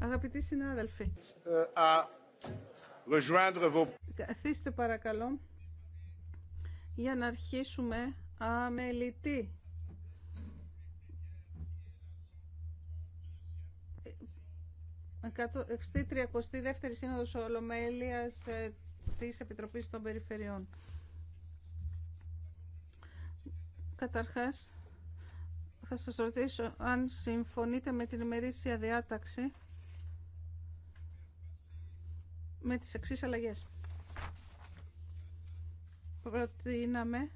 Αγαπητοί συνάδελφοι, euh, καθίστε παρακαλώ για να αρχίσουμε αμελητή. δεύτερη Σύνοδος Ολομέλειας ε, της Επιτροπής των Περιφερειών. Καταρχάς, θα σας ρωτήσω αν συμφωνείτε με την ημερήσια διάταξη με τις εξής αλλαγές. Προτείναμε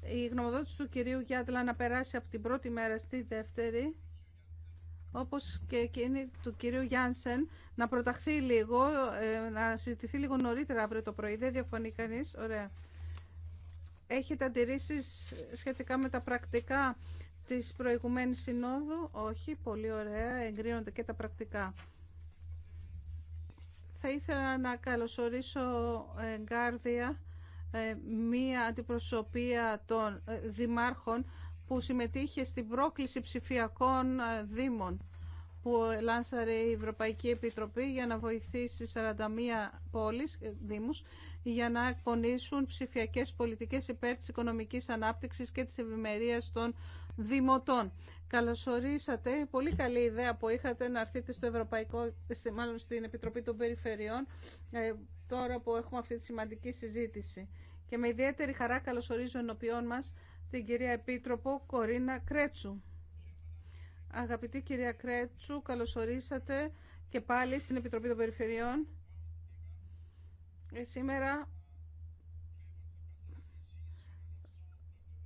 η γνωμοδότηση του κυρίου Γιάντλα να περάσει από την πρώτη μέρα στη δεύτερη όπως και εκείνη του κυρίου Γιάνσεν, να προταχθεί λίγο, ε, να συζητηθεί λίγο νωρίτερα αύριο το πρωί. Δεν διαφωνεί κανεί. Ωραία. Έχετε αντιρρήσεις σχετικά με τα πρακτικά της προηγουμένης συνόδου. Όχι, πολύ ωραία, εγκρίνονται και τα πρακτικά. Θα ήθελα να καλωσορίσω ε, γάρδια ε, μία αντιπροσωπεία των ε, δημάρχων που συμμετείχε στην πρόκληση ψηφιακών δήμων που λάνσαρε η Ευρωπαϊκή Επιτροπή για να βοηθήσει 41 πόλεις, δήμους, για να εκπονήσουν ψηφιακές πολιτικές υπέρ της οικονομικής ανάπτυξης και της ευημερίας των δημοτών. Καλωσορίσατε. Πολύ καλή ιδέα που είχατε να έρθετε στο Ευρωπαϊκό, μάλλον στην Επιτροπή των Περιφερειών, ε, τώρα που έχουμε αυτή τη σημαντική συζήτηση. Και με ιδιαίτερη χαρά καλωσορίζω ενωπιών μας την κυρία Επίτροπο Κορίνα Κρέτσου. Αγαπητή κυρία Κρέτσου, καλωσορίσατε και πάλι στην Επιτροπή των Περιφερειών. Ε, σήμερα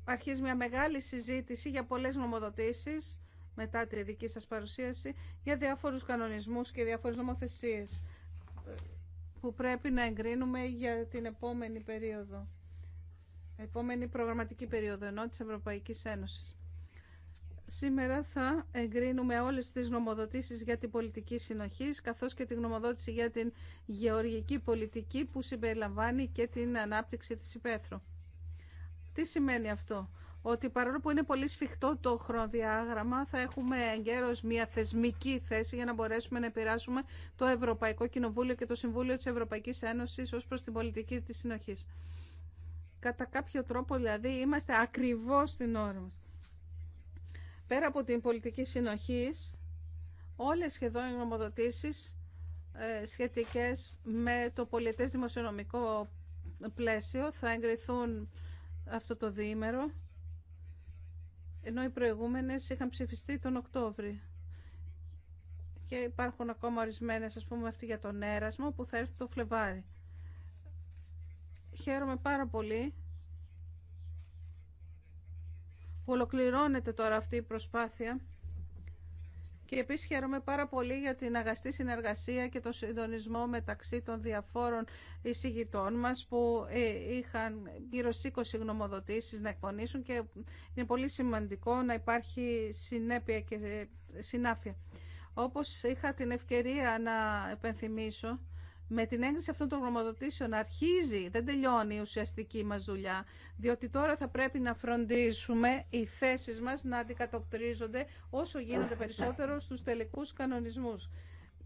αρχίζει μια μεγάλη συζήτηση για πολλές νομοδοτήσεις μετά τη δική σας παρουσίαση για διάφορους κανονισμούς και διάφορες νομοθεσίες που πρέπει να εγκρίνουμε για την επόμενη περίοδο επόμενη προγραμματική περίοδο ενώ της Ευρωπαϊκής Ένωσης. Σήμερα θα εγκρίνουμε όλες τις νομοδοτήσεις για την πολιτική συνοχή, καθώς και την γνωμοδότηση για την γεωργική πολιτική που συμπεριλαμβάνει και την ανάπτυξη της υπαίθρου. Τι σημαίνει αυτό. Ότι παρόλο που είναι πολύ σφιχτό το χρονοδιάγραμμα, θα έχουμε εγκαίρως μια θεσμική θέση για να μπορέσουμε να επηρεάσουμε το Ευρωπαϊκό Κοινοβούλιο και το Συμβούλιο της Ευρωπαϊκής Ένωσης ως προς την πολιτική της συνοχής. Κατά κάποιο τρόπο, δηλαδή, είμαστε ακριβώς στην ώρα Πέρα από την πολιτική συνοχής, όλες σχεδόν οι νομοδοτήσεις ε, σχετικές με το πολιτές δημοσιονομικό πλαίσιο θα εγκριθούν αυτό το διήμερο, ενώ οι προηγούμενες είχαν ψηφιστεί τον Οκτώβρη. Και υπάρχουν ακόμα ορισμένε ας πούμε, αυτή για τον έρασμο που θα έρθει το Φλεβάρι. Χαίρομαι πάρα πολύ που ολοκληρώνεται τώρα αυτή η προσπάθεια και επίσης χαίρομαι πάρα πολύ για την αγαστή συνεργασία και τον συντονισμό μεταξύ των διαφόρων εισηγητών μας που ε, είχαν γύρω σήκωση 20 γνωμοδοτήσεις να εκπονήσουν και είναι πολύ σημαντικό να υπάρχει συνέπεια και ε, συνάφεια. Όπως είχα την ευκαιρία να επενθυμίσω, με την έγκριση αυτών των γνωμοδοτήσεων αρχίζει, δεν τελειώνει η ουσιαστική μας δουλειά, διότι τώρα θα πρέπει να φροντίσουμε οι θέσεις μας να αντικατοπτρίζονται όσο γίνονται περισσότερο στους τελικούς κανονισμούς.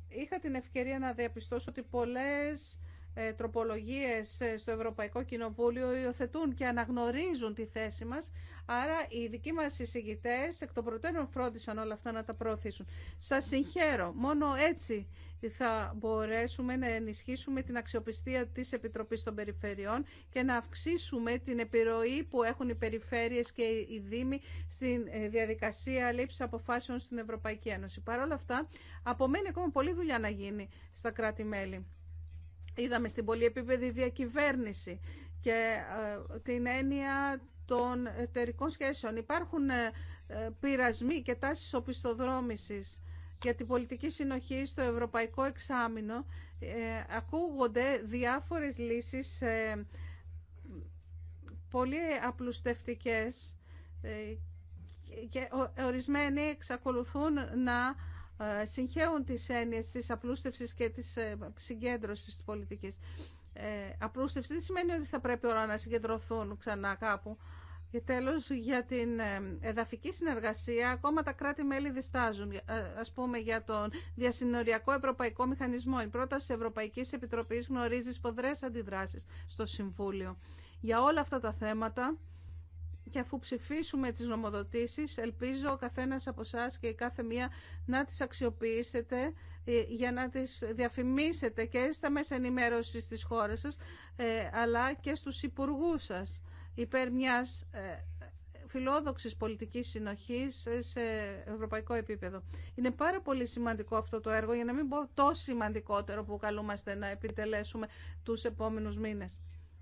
Είχα την ευκαιρία να διαπιστώσω ότι πολλές ε, τροπολογίες ε, στο Ευρωπαϊκό Κοινοβούλιο υιοθετούν και αναγνωρίζουν τη θέση μας. Άρα οι δικοί μας εισηγητές εκ των προτέρων φρόντισαν όλα αυτά να τα προωθήσουν. Σας συγχαίρω. Μόνο έτσι θα μπορέσουμε να ενισχύσουμε την αξιοπιστία της Επιτροπής των Περιφερειών και να αυξήσουμε την επιρροή που έχουν οι περιφέρειες και οι Δήμοι στη ε, διαδικασία λήψη αποφάσεων στην Ευρωπαϊκή Ένωση. Παρ' όλα αυτά, απομένει ακόμα πολλή δουλειά να γίνει στα κράτη-μέλη είδαμε στην πολυεπίπεδη διακυβέρνηση και ε, την έννοια των εταιρικών σχέσεων. Υπάρχουν ε, ε, πειρασμοί και τάσεις οπισθοδρόμησης για την πολιτική συνοχή στο Ευρωπαϊκό Εξάμεινο. Ακούγονται διάφορες λύσεις πολύ απλουστευτικές και ορισμένοι εξακολουθούν να ε, συγχέουν τις έννοιες της απλούστευσης και της ε, συγκέντρωσης της πολιτικής. Ε, απλούστευση δεν σημαίνει ότι θα πρέπει όλα να συγκεντρωθούν ξανά κάπου. Και τέλος, για την εδαφική συνεργασία, ακόμα τα κράτη-μέλη διστάζουν. Ας πούμε για τον διασυνοριακό ευρωπαϊκό μηχανισμό. Η πρόταση Ευρωπαϊκής Επιτροπής γνωρίζει σποδρές αντιδράσεις στο Συμβούλιο. Για όλα αυτά τα θέματα και αφού ψηφίσουμε τις νομοδοτήσεις, ελπίζω ο καθένας από εσά και η κάθε μία να τις αξιοποιήσετε ε, για να τις διαφημίσετε και στα μέσα ενημέρωσης της χώρας σας, ε, αλλά και στους υπουργούς σας υπέρ μιας ε, φιλόδοξης πολιτικής συνοχής σε ευρωπαϊκό επίπεδο. Είναι πάρα πολύ σημαντικό αυτό το έργο, για να μην πω το σημαντικότερο που καλούμαστε να επιτελέσουμε τους επόμενους μήνες.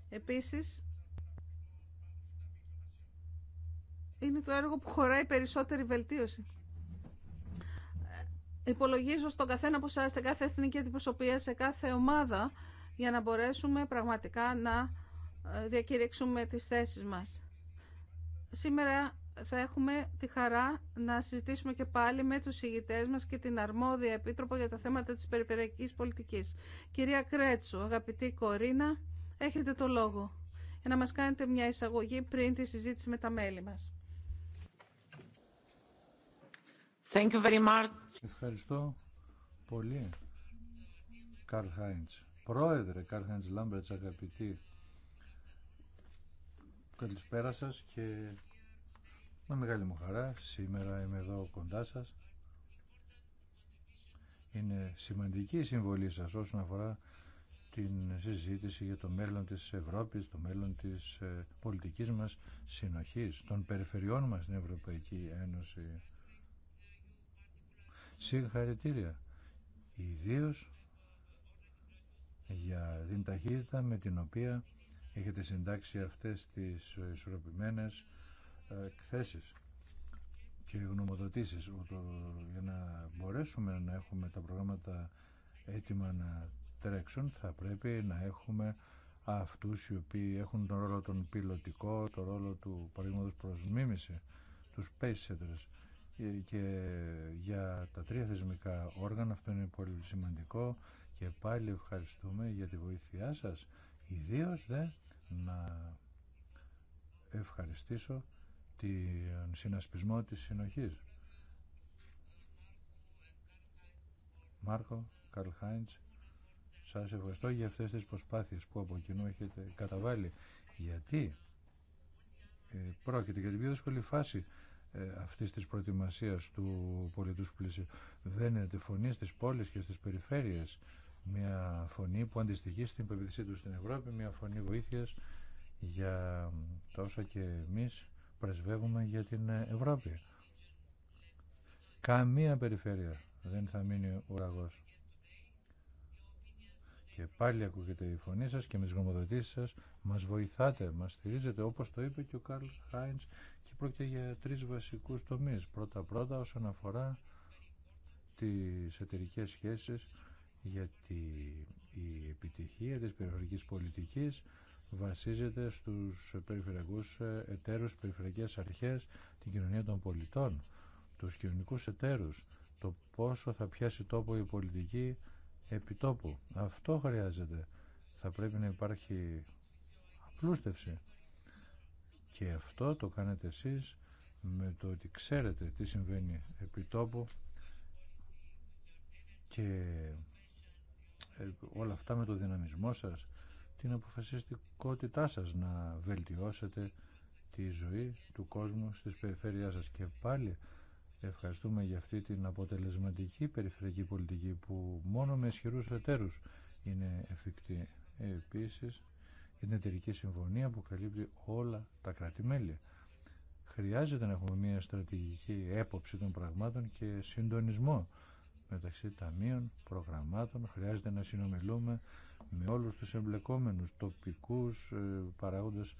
Επίσης, είναι το έργο που χωράει περισσότερη βελτίωση. Υπολογίζω στον καθένα από εσάς, σε κάθε εθνική αντιπροσωπεία, σε κάθε ομάδα, για να μπορέσουμε πραγματικά να ε, διακηρύξουμε τις θέσεις μας. Σήμερα θα έχουμε τη χαρά να συζητήσουμε και πάλι με τους ηγητές μας και την αρμόδια επίτροπο για τα θέματα της περιφερειακής πολιτικής. Κυρία Κρέτσου, αγαπητή Κορίνα, έχετε το λόγο για να μας κάνετε μια εισαγωγή πριν τη συζήτηση με τα μέλη μας. Thank you Ευχαριστώ πολύ, Καρλ Χάιντς. Πρόεδρε Καρλ Χάιντς Λάμπρετς, αγαπητοί. Καλησπέρα σας και με μεγάλη μου χαρά. Σήμερα είμαι εδώ κοντά σας. Είναι σημαντική η συμβολή σας όσον αφορά την συζήτηση για το μέλλον της Ευρώπης, το μέλλον της ε, πολιτικής μας συνοχής, των περιφερειών μας στην Ευρωπαϊκή Ένωση. Συγχαρητήρια. Ιδίω για την ταχύτητα με την οποία έχετε συντάξει αυτές τις ισορροπημένες ε, εκθέσεις και γνωμοδοτήσεις για να μπορέσουμε να έχουμε τα προγράμματα έτοιμα να τρέξουν θα πρέπει να έχουμε αυτούς οι οποίοι έχουν τον ρόλο των πιλωτικό, τον ρόλο του παραδείγματος προς μίμηση, τους pace και για τα τρία θεσμικά όργανα. Αυτό είναι πολύ σημαντικό και πάλι ευχαριστούμε για τη βοήθειά σας. Ιδίως δε να ευχαριστήσω τον συνασπισμό της συνοχής. Μάρκο, Καρλ Χάιντς, σας ευχαριστώ για αυτές τις προσπάθειες που από κοινού έχετε καταβάλει. Γιατί ε, πρόκειται για την πιο δύσκολη φάση αυτής της προετοιμασίας του πολιτού πλήσιου. τη φωνή στις πόλεις και στις περιφέρειες. Μια φωνή που αντιστοιχεί στην πεποίθησή του στην Ευρώπη, μια φωνή βοήθειας για τα όσα και εμείς πρεσβεύουμε για την Ευρώπη. Καμία περιφέρεια δεν θα μείνει ουραγός. Και πάλι ακούγεται η φωνή σας και με τις γνωμοδοτήσεις σας μας βοηθάτε, μας στηρίζετε όπως το είπε και ο Καρλ Χάιντς και πρόκειται για τρεις βασικούς τομείς. Πρώτα-πρώτα όσον αφορά τις εταιρικές σχέσεις γιατί η επιτυχία της περιφερειακής πολιτικής βασίζεται στους περιφερειακούς εταίρους, περιφερειακές αρχές, την κοινωνία των πολιτών, τους κοινωνικούς εταίρους, το πόσο θα πιάσει τόπο η πολιτική επιτόπου. Αυτό χρειάζεται. Θα πρέπει να υπάρχει απλούστευση. Και αυτό το κάνετε εσείς με το ότι ξέρετε τι συμβαίνει επιτόπου και ε, όλα αυτά με το δυναμισμό σας, την αποφασιστικότητά σας να βελτιώσετε τη ζωή του κόσμου στις περιφέρειά σας και πάλι Ευχαριστούμε για αυτή την αποτελεσματική περιφερειακή πολιτική που μόνο με ισχυρούς εταίρους είναι εφικτή. Επίσης, την εταιρική συμφωνία που καλύπτει όλα τα κράτη-μέλη. Χρειάζεται να έχουμε μια στρατηγική έποψη των πραγμάτων και συντονισμό μεταξύ ταμείων, προγραμμάτων. Χρειάζεται να συνομιλούμε με όλους τους εμπλεκόμενους τοπικούς ε, παράγοντες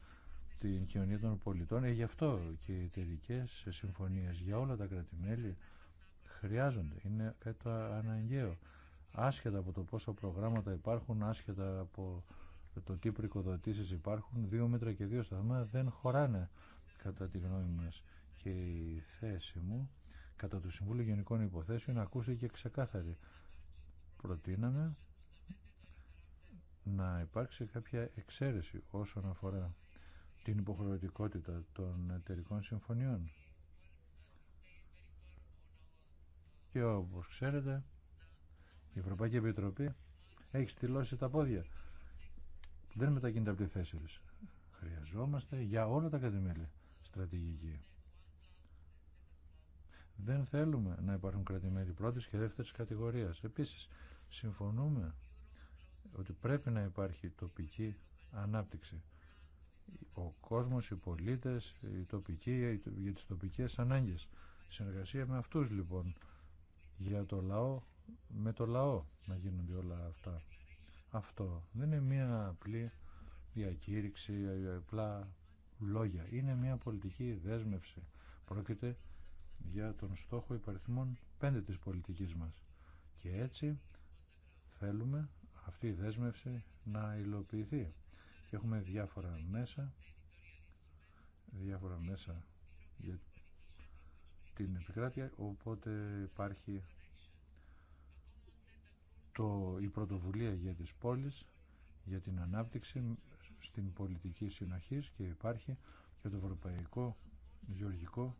την κοινωνία των πολιτών. Ε, γι' αυτό και οι εταιρικέ συμφωνίες για όλα τα κρατημέλη χρειάζονται. Είναι κάτι το αναγκαίο. Άσχετα από το πόσα προγράμματα υπάρχουν, άσχετα από το τι πρικοδοτήσεις υπάρχουν, δύο μέτρα και δύο σταθμά δεν χωράνε κατά τη γνώμη μας. Και η θέση μου κατά το Συμβούλιο Γενικών Υποθέσεων ακούστηκε ξεκάθαρη. Προτείναμε να υπάρξει κάποια εξαίρεση όσον αφορά την υποχρεωτικότητα των εταιρικών συμφωνιών. Και όπως ξέρετε, η Ευρωπαϊκή Επιτροπή έχει στυλώσει τα πόδια. Δεν μετακινείται από τη θέση της. Χρειαζόμαστε για όλα τα κατημέλια στρατηγική. Δεν θέλουμε να υπάρχουν κρατημέλη πρώτης και δεύτερης κατηγορίας. Επίσης, συμφωνούμε ότι πρέπει να υπάρχει τοπική ανάπτυξη ο κόσμος, οι πολίτες, οι τοπικοί, για τις τοπικές ανάγκες. Συνεργασία με αυτούς λοιπόν, για το λαό, με το λαό να γίνονται όλα αυτά. Αυτό δεν είναι μία απλή διακήρυξη, απλά λόγια. Είναι μία πολιτική δέσμευση. Πρόκειται για τον στόχο υπαριθμών πέντε της πολιτικής μας. Και έτσι θέλουμε αυτή η δέσμευση να υλοποιηθεί και έχουμε διάφορα μέσα διάφορα μέσα για την επικράτεια οπότε υπάρχει το, η πρωτοβουλία για τις πόλεις για την ανάπτυξη στην πολιτική συνοχή και υπάρχει και το Ευρωπαϊκό Γεωργικό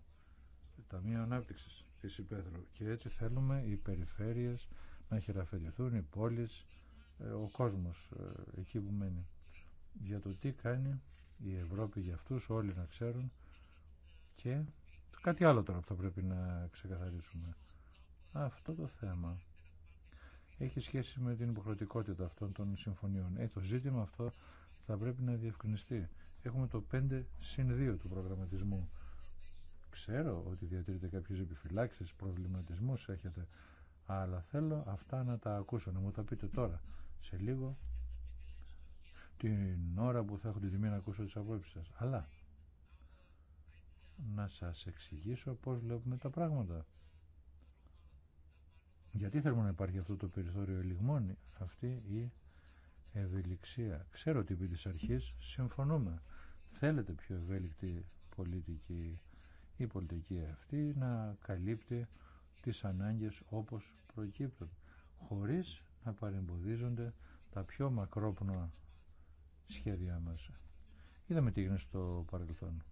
Ταμείο Ανάπτυξης τη Υπέθρου και έτσι θέλουμε οι περιφέρειες να χειραφετηθούν, οι πόλεις, ε, ο κόσμος ε, εκεί που μένει για το τι κάνει η Ευρώπη για αυτούς, όλοι να ξέρουν και κάτι άλλο τώρα που θα πρέπει να ξεκαθαρίσουμε. Αυτό το θέμα έχει σχέση με την υποχρεωτικότητα αυτών των συμφωνιών. Ε, το ζήτημα αυτό θα πρέπει να διευκρινιστεί. Έχουμε το 5 συν 2 του προγραμματισμού. Ξέρω ότι διατηρείτε κάποιες επιφυλάξεις, προβληματισμούς έχετε, αλλά θέλω αυτά να τα ακούσω, να μου τα πείτε τώρα, σε λίγο την ώρα που θα έχω την τιμή να ακούσω τις απόψεις σας. Αλλά να σας εξηγήσω πώς βλέπουμε τα πράγματα. Γιατί θέλουμε να υπάρχει αυτό το περιθώριο ελιγμών, αυτή η ευελιξία. Ξέρω ότι επί της αρχής συμφωνούμε. Θέλετε πιο ευέλικτη πολιτική η πολιτική αυτή να καλύπτει τις ανάγκες όπως προκύπτουν, χωρίς να παρεμποδίζονται τα πιο μακρόπνοα σχέδιά μας. Είδαμε τι έγινε στο παρελθόν.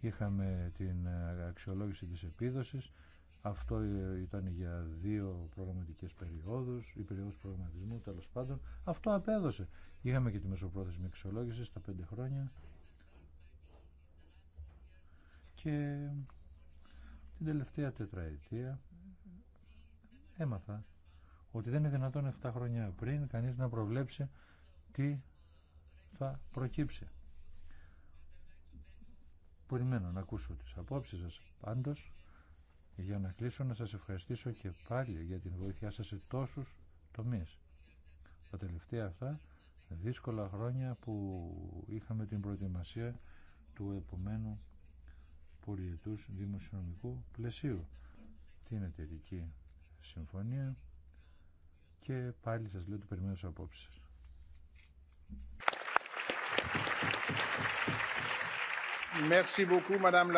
Είχαμε την αξιολόγηση της επίδοσης. Αυτό ήταν για δύο προγραμματικές περιόδους, η περίοδος προγραμματισμού τέλος πάντων. Αυτό απέδωσε. Είχαμε και τη μεσοπρόθεσμη αξιολόγηση στα πέντε χρόνια. Και την τελευταία τετραετία έμαθα ότι δεν είναι δυνατόν 7 χρόνια πριν κανείς να προβλέψει τι θα προκύψει. Περιμένω να ακούσω τις απόψεις σας. Πάντως, για να κλείσω να σας ευχαριστήσω και πάλι για την βοήθειά σας σε τόσους τομείς. Τα τελευταία αυτά δύσκολα χρόνια που είχαμε την προετοιμασία του επομένου πολιετούς δημοσιονομικού πλαισίου. Την εταιρική συμφωνία και πάλι σας λέω ότι περιμένω σε απόψεις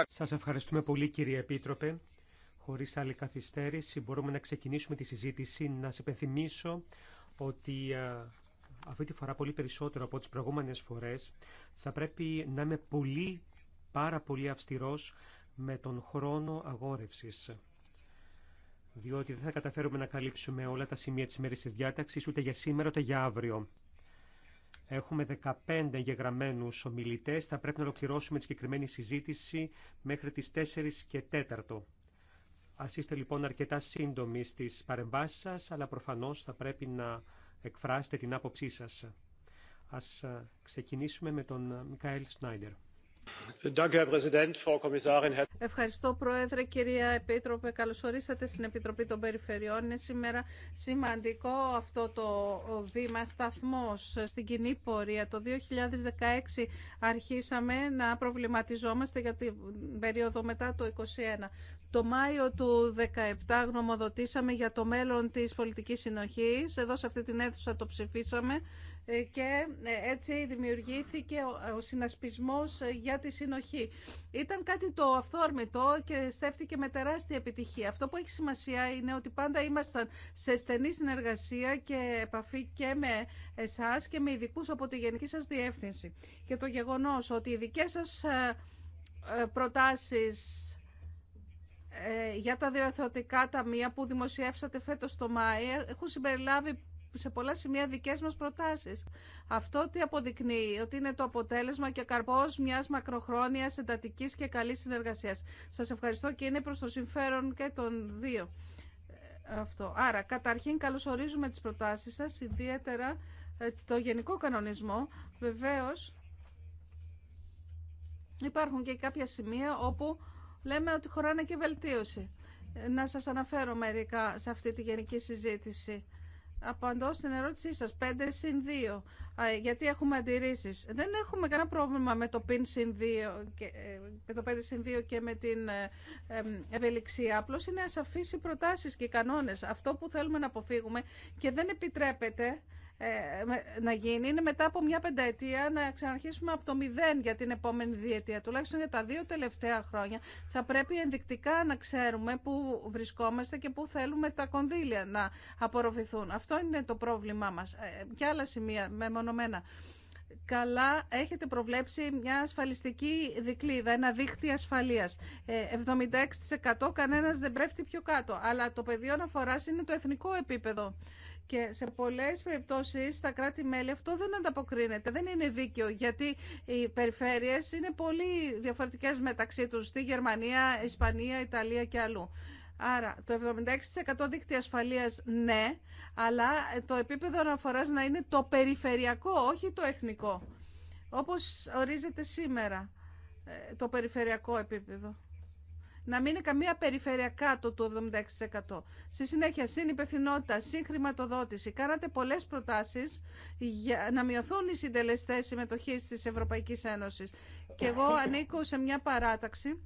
σας ευχαριστούμε πολύ κύριε Επίτροπε. Χωρίς άλλη καθυστέρηση μπορούμε να ξεκινήσουμε τη συζήτηση. Να σε υπενθυμίσω ότι αυτή τη φορά πολύ περισσότερο από τις προηγούμενες φορές θα πρέπει να είμαι πολύ, πάρα πολύ αυστηρός με τον χρόνο αγόρευσης. Διότι δεν θα καταφέρουμε να καλύψουμε όλα τα σημεία της ημέρης της διάταξης ούτε για σήμερα ούτε για αύριο. Έχουμε 15 εγγεγραμμένου ομιλητέ. Θα πρέπει να ολοκληρώσουμε τη συγκεκριμένη συζήτηση μέχρι τις 4 και 4. Α είστε λοιπόν αρκετά σύντομοι στι παρεμβάσει σα, αλλά προφανώς θα πρέπει να εκφράσετε την άποψή σας. Ας ε, ξεκινήσουμε με τον Μικαέλ Σνάιντερ. Ευχαριστώ Πρόεδρε, κυρία Επίτροπε. Καλωσορίσατε στην Επιτροπή των Περιφερειών. Είναι σήμερα σημαντικό αυτό το βήμα σταθμός στην κοινή πορεία. Το 2016 αρχίσαμε να προβληματιζόμαστε για την περίοδο μετά το 2021. Το Μάιο του 2017 γνωμοδοτήσαμε για το μέλλον της πολιτικής συνοχής. Εδώ σε αυτή την αίθουσα το ψηφίσαμε. Ε, και ε, έτσι δημιουργήθηκε ο συνασπισμός ε, για τη συνοχή. Ήταν κάτι το αυθόρμητο και στέφτηκε με τεράστια επιτυχία. Αυτό που έχει σημασία είναι ότι πάντα ήμασταν σε στενή συνεργασία και επαφή και με εσάς και με ειδικούς από τη γενική σας διεύθυνση. Και το γεγονός ότι οι δικές σας προτάσεις για τα διορθωτικά ταμεία που δημοσιεύσατε φέτος το Μάη έχουν συμπεριλάβει σε πολλά σημεία δικές μας προτάσεις. Αυτό τι αποδεικνύει, ότι είναι το αποτέλεσμα και καρπός μιας μακροχρόνιας εντατικής και καλής συνεργασίας. Σας ευχαριστώ και είναι προς το συμφέρον και των δύο. Ε, αυτό. Άρα, καταρχήν καλωσορίζουμε τις προτάσεις σας, ιδιαίτερα ε, το γενικό κανονισμό. Βεβαίως, υπάρχουν και κάποια σημεία όπου λέμε ότι χωράνε και βελτίωση. Ε, να σας αναφέρω μερικά σε αυτή τη γενική συζήτηση. Απαντώ στην ερώτησή σα, 5 συν 2, γιατί έχουμε αντιρρήσει. Δεν έχουμε κανένα πρόβλημα με το, συν 2 και, ε, το 5 συν 2 και με την ε, ευελιξία. Απλώ είναι ασαφεί οι προτάσει και οι κανόνε Αυτό που θέλουμε να αποφύγουμε και δεν επιτρέπεται ε, να γίνει είναι μετά από μια πενταετία να ξαναρχίσουμε από το μηδέν για την επόμενη διετία. Τουλάχιστον για τα δύο τελευταία χρόνια θα πρέπει ενδεικτικά να ξέρουμε πού βρισκόμαστε και πού θέλουμε τα κονδύλια να απορροφηθούν. Αυτό είναι το πρόβλημά μας. Ε, και άλλα σημεία μεμονωμένα. Καλά έχετε προβλέψει μια ασφαλιστική δικλίδα, ένα δίχτυ ασφαλείας. 76% ε, κανένας δεν πέφτει πιο κάτω, αλλά το πεδίο αναφορά είναι το εθνικό επίπεδο. Και σε πολλές περιπτώσεις στα κράτη-μέλη αυτό δεν ανταποκρίνεται, δεν είναι δίκαιο, γιατί οι περιφέρειες είναι πολύ διαφορετικές μεταξύ τους, στη Γερμανία, Ισπανία, Ιταλία και αλλού. Άρα το 76% δίκτυα ασφαλείας ναι, αλλά το επίπεδο αναφοράς να είναι το περιφερειακό, όχι το εθνικό. Όπως ορίζεται σήμερα ε, το περιφερειακό επίπεδο να μην είναι καμία περιφέρεια κάτω του 76%. Στη συνέχεια, συνυπευθυνότητα, συγχρηματοδότηση. Κάνατε πολλέ προτάσει για να μειωθούν οι συντελεστέ συμμετοχή τη Ευρωπαϊκή Ένωση. Και εγώ ανήκω σε μια παράταξη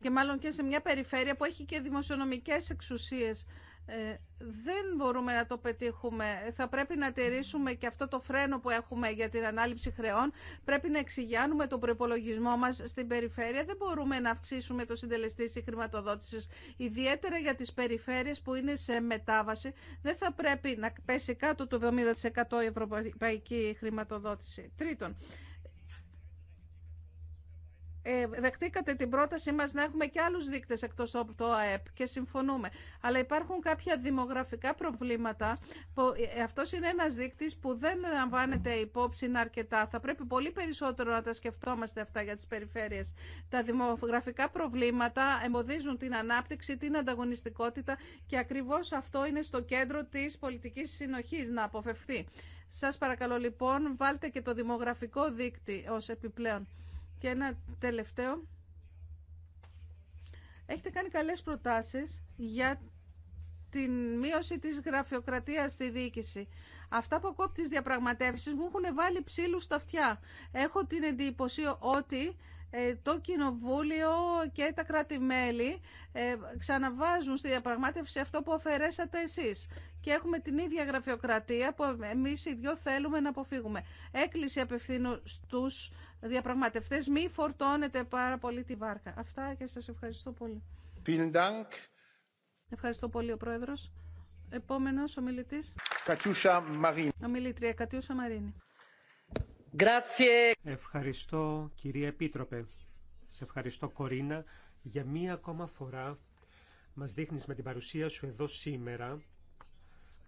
και μάλλον και σε μια περιφέρεια που έχει και δημοσιονομικές εξουσίες ε, δεν μπορούμε να το πετύχουμε. Θα πρέπει να τηρήσουμε και αυτό το φρένο που έχουμε για την ανάληψη χρεών. Πρέπει να εξηγιάνουμε τον προπολογισμό μας στην περιφέρεια. Δεν μπορούμε να αυξήσουμε το συντελεστή τη χρηματοδότησης, ιδιαίτερα για τις περιφέρειες που είναι σε μετάβαση. Δεν θα πρέπει να πέσει κάτω του 70% η ευρωπαϊκή χρηματοδότηση. Τρίτον, ε, δεχτήκατε την πρότασή μας να έχουμε και άλλους δείκτες εκτός από το ΑΕΠ και συμφωνούμε. Αλλά υπάρχουν κάποια δημογραφικά προβλήματα. Που, ε, αυτός είναι ένας δείκτης που δεν λαμβάνεται υπόψη αρκετά. Θα πρέπει πολύ περισσότερο να τα σκεφτόμαστε αυτά για τις περιφέρειες. Τα δημογραφικά προβλήματα εμποδίζουν την ανάπτυξη, την ανταγωνιστικότητα και ακριβώς αυτό είναι στο κέντρο της πολιτικής συνοχής να αποφευθεί. Σας παρακαλώ λοιπόν βάλτε και το δημογραφικό δείκτη ως επιπλέον. Και ένα τελευταίο. Έχετε κάνει καλές προτάσεις για την μείωση της γραφειοκρατίας στη διοίκηση. Αυτά που ακούω από τις διαπραγματεύσεις μου έχουν βάλει ψήλους στα αυτιά. Έχω την εντύπωση ότι ε, το Κοινοβούλιο και τα κράτη-μέλη ε, ξαναβάζουν στη διαπραγμάτευση αυτό που αφαιρέσατε εσείς. Και έχουμε την ίδια γραφειοκρατία που εμείς οι δυο θέλουμε να αποφύγουμε. Έκκληση απευθύνω στους διαπραγματευτές. Μη φορτώνετε πάρα πολύ τη βάρκα. Αυτά και σας ευχαριστώ πολύ. Ευχαριστώ πολύ ο Πρόεδρος. Επόμενος ο μιλητής. Κατιούσα Μαρίνη. Ομιλήτρια Κατιούσα Μαρίνη. Ευχαριστώ κυρία Επίτροπε. Σε ευχαριστώ Κορίνα. Για μία ακόμα φορά μας δείχνεις με την παρουσία σου εδώ σήμερα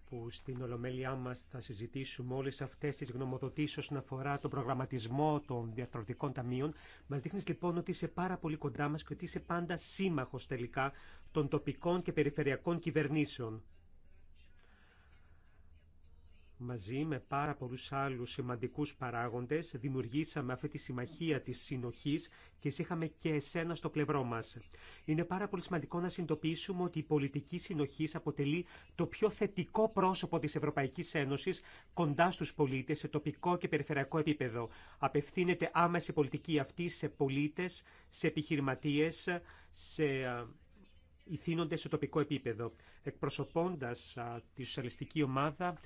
που στην Ολομέλειά μας θα συζητήσουμε όλες αυτές τις γνωμοδοτήσεις όσον αφορά τον προγραμματισμό των διαρθρωτικών ταμείων. Μας δείχνεις λοιπόν ότι είσαι πάρα πολύ κοντά μας και ότι είσαι πάντα σύμμαχος τελικά των τοπικών και περιφερειακών κυβερνήσεων μαζί με πάρα πολλούς άλλους σημαντικούς παράγοντες δημιουργήσαμε αυτή τη συμμαχία της συνοχής και είχαμε και εσένα στο πλευρό μας. Είναι πάρα πολύ σημαντικό να συνειδητοποιήσουμε ότι η πολιτική συνοχή αποτελεί το πιο θετικό πρόσωπο της Ευρωπαϊκής Ένωσης κοντά στους πολίτες σε τοπικό και περιφερειακό επίπεδο. Απευθύνεται άμεση πολιτική αυτή σε πολίτες, σε επιχειρηματίες, σε ηθήνονται σε τοπικό επίπεδο. Εκπροσωπώντας α, τη σοσιαλιστική ομάδα,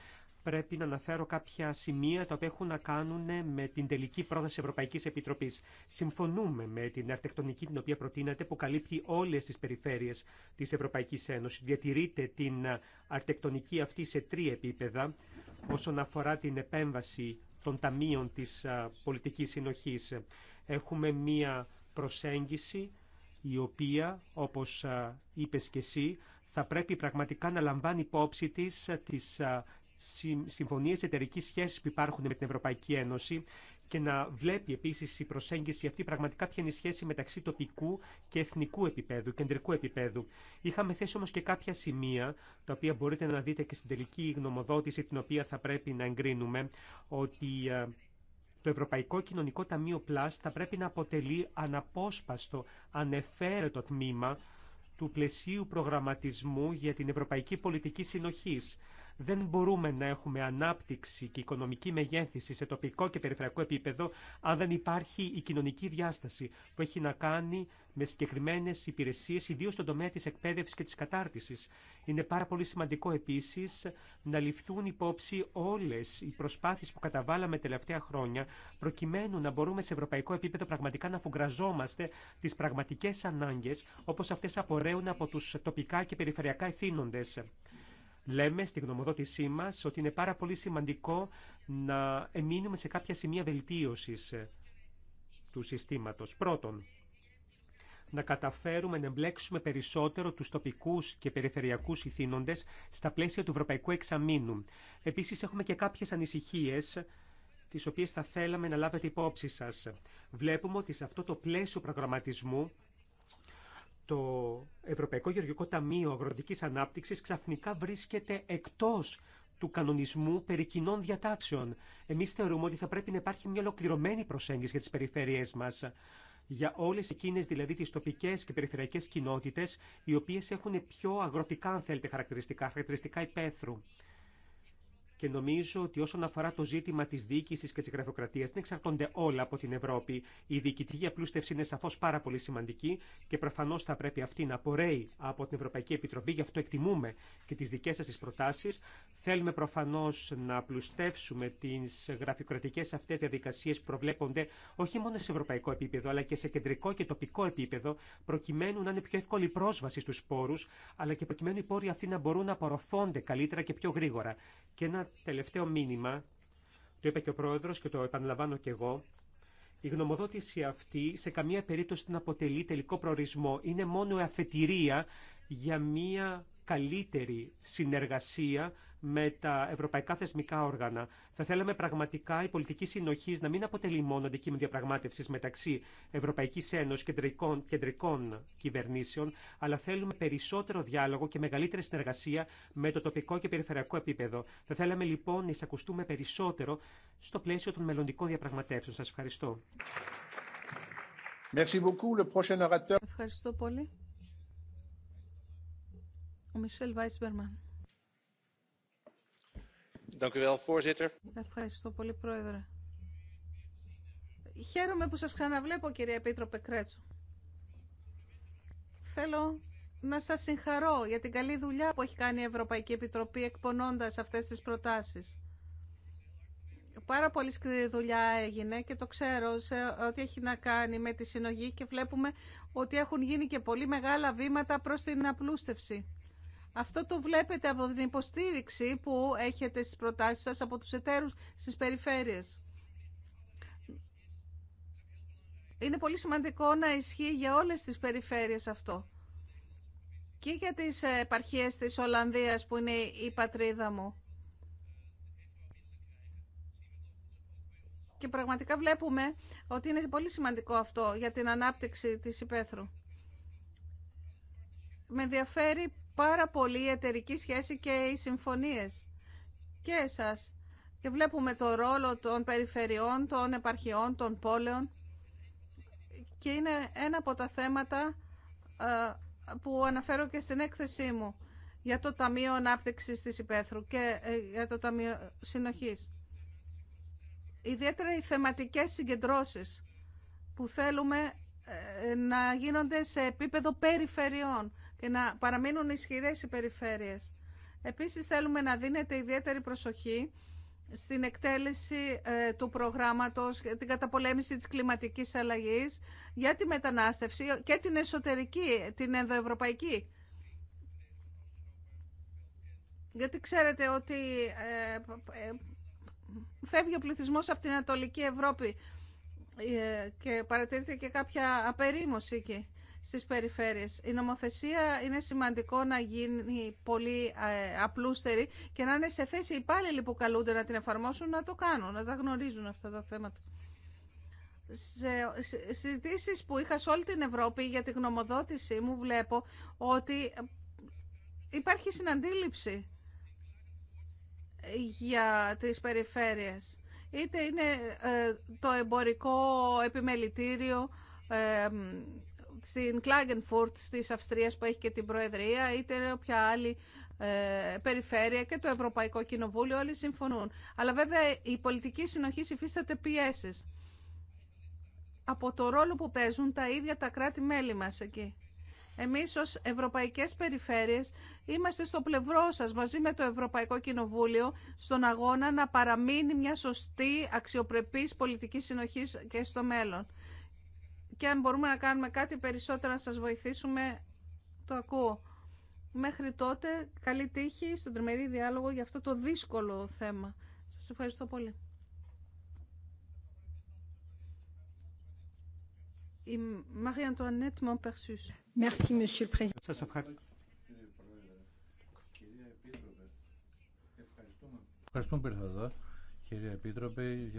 πρέπει να αναφέρω κάποια σημεία τα οποία έχουν να κάνουν με την τελική πρόταση Ευρωπαϊκής Επιτροπής. Συμφωνούμε με την αρτεκτονική την οποία προτείνατε που καλύπτει όλες τις περιφέρειες της Ευρωπαϊκής Ένωσης. Διατηρείται την αρτεκτονική αυτή σε τρία επίπεδα όσον αφορά την επέμβαση των ταμείων της πολιτικής συνοχής. Έχουμε μία προσέγγιση η οποία, όπως είπες και εσύ, θα πρέπει πραγματικά να λαμβάνει υπόψη της τις συμφωνίες εταιρική σχέσης που υπάρχουν με την Ευρωπαϊκή Ένωση και να βλέπει επίσης η προσέγγιση αυτή πραγματικά ποια είναι η σχέση μεταξύ τοπικού και εθνικού επίπεδου, κεντρικού επίπεδου. Είχαμε θέσει όμως και κάποια σημεία, τα οποία μπορείτε να δείτε και στην τελική γνωμοδότηση την οποία θα πρέπει να εγκρίνουμε, ότι ε, το Ευρωπαϊκό Κοινωνικό Ταμείο Plus θα πρέπει να αποτελεί αναπόσπαστο, ανεφέρετο τμήμα του πλαισίου προγραμματισμού για την Ευρωπαϊκή Πολιτική Συνοχής. Δεν μπορούμε να έχουμε ανάπτυξη και οικονομική μεγέθυνση σε τοπικό και περιφερειακό επίπεδο αν δεν υπάρχει η κοινωνική διάσταση που έχει να κάνει με συγκεκριμένε υπηρεσίε, ιδίω στον τομέα τη εκπαίδευση και τη κατάρτιση. Είναι πάρα πολύ σημαντικό επίση να ληφθούν υπόψη όλε οι προσπάθειε που καταβάλαμε τελευταία χρόνια, προκειμένου να μπορούμε σε ευρωπαϊκό επίπεδο πραγματικά να φουγκραζόμαστε τι πραγματικέ ανάγκε, όπω αυτέ απορρέουν από του τοπικά και περιφερειακά ευθύνοντε. Λέμε στη γνωμοδότησή μας ότι είναι πάρα πολύ σημαντικό να εμείνουμε σε κάποια σημεία βελτίωσης ε, του συστήματος. Πρώτον, να καταφέρουμε να εμπλέξουμε περισσότερο τους τοπικούς και περιφερειακούς ηθήνοντες στα πλαίσια του Ευρωπαϊκού Εξαμήνου. Επίσης έχουμε και κάποιες ανησυχίες τις οποίες θα θέλαμε να λάβετε υπόψη σας. Βλέπουμε ότι σε αυτό το πλαίσιο προγραμματισμού το Ευρωπαϊκό Γεωργικό Ταμείο Αγροτικής Ανάπτυξης ξαφνικά βρίσκεται εκτός του κανονισμού περί κοινών διατάξεων. Εμείς θεωρούμε ότι θα πρέπει να υπάρχει μια ολοκληρωμένη προσέγγιση για τις περιφέρειές μας. Για όλες εκείνες δηλαδή τις τοπικές και περιφερειακές κοινότητες, οι οποίες έχουν πιο αγροτικά, αν θέλετε, χαρακτηριστικά, χαρακτηριστικά υπαίθρου και νομίζω ότι όσον αφορά το ζήτημα τη διοίκηση και τη γραφειοκρατία, δεν εξαρτώνται όλα από την Ευρώπη. Η διοικητική απλούστευση είναι σαφώ πάρα πολύ σημαντική και προφανώ θα πρέπει αυτή να απορρέει από την Ευρωπαϊκή Επιτροπή. Γι' αυτό εκτιμούμε και τι δικέ σα προτάσει. Θέλουμε προφανώ να απλουστεύσουμε τι γραφειοκρατικέ αυτέ διαδικασίε που προβλέπονται όχι μόνο σε ευρωπαϊκό επίπεδο, αλλά και σε κεντρικό και τοπικό επίπεδο, προκειμένου να είναι πιο εύκολη πρόσβαση στου πόρου, αλλά και προκειμένου οι πόροι αυτοί να μπορούν να απορροφώνται καλύτερα και πιο γρήγορα. Και τελευταίο μήνυμα, το είπε και ο Πρόεδρος και το επαναλαμβάνω και εγώ, η γνωμοδότηση αυτή σε καμία περίπτωση δεν αποτελεί τελικό προορισμό. Είναι μόνο αφετηρία για μία καλύτερη συνεργασία με τα ευρωπαϊκά θεσμικά όργανα. Θα θέλαμε πραγματικά η πολιτική συνοχή να μην αποτελεί μόνο αντικείμενο διαπραγμάτευση μεταξύ Ευρωπαϊκή Ένωση και κεντρικών, κυβερνήσεων, αλλά θέλουμε περισσότερο διάλογο και μεγαλύτερη συνεργασία με το τοπικό και περιφερειακό επίπεδο. Θα θέλαμε λοιπόν να εισακουστούμε περισσότερο στο πλαίσιο των μελλοντικών διαπραγματεύσεων. Σα ευχαριστώ. Ευχαριστώ πολύ, Πρόεδρε. Χαίρομαι που σας ξαναβλέπω, κύριε Επίτροπε Θέλω να σας συγχαρώ για την καλή δουλειά που έχει κάνει η Ευρωπαϊκή Επιτροπή εκπονώντας αυτές τις προτάσεις. Πάρα πολύ σκληρή δουλειά έγινε και το ξέρω σε ό,τι έχει να κάνει με τη συνογή και βλέπουμε ότι έχουν γίνει και πολύ μεγάλα βήματα προς την απλούστευση. Αυτό το βλέπετε από την υποστήριξη που έχετε στις προτάσεις σας από τους εταίρους στις περιφέρειες. Είναι πολύ σημαντικό να ισχύει για όλες τις περιφέρειες αυτό. Και για τις επαρχίες της Ολλανδίας που είναι η πατρίδα μου. Και πραγματικά βλέπουμε ότι είναι πολύ σημαντικό αυτό για την ανάπτυξη της υπαίθρου. Με ενδιαφέρει πάρα πολύ η εταιρική σχέση και οι συμφωνίες και εσάς. Και βλέπουμε το ρόλο των περιφερειών, των επαρχιών, των πόλεων και είναι ένα από τα θέματα ε, που αναφέρω και στην έκθεσή μου για το Ταμείο ανάπτυξη της Υπέθρου και ε, για το Ταμείο Συνοχής. Ιδιαίτερα οι θεματικές συγκεντρώσεις που θέλουμε ε, να γίνονται σε επίπεδο περιφερειών και να παραμείνουν ισχυρέ οι περιφέρειες. Επίσης θέλουμε να δίνεται ιδιαίτερη προσοχή στην εκτέλεση ε, του προγράμματος, την καταπολέμηση της κλιματικής αλλαγής, για τη μετανάστευση και την εσωτερική, την ενδοευρωπαϊκή. Γιατί ξέρετε ότι ε, φεύγει ο πληθυσμός από την Ανατολική Ευρώπη ε, και παρατηρείται και κάποια απερίμωση εκεί στις περιφέρειες. Η νομοθεσία είναι σημαντικό να γίνει πολύ ε, απλούστερη και να είναι σε θέση οι υπάλληλοι που καλούνται να την εφαρμόσουν να το κάνουν, να τα γνωρίζουν αυτά τα θέματα. Σε συζητήσεις που είχα σε όλη την Ευρώπη για τη γνωμοδότησή μου βλέπω ότι υπάρχει συναντήληψη για τις περιφέρειες. Είτε είναι ε, το εμπορικό επιμελητήριο, ε, στην Klagenfurt της Αυστρίας που έχει και την Προεδρία, είτε όποια άλλη ε, περιφέρεια και το Ευρωπαϊκό Κοινοβούλιο, όλοι συμφωνούν. Αλλά βέβαια η πολιτική συνοχή υφίσταται πιέσεις από το ρόλο που παίζουν τα ίδια τα κράτη-μέλη μας εκεί. Εμείς ως Ευρωπαϊκές Περιφέρειες είμαστε στο πλευρό σας μαζί με το Ευρωπαϊκό Κοινοβούλιο στον αγώνα να παραμείνει μια σωστή αξιοπρεπής πολιτική συνοχής και στο μέλλον και αν μπορούμε να κάνουμε κάτι περισσότερο να σας βοηθήσουμε, το ακούω. Μέχρι τότε, καλή τύχη στον τριμερή διάλογο για αυτό το δύσκολο θέμα. Σας ευχαριστώ πολύ. Η Μαρία Αντουανέτ Μομπερσούς. Σας ευχαριστώ. Ευχαριστούμε Ευχαριστούμε, Κύριε Επίτροπε,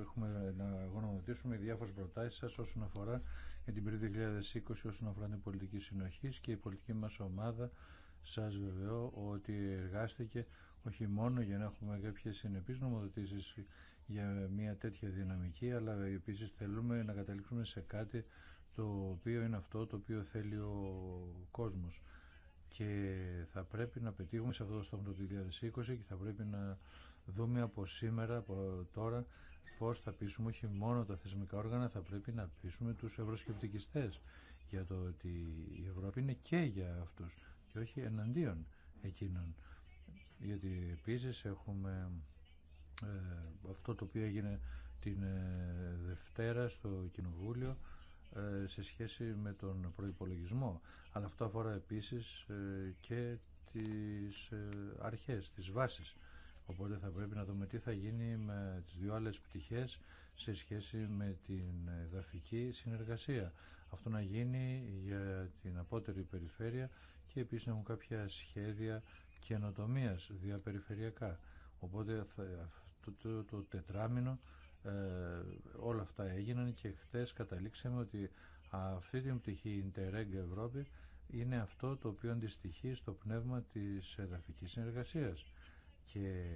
έχουμε να γνωμοδοτήσουμε διάφορε προτάσει σα όσον αφορά για την περίοδο 2020, όσον αφορά την πολιτική συνοχή και η πολιτική μα ομάδα. Σα βεβαιώ ότι εργάστηκε όχι μόνο για να έχουμε κάποιε συνεπεί νομοδοτήσει για μια τέτοια δυναμική, αλλά επίση θέλουμε να καταλήξουμε σε κάτι το οποίο είναι αυτό το οποίο θέλει ο κόσμο. και θα πρέπει να πετύχουμε σε αυτό το στόχο το 2020 και θα πρέπει να δούμε από σήμερα, από τώρα, πώς θα πείσουμε όχι μόνο τα θεσμικά όργανα, θα πρέπει να πείσουμε του ευρωσκεπτικιστέ για το ότι η Ευρώπη είναι και για αυτούς και όχι εναντίον εκείνων. Γιατί επίσης έχουμε ε, αυτό το οποίο έγινε την ε, Δευτέρα στο Κοινοβούλιο ε, σε σχέση με τον προϋπολογισμό. Αλλά αυτό αφορά επίσης και τις αρχές, τις βάσεις Οπότε θα πρέπει να δούμε τι θα γίνει με τις δύο άλλες πτυχές σε σχέση με την δαφική συνεργασία. Αυτό να γίνει για την απότερη περιφέρεια και επίσης να έχουν κάποια σχέδια καινοτομία διαπεριφερειακά. Οπότε αυτό το, το, τετράμινο ε, όλα αυτά έγιναν και χτες καταλήξαμε ότι αυτή την πτυχή Interreg Ευρώπη είναι αυτό το οποίο αντιστοιχεί στο πνεύμα της εδαφικής συνεργασίας και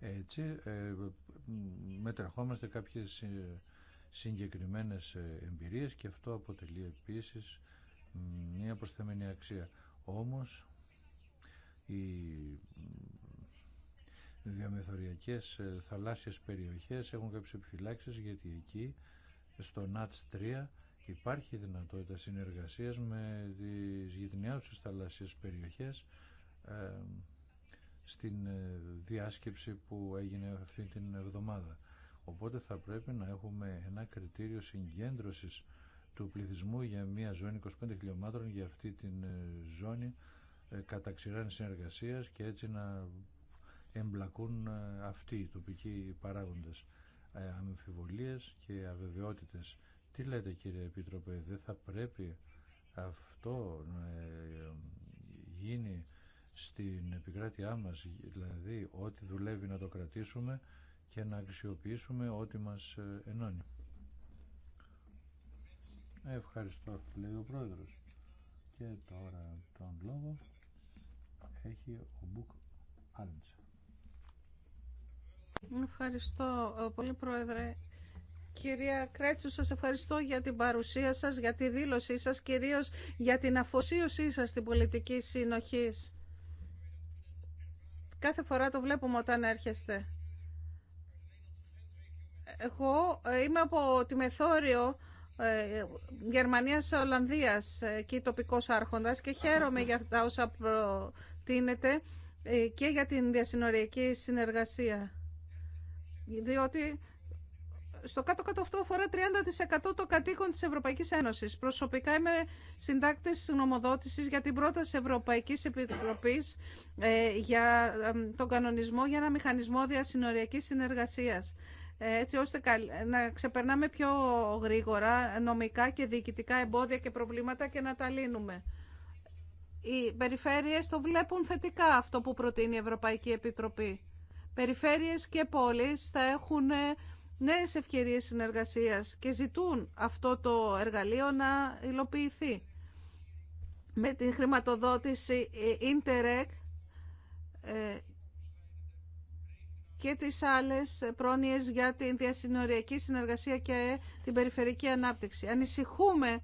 έτσι ε, μετραχόμαστε κάποιες ε, συγκεκριμένες ε, εμπειρίες και αυτό αποτελεί επίσης μια προσθεμένη αξία. Όμως οι διαμεθοριακές θαλάσσιες περιοχές έχουν κάποιες επιφυλάξεις γιατί εκεί στο ΝΑΤΣ 3 υπάρχει δυνατότητα συνεργασίας με τις γειτονιάζουσες θαλάσσιες περιοχές στην ε, διάσκεψη που έγινε αυτή την εβδομάδα. Οπότε θα πρέπει να έχουμε ένα κριτήριο συγκέντρωσης του πληθυσμού για μια ζώνη 25 χιλιόμετρων για αυτή την ε, ζώνη ε, κατά ξηράνη και έτσι να εμπλακούν αυτοί οι τοπικοί παράγοντες αμφιβολίες και αβεβαιότητες. Τι λέτε κύριε Επίτροπε, δεν θα πρέπει αυτό να γίνει στην επικράτειά μας, δηλαδή ό,τι δουλεύει να το κρατήσουμε και να αξιοποιήσουμε ό,τι μας ε, ενώνει. Ευχαριστώ, λέει ο Πρόεδρος. Και τώρα τον λόγο έχει ο Μπουκ Άλντσα. Ευχαριστώ ε, πολύ, Πρόεδρε. Κυρία Κρέτσου, σας ευχαριστώ για την παρουσία σας, για τη δήλωσή σας, κυρίως για την αφοσίωσή σας στην πολιτική συνοχής. Κάθε φορά το βλέπουμε όταν έρχεστε. Εγώ ε, είμαι από τη Μεθόριο ε, Γερμανίας Ολλανδίας και τοπικός άρχοντας και χαίρομαι για τα όσα προτείνεται ε, και για την διασυνοριακή συνεργασία. Διότι στο κάτω-κάτω αυτό αφορά 30% των κατοίκων τη Ευρωπαϊκής Ένωση. Προσωπικά είμαι συντάκτη νομοδότηση για την πρόταση Ευρωπαϊκής Επιτροπής ε, για ε, τον κανονισμό για ένα μηχανισμό διασυνοριακής συνεργασίας ε, έτσι ώστε να ξεπερνάμε πιο γρήγορα νομικά και διοικητικά εμπόδια και προβλήματα και να τα λύνουμε. Οι περιφέρειες το βλέπουν θετικά αυτό που προτείνει η Ευρωπαϊκή Επιτροπή. Περιφέρειες και πόλεις θα έχουν νέες ευκαιρίες συνεργασίας και ζητούν αυτό το εργαλείο να υλοποιηθεί. Με την χρηματοδότηση ε, Interreg ε, και τις άλλες πρόνοιες για την διασυνοριακή συνεργασία και την περιφερική ανάπτυξη. Ανησυχούμε,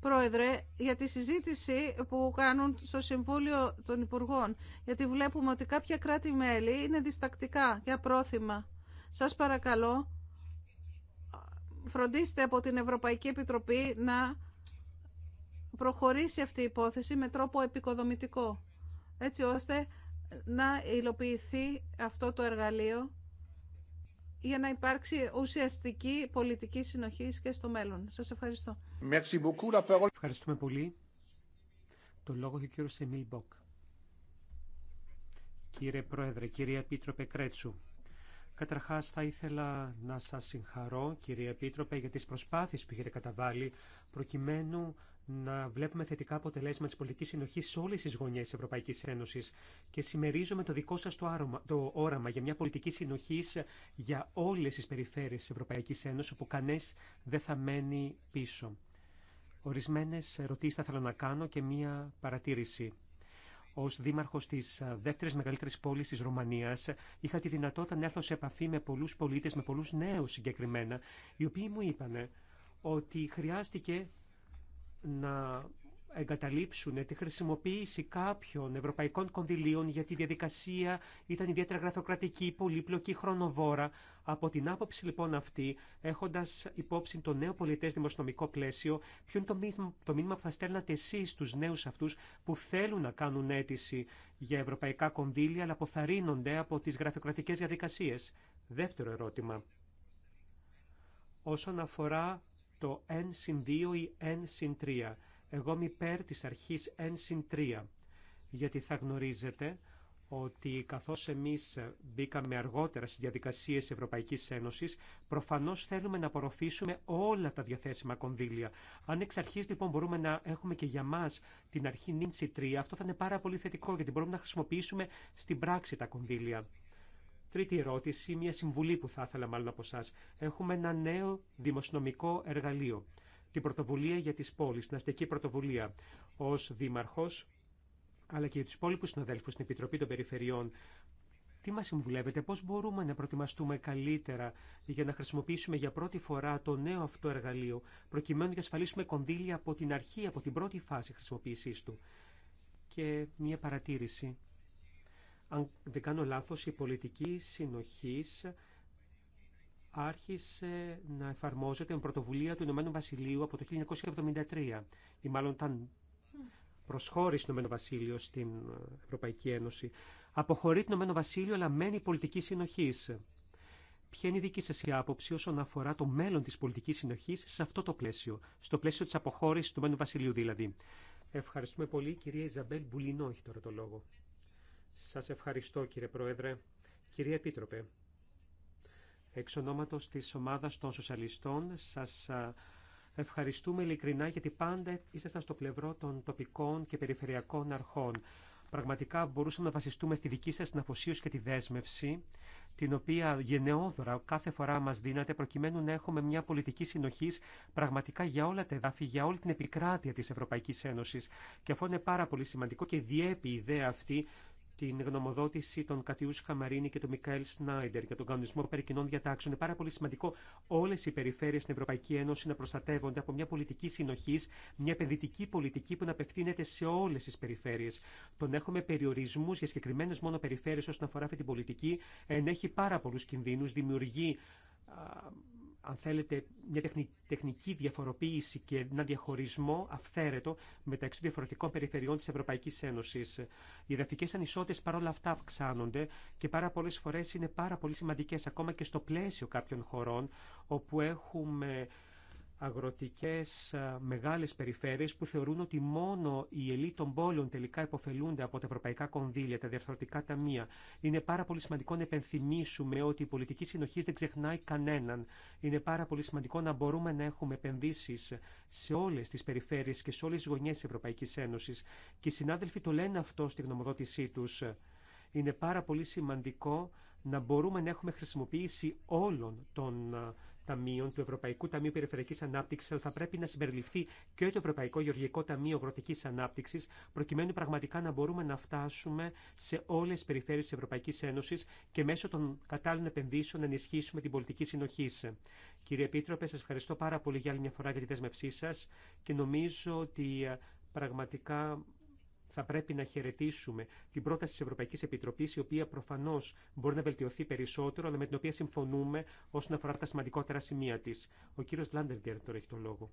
Πρόεδρε, για τη συζήτηση που κάνουν στο Συμβούλιο των Υπουργών, γιατί βλέπουμε ότι κάποια κράτη-μέλη είναι διστακτικά και απρόθυμα. Σας παρακαλώ φροντίστε από την Ευρωπαϊκή Επιτροπή να προχωρήσει αυτή η υπόθεση με τρόπο επικοδομητικό, έτσι ώστε να υλοποιηθεί αυτό το εργαλείο για να υπάρξει ουσιαστική πολιτική συνοχή και στο μέλλον. Σας ευχαριστώ. Ευχαριστούμε πολύ. Το λόγο έχει ο κύριος Εμίλ Μποκ. Κύριε Πρόεδρε, κύριε Επίτροπε Κρέτσου, Καταρχάς θα ήθελα να σας συγχαρώ κύριε Επίτροπε για τις προσπάθειες που έχετε καταβάλει προκειμένου να βλέπουμε θετικά αποτελέσματα της πολιτικής συνοχής σε όλες τις γωνιές της Ευρωπαϊκής Ένωσης και συμμερίζομαι το δικό σας το, άρωμα, το όραμα για μια πολιτική συνοχή για όλες τις περιφέρειες της Ευρωπαϊκής Ένωσης όπου κανείς δεν θα μένει πίσω. Ορισμένες ερωτήσεις θα ήθελα να κάνω και μία παρατήρηση ω δήμαρχο τη δεύτερη μεγαλύτερη πόλη τη Ρουμανία, είχα τη δυνατότητα να έρθω σε επαφή με πολλού πολίτε, με πολλού νέου συγκεκριμένα, οι οποίοι μου είπαν ότι χρειάστηκε να εγκαταλείψουν τη χρησιμοποίηση κάποιων ευρωπαϊκών κονδυλίων γιατί η διαδικασία ήταν ιδιαίτερα γραφειοκρατική, πολύπλοκη, χρονοβόρα. Από την άποψη λοιπόν αυτή, έχοντα υπόψη το νέο πολιτέ δημοσιονομικό πλαίσιο, ποιο είναι το μήνυμα που θα στέλνατε εσεί στου νέου αυτού που θέλουν να κάνουν αίτηση για ευρωπαϊκά κονδύλια, αλλά αποθαρρύνονται από τι γραφειοκρατικέ διαδικασίε. Δεύτερο ερώτημα. Όσον αφορά το N συν 2 ή N συν 3. Εγώ είμαι υπέρ της αρχής 1 3, γιατί θα γνωρίζετε ότι καθώς εμείς μπήκαμε αργότερα στις διαδικασίες Ευρωπαϊκής Ένωσης, προφανώς θέλουμε να απορροφήσουμε όλα τα διαθέσιμα κονδύλια. Αν εξ αρχής λοιπόν μπορούμε να έχουμε και για μας την αρχή νύνση 3, αυτό θα είναι πάρα πολύ θετικό γιατί μπορούμε να χρησιμοποιήσουμε στην πράξη τα κονδύλια. Τρίτη ερώτηση, μια συμβουλή που θα ήθελα μάλλον από εσά. Έχουμε ένα νέο δημοσιονομικό εργαλείο την πρωτοβουλία για τις πόλεις, την αστική πρωτοβουλία. Ως δήμαρχος, αλλά και για τους υπόλοιπους συναδέλφους στην Επιτροπή των Περιφερειών, τι μας συμβουλεύετε, πώς μπορούμε να προετοιμαστούμε καλύτερα για να χρησιμοποιήσουμε για πρώτη φορά το νέο αυτό εργαλείο, προκειμένου να ασφαλίσουμε κονδύλια από την αρχή, από την πρώτη φάση χρησιμοποίησής του. Και μια παρατήρηση. Αν δεν κάνω λάθος, η πολιτική συνοχής άρχισε να εφαρμόζεται με πρωτοβουλία του Ηνωμένου Βασιλείου από το 1973 ή μάλλον ήταν προσχώρησε το Ηνωμένο Βασίλειο στην Ευρωπαϊκή Ένωση. Αποχωρεί το Ηνωμένο Βασίλειο αλλά μένει πολιτική συνοχή. Ποια είναι η μαλλον ηταν προσχωρησε του Ηνωμένου βασιλειο στην ευρωπαικη ενωση αποχωρει το ηνωμενο βασιλειο αλλα μενει πολιτικη συνοχη ποια ειναι η δικη Σα άποψη όσον αφορά το μέλλον τη πολιτικη συνοχη σε αυτό το πλαίσιο, στο πλαίσιο τη αποχωρηση του Ηνωμένου Βασιλείου δηλαδή. Ευχαριστούμε πολύ. Κυρία Ιζαμπέλ Μπουλινό έχει τώρα το λόγο. σα ευχαριστώ κύριε Πρόεδρε. Κυρία Επίτροπε, Εξ ονόματος της ομάδας των σοσιαλιστών σας ευχαριστούμε ειλικρινά γιατί πάντα ήσασταν στο πλευρό των τοπικών και περιφερειακών αρχών. Πραγματικά μπορούσαμε να βασιστούμε στη δική σας την και τη δέσμευση την οποία γενναιόδωρα κάθε φορά μας δίνατε προκειμένου να έχουμε μια πολιτική συνοχή πραγματικά για όλα τα εδάφη, για όλη την επικράτεια της Ευρωπαϊκής Ένωσης. Και αυτό είναι πάρα πολύ σημαντικό και διέπει η ιδέα αυτή την γνωμοδότηση των Κατιού Χαμαρίνη και του Μικαέλ Σνάιντερ για τον κανονισμό περί κοινών διατάξεων. Είναι πάρα πολύ σημαντικό όλε οι περιφέρειε στην Ευρωπαϊκή Ένωση να προστατεύονται από μια πολιτική συνοχή, μια επενδυτική πολιτική που να απευθύνεται σε όλε τι περιφέρειε. Τον έχουμε περιορισμού για συγκεκριμένε μόνο περιφέρειε όσον αφορά αυτή την πολιτική ενέχει πάρα πολλού κινδύνου, δημιουργεί αν θέλετε, μια τεχνική διαφοροποίηση και ένα διαχωρισμό αυθαίρετο μεταξύ διαφορετικών περιφερειών τη Ευρωπαϊκή Ένωση. Οι εδαφικέ ανισότητε παρόλα αυτά αυξάνονται και πάρα πολλέ φορέ είναι πάρα πολύ σημαντικέ, ακόμα και στο πλαίσιο κάποιων χωρών, όπου έχουμε αγροτικές μεγάλες περιφέρειες που θεωρούν ότι μόνο οι ελίτ των πόλεων τελικά υποφελούνται από τα ευρωπαϊκά κονδύλια, τα διαρθρωτικά ταμεία. Είναι πάρα πολύ σημαντικό να επενθυμίσουμε ότι η πολιτική συνοχή δεν ξεχνάει κανέναν. Είναι πάρα πολύ σημαντικό να μπορούμε να έχουμε επενδύσεις σε όλες τις περιφέρειες και σε όλες τις γωνιές της Ευρωπαϊκής Ένωσης. Και οι συνάδελφοι το λένε αυτό στη γνωμοδότησή τους. Είναι πάρα πολύ σημαντικό να μπορούμε να έχουμε χρησιμοποίηση όλων των ταμείων, του Ευρωπαϊκού Ταμείου Περιφερειακή Ανάπτυξη, αλλά θα πρέπει να συμπεριληφθεί και το Ευρωπαϊκό Γεωργικό Ταμείο Αγροτική Ανάπτυξη, προκειμένου πραγματικά να μπορούμε να φτάσουμε σε όλε τι περιφέρειε τη Ευρωπαϊκή Ένωση και μέσω των κατάλληλων επενδύσεων να ενισχύσουμε την πολιτική συνοχή. Κύριε Επίτροπε, σα ευχαριστώ πάρα πολύ για άλλη μια φορά για τη δέσμευσή σα και νομίζω ότι ε, πραγματικά θα πρέπει να χαιρετήσουμε την πρόταση τη Ευρωπαϊκή Επιτροπή, η οποία προφανώ μπορεί να βελτιωθεί περισσότερο, αλλά με την οποία συμφωνούμε όσον αφορά τα σημαντικότερα σημεία τη. Ο κύριο Λάντεργκερ τώρα έχει τον λόγο.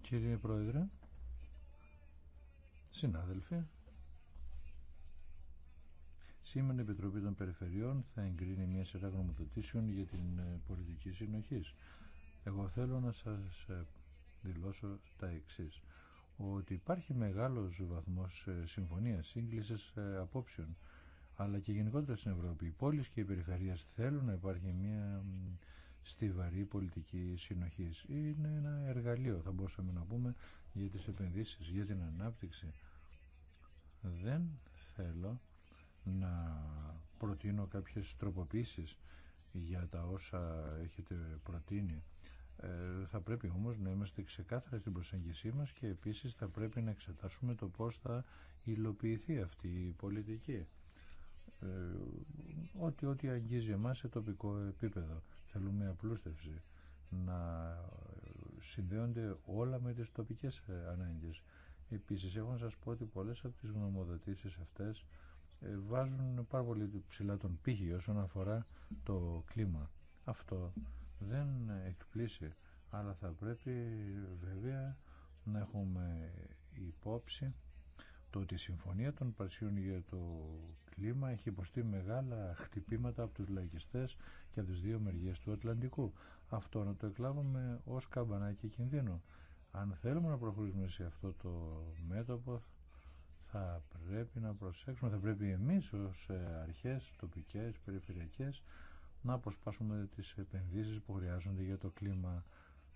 Κύριε Πρόεδρε, συνάδελφοι, Σήμερα η Επιτροπή των Περιφερειών θα εγκρίνει μια σειρά γνωμοδοτήσεων για την ε, πολιτική συνοχή. Εγώ θέλω να σα ε, δηλώσω τα εξή Ότι υπάρχει μεγάλο βαθμός ε, συμφωνίας, σύγκληση απόψεων, αλλά και γενικότερα στην Ευρώπη. Οι πόλεις και οι περιφερειέ θέλουν να υπάρχει μια στιβαρή πολιτική συνοχή. Είναι ένα εργαλείο, θα μπορούσαμε να πούμε, για τι επενδύσει, για την ανάπτυξη. Δεν θέλω να προτείνω κάποιες τροποποίησεις για τα όσα έχετε προτείνει. Ε, θα πρέπει όμως να είμαστε ξεκάθαρα στην προσέγγισή μας και επίσης θα πρέπει να εξετάσουμε το πώς θα υλοποιηθεί αυτή η πολιτική. Ε, ό,τι, ό,τι αγγίζει εμάς σε τοπικό επίπεδο. Θέλουμε απλούστευση να συνδέονται όλα με τις τοπικές ανάγκες. Επίσης, έχω να σας πω ότι πολλές από τις γνωμοδοτήσεις αυτές ε, βάζουν πάρα πολύ ψηλά τον πύχη όσον αφορά το κλίμα. Αυτό δεν εκπλήσει, αλλά θα πρέπει βέβαια να έχουμε υπόψη το ότι η Συμφωνία των Παρσίων για το κλίμα έχει υποστεί μεγάλα χτυπήματα από τους λαϊκιστές και από τις δύο μεριές του Ατλαντικού. Αυτό να το εκλάβουμε ως καμπανάκι κινδύνου. Αν θέλουμε να προχωρήσουμε σε αυτό το μέτωπο θα πρέπει να προσέξουμε, θα πρέπει εμείς ως ε, αρχές τοπικές, περιφερειακές να αποσπάσουμε τις επενδύσεις που χρειάζονται για το κλίμα.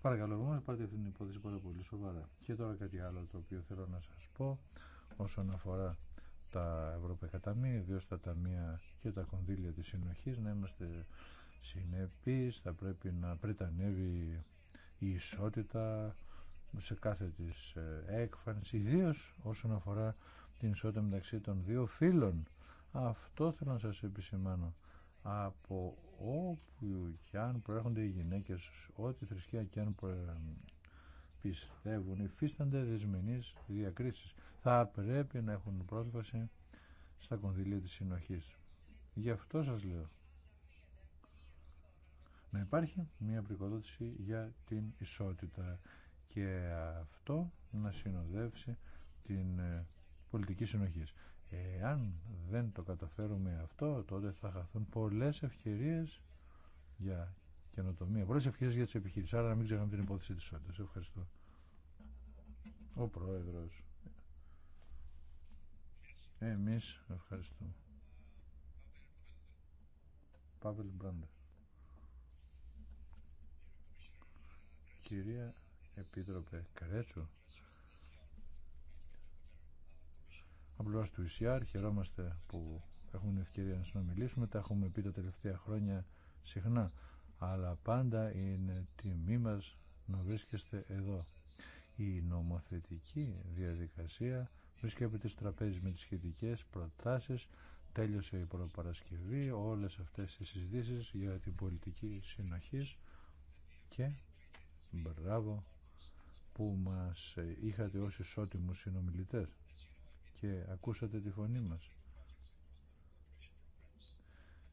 Παρακαλώ, εγώ μας πάρετε αυτή την υπόθεση πάρα πολύ σοβαρά. Και τώρα κάτι άλλο το οποίο θέλω να σας πω όσον αφορά τα Ευρωπαϊκά Ταμεία, ιδίω τα Ταμεία και τα Κονδύλια της Συνοχής, να είμαστε συνεπείς, θα πρέπει να πρετανεύει η ισότητα σε κάθε της ε, έκφανση, ιδίω όσον αφορά την ισότητα μεταξύ των δύο φίλων. Αυτό θέλω να σας επισημάνω. Από όπου και αν προέρχονται οι γυναίκες, ό,τι θρησκεία και αν πιστεύουν, υφίστανται δεσμενείς διακρίσεις. Θα πρέπει να έχουν πρόσβαση στα κονδυλία της συνοχής. Γι' αυτό σας λέω. Να υπάρχει μια πρικοδότηση για την ισότητα και αυτό να συνοδεύσει την ε, πολιτικής συνοχής. Εάν δεν το καταφέρουμε αυτό, τότε θα χαθούν πολλές ευκαιρίες για καινοτομία, πολλές ευκαιρίες για τις επιχειρήσεις. Άρα να μην ξεχνάμε την υπόθεση της όντας. Ευχαριστώ. Ο Πρόεδρος. Εμείς ευχαριστούμε. Παύλ Μπράντερ. Κυρία Επίτροπε Καρέτσου, Απλώ του ΙΣΙΑΡ χαιρόμαστε που έχουμε την ευκαιρία να συνομιλήσουμε. Τα έχουμε πει τα τελευταία χρόνια συχνά. Αλλά πάντα είναι τιμή μα να βρίσκεστε εδώ. Η νομοθετική διαδικασία βρίσκεται στις τραπέζι με τις σχετικέ προτάσεις. Τέλειωσε η προπαρασκευή, όλες αυτές οι συζητήσει για την πολιτική συνοχή και μπράβο που μας είχατε ως ισότιμους συνομιλητές και ακούσατε τη φωνή μας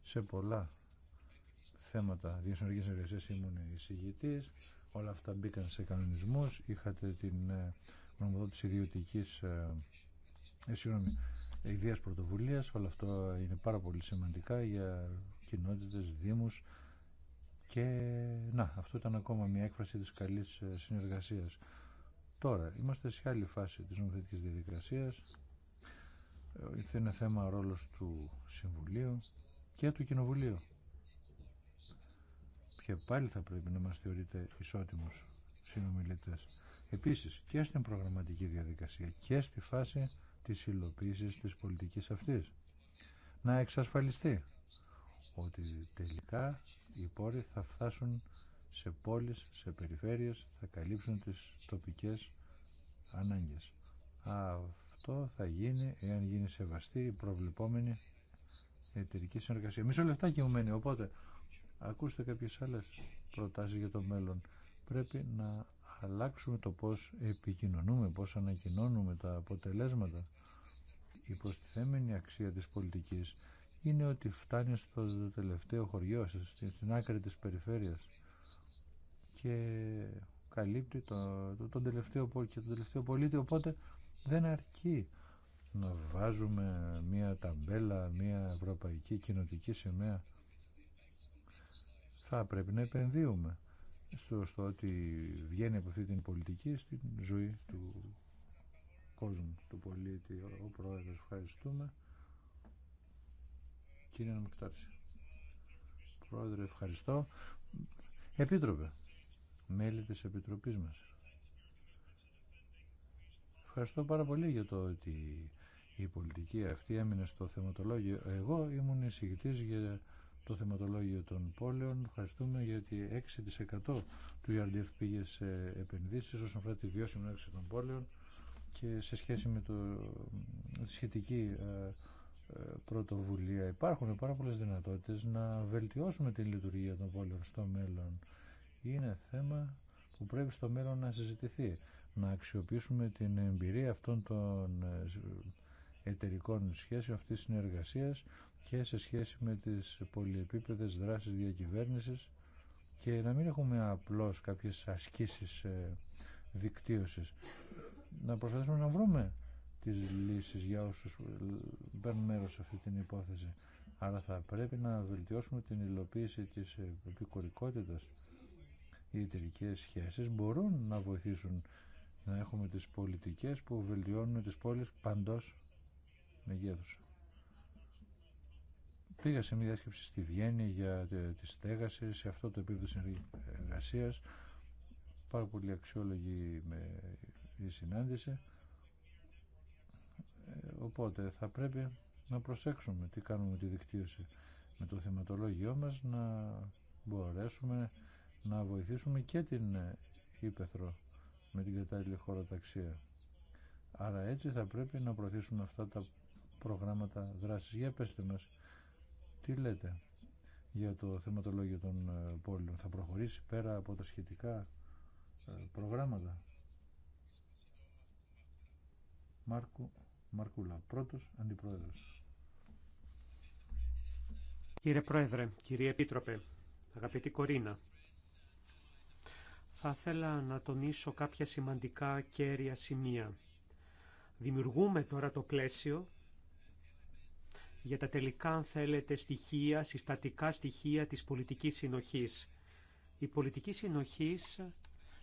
σε πολλά θέματα διασυνορικής εργασίας ήμουν εισηγητής όλα αυτά μπήκαν σε κανονισμούς είχατε την ε, γνωμοδότηση ιδιωτικής ε, ε, συγγνώμη, ιδέας πρωτοβουλίας όλα αυτό είναι πάρα πολύ σημαντικά για κοινότητες, δήμους και να, αυτό ήταν ακόμα μια έκφραση της καλής ε, συνεργασίας. Τώρα, είμαστε σε άλλη φάση της νομοθετικής διαδικασίας. Ήρθε ένα θέμα ο ρόλος του Συμβουλίου και του Κοινοβουλίου. Και πάλι θα πρέπει να μας θεωρείτε ισότιμους συνομιλητές. Επίσης και στην προγραμματική διαδικασία και στη φάση της υλοποίησης της πολιτικής αυτής. Να εξασφαλιστεί ότι τελικά οι πόροι θα φτάσουν σε πόλεις, σε περιφέρειες, θα καλύψουν τις τοπικές ανάγκες. Αυτό θα γίνει εάν γίνει σεβαστή η προβλεπόμενη εταιρική συνεργασία. Μισό λεφτάκι μου μένει, οπότε ακούστε κάποιε άλλε προτάσει για το μέλλον. Πρέπει να αλλάξουμε το πώς επικοινωνούμε, πώς ανακοινώνουμε τα αποτελέσματα. Η προστιθέμενη αξία της πολιτικής είναι ότι φτάνει στο τελευταίο χωριό σας, στην άκρη της περιφέρειας και καλύπτει το, το, τον, τελευταίο, τελευταίο πολίτη, οπότε δεν αρκεί να βάζουμε μία ταμπέλα, μία ευρωπαϊκή κοινοτική σημαία. Θα πρέπει να επενδύουμε στο, ότι βγαίνει από αυτή την πολιτική στην ζωή του κόσμου, του πολίτη. Ο Πρόεδρος, ευχαριστούμε. Κύριε Νομικτάρση. Πρόεδρε, ευχαριστώ. Επίτροπε, μέλη της Επιτροπής μας. Ευχαριστώ πάρα πολύ για το ότι η πολιτική αυτή έμεινε στο θεματολόγιο. Εγώ ήμουν εισηγητή για το θεματολόγιο των πόλεων. Ευχαριστούμε γιατί 6% του ERDF πήγε σε επενδύσει όσον αφορά τη βιώσιμη έξοδο των πόλεων και σε σχέση με το, τη σχετική ε, ε, πρωτοβουλία υπάρχουν πάρα πολλές δυνατότητες να βελτιώσουμε την λειτουργία των πόλεων στο μέλλον. Είναι θέμα που πρέπει στο μέλλον να συζητηθεί να αξιοποιήσουμε την εμπειρία αυτών των ε, εταιρικών σχέσεων, αυτής της συνεργασίας και σε σχέση με τις πολυεπίπεδες δράσεις διακυβέρνησης και να μην έχουμε απλώς κάποιες ασκήσεις ε, δικτύωσης. Να προσπαθήσουμε να βρούμε τις λύσεις για όσους ε, παίρνουν μέρος σε αυτή την υπόθεση. Άρα θα πρέπει να βελτιώσουμε την υλοποίηση της επικορικότητας. Οι εταιρικέ σχέσεις μπορούν να βοηθήσουν να έχουμε τις πολιτικές που βελτιώνουν τις πόλεις παντός μεγέθους. Πήγα σε μια διάσκεψη στη Βιέννη για τη στέγαση, σε αυτό το επίπεδο συνεργασία. Πάρα πολύ αξιόλογη με η συνάντηση. Ε, οπότε θα πρέπει να προσέξουμε τι κάνουμε τη δικτύωση με το θεματολόγιό μας, να μπορέσουμε να βοηθήσουμε και την Ήπεθρο με την κατάλληλη χωροταξία. Άρα έτσι θα πρέπει να προωθήσουμε αυτά τα προγράμματα δράσης. Για πέστε μας, τι λέτε για το θεματολόγιο των ε, πόλεων. Θα προχωρήσει πέρα από τα σχετικά ε, προγράμματα. Μάρκου Μαρκούλα, πρώτος αντιπρόεδρος. Κύριε Πρόεδρε, κύριε Επίτροπε, αγαπητή Κορίνα, θα ήθελα να τονίσω κάποια σημαντικά κέρια σημεία. Δημιουργούμε τώρα το πλαίσιο για τα τελικά, αν θέλετε, στοιχεία, συστατικά στοιχεία της πολιτικής συνοχής. Η πολιτική συνοχής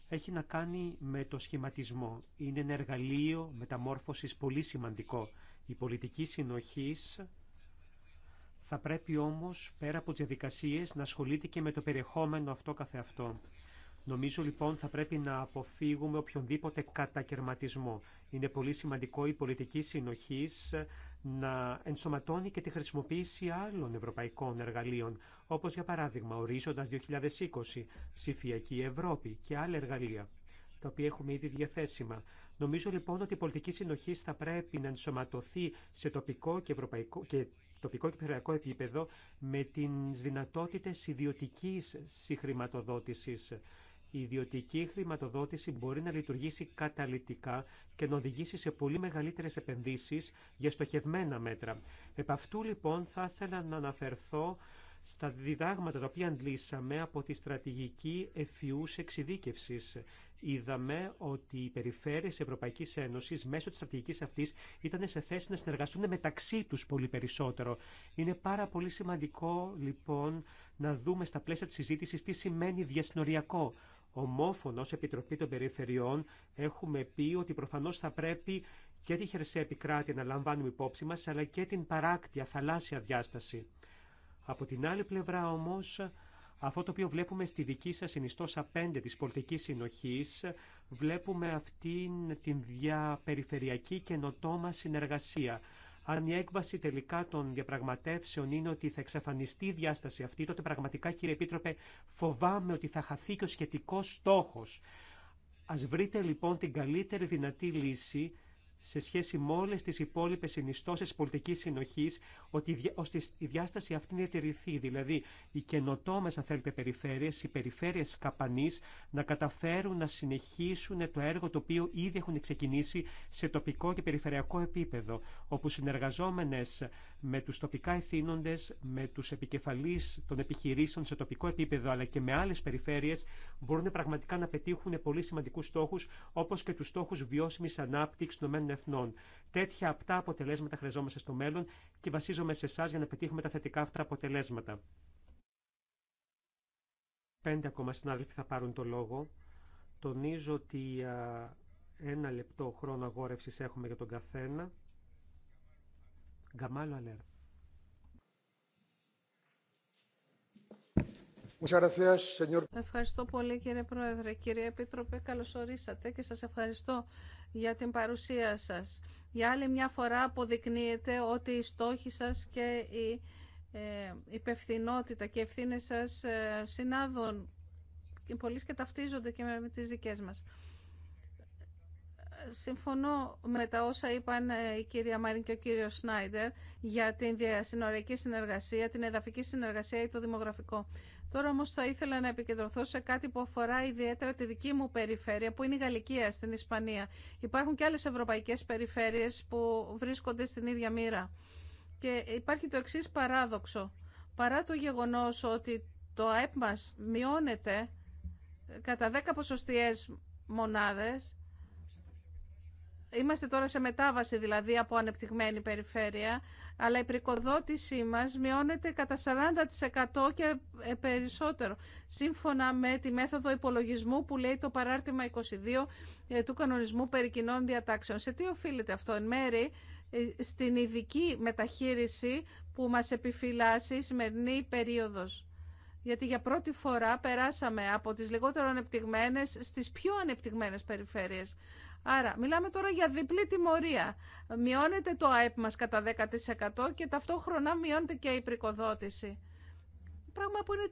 έχει να κάνει με το σχηματισμό. Είναι ένα εργαλείο μεταμόρφωσης πολύ σημαντικό. Η πολιτική συνοχής θα πρέπει όμως, πέρα από τις διαδικασίες, να ασχολείται και με το περιεχόμενο αυτό καθεαυτό. Νομίζω λοιπόν θα πρέπει να αποφύγουμε οποιονδήποτε κατακαιρματισμό. Είναι πολύ σημαντικό η πολιτική συνοχή να ενσωματώνει και τη χρησιμοποίηση άλλων ευρωπαϊκών εργαλείων, όπω για παράδειγμα ορίζοντα 2020, ψηφιακή Ευρώπη και άλλα εργαλεία τα οποία έχουμε ήδη διαθέσιμα. Νομίζω λοιπόν ότι η πολιτική συνοχή θα πρέπει να ενσωματωθεί σε τοπικό και, ευρωπαϊκό, και τοπικό και περιφερειακό επίπεδο με τι δυνατότητε ιδιωτική συγχρηματοδότηση η ιδιωτική χρηματοδότηση μπορεί να λειτουργήσει καταλυτικά και να οδηγήσει σε πολύ μεγαλύτερες επενδύσεις για στοχευμένα μέτρα. Επ' αυτού λοιπόν θα ήθελα να αναφερθώ στα διδάγματα τα οποία αντλήσαμε από τη στρατηγική εφιούς εξειδίκευσης. Είδαμε ότι οι περιφέρειες Ευρωπαϊκής Ένωσης μέσω της στρατηγικής αυτής ήταν σε θέση να συνεργαστούν μεταξύ τους πολύ περισσότερο. Είναι πάρα πολύ σημαντικό λοιπόν να δούμε στα πλαίσια της συζήτησης τι σημαίνει διασυνοριακό ομόφωνο Επιτροπή των Περιφερειών έχουμε πει ότι προφανώς θα πρέπει και τη χερσαία επικράτεια να λαμβάνουμε υπόψη μας, αλλά και την παράκτια θαλάσσια διάσταση. Από την άλλη πλευρά όμως, αυτό το οποίο βλέπουμε στη δική σας συνιστόσα 5 της πολιτικής συνοχής, βλέπουμε αυτήν την διαπεριφερειακή καινοτόμα συνεργασία. Αν η έκβαση τελικά των διαπραγματεύσεων είναι ότι θα εξαφανιστεί η διάσταση αυτή, τότε πραγματικά, κύριε Επίτροπε, φοβάμαι ότι θα χαθεί και ο σχετικό στόχο. Α βρείτε λοιπόν την καλύτερη δυνατή λύση σε σχέση με όλε τι υπόλοιπε συνιστώσει πολιτική συνοχή, ότι η διάσταση αυτή να τηρηθεί. Δηλαδή, οι καινοτόμε, αν θέλετε, περιφέρειε, οι περιφέρειε καπανή, να καταφέρουν να συνεχίσουν το έργο το οποίο ήδη έχουν ξεκινήσει σε τοπικό και περιφερειακό επίπεδο, όπου συνεργαζόμενε με τους τοπικά ευθύνοντες, με τους επικεφαλείς των επιχειρήσεων σε τοπικό επίπεδο αλλά και με άλλες περιφέρειες μπορούν πραγματικά να πετύχουν πολύ σημαντικούς στόχους όπως και τους στόχους βιώσιμης ανάπτυξης των εθνών. Τέτοια απτά αποτελέσματα χρειαζόμαστε στο μέλλον και βασίζομαι σε εσά για να πετύχουμε τα θετικά αυτά αποτελέσματα. Πέντε ακόμα συνάδελφοι θα πάρουν το λόγο. Τονίζω ότι ένα λεπτό χρόνο αγόρευσης έχουμε για τον καθένα. Αλέρ. Ευχαριστώ πολύ κύριε Πρόεδρε. Κύριε Επίτροπε, καλωσορίσατε και σας ευχαριστώ για την παρουσία σας. Για άλλη μια φορά αποδεικνύεται ότι οι στόχοι σας και η ε, υπευθυνότητα και οι ευθύνες σας ε, συνάδουν και πολλοί και ταυτίζονται και με τις δικές μας συμφωνώ με τα όσα είπαν ε, η κυρία Μάριν και ο κύριο Σνάιντερ για την διασυνοριακή συνεργασία, την εδαφική συνεργασία ή το δημογραφικό. Τώρα όμως θα ήθελα να επικεντρωθώ σε κάτι που αφορά ιδιαίτερα τη δική μου περιφέρεια που είναι η Γαλλικία στην Ισπανία. Υπάρχουν και άλλες ευρωπαϊκές περιφέρειες που βρίσκονται στην ίδια μοίρα. Και υπάρχει το δημογραφικο τωρα ομω θα ηθελα να επικεντρωθω σε κατι που αφορα ιδιαιτερα παράδοξο. και αλλε ευρωπαικε περιφερειες που βρισκονται στην ιδια μοιρα και υπαρχει το γεγονός το γεγονο οτι το ΑΕΠ μα μειώνεται κατά 10 ποσοστιαίες μονάδες, Είμαστε τώρα σε μετάβαση δηλαδή από ανεπτυγμένη περιφέρεια, αλλά η πρικοδότησή μας μειώνεται κατά 40% και ε, περισσότερο, σύμφωνα με τη μέθοδο υπολογισμού που λέει το παράρτημα 22 ε, του κανονισμού περί κοινών διατάξεων. Σε τι οφείλεται αυτό εν μέρη ε, στην ειδική μεταχείριση που μας επιφυλάσσει η σημερινή περίοδος. Γιατί για πρώτη φορά περάσαμε από τις λιγότερο ανεπτυγμένες στις πιο ανεπτυγμένες περιφέρειες. Άρα, μιλάμε τώρα για διπλή τιμωρία. Μειώνεται το ΑΕΠ μας κατά 10% και ταυτόχρονα μειώνεται και η πρικοδότηση. Πράγμα που είναι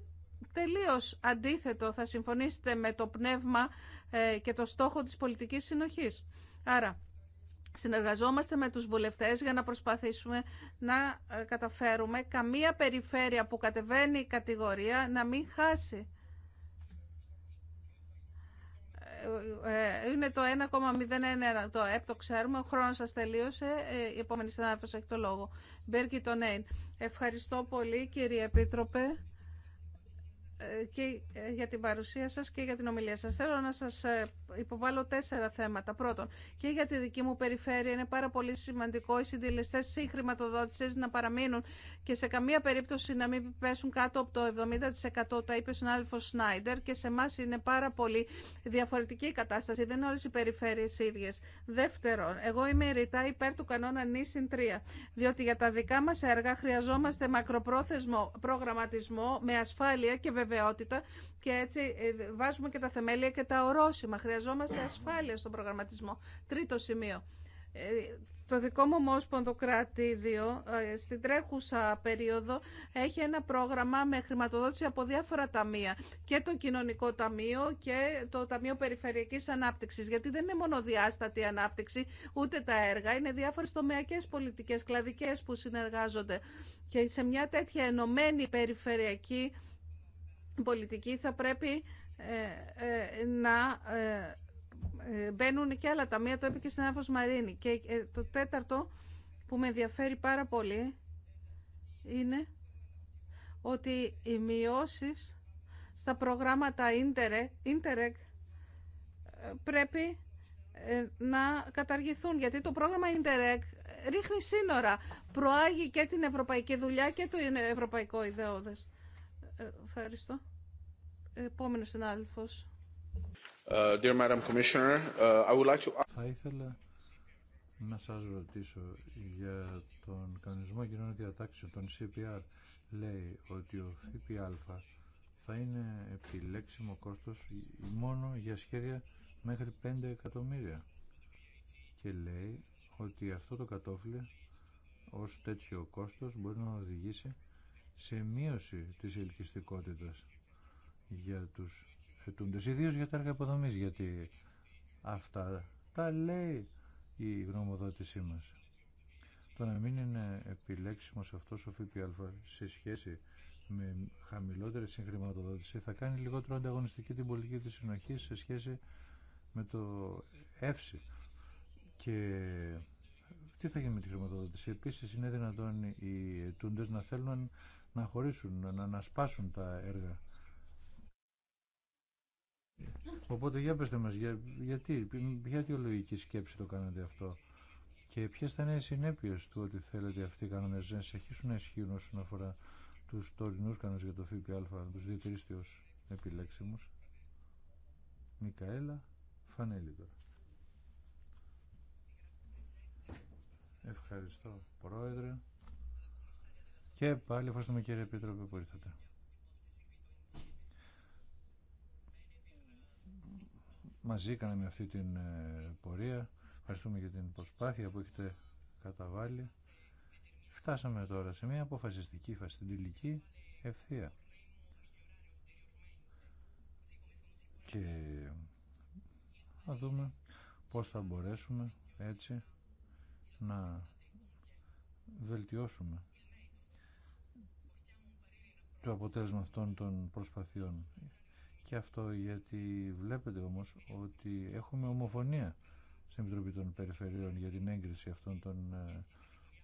τελείως αντίθετο, θα συμφωνήσετε με το πνεύμα ε, και το στόχο της πολιτικής συνοχής. Άρα, συνεργαζόμαστε με τους βουλευτές για να προσπαθήσουμε να ε, καταφέρουμε καμία περιφέρεια που κατεβαίνει η κατηγορία να μην χάσει Ε, είναι το 1,01 το ΕΠ, το ξέρουμε. Ο χρόνο σα τελείωσε. Ε, η επόμενη συνάδελφο έχει το λόγο. Μπέρκι Τονέιν. Ευχαριστώ πολύ κύριε Επίτροπε. Ε, και ε, για την παρουσία σας και για την ομιλία σας. Θέλω να σας ε, υποβάλω τέσσερα θέματα. Πρώτον, και για τη δική μου περιφέρεια είναι πάρα πολύ σημαντικό οι συντελεστές ή χρηματοδότησες να παραμείνουν και σε καμία περίπτωση να μην πέσουν κάτω από το 70% τα είπε ο συνάδελφος Σνάιντερ και σε εμά είναι πάρα πολύ διαφορετική η κατάσταση. Δεν είναι όλες οι περιφέρειες ίδιες. Δεύτερον, εγώ είμαι ρητά υπέρ του κανόνα νήσιν 3, διότι για τα δικά μας έργα χρειαζόμαστε μακροπρόθεσμο προγραμματισμό με ασφάλεια και βεβαιότητα βεβαιότητα και έτσι ε, βάζουμε και τα θεμέλια και τα ορόσημα. Χρειαζόμαστε ασφάλεια στον προγραμματισμό. Τρίτο σημείο. Ε, το δικό μου ομόσπονδο κρατήδιο ε, στην τρέχουσα περίοδο έχει ένα πρόγραμμα με χρηματοδότηση από διάφορα ταμεία και το Κοινωνικό Ταμείο και το Ταμείο Περιφερειακής Ανάπτυξης γιατί δεν είναι μονοδιάστατη ανάπτυξη ούτε τα έργα, είναι διάφορες τομεακές πολιτικές, κλαδικές που συνεργάζονται και σε μια τέτοια ενωμένη περιφερειακή πολιτική θα πρέπει ε, ε, να ε, μπαίνουν και άλλα ταμεία, το είπε και συνάδελφος Μαρίνη. Και το τέταρτο που με ενδιαφέρει πάρα πολύ είναι ότι οι μειώσεις στα προγράμματα Interreg πρέπει να καταργηθούν. Γιατί το πρόγραμμα Interreg ρίχνει σύνορα, προάγει και την ευρωπαϊκή δουλειά και το ευρωπαϊκό ιδεώδες. Ευχαριστώ. Επόμενο συνάδελφο. Ε, dear Madam ε, Θα ήθελα να σας ρωτήσω για τον κανονισμό κοινών διατάξεων, τον CPR. Λέει ότι ο ΦΠΑ θα είναι επιλέξιμο κόστος μόνο για σχέδια μέχρι 5 εκατομμύρια. Και λέει ότι αυτό το κατόφλι ως τέτοιο κόστος μπορεί να οδηγήσει σε μείωση της ελκυστικότητας για τους ετούντες, ιδίως για τα έργα υποδομής, γιατί αυτά τα λέει η γνωμοδότησή μας. Το να μην είναι επιλέξιμος αυτός ο ΦΠΑ σε σχέση με χαμηλότερη συγχρηματοδότηση θα κάνει λιγότερο ανταγωνιστική την πολιτική της συνοχής σε σχέση με το ΕΦΣΥ. Και τι θα γίνει με τη χρηματοδότηση. Επίσης είναι δυνατόν οι ετούντες να θέλουν να χωρίσουν, να σπάσουν τα έργα. Οπότε για πετε μας, γιατί, ολογική σκέψη το κάνετε αυτό και ποιες θα είναι οι συνέπειες του ότι θέλετε αυτοί οι κανόνες να συνεχίσουν να ισχύουν όσον αφορά τους τωρινούς κανόνες για το ΦΠΑ, τους ω επιλέξιμους. Μικαέλα Φανέλη Ευχαριστώ Πρόεδρε. Και πάλι ευχαριστούμε κύριε Επίτροπε που ήρθατε. Μαζί κάναμε αυτή την ε, πορεία. Ευχαριστούμε για την προσπάθεια που έχετε καταβάλει. Φτάσαμε τώρα σε μια αποφασιστική φαστιντηλική ευθεία. Και θα δούμε πώς θα μπορέσουμε έτσι να βελτιώσουμε το αποτέλεσμα αυτών των προσπαθειών. Και αυτό γιατί βλέπετε όμως ότι έχουμε ομοφωνία στην Επιτροπή των Περιφερειών για την έγκριση αυτών των ε,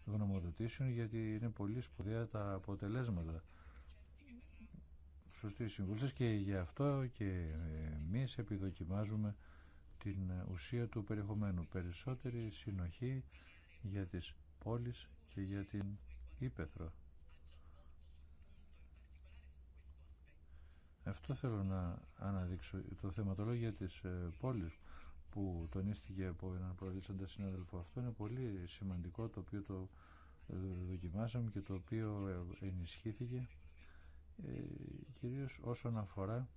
γνωμοδοτήσεων γιατί είναι πολύ σπουδαία τα αποτελέσματα σωστή συμβουλή και γι' αυτό και εμείς επιδοκιμάζουμε την ουσία του περιεχομένου. Περισσότερη συνοχή για τις πόλεις και για την Ήπεθρο. Αυτό θέλω να αναδείξω το θεματολόγιο της ε, πόλης που τονίστηκε από έναν προελίσσαντα συνάδελφο. Αυτό είναι πολύ σημαντικό το οποίο το ε, δοκιμάσαμε και το οποίο ε, ενισχύθηκε κυρίως όσον αφορά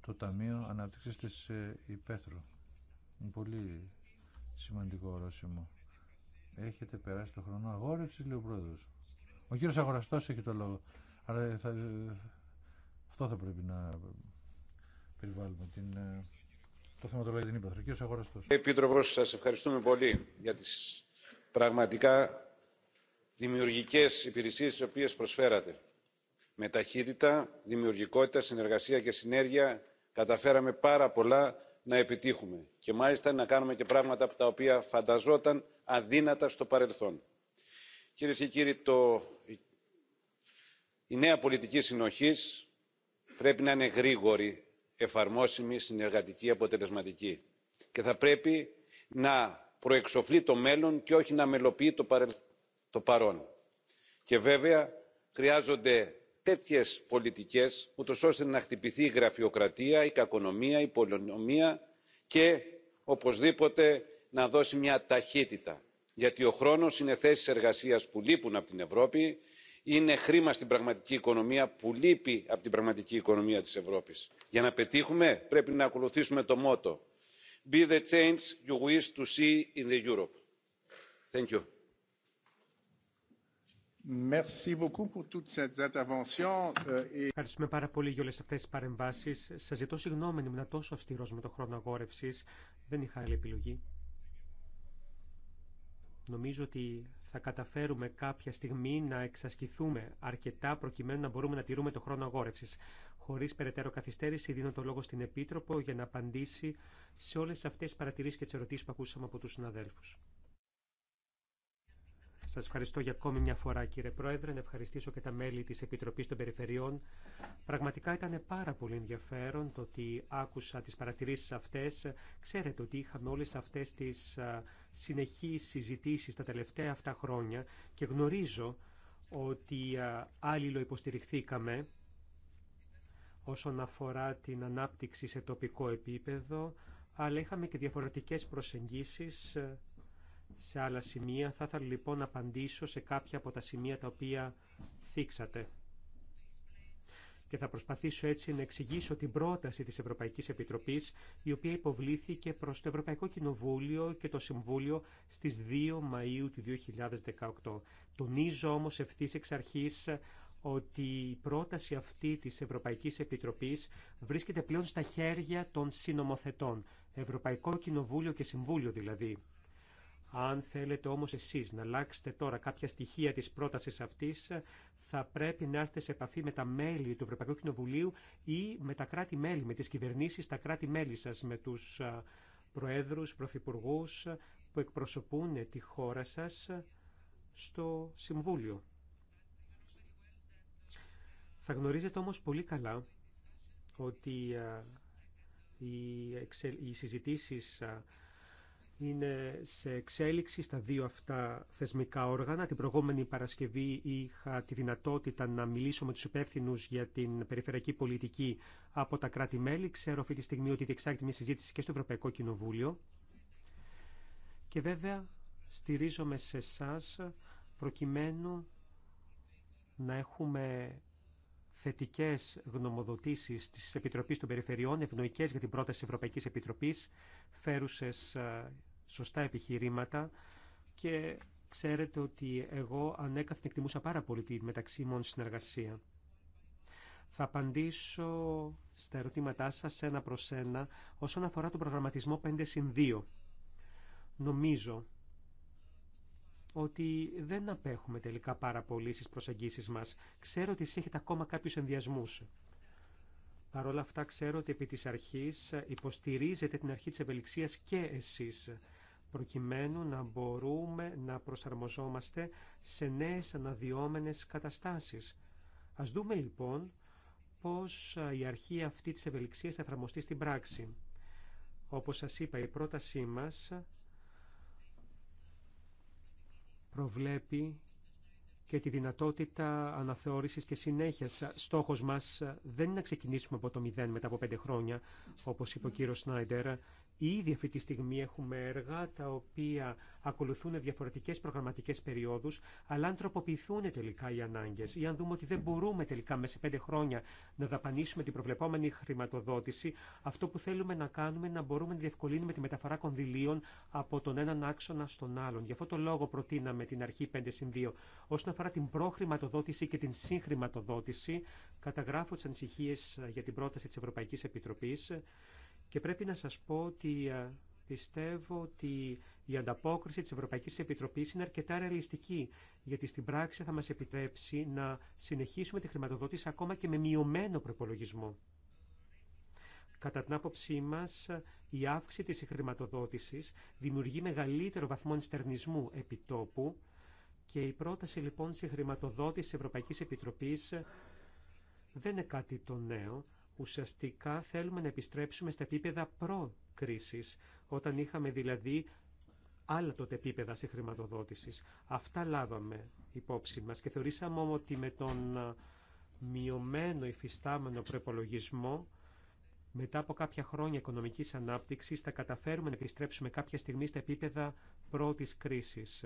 το Ταμείο Ανάπτυξης της Υπέθρου. Είναι πολύ σημαντικό ορόσημο. Έχετε περάσει το χρόνο αγόρευσης, λέει ο πρόεδρος. Ο κύριος Αγοραστός έχει το λόγο. Άρα θα, αυτό θα πρέπει να περιβάλλουμε την, ε, το θέμα την Ήπεθρο. Κύριος Αγοραστός. Επίτροπος, σας ευχαριστούμε πολύ για τις πραγματικά δημιουργικές υπηρεσίες τις οποίες προσφέρατε. Με ταχύτητα, δημιουργικότητα, συνεργασία και συνέργεια καταφέραμε πάρα πολλά να επιτύχουμε και μάλιστα να κάνουμε και πράγματα τα οποία φανταζόταν αδύνατα στο παρελθόν. Κυρίε και κύριοι, το... η νέα πολιτική συνοχής πρέπει να είναι γρήγορη εφαρμόσιμη συνεργατική αποτελεσματική και θα πρέπει να προεξοφλεί το μέλλον και όχι να μελοποιεί το παρόν. και βέβαια χρειάζονται τέτοιες πολιτικές ούτως ώστε να χτυπηθεί η γραφειοκρατία η κακονομία η πολυνομία και οπωσδήποτε να δώσει μια ταχύτητα γιατί ο χρόνος είναι θέσεις εργασίας που λείπουν από την ευρώπη είναι χρήμα στην πραγματική οικονομία που λείπει από την πραγματική οικονομία της ευρώπης. για να πετύχουμε πρέπει να ακολουθήσουμε το μότο be the change you wish to see in the europe. Thank you. Euh, Ευχαριστούμε πάρα πολύ για όλες αυτές τις παρεμβάσεις. Σας ζητώ συγγνώμη ήμουν τόσο αυστηρός με το χρόνο αγόρευσης. Δεν είχα άλλη επιλογή. Νομίζω ότι θα καταφέρουμε κάποια στιγμή να εξασκηθούμε αρκετά προκειμένου να μπορούμε να τηρούμε το χρόνο αγόρευση. Χωρί περαιτέρω καθυστέρηση δίνω το λόγο στην Επίτροπο για να απαντήσει σε όλε αυτέ τι παρατηρήσει και τι ερωτήσει που ακούσαμε από του συναδέλφου. Σα ευχαριστώ για ακόμη μια φορά, κύριε Πρόεδρε, να ευχαριστήσω και τα μέλη τη Επιτροπή των Περιφερειών. Πραγματικά ήταν πάρα πολύ ενδιαφέρον το ότι άκουσα τι παρατηρήσει αυτέ. Ξέρετε ότι είχαμε όλε αυτέ τι συνεχείς συζητήσεις τα τελευταία αυτά χρόνια και γνωρίζω ότι άλληλο υποστηριχθήκαμε όσον αφορά την ανάπτυξη σε τοπικό επίπεδο, αλλά είχαμε και διαφορετικές προσεγγίσεις ε, σε άλλα σημεία. Θα ήθελα λοιπόν να απαντήσω σε κάποια από τα σημεία τα οποία θίξατε και θα προσπαθήσω έτσι να εξηγήσω την πρόταση της Ευρωπαϊκής Επιτροπής η οποία υποβλήθηκε προς το Ευρωπαϊκό Κοινοβούλιο και το Συμβούλιο στις 2 Μαΐου του 2018. Τονίζω όμως ευθύ εξ αρχής ότι η πρόταση αυτή της Ευρωπαϊκής Επιτροπής βρίσκεται πλέον στα χέρια των συνομοθετών, Ευρωπαϊκό Κοινοβούλιο και Συμβούλιο δηλαδή. Αν θέλετε όμως εσείς να αλλάξετε τώρα κάποια στοιχεία της πρότασης αυτής, θα πρέπει να έρθετε σε επαφή με τα μέλη του Ευρωπαϊκού Κοινοβουλίου ή με τα κράτη-μέλη, με τις κυβερνήσεις, τα κράτη-μέλη σας, με τους προέδρους, πρωθυπουργού που εκπροσωπούν τη χώρα σας στο Συμβούλιο. Θα γνωρίζετε όμως πολύ καλά ότι οι συζητήσεις είναι σε εξέλιξη στα δύο αυτά θεσμικά όργανα. Την προηγούμενη Παρασκευή είχα τη δυνατότητα να μιλήσω με τους υπεύθυνους για την περιφερειακή πολιτική από τα κράτη-μέλη. Ξέρω αυτή τη στιγμή ότι διεξάγεται μια συζήτηση και στο Ευρωπαϊκό Κοινοβούλιο. Και βέβαια στηρίζομαι σε εσά προκειμένου να έχουμε θετικέ γνωμοδοτήσει τη Επιτροπή των Περιφερειών, ευνοϊκέ για την πρόταση Ευρωπαϊκή Επιτροπή, φέρουσε ε, σωστά επιχειρήματα και ξέρετε ότι εγώ ανέκαθεν εκτιμούσα πάρα πολύ τη μεταξύ μου συνεργασία. Θα απαντήσω στα ερωτήματά σας ένα προς ένα όσον αφορά τον προγραμματισμό 5 συν 2. Νομίζω ότι δεν απέχουμε τελικά πάρα πολύ στι προσεγγίσεις μας. Ξέρω ότι εσείς έχετε ακόμα κάποιους ενδιασμούς. Παρ' όλα αυτά ξέρω ότι επί της αρχής υποστηρίζετε την αρχή της ευελιξίας και εσείς, προκειμένου να μπορούμε να προσαρμοζόμαστε σε νέες αναδυόμενες καταστάσεις. Ας δούμε λοιπόν πώς η αρχή αυτή της ευελιξίας θα εφαρμοστεί στην πράξη. Όπως σας είπα, η πρότασή μας προβλέπει και τη δυνατότητα αναθεώρησης και συνέχειας. Στόχος μας δεν είναι να ξεκινήσουμε από το μηδέν μετά από πέντε χρόνια, όπως είπε ο κύριος Σνάιντερ. Ήδη αυτή τη στιγμή έχουμε έργα τα οποία ακολουθούν διαφορετικές προγραμματικές περιόδους, αλλά αν τροποποιηθούν τελικά οι ανάγκες ή αν δούμε ότι δεν μπορούμε τελικά μέσα σε πέντε χρόνια να δαπανίσουμε την προβλεπόμενη χρηματοδότηση, αυτό που θέλουμε να κάνουμε είναι να μπορούμε να διευκολύνουμε τη μεταφορά κονδυλίων από τον έναν άξονα στον άλλον. Γι' αυτό το λόγο προτείναμε την αρχή 5 συν 2. Όσον αφορά την προχρηματοδότηση και την συγχρηματοδότηση, καταγράφω τι ανησυχίε για την πρόταση τη Ευρωπαϊκή Επιτροπή. Και πρέπει να σας πω ότι ε, πιστεύω ότι η ανταπόκριση της Ευρωπαϊκής Επιτροπής είναι αρκετά ρεαλιστική, γιατί στην πράξη θα μας επιτρέψει να συνεχίσουμε τη χρηματοδότηση ακόμα και με μειωμένο προπολογισμό. Κατά την άποψή μας, η αύξηση της χρηματοδότησης δημιουργεί μεγαλύτερο βαθμό ενστερνισμού επιτόπου και η πρόταση λοιπόν χρηματοδότηση της Ευρωπαϊκής Επιτροπής δεν είναι κάτι το νέο, Ουσιαστικά θέλουμε να επιστρέψουμε στα επίπεδα προ-κρίσης, όταν είχαμε δηλαδή άλλα τότε επίπεδα σε χρηματοδότηση. Αυτά λάβαμε υπόψη μας και θεωρήσαμε ότι με τον μειωμένο υφιστάμενο προπολογισμό μετά από κάποια χρόνια οικονομικής ανάπτυξης θα καταφέρουμε να επιστρέψουμε κάποια στιγμή στα επίπεδα πρώτης κρίσης.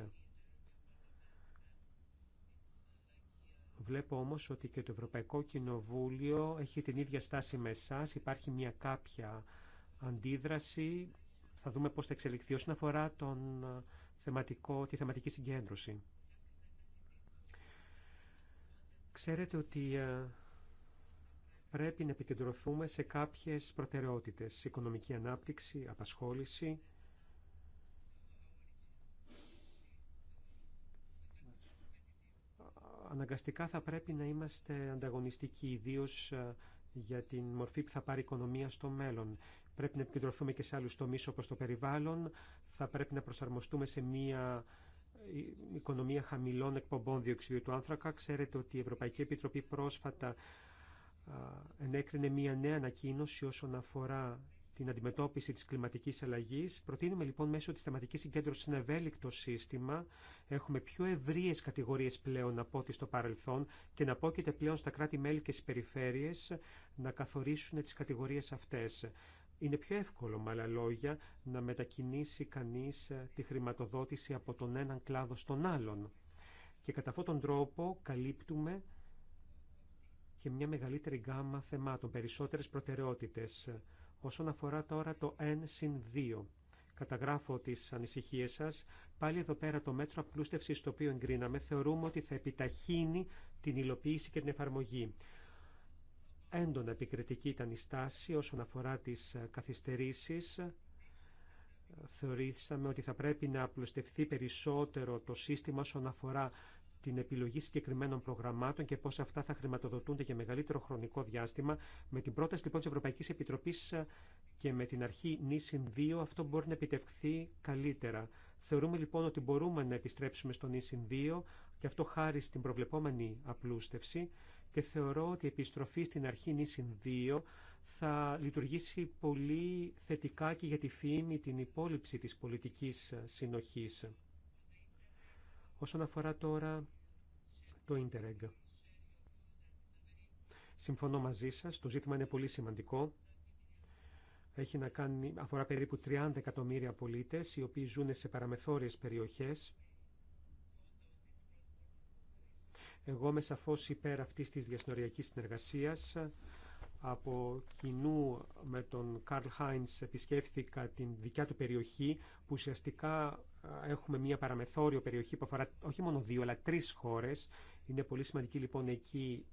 Βλέπω όμως ότι και το Ευρωπαϊκό Κοινοβούλιο έχει την ίδια στάση με εσά. Υπάρχει μια κάποια αντίδραση. Θα δούμε πώς θα εξελιχθεί όσον αφορά τον ε, θεματικό, τη θεματική συγκέντρωση. Ξέρετε ότι ε, πρέπει να επικεντρωθούμε σε κάποιες προτεραιότητες. Οικονομική ανάπτυξη, απασχόληση, αναγκαστικά θα πρέπει να είμαστε ανταγωνιστικοί, ιδίω ε, για την μορφή που θα πάρει η οικονομία στο μέλλον. Πρέπει να επικεντρωθούμε και σε άλλους τομείς όπως το περιβάλλον, θα πρέπει να προσαρμοστούμε σε μια ε, οικονομία χαμηλών εκπομπών διοξιδίου του άνθρακα. Ξέρετε ότι η Ευρωπαϊκή Επιτροπή πρόσφατα ενέκρινε μια νέα ανακοίνωση όσον αφορά την αντιμετώπιση της κλιματικής αλλαγής. Προτείνουμε λοιπόν μέσω της θεματικής συγκέντρωσης ένα ευέλικτο σύστημα. Έχουμε πιο ευρείες κατηγορίες πλέον από ό,τι στο παρελθόν και να πόκειται πλέον στα κράτη-μέλη και στις περιφέρειες να καθορίσουν τις κατηγορίες αυτές. Είναι πιο εύκολο, με άλλα λόγια, να μετακινήσει κανείς ε, τη χρηματοδότηση από τον έναν κλάδο στον άλλον. Και κατά αυτόν τον τρόπο καλύπτουμε και μια μεγαλύτερη γκάμα θεμάτων, περισσότερες προτεραιότητες. Όσον αφορά τώρα το 1 συν 2, καταγράφω τις ανησυχίες σας. Πάλι εδώ πέρα το μέτρο απλούστευσης το οποίο εγκρίναμε θεωρούμε ότι θα επιταχύνει την υλοποίηση και την εφαρμογή. Έντονα επικριτική ήταν η στάση όσον αφορά τις ε, καθυστερήσεις. Θεωρήσαμε ότι θα πρέπει να απλουστευτεί περισσότερο το σύστημα όσον αφορά την επιλογή συγκεκριμένων προγραμμάτων και πώ αυτά θα χρηματοδοτούνται για μεγαλύτερο χρονικό διάστημα. Με την πρόταση λοιπόν τη Ευρωπαϊκή Επιτροπή ε, και με την αρχή νήσιν 2 αυτό μπορεί να επιτευχθεί καλύτερα. Θεωρούμε λοιπόν ότι μπορούμε να επιστρέψουμε στο νήσιν 2 και αυτό χάρη στην προβλεπόμενη απλούστευση και θεωρώ ότι η επιστροφή στην αρχή νήσιν 2 θα λειτουργήσει πολύ θετικά και για τη φήμη την υπόλοιψη της πολιτικής ε, συνοχής. Όσον αφορά τώρα το ίντερεγκ. Συμφωνώ μαζί σας, το ζήτημα είναι πολύ σημαντικό. Έχει να κάνει, αφορά περίπου 30 εκατομμύρια πολίτες, οι οποίοι ζουν σε παραμεθόριες περιοχές. Εγώ είμαι σαφώ υπέρ αυτή της διασνοριακής συνεργασίας. Από κοινού με τον Καρλ Χάινς επισκέφθηκα την δικιά του περιοχή, που ουσιαστικά έχουμε μια παραμεθόριο περιοχή που αφορά όχι μόνο δύο, αλλά τρεις χώρες, είναι πολύ σημαντική λοιπόν εκεί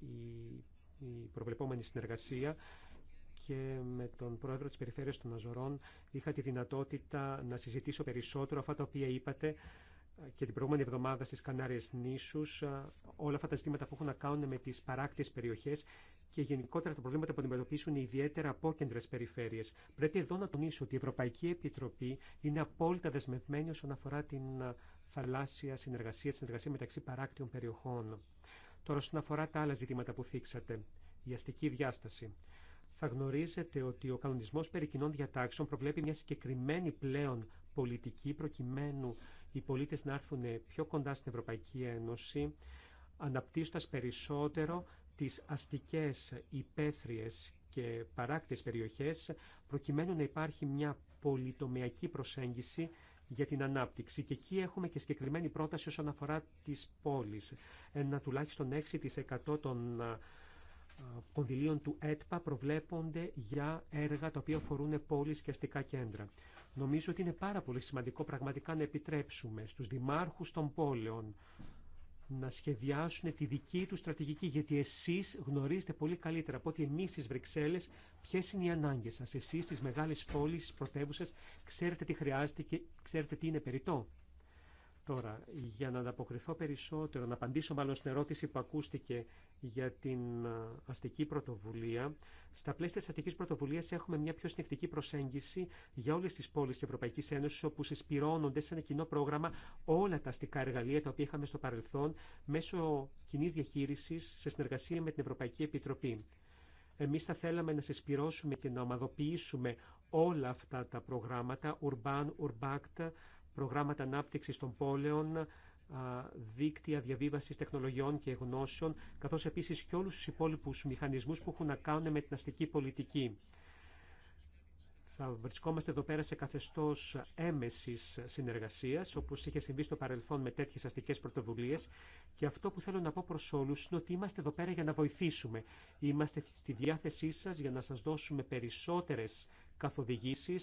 η προβλεπόμενη συνεργασία και με τον πρόεδρο της Περιφέρειας των Αζωρών είχα τη δυνατότητα να συζητήσω περισσότερο αυτά τα οποία είπατε και την προηγούμενη εβδομάδα στις Κανάριες νήσους, όλα αυτά τα ζητήματα που έχουν να κάνουν με τις παράκτιες περιοχές και γενικότερα τα προβλήματα που αντιμετωπίσουν οι ιδιαίτερα απόκεντρε περιφέρειε. Πρέπει εδώ να τονίσω ότι η Ευρωπαϊκή Επιτροπή είναι απόλυτα δεσμευμένη όσον αφορά την θαλάσσια συνεργασία, συνεργασία μεταξύ παράκτιων περιοχών. Τώρα, όσον αφορά τα άλλα ζητήματα που θίξατε, η αστική διάσταση. Θα γνωρίζετε ότι ο κανονισμό περί κοινών διατάξεων προβλέπει μια συγκεκριμένη πλέον πολιτική προκειμένου οι πολίτε να έρθουν πιο κοντά στην Ευρωπαϊκή Ένωση, αναπτύσσοντα περισσότερο τι αστικέ υπαίθριε και παράκτιες περιοχές, προκειμένου να υπάρχει μια πολυτομιακή προσέγγιση για την ανάπτυξη. Και εκεί έχουμε και συγκεκριμένη πρόταση όσον αφορά τις πόλεις. Ένα τουλάχιστον 6% των κονδυλίων του ΕΤΠΑ προβλέπονται για έργα τα οποία αφορούν πόλεις και αστικά κέντρα. Νομίζω ότι είναι πάρα πολύ σημαντικό πραγματικά να επιτρέψουμε στους δημάρχους των πόλεων, να σχεδιάσουν τη δική του στρατηγική. Γιατί εσεί γνωρίζετε πολύ καλύτερα από ότι εμεί στι Βρυξέλλε ποιε είναι οι ανάγκε σα. Εσεί στι μεγάλε πόλει, στι πρωτεύουσε, ξέρετε τι χρειάζεται και ξέρετε τι είναι περιττό. Τώρα, για να ανταποκριθώ περισσότερο, να απαντήσω μάλλον στην ερώτηση που ακούστηκε για την ε, αστική πρωτοβουλία. Στα πλαίσια τη αστική πρωτοβουλία έχουμε μια πιο συνεκτική προσέγγιση για όλε τι πόλει τη Ευρωπαϊκή Ένωση, όπου συσπηρώνονται σε ένα κοινό πρόγραμμα όλα τα αστικά εργαλεία τα οποία είχαμε στο παρελθόν μέσω κοινή διαχείριση σε συνεργασία με την Ευρωπαϊκή Επιτροπή. Εμείς θα θέλαμε να συσπηρώσουμε και να ομαδοποιήσουμε όλα αυτά τα προγράμματα, Urban, Urbact, προγράμματα ανάπτυξης των πόλεων, δίκτυα διαβίβαση τεχνολογιών και γνώσεων, καθώς επίσης και όλους τους υπόλοιπου μηχανισμούς που έχουν να κάνουν με την αστική πολιτική. Θα βρισκόμαστε εδώ πέρα σε καθεστώ έμεση συνεργασία, όπω είχε συμβεί στο παρελθόν με τέτοιε αστικέ πρωτοβουλίε. Και αυτό που θέλω να πω προ όλου είναι ότι είμαστε εδώ πέρα για να βοηθήσουμε. Είμαστε στη διάθεσή σα για να σα δώσουμε περισσότερε καθοδηγήσει,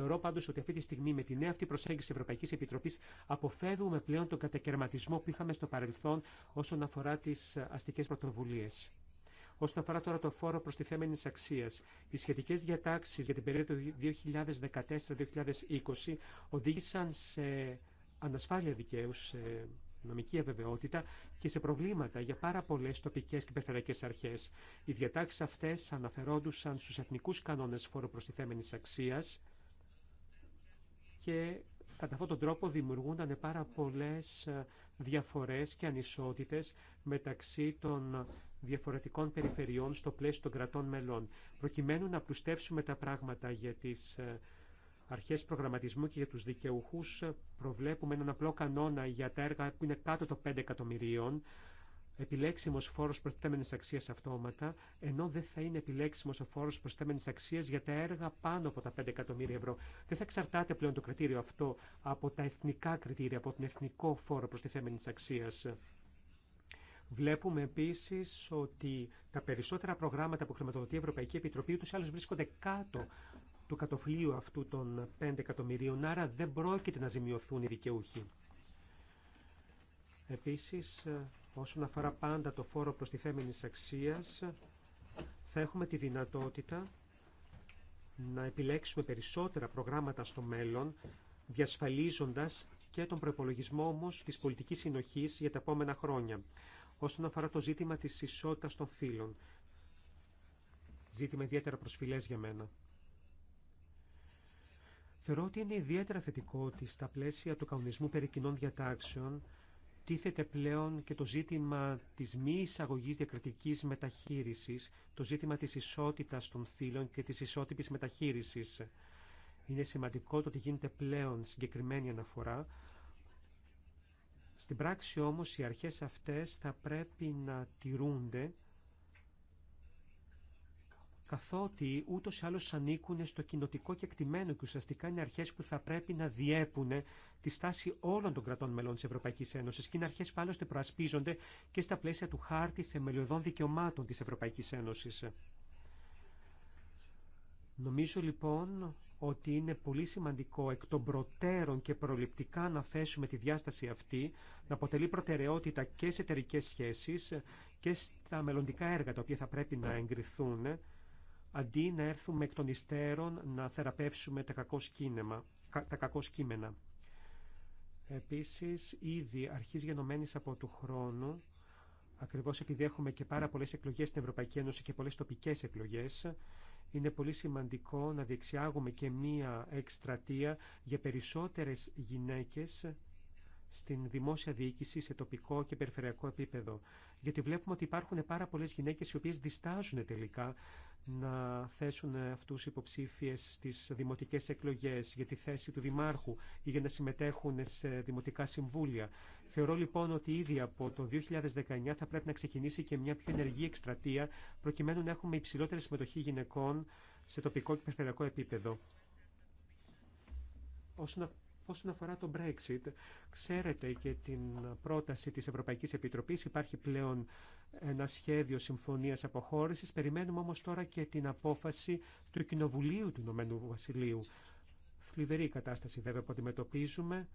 Θεωρώ πάντω ότι αυτή τη στιγμή με τη νέα αυτή προσέγγιση τη Ευρωπαϊκή Επιτροπή αποφεύγουμε πλέον τον κατακαιρματισμό που είχαμε στο παρελθόν όσον αφορά τι αστικέ πρωτοβουλίε. Όσον αφορά τώρα το φόρο τη θέμενη αξία, οι σχετικέ διατάξει για την περίοδο 2014-2020 οδήγησαν σε ανασφάλεια δικαίου, σε νομική αβεβαιότητα και σε προβλήματα για πάρα πολλέ τοπικέ και περιφερειακέ αρχέ. Οι διατάξει αυτέ αναφερόντουσαν στου εθνικού κανόνε φόρου προστιθέμενη αξία και κατά αυτόν τον τρόπο δημιουργούνταν πάρα πολλές ε, διαφορές και ανισότητες μεταξύ των διαφορετικών περιφερειών στο πλαίσιο των κρατών μελών. Προκειμένου να πλουστεύσουμε τα πράγματα για τις ε, αρχές προγραμματισμού και για τους δικαιούχους ε, προβλέπουμε έναν απλό κανόνα για τα έργα που είναι κάτω των 5 εκατομμυρίων επιλέξιμος φόρος προστέμενης αξίας αυτόματα, ενώ δεν θα είναι επιλέξιμος ο φόρος προστέμενης αξίας για τα έργα πάνω από τα 5 εκατομμύρια ευρώ. Δεν θα εξαρτάται πλέον το κριτήριο αυτό από τα εθνικά κριτήρια, από τον εθνικό φόρο προστέμενης αξίας. Βλέπουμε επίση ότι τα περισσότερα προγράμματα που χρηματοδοτεί η Ευρωπαϊκή Επιτροπή ούτω ή βρίσκονται κάτω του κατοφλίου αυτού των 5 εκατομμυρίων, άρα δεν πρόκειται να ζημιωθούν οι δικαιούχοι. Επίση όσον αφορά πάντα το φόρο τη αξίας, θα έχουμε τη δυνατότητα να επιλέξουμε περισσότερα προγράμματα στο μέλλον, διασφαλίζοντας και τον προπολογισμό όμως της πολιτικής συνοχής για τα επόμενα χρόνια, όσον αφορά το ζήτημα της ισότητας των φύλων. Ζήτημα ιδιαίτερα προσφυλές για μένα. Θεωρώ ότι είναι ιδιαίτερα θετικό ότι στα πλαίσια του κανονισμού περί κοινών διατάξεων τίθεται πλέον και το ζήτημα της μη εισαγωγής διακριτικής μεταχείρισης, το ζήτημα της ισότητας των φύλων και της ισότιμης μεταχείρισης. Είναι σημαντικό το ότι γίνεται πλέον συγκεκριμένη αναφορά. Στην πράξη όμως οι αρχές αυτές θα πρέπει να τηρούνται καθότι ούτω ή άλλω ανήκουν στο κοινοτικό κεκτημένο και ουσιαστικά είναι αρχέ που θα πρέπει να διέπουν τη στάση όλων των κρατών μελών τη Ευρωπαϊκή Ένωση και είναι αρχέ που άλλωστε προασπίζονται και στα πλαίσια του χάρτη θεμελιωδών δικαιωμάτων τη Ευρωπαϊκή Ένωση. Νομίζω λοιπόν ότι είναι πολύ σημαντικό εκ των προτέρων και προληπτικά να θέσουμε τη διάσταση αυτή, να αποτελεί προτεραιότητα και σε εταιρικέ σχέσεις και στα μελλοντικά έργα τα οποία θα πρέπει να εγκριθούν αντί να έρθουμε εκ των υστέρων να θεραπεύσουμε τα κακό, σκήνεμα, τα κακό σκήμενα. Επίσης, ήδη αρχής γενομένης από του χρόνου, ακριβώς επειδή έχουμε και πάρα πολλές εκλογές στην Ευρωπαϊκή Ένωση και πολλές τοπικές εκλογές, είναι πολύ σημαντικό να διεξιάγουμε και μία εκστρατεία για περισσότερες γυναίκες στην δημόσια διοίκηση σε τοπικό και περιφερειακό επίπεδο. Γιατί βλέπουμε ότι υπάρχουν πάρα πολλέ γυναίκε οι οποίε διστάζουν τελικά να θέσουν αυτούς υποψήφιες στις δημοτικές εκλογές για τη θέση του Δημάρχου ή για να συμμετέχουν σε δημοτικά συμβούλια. Θεωρώ λοιπόν ότι ήδη από το 2019 θα πρέπει να ξεκινήσει και μια πιο ενεργή εκστρατεία προκειμένου να έχουμε υψηλότερη συμμετοχή γυναικών σε τοπικό και περιφερειακό επίπεδο. Όσον αφορά το Brexit, ξέρετε και την πρόταση της Ευρωπαϊκής Επιτροπής. Υπάρχει πλέον ένα σχέδιο συμφωνίας αποχώρησης. Περιμένουμε όμως τώρα και την απόφαση του Κοινοβουλίου του Ηνωμένου Βασιλείου. Θλιβερή κατάσταση βέβαια που αντιμετωπίζουμε.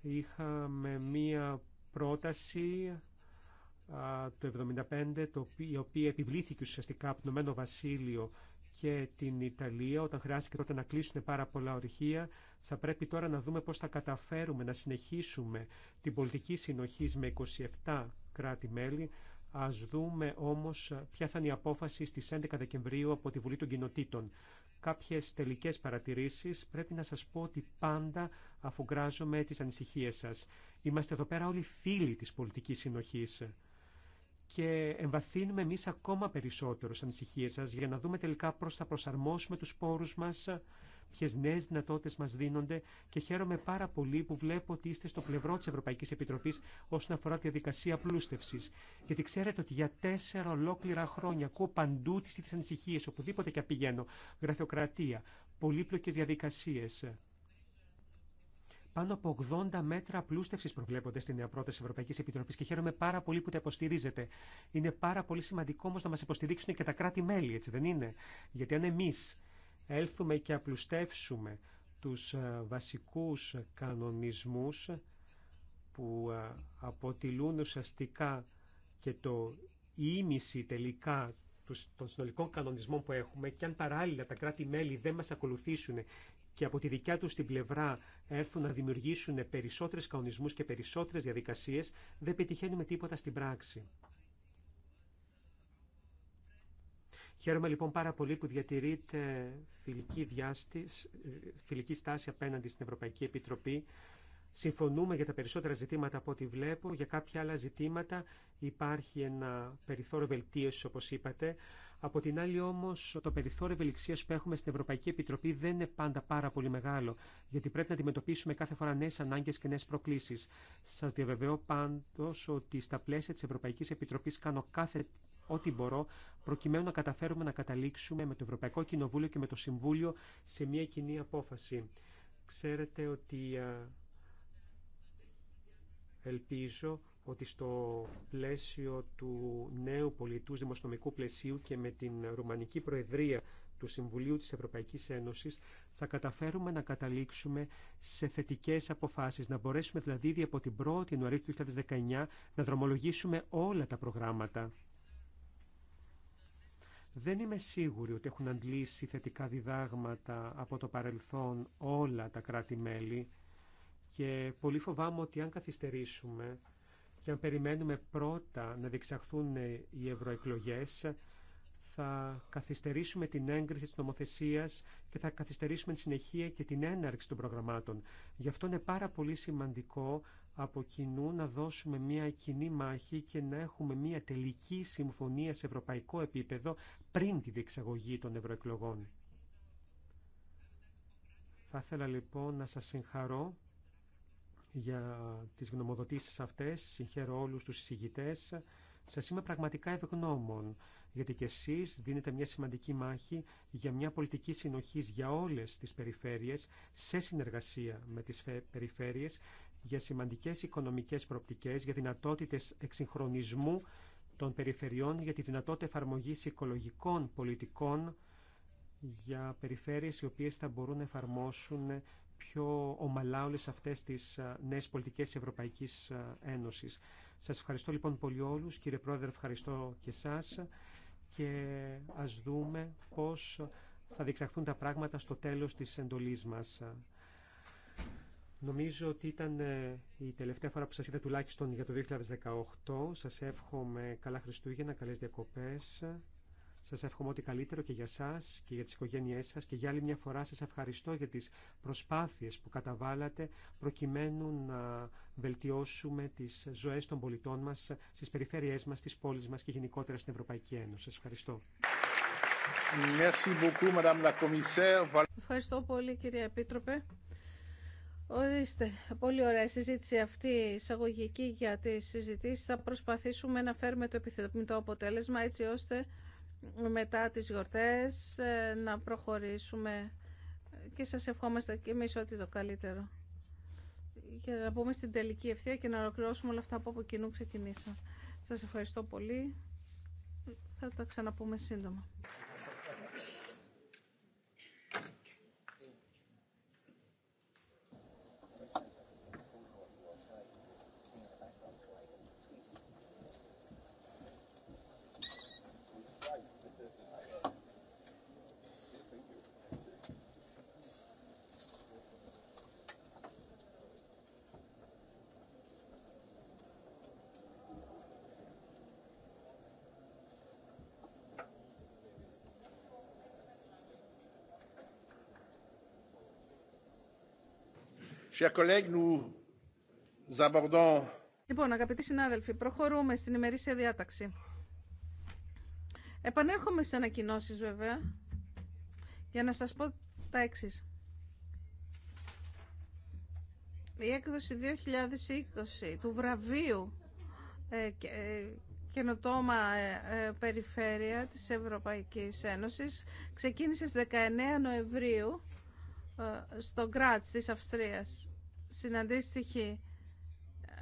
Είχαμε μία πρόταση το 1975, η οποία επιβλήθηκε ουσιαστικά από το Ηνωμένο Βασίλειο και την Ιταλία, όταν χρειάστηκε τότε να κλείσουν πάρα πολλά ορυχεία, θα πρέπει τώρα να δούμε πώς θα καταφέρουμε να συνεχίσουμε την πολιτική συνοχή με 27 κράτη-μέλη. Ας δούμε όμως ποια θα είναι η απόφαση στις 11 Δεκεμβρίου από τη Βουλή των Κοινοτήτων. Κάποιες τελικές παρατηρήσεις πρέπει να σας πω ότι πάντα αφουγκράζομαι τις ανησυχίες σας. Είμαστε εδώ πέρα όλοι φίλοι της πολιτικής συνοχής και εμβαθύνουμε εμεί ακόμα περισσότερο στι ανησυχίε σα για να δούμε τελικά πώ θα προσαρμόσουμε του πόρου μα, ποιε νέε δυνατότητε μα δίνονται και χαίρομαι πάρα πολύ που βλέπω ότι είστε στο πλευρό τη Ευρωπαϊκή Επιτροπή όσον αφορά τη διαδικασία πλούστευση. Γιατί ξέρετε ότι για τέσσερα ολόκληρα χρόνια ακούω παντού τι ανησυχίε, οπουδήποτε και πηγαίνω, γραφειοκρατία, πολύπλοκε διαδικασίε. Πάνω από 80 μέτρα απλούστευση προβλέπονται στη νέα πρόταση Ευρωπαϊκή Επιτροπή και χαίρομαι πάρα πολύ που τα υποστηρίζετε. Είναι πάρα πολύ σημαντικό όμω να μα υποστηρίξουν και τα κράτη-μέλη, έτσι δεν είναι. Γιατί αν εμεί έλθουμε και απλουστεύσουμε του ε, βασικού κανονισμού που ε, αποτελούν ουσιαστικά και το ίμιση τελικά των συνολικών κανονισμών που έχουμε και αν παράλληλα τα κράτη-μέλη δεν μας ακολουθήσουν και από τη δικιά τους την πλευρά έρθουν να δημιουργήσουν περισσότερες κανονισμούς και περισσότερες διαδικασίες, δεν πετυχαίνουμε τίποτα στην πράξη. Χαίρομαι λοιπόν πάρα πολύ που διατηρείται φιλική, διάστηση, φιλική στάση απέναντι στην Ευρωπαϊκή Επιτροπή. Συμφωνούμε για τα περισσότερα ζητήματα από ό,τι βλέπω. Για κάποια άλλα ζητήματα υπάρχει ένα περιθώριο βελτίωσης, όπως είπατε. Από την άλλη όμως το περιθώριο ευελιξίας που έχουμε στην Ευρωπαϊκή Επιτροπή δεν είναι πάντα πάρα πολύ μεγάλο, γιατί πρέπει να αντιμετωπίσουμε κάθε φορά νέες ανάγκες και νέες προκλήσεις. Σας διαβεβαιώ πάντως ότι στα πλαίσια της Ευρωπαϊκής Επιτροπής κάνω κάθε ό,τι μπορώ, προκειμένου να καταφέρουμε να καταλήξουμε με το Ευρωπαϊκό Κοινοβούλιο και με το Συμβούλιο σε μια κοινή απόφαση. Ξέρετε ότι ελπίζω ότι στο πλαίσιο του νέου πολιτού δημοσιονομικού πλαισίου και με την Ρουμανική Προεδρία του Συμβουλίου της Ευρωπαϊκής Ένωσης θα καταφέρουμε να καταλήξουμε σε θετικές αποφάσεις, να μπορέσουμε δηλαδή από την 1η Ιανουαρίου του 2019 να δρομολογήσουμε όλα τα προγράμματα. Δεν είμαι σίγουρη ότι έχουν αντλήσει θετικά διδάγματα από το παρελθόν όλα τα κράτη-μέλη και πολύ φοβάμαι ότι αν καθυστερήσουμε και αν περιμένουμε πρώτα να διεξαχθούν οι ευρωεκλογέ, θα καθυστερήσουμε την έγκριση τη νομοθεσία και θα καθυστερήσουμε τη συνεχεία και την έναρξη των προγραμμάτων. Γι' αυτό είναι πάρα πολύ σημαντικό από κοινού να δώσουμε μια κοινή μάχη και να έχουμε μια τελική συμφωνία σε ευρωπαϊκό επίπεδο πριν τη διεξαγωγή των ευρωεκλογών. Θα ήθελα λοιπόν να σας συγχαρώ για τις γνωμοδοτήσεις αυτές. Συγχαίρω όλους τους εισηγητές. Σας είμαι πραγματικά ευγνώμων, γιατί κι εσείς δίνετε μια σημαντική μάχη για μια πολιτική συνοχής για όλες τις περιφέρειες, σε συνεργασία με τις περιφέρειες, για σημαντικές οικονομικές προοπτικές, για δυνατότητες εξυγχρονισμού των περιφερειών, για τη δυνατότητα εφαρμογής οικολογικών πολιτικών, για περιφέρειες οι οποίες θα μπορούν να εφαρμόσουν πιο ομαλά όλες αυτές τις νέες πολιτικές Ευρωπαϊκής Ένωσης. Σας ευχαριστώ λοιπόν πολύ όλους. Κύριε Πρόεδρε, ευχαριστώ και εσάς και ας δούμε πώς θα διεξαχθούν τα πράγματα στο τέλος της εντολής μας. Νομίζω ότι ήταν ε, η τελευταία φορά που σας είδα τουλάχιστον για το 2018. Σας εύχομαι καλά Χριστούγεννα, καλές διακοπές σας εύχομαι ό,τι καλύτερο και για σας και για τις οικογένειές σας και για άλλη μια φορά σας ευχαριστώ για τις προσπάθειες που καταβάλατε προκειμένου να βελτιώσουμε τις ζωές των πολιτών μας στις περιφέρειές μας, στις πόλεις μας και γενικότερα στην Ευρωπαϊκή Ένωση. Σας ευχαριστώ. Ευχαριστώ πολύ κύριε Επίτροπε. Ορίστε, πολύ ωραία συζήτηση αυτή εισαγωγική για τις συζητήσεις. Θα προσπαθήσουμε να φέρουμε το επιθυμητό αποτέλεσμα έτσι ώστε μετά τις γιορτές ε, να προχωρήσουμε και σας ευχόμαστε και εμείς ό,τι το καλύτερο. Και να πούμε στην τελική ευθεία και να ολοκληρώσουμε όλα αυτά που από κοινού ξεκινήσαμε. Σας ευχαριστώ πολύ. Θα τα ξαναπούμε σύντομα. Λοιπόν, αγαπητοί συνάδελφοι, προχωρούμε στην ημερήσια διάταξη. Επανέρχομαι στις ανακοινώσει βέβαια, για να σας πω τα εξή. Η έκδοση 2020 του βραβείου ε, και, ε, καινοτόμα ε, ε περιφέρεια της Ευρωπαϊκής Ένωσης ξεκίνησε στις 19 Νοεμβρίου ε, στο Γκράτς της Αυστρίας στην αντίστοιχη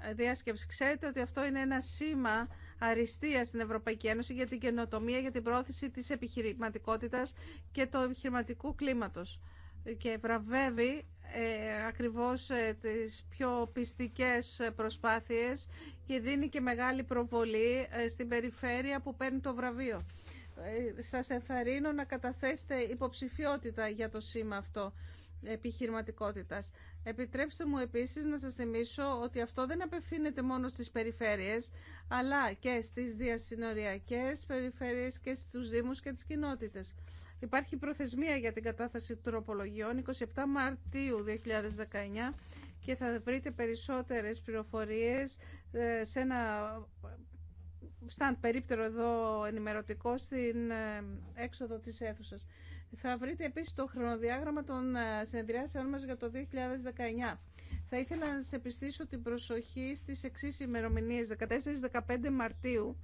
ε, διάσκεψη. Ξέρετε ότι αυτό είναι ένα σήμα αριστεία στην Ευρωπαϊκή Ένωση για την καινοτομία, για την πρόθεση της επιχειρηματικότητας και του επιχειρηματικού κλίματος. Και βραβεύει ε, ακριβώς ε, τις πιο πιστικές προσπάθειες και δίνει και μεγάλη προβολή ε, στην περιφέρεια που παίρνει το βραβείο. Σας ευχαρίνω να καταθέσετε υποψηφιότητα για το σήμα αυτό επιχειρηματικότητας. Επιτρέψτε μου επίσης να σας θυμίσω ότι αυτό δεν απευθύνεται μόνο στις περιφέρειες, αλλά και στις διασυνοριακές περιφέρειες και στους δήμους και τις κοινότητες. Υπάρχει προθεσμία για την κατάθεση τροπολογιών 27 Μαρτίου 2019 και θα βρείτε περισσότερες πληροφορίες ε, σε ένα σταν περίπτερο εδώ ενημερωτικό στην ε, έξοδο της αίθουσας. Θα βρείτε επίσης το χρονοδιάγραμμα των ε, συνεδριάσεων μας για το 2019. Θα ήθελα να σας επιστήσω την προσοχή στις εξης ημερομηνιε ημερομηνίες 14-15 Μαρτίου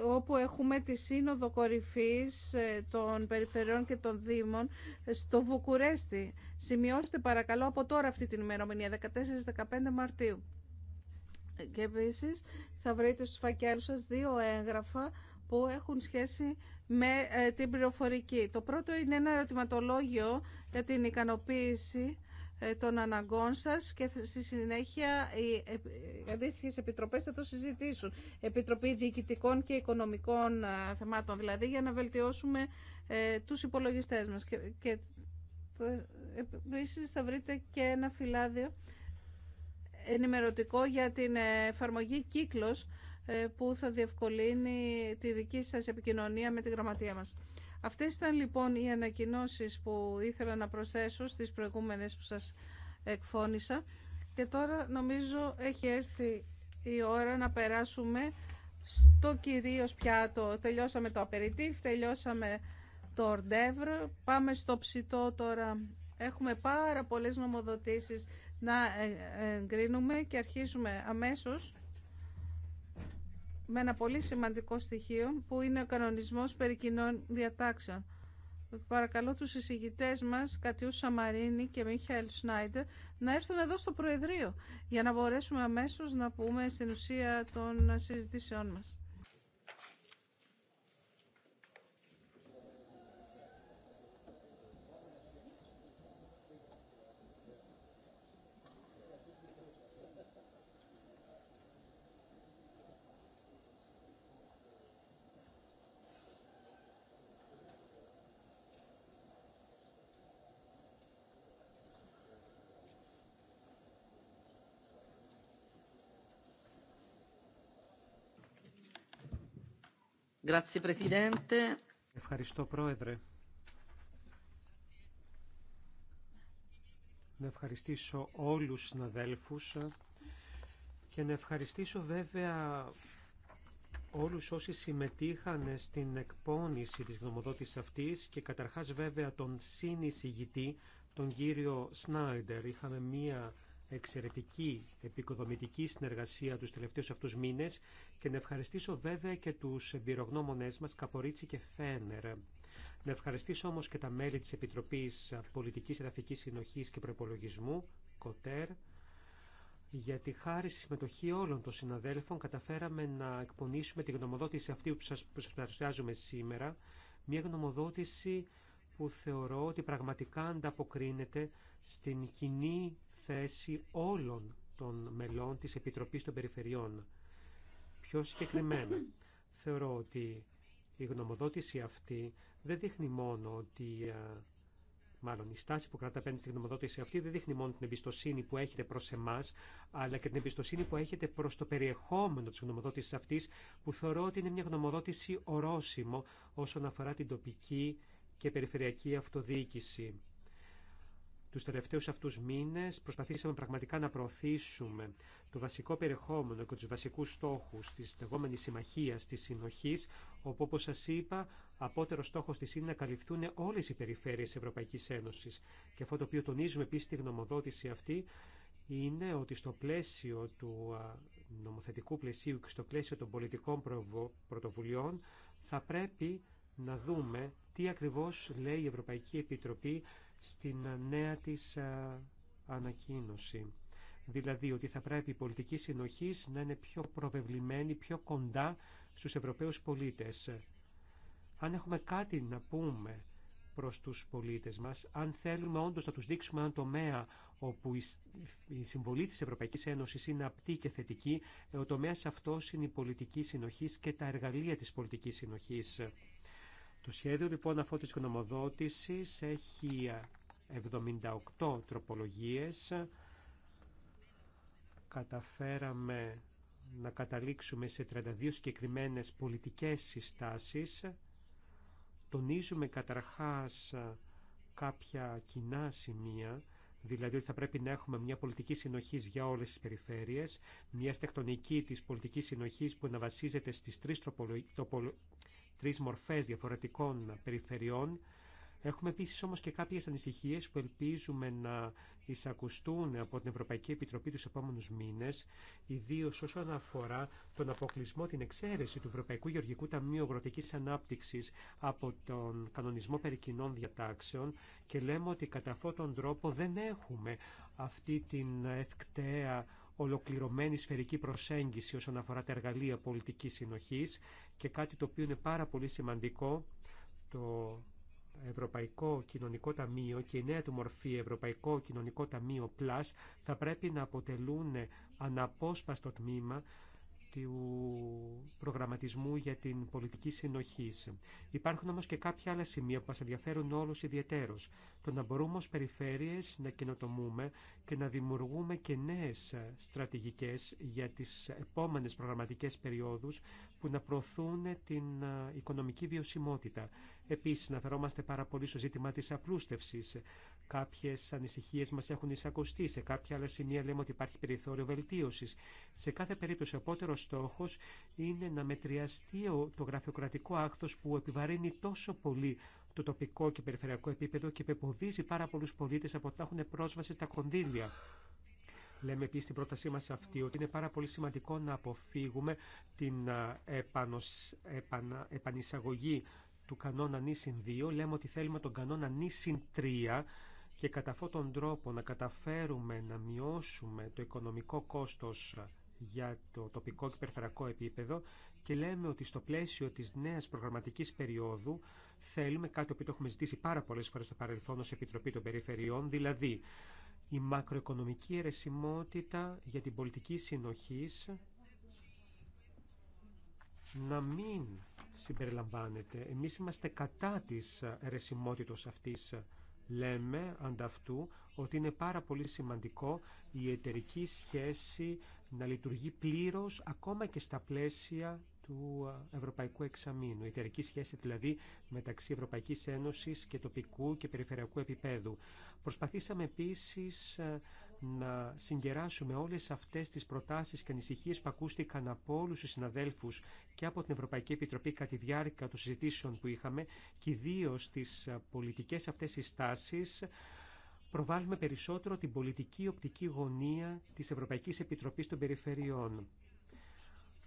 όπου έχουμε τη Σύνοδο Κορυφής ε, των Περιφερειών και των Δήμων ε, στο Βουκουρέστι. Σημειώστε παρακαλώ από τώρα αυτή την ημερομηνία, 14-15 Μαρτίου. Και επίσης θα βρείτε στους φακέλους σας δύο έγγραφα που έχουν σχέση με ε, την πληροφορική. Το πρώτο είναι ένα ερωτηματολόγιο για την ικανοποίηση ε, των αναγκών σας και στη συνέχεια οι ε, αντίστοιχε επιτροπές θα το συζητήσουν. Επιτροπή Διοικητικών και Οικονομικών Θεμάτων δηλαδή για να βελτιώσουμε τους υπολογιστές μας. Και επίσης θα βρείτε και ένα φυλάδιο ενημερωτικό για την εφαρμογή κύκλος ε, που θα διευκολύνει τη δική σας επικοινωνία με τη γραμματεία μας. Αυτές ήταν λοιπόν οι ανακοινώσεις που ήθελα να προσθέσω στις προηγούμενες που σας εκφώνησα και τώρα νομίζω έχει έρθει η ώρα να περάσουμε στο κυρίως πιάτο. Τελειώσαμε το απεριτίφ, τελειώσαμε το ορντεύρ, πάμε στο ψητό τώρα. Έχουμε πάρα πολλές νομοδοτήσεις να ε, ε, εγκρίνουμε και αρχίζουμε αμέσως με ένα πολύ σημαντικό στοιχείο που είναι ο κανονισμός περί κοινών διατάξεων. Παρακαλώ τους εισηγητές μας, Κατιού Σαμαρίνη και Μιχαήλ Σνάιντερ, να έρθουν εδώ στο Προεδρείο για να μπορέσουμε αμέσως να πούμε στην ουσία των συζητήσεών μας. Ευχαριστώ, Πρόεδρε. Να ευχαριστήσω όλους τους συναδέλφους και να ευχαριστήσω βέβαια όλους όσοι συμμετείχαν στην εκπόνηση της γνωμοδότησης αυτής και καταρχάς βέβαια τον συνεισηγητή, τον κύριο Σνάιντερ. Είχαμε μία εξαιρετική επικοδομητική συνεργασία τους τελευταίους αυτούς μήνες και να ευχαριστήσω βέβαια και τους εμπειρογνώμονές μας Καπορίτσι και Φένερ. Να ευχαριστήσω όμως και τα μέλη της Επιτροπής Πολιτικής Εδαφικής Συνοχής και Προπολογισμού, ΚΟΤΕΡ, γιατί χάρη στη συμμετοχή όλων των συναδέλφων καταφέραμε να εκπονήσουμε τη γνωμοδότηση αυτή που σας, που παρουσιάζουμε σήμερα, μια γνωμοδότηση που θεωρώ ότι πραγματικά ανταποκρίνεται στην κοινή θέση όλων των μελών της Επιτροπής των Περιφερειών. Πιο συγκεκριμένα, θεωρώ ότι η γνωμοδότηση αυτή δεν δείχνει μόνο ότι μάλλον η στάση που κρατά απέναντι στην γνωμοδότηση αυτή δεν δείχνει μόνο την εμπιστοσύνη που έχετε προ εμά, αλλά και την εμπιστοσύνη που έχετε προ το περιεχόμενο τη γνωμοδότηση αυτή, που θεωρώ ότι είναι μια γνωμοδότηση ορόσημο όσον αφορά την τοπική και περιφερειακή αυτοδιοίκηση. Του τελευταίου αυτού μήνε προσπαθήσαμε πραγματικά να προωθήσουμε το βασικό περιεχόμενο και του βασικού στόχου, τη δεγόμενη συμμαχία, τη συνοχή, όπου όπω σα είπα, απότερο στόχο τη είναι να καλυφθούν όλε οι περιφέρειες τη Ευρωπαϊκής Ένωσης. Και αυτό το οποίο τονίζουμε επίση στη γνωμοδότηση αυτή, είναι ότι στο πλαίσιο του νομοθετικού πλαισίου και στο πλαίσιο των πολιτικών πρωτοβουλειών θα πρέπει να δούμε τι ακριβώς λέει η Ευρωπαϊκή Επιτροπή στην νέα της ανακοίνωση. Δηλαδή ότι θα πρέπει η πολιτική συνοχή να είναι πιο προβεβλημένη, πιο κοντά στους Ευρωπαίους πολίτες. Αν έχουμε κάτι να πούμε προς τους πολίτες μας, αν θέλουμε όντως να τους δείξουμε έναν τομέα όπου η συμβολή της Ευρωπαϊκής Ένωσης είναι απτή και θετική, ε, ο τομέας αυτός είναι η πολιτική συνοχής και τα εργαλεία της πολιτικής συνοχής. Το σχέδιο λοιπόν αυτό της γνωμοδότησης έχει 78 τροπολογίες. Καταφέραμε να καταλήξουμε σε 32 συγκεκριμένες πολιτικές συστάσεις. Τονίζουμε καταρχάς κάποια κοινά σημεία, δηλαδή ότι θα πρέπει να έχουμε μια πολιτική συνοχή για όλες τις περιφέρειες, μια αρχιτεκτονική της πολιτικής συνοχής που να βασίζεται στις τρεις τρεις μορφές διαφορετικών περιφερειών. Έχουμε επίσης όμως και κάποιες ανησυχίες που ελπίζουμε να εισακουστούν από την Ευρωπαϊκή Επιτροπή τους επόμενους μήνες, ιδίως όσον αφορά τον αποκλεισμό, την εξαίρεση του Ευρωπαϊκού Γεωργικού Ταμείου Αγροτικής Ανάπτυξης από τον κανονισμό περί κοινών διατάξεων και λέμε ότι κατά αυτόν τον τρόπο δεν έχουμε αυτή την ευκταία ολοκληρωμένη σφαιρική προσέγγιση όσον αφορά τα εργαλεία πολιτικής συνοχής και κάτι το οποίο είναι πάρα πολύ σημαντικό το Ευρωπαϊκό Κοινωνικό Ταμείο και η νέα του μορφή Ευρωπαϊκό Κοινωνικό Ταμείο Plus θα πρέπει να αποτελούν αναπόσπαστο τμήμα του προγραμματισμού για την πολιτική συνοχή. Υπάρχουν όμως και κάποια άλλα σημεία που μα ενδιαφέρουν όλου ιδιαίτερω. Το να μπορούμε ως περιφέρειες να καινοτομούμε και να δημιουργούμε και νέες στρατηγικές για τις επόμενες προγραμματικές περιόδους που να προωθούν την οικονομική βιωσιμότητα. Επίσης, αναφερόμαστε πάρα πολύ στο ζήτημα της απλούστευση. Κάποιε ανησυχίε μα έχουν εισακωστεί. Σε κάποια άλλα σημεία λέμε ότι υπάρχει περιθώριο βελτίωση. Σε κάθε περίπτωση, ο απότερο στόχο είναι να μετριαστεί το γραφειοκρατικό άκτο που επιβαρύνει τόσο πολύ το τοπικό και περιφερειακό επίπεδο και πεποδίζει πάρα πολλού πολίτε από ότι έχουν πρόσβαση στα κονδύλια. Λέμε επίση στην πρότασή μα αυτή ότι είναι πάρα πολύ σημαντικό να αποφύγουμε την επανεισαγωγή του κανόνα νήσιν 2. Λέμε ότι θέλουμε τον κανόνα νήσιν 3 και κατά αυτόν τον τρόπο να καταφέρουμε να μειώσουμε το οικονομικό κόστος για το τοπικό και περιφερειακό επίπεδο και λέμε ότι στο πλαίσιο της νέας προγραμματικής περίοδου θέλουμε κάτι που το έχουμε ζητήσει πάρα πολλές φορές στο παρελθόν ως Επιτροπή των Περιφερειών, δηλαδή η μακροοικονομική αιρεσιμότητα για την πολιτική συνοχής να μην συμπεριλαμβάνεται. Εμείς είμαστε κατά της αιρεσιμότητος αυτής Λέμε ανταυτού ότι είναι πάρα πολύ σημαντικό η εταιρική σχέση να λειτουργεί πλήρως ακόμα και στα πλαίσια του Ευρωπαϊκού Εξαμήνου. Η εταιρική σχέση δηλαδή μεταξύ Ευρωπαϊκής Ένωσης και τοπικού και περιφερειακού επίπεδου. Προσπαθήσαμε επίσης ε, να συγκεράσουμε όλες αυτές τις προτάσεις και ανησυχίες που ακούστηκαν από όλους τους συναδέλφους και από την Ευρωπαϊκή Επιτροπή κατά τη διάρκεια των συζητήσεων που είχαμε και ιδίω τις πολιτικές αυτές συστάσεις προβάλλουμε περισσότερο την πολιτική οπτική γωνία της Ευρωπαϊκής Επιτροπής των Περιφερειών.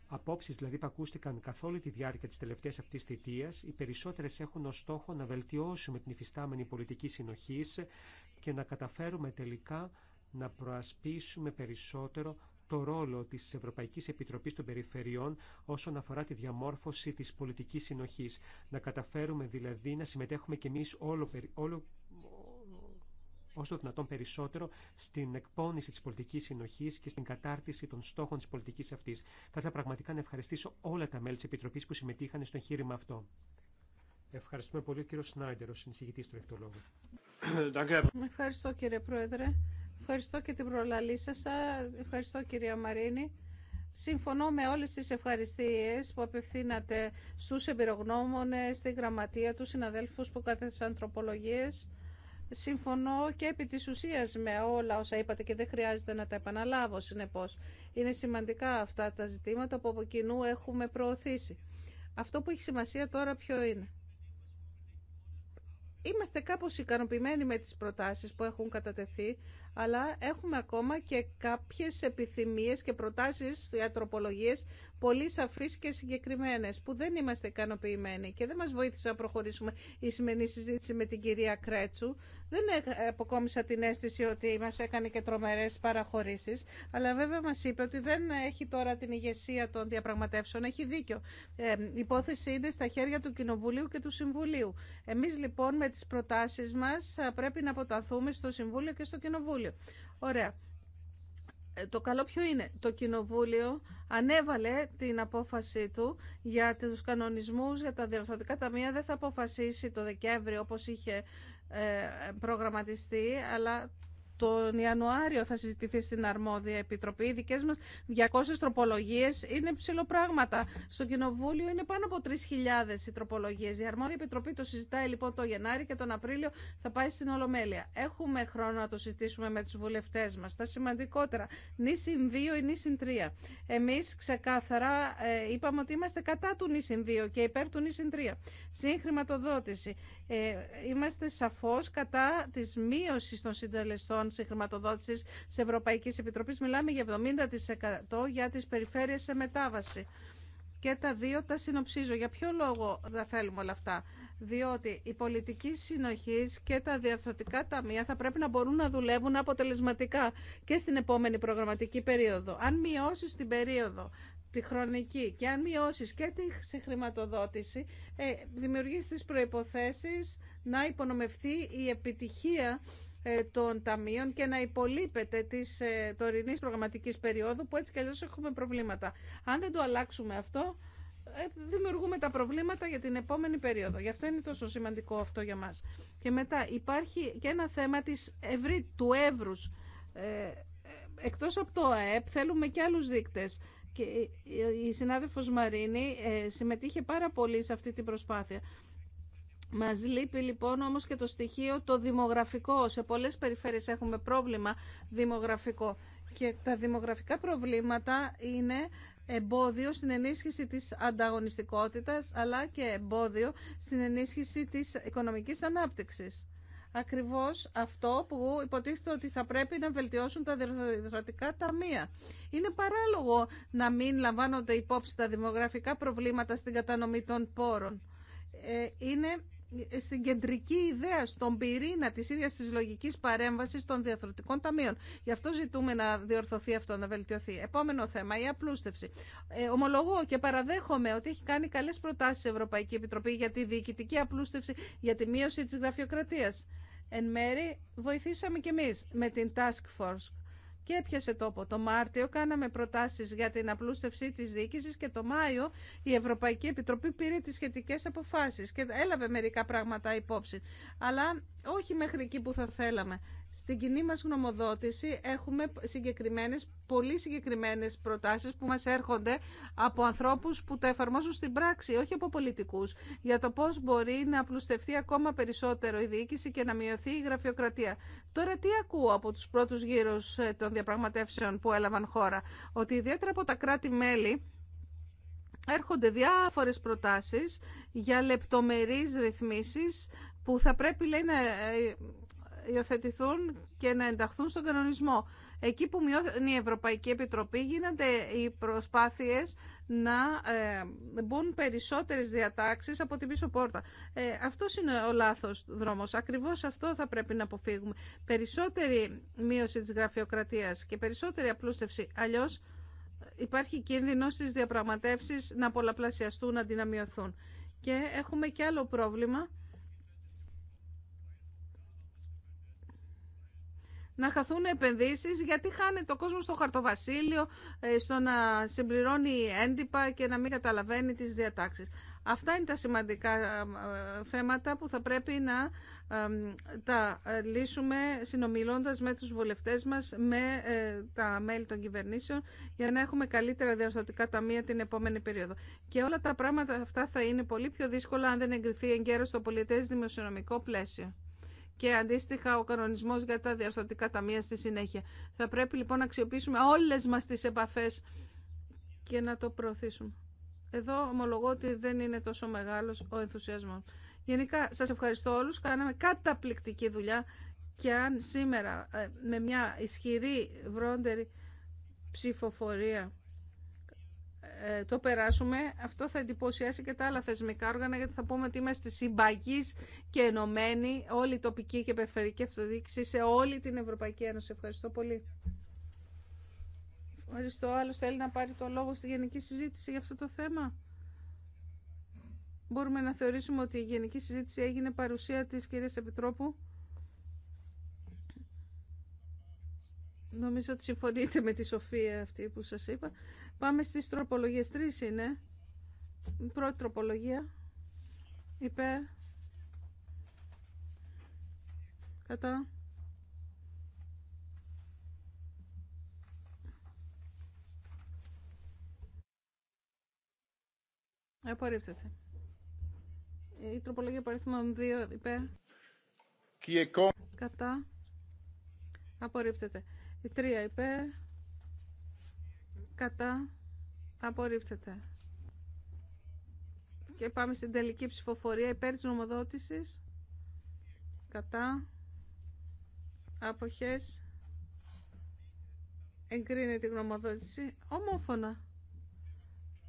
Απόψει δηλαδή που ακούστηκαν καθ' όλη τη διάρκεια τη τελευταία αυτή θητεία, οι περισσότερε έχουν ω στόχο να βελτιώσουμε την υφιστάμενη πολιτική συνοχή και να καταφέρουμε τελικά να προασπίσουμε περισσότερο το ρόλο της Ευρωπαϊκής Επιτροπής των Περιφερειών όσον αφορά τη διαμόρφωση της πολιτικής συνοχής. Να καταφέρουμε δηλαδή να συμμετέχουμε κι εμείς όλο, όλο, όσο δυνατόν περισσότερο στην εκπόνηση της πολιτικής συνοχής και στην κατάρτιση των στόχων της πολιτικής αυτής. Θα ήθελα πραγματικά να ευχαριστήσω όλα τα μέλη της Επιτροπής που συμμετείχαν στο εγχείρημα αυτό. Ευχαριστούμε πολύ ο κύριο Σνάιντερ, ο συνεισηγητής του Εκτολόγου. Ευχαριστώ κύριε Πρόεδρε. Ευχαριστώ και την προλαλή σα. Ευχαριστώ κυρία Μαρίνη. Συμφωνώ με όλες τις ευχαριστίες που απευθύνατε στους εμπειρογνώμονες, στη γραμματεία, του συναδέλφους που κάθεσαν τροπολογίες. Συμφωνώ και επί της ουσίας με όλα όσα είπατε και δεν χρειάζεται να τα επαναλάβω συνεπώς. Είναι σημαντικά αυτά τα ζητήματα που από κοινού έχουμε προωθήσει. Αυτό που έχει σημασία τώρα ποιο είναι. Είμαστε κάπως ικανοποιημένοι με τις προτάσεις που έχουν κατατεθεί, αλλά έχουμε ακόμα και κάποιες επιθυμίες και προτάσεις για πολύ σαφείς και συγκεκριμένες, που δεν είμαστε ικανοποιημένοι και δεν μας βοήθησε να προχωρήσουμε η σημερινή συζήτηση με την κυρία Κρέτσου, δεν αποκόμισα την αίσθηση ότι μα έκανε και τρομέρε παραχωρήσει, αλλά βέβαια μα είπε ότι δεν έχει τώρα την ηγεσία των διαπραγματεύσεων. Έχει δίκιο. Ε, η υπόθεση είναι στα χέρια του Κοινοβουλίου και του Συμβουλίου. Εμεί λοιπόν με τι προτάσει μα πρέπει να αποταθούμε στο Συμβούλιο και στο Κοινοβούλιο. Ωραία. Ε, το καλό ποιο είναι. Το Κοινοβούλιο ανέβαλε την απόφαση του για τους κανονισμούς για τα διορθωτικά ταμεία. Δεν θα αποφασίσει το Δεκέμβριο όπως είχε ε, προγραμματιστεί, αλλά τον Ιανουάριο θα συζητηθεί στην αρμόδια επιτροπή. Οι δικέ μα 200 τροπολογίες είναι ψηλοπράγματα. Στο Κοινοβούλιο είναι πάνω από 3.000 οι τροπολογίε. Η αρμόδια επιτροπή το συζητάει λοιπόν το Γενάρη και τον Απρίλιο θα πάει στην Ολομέλεια. Έχουμε χρόνο να το συζητήσουμε με του βουλευτέ μα. Τα σημαντικότερα, νήσιν 2 ή νήσιν 3. Εμεί ξεκάθαρα ε, είπαμε ότι είμαστε κατά του νήσιν 2 και υπέρ του νήσιν 3. Συγχρηματοδότηση. Ε, είμαστε σαφώ κατά τη μείωση των συντελεστών πόρων χρηματοδότηση τη Ευρωπαϊκή Επιτροπής. Μιλάμε για 70% για τι περιφέρειες σε μετάβαση. Και τα δύο τα συνοψίζω. Για ποιο λόγο θα θέλουμε όλα αυτά. Διότι η πολιτική συνοχή και τα διαρθρωτικά ταμεία θα πρέπει να μπορούν να δουλεύουν αποτελεσματικά και στην επόμενη προγραμματική περίοδο. Αν μειώσει την περίοδο τη χρονική και αν μειώσει και τη συγχρηματοδότηση, ε, δημιουργεί τι προποθέσει να υπονομευτεί η επιτυχία ε, των ταμείων και να υπολείπεται της ε, τωρινή προγραμματική περίοδου που έτσι κι αλλιώ έχουμε προβλήματα. Αν δεν το αλλάξουμε αυτό, ε, δημιουργούμε τα προβλήματα για την επόμενη περίοδο. Γι' αυτό είναι τόσο σημαντικό αυτό για μα. Και μετά υπάρχει και ένα θέμα της ευρύ, του ε, εκτός από το ΑΕΠ θέλουμε και άλλους δείκτες. Και η συνάδελφος Μαρίνη συμμετείχε πάρα πολύ σε αυτή την προσπάθεια. Μας λείπει λοιπόν όμως και το στοιχείο το δημογραφικό. Σε πολλές περιφέρειες έχουμε πρόβλημα δημογραφικό και τα δημογραφικά προβλήματα είναι εμπόδιο στην ενίσχυση της ανταγωνιστικότητας αλλά και εμπόδιο στην ενίσχυση της οικονομικής ανάπτυξης. Ακριβώς αυτό που υποτίθεται ότι θα πρέπει να βελτιώσουν τα διευθυντικά ταμεία. Είναι παράλογο να μην λαμβάνονται υπόψη τα δημογραφικά προβλήματα στην κατανομή των πόρων. Ε, είναι στην κεντρική ιδέα, στον πυρήνα της ίδια της λογικής παρέμβασης των διαθροτικών ταμείων. Γι' αυτό ζητούμε να διορθωθεί αυτό, να βελτιωθεί. Επόμενο θέμα, η απλούστευση. Ε, ομολογώ και παραδέχομαι ότι έχει κάνει καλές προτάσεις η Ευρωπαϊκή Επιτροπή για τη διοικητική απλούστευση, για τη μείωση της γραφειοκρατίας. Εν μέρη βοηθήσαμε κι εμεί με την Task Force και έπιασε τόπο. Το Μάρτιο κάναμε προτάσεις για την απλούστευση της διοίκησης και το Μάιο η Ευρωπαϊκή Επιτροπή πήρε τις σχετικές αποφάσεις και έλαβε μερικά πράγματα υπόψη. Αλλά όχι μέχρι εκεί που θα θέλαμε. Στην κοινή μας γνωμοδότηση έχουμε συγκεκριμένες, πολύ συγκεκριμένες προτάσεις που μας έρχονται από ανθρώπους που τα εφαρμόζουν στην πράξη, όχι από πολιτικούς, για το πώς μπορεί να απλουστευτεί ακόμα περισσότερο η διοίκηση και να μειωθεί η γραφειοκρατία. Τώρα τι ακούω από τους πρώτους γύρους ε, των διαπραγματεύσεων που έλαβαν χώρα, ότι ιδιαίτερα από τα κράτη-μέλη έρχονται διάφορες προτάσεις για λεπτομερείς ρυθμίσεις που θα πρέπει λέει, να ε, υιοθετηθούν και να ενταχθούν στον κανονισμό. Εκεί που μειώνει η Ευρωπαϊκή Επιτροπή γίνονται οι προσπάθειες να ε, μπουν περισσότερες διατάξεις από την πίσω πόρτα. Ε, αυτός είναι ο λάθος δρόμος. Ακριβώς αυτό θα πρέπει να αποφύγουμε. Περισσότερη μείωση της γραφειοκρατίας και περισσότερη απλούστευση. Αλλιώς ε, υπάρχει κίνδυνο στις διαπραγματεύσεις να πολλαπλασιαστούν αντί να μειωθούν. Και έχουμε και άλλο πρόβλημα να χαθούν επενδύσεις γιατί χάνεται το κόσμο στο χαρτοβασίλειο, ε, στο να συμπληρώνει έντυπα και να μην καταλαβαίνει τις διατάξεις. Αυτά είναι τα σημαντικά ε, θέματα που θα πρέπει να ε, τα λύσουμε συνομιλώντας με τους βουλευτές μας, με τα μέλη των κυβερνήσεων, για να έχουμε καλύτερα διαστατικά ταμεία την επόμενη περίοδο. Και όλα τα πράγματα αυτά θα είναι πολύ πιο δύσκολα αν δεν εγκριθεί εγκαίρως στο πολιτές δημοσιονομικό πλαίσιο και αντίστοιχα ο κανονισμός για τα διαρθρωτικά ταμεία στη συνέχεια. Θα πρέπει λοιπόν να αξιοποιήσουμε όλες μας τις επαφές και να το προωθήσουμε. Εδώ ομολογώ ότι δεν είναι τόσο μεγάλος ο ενθουσιασμός. Γενικά σας ευχαριστώ όλους. Κάναμε καταπληκτική δουλειά και αν σήμερα ε, με μια ισχυρή βρόντερη ψηφοφορία ε, το περάσουμε, αυτό θα εντυπωσιάσει και τα άλλα θεσμικά όργανα, γιατί θα πούμε ότι είμαστε συμπαγεί και ενωμένοι, όλη η τοπική και περιφερειακή αυτοδιοίκηση σε όλη την Ευρωπαϊκή Ένωση. Ευχαριστώ πολύ. Ευχαριστώ. Άλλο θέλει να πάρει το λόγο στη γενική συζήτηση για αυτό το θέμα. Μπορούμε να θεωρήσουμε ότι η γενική συζήτηση έγινε παρουσία της κυρίας Επιτρόπου. Νομίζω ότι συμφωνείτε με τη σοφία αυτή που σας είπα. Πάμε στις τροπολογίες. Τρεις είναι. Η πρώτη τροπολογία. Υπέρ. Κατά. Απορρίπτεται. Η τροπολογία παριθμών 2 υπέρ. Κατά. Απορρίπτεται. Η τρία υπέρ. Κατά. Απορρίπτεται. Και πάμε στην τελική ψηφοφορία υπέρ της νομοδότησης. Κατά. Αποχές. Εγκρίνεται η γνωμοδότηση ομόφωνα.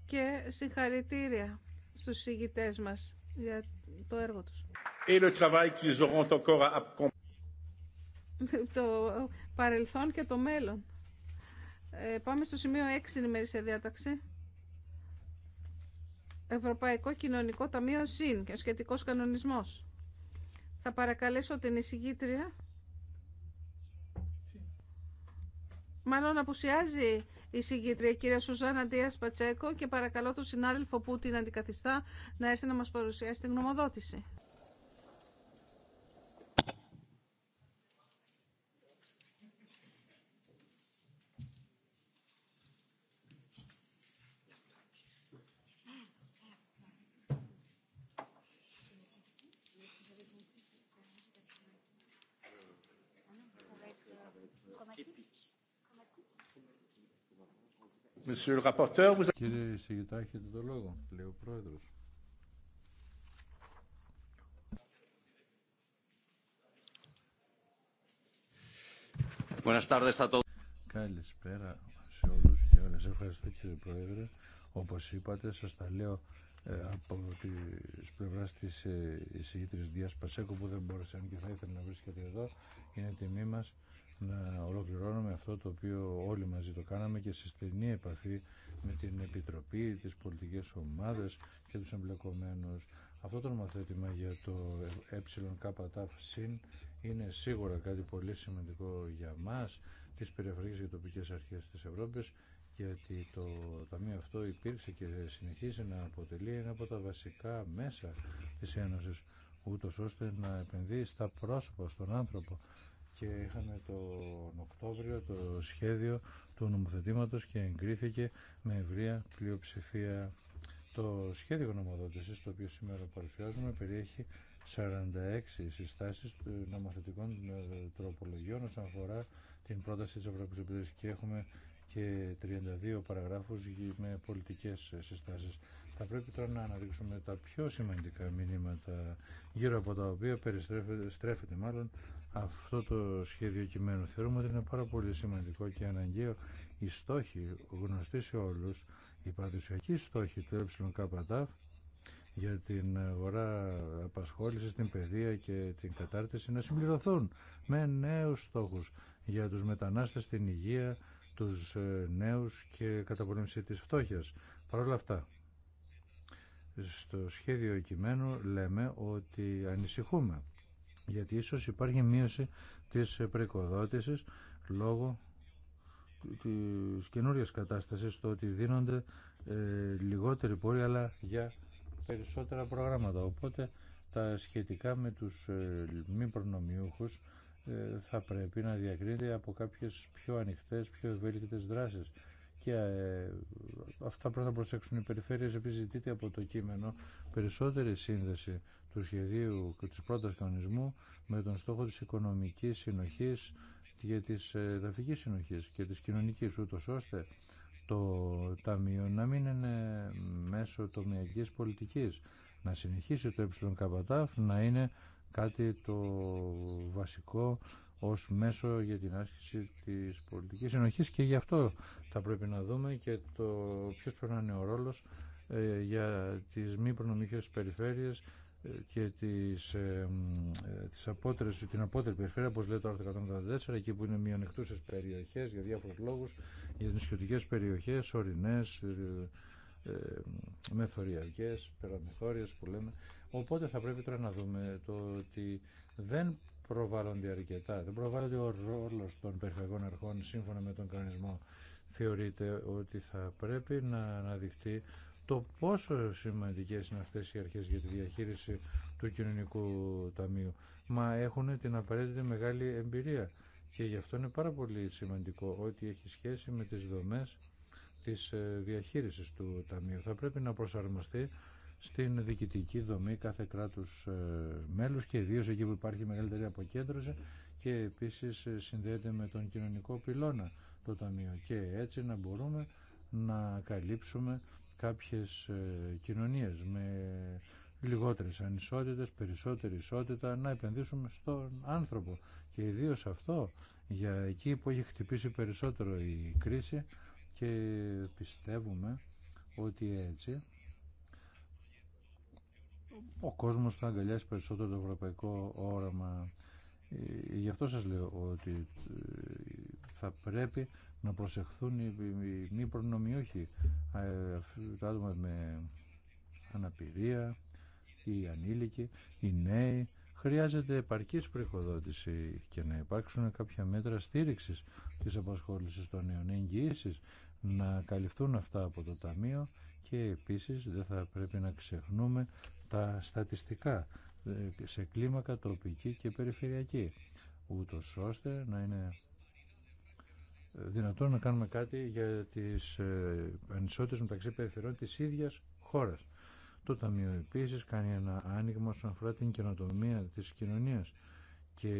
Και συγχαρητήρια στους συγγητές μας για το έργο τους. το παρελθόν και το μέλλον. Ε, πάμε στο σημείο 6 την ημερήσια διάταξη. Ευρωπαϊκό Κοινωνικό Ταμείο ΣΥΝ και ο σχετικός κανονισμός. Θα παρακαλέσω την εισηγήτρια. Μάλλον απουσιάζει η συγκήτρια κυρία Σουζάνα Ντίας Πατσέκο και παρακαλώ τον συνάδελφο που την αντικαθιστά να έρθει να μας παρουσιάσει την γνωμοδότηση. Κύριε Σιγητά, έχετε το λόγο, λέει ο Πρόεδρος. Καλησπέρα σε όλους και όλες. Ευχαριστώ κύριε Πρόεδρε. Όπως είπατε, σας τα λέω ε, από τι τη τη ε, εισηγήτρης Δίας Πασέκου που δεν μπόρεσε αν και θα ήθελε να βρίσκεται εδώ. Είναι τιμή μα να ολοκληρώνουμε αυτό το οποίο όλοι μαζί το κάναμε και σε στενή επαφή με την Επιτροπή, τις πολιτικές ομάδες και τους εμπλεκομένους. Αυτό το νομοθέτημα για το ΕΚΤΑΦΣΥΝ είναι σίγουρα κάτι πολύ σημαντικό για μας, τις περιφερειακές και τοπικές αρχές της Ευρώπης, γιατί το Ταμείο αυτό υπήρξε και συνεχίζει να αποτελεί ένα από τα βασικά μέσα της Ένωσης, ούτως ώστε να επενδύει στα πρόσωπα, στον άνθρωπο, και είχαμε τον Οκτώβριο το σχέδιο του νομοθετήματος και εγκρίθηκε με ευρεία πλειοψηφία. Το σχέδιο νομοδότησης, το οποίο σήμερα παρουσιάζουμε, περιέχει 46 συστάσεις νομοθετικών τροπολογιών όσον αφορά την πρόταση της Ευρωπαϊκής Επιτροπής και έχουμε και 32 παραγράφους με πολιτικές συστάσεις. Θα πρέπει τώρα να αναδείξουμε τα πιο σημαντικά μηνύματα γύρω από τα οποία στρέφεται μάλλον αυτό το σχέδιο κειμένου. Θεωρούμε ότι είναι πάρα πολύ σημαντικό και αναγκαίο οι στόχοι γνωστοί σε όλους, οι παραδοσιακοί στόχοι του ΕΚΤΑΦ για την αγορά απασχόληση, την παιδεία και την κατάρτιση να συμπληρωθούν με νέους στόχους για τους μετανάστες, την υγεία, τους ε, νέους και καταπολέμηση της φτώχειας. Παρ' όλα αυτά, στο σχέδιο κειμένου λέμε ότι ανησυχούμε γιατί ίσως υπάρχει μείωση της προοικοδότησης λόγω της καινούρια κατάστασης το ότι δίνονται ε, λιγότεροι πόροι αλλά για περισσότερα προγράμματα. Οπότε τα σχετικά με τους ε, μη προνομιούχους ε, θα πρέπει να διακρίνεται από κάποιες πιο ανοιχτές, πιο ευέλικτες δράσεις. Και αυτά πρέπει να προσέξουν οι περιφέρειες. Επιζητείται από το κείμενο περισσότερη σύνδεση του σχεδίου και της πρώτας κανονισμού με τον στόχο της οικονομικής συνοχής και της ε, δαφικής συνοχής και της κοινωνικής ούτως ώστε το Ταμείο να μην είναι μέσω τομιακής πολιτικής να συνεχίσει το ΕΚΤ να είναι κάτι το βασικό ως μέσο για την άσκηση της πολιτικής συνοχής και γι' αυτό θα πρέπει να δούμε και το ποιος πρέπει να είναι ο ε, για τις μη προνομικές περιφέρειες και τις, ε, ε τις την απότερη περιφέρεια, όπως λέει το άρθρο εκεί που είναι μειονεκτούσες περιοχές για διάφορους λόγους, για τις περιοχές, ορεινές, ε, ε, μεθοριακές, περαμεθόριες που λέμε. Οπότε θα πρέπει τώρα να δούμε το ότι δεν προβάλλονται αρκετά, δεν προβάλλονται ο ρόλος των περιφερειακών αρχών σύμφωνα με τον κανονισμό. Θεωρείται ότι θα πρέπει να αναδειχθεί το πόσο σημαντικές είναι αυτές οι αρχές για τη διαχείριση του κοινωνικού ταμείου. Μα έχουν την απαραίτητη μεγάλη εμπειρία και γι' αυτό είναι πάρα πολύ σημαντικό ότι έχει σχέση με τις δομές της ε, διαχείρισης του ταμείου. Θα πρέπει να προσαρμοστεί στην διοικητική δομή κάθε κράτους ε, μέλους και ιδίω εκεί που υπάρχει μεγαλύτερη αποκέντρωση και επίσης ε, συνδέεται με τον κοινωνικό πυλώνα το ταμείο και έτσι να μπορούμε να καλύψουμε κάποιες ε, κοινωνίες με λιγότερες ανισότητες, περισσότερη ισότητα, να επενδύσουμε στον άνθρωπο. Και ιδίω αυτό για εκεί που έχει χτυπήσει περισσότερο η κρίση και πιστεύουμε ότι έτσι ο κόσμος θα αγκαλιάσει περισσότερο το ευρωπαϊκό όραμα. Ε, γι' αυτό σας λέω ότι ε, θα πρέπει να προσεχθούν οι, μη προνομιούχοι, ε, τα άτομα με αναπηρία, οι ανήλικοι, οι νέοι. Χρειάζεται επαρκής πρεχοδότηση και να υπάρξουν κάποια μέτρα στήριξης της απασχόλησης των νέων εγγυήσεις, να καλυφθούν αυτά από το Ταμείο και επίσης δεν θα πρέπει να ξεχνούμε τα στατιστικά ε, σε κλίμακα τοπική και περιφερειακή ούτως ώστε να είναι δυνατόν να κάνουμε κάτι για τις ανισότητες ε, μεταξύ περιφερειών της ίδιας χώρας. Το Ταμείο επίση κάνει ένα άνοιγμα όσον αφορά την καινοτομία της κοινωνίας και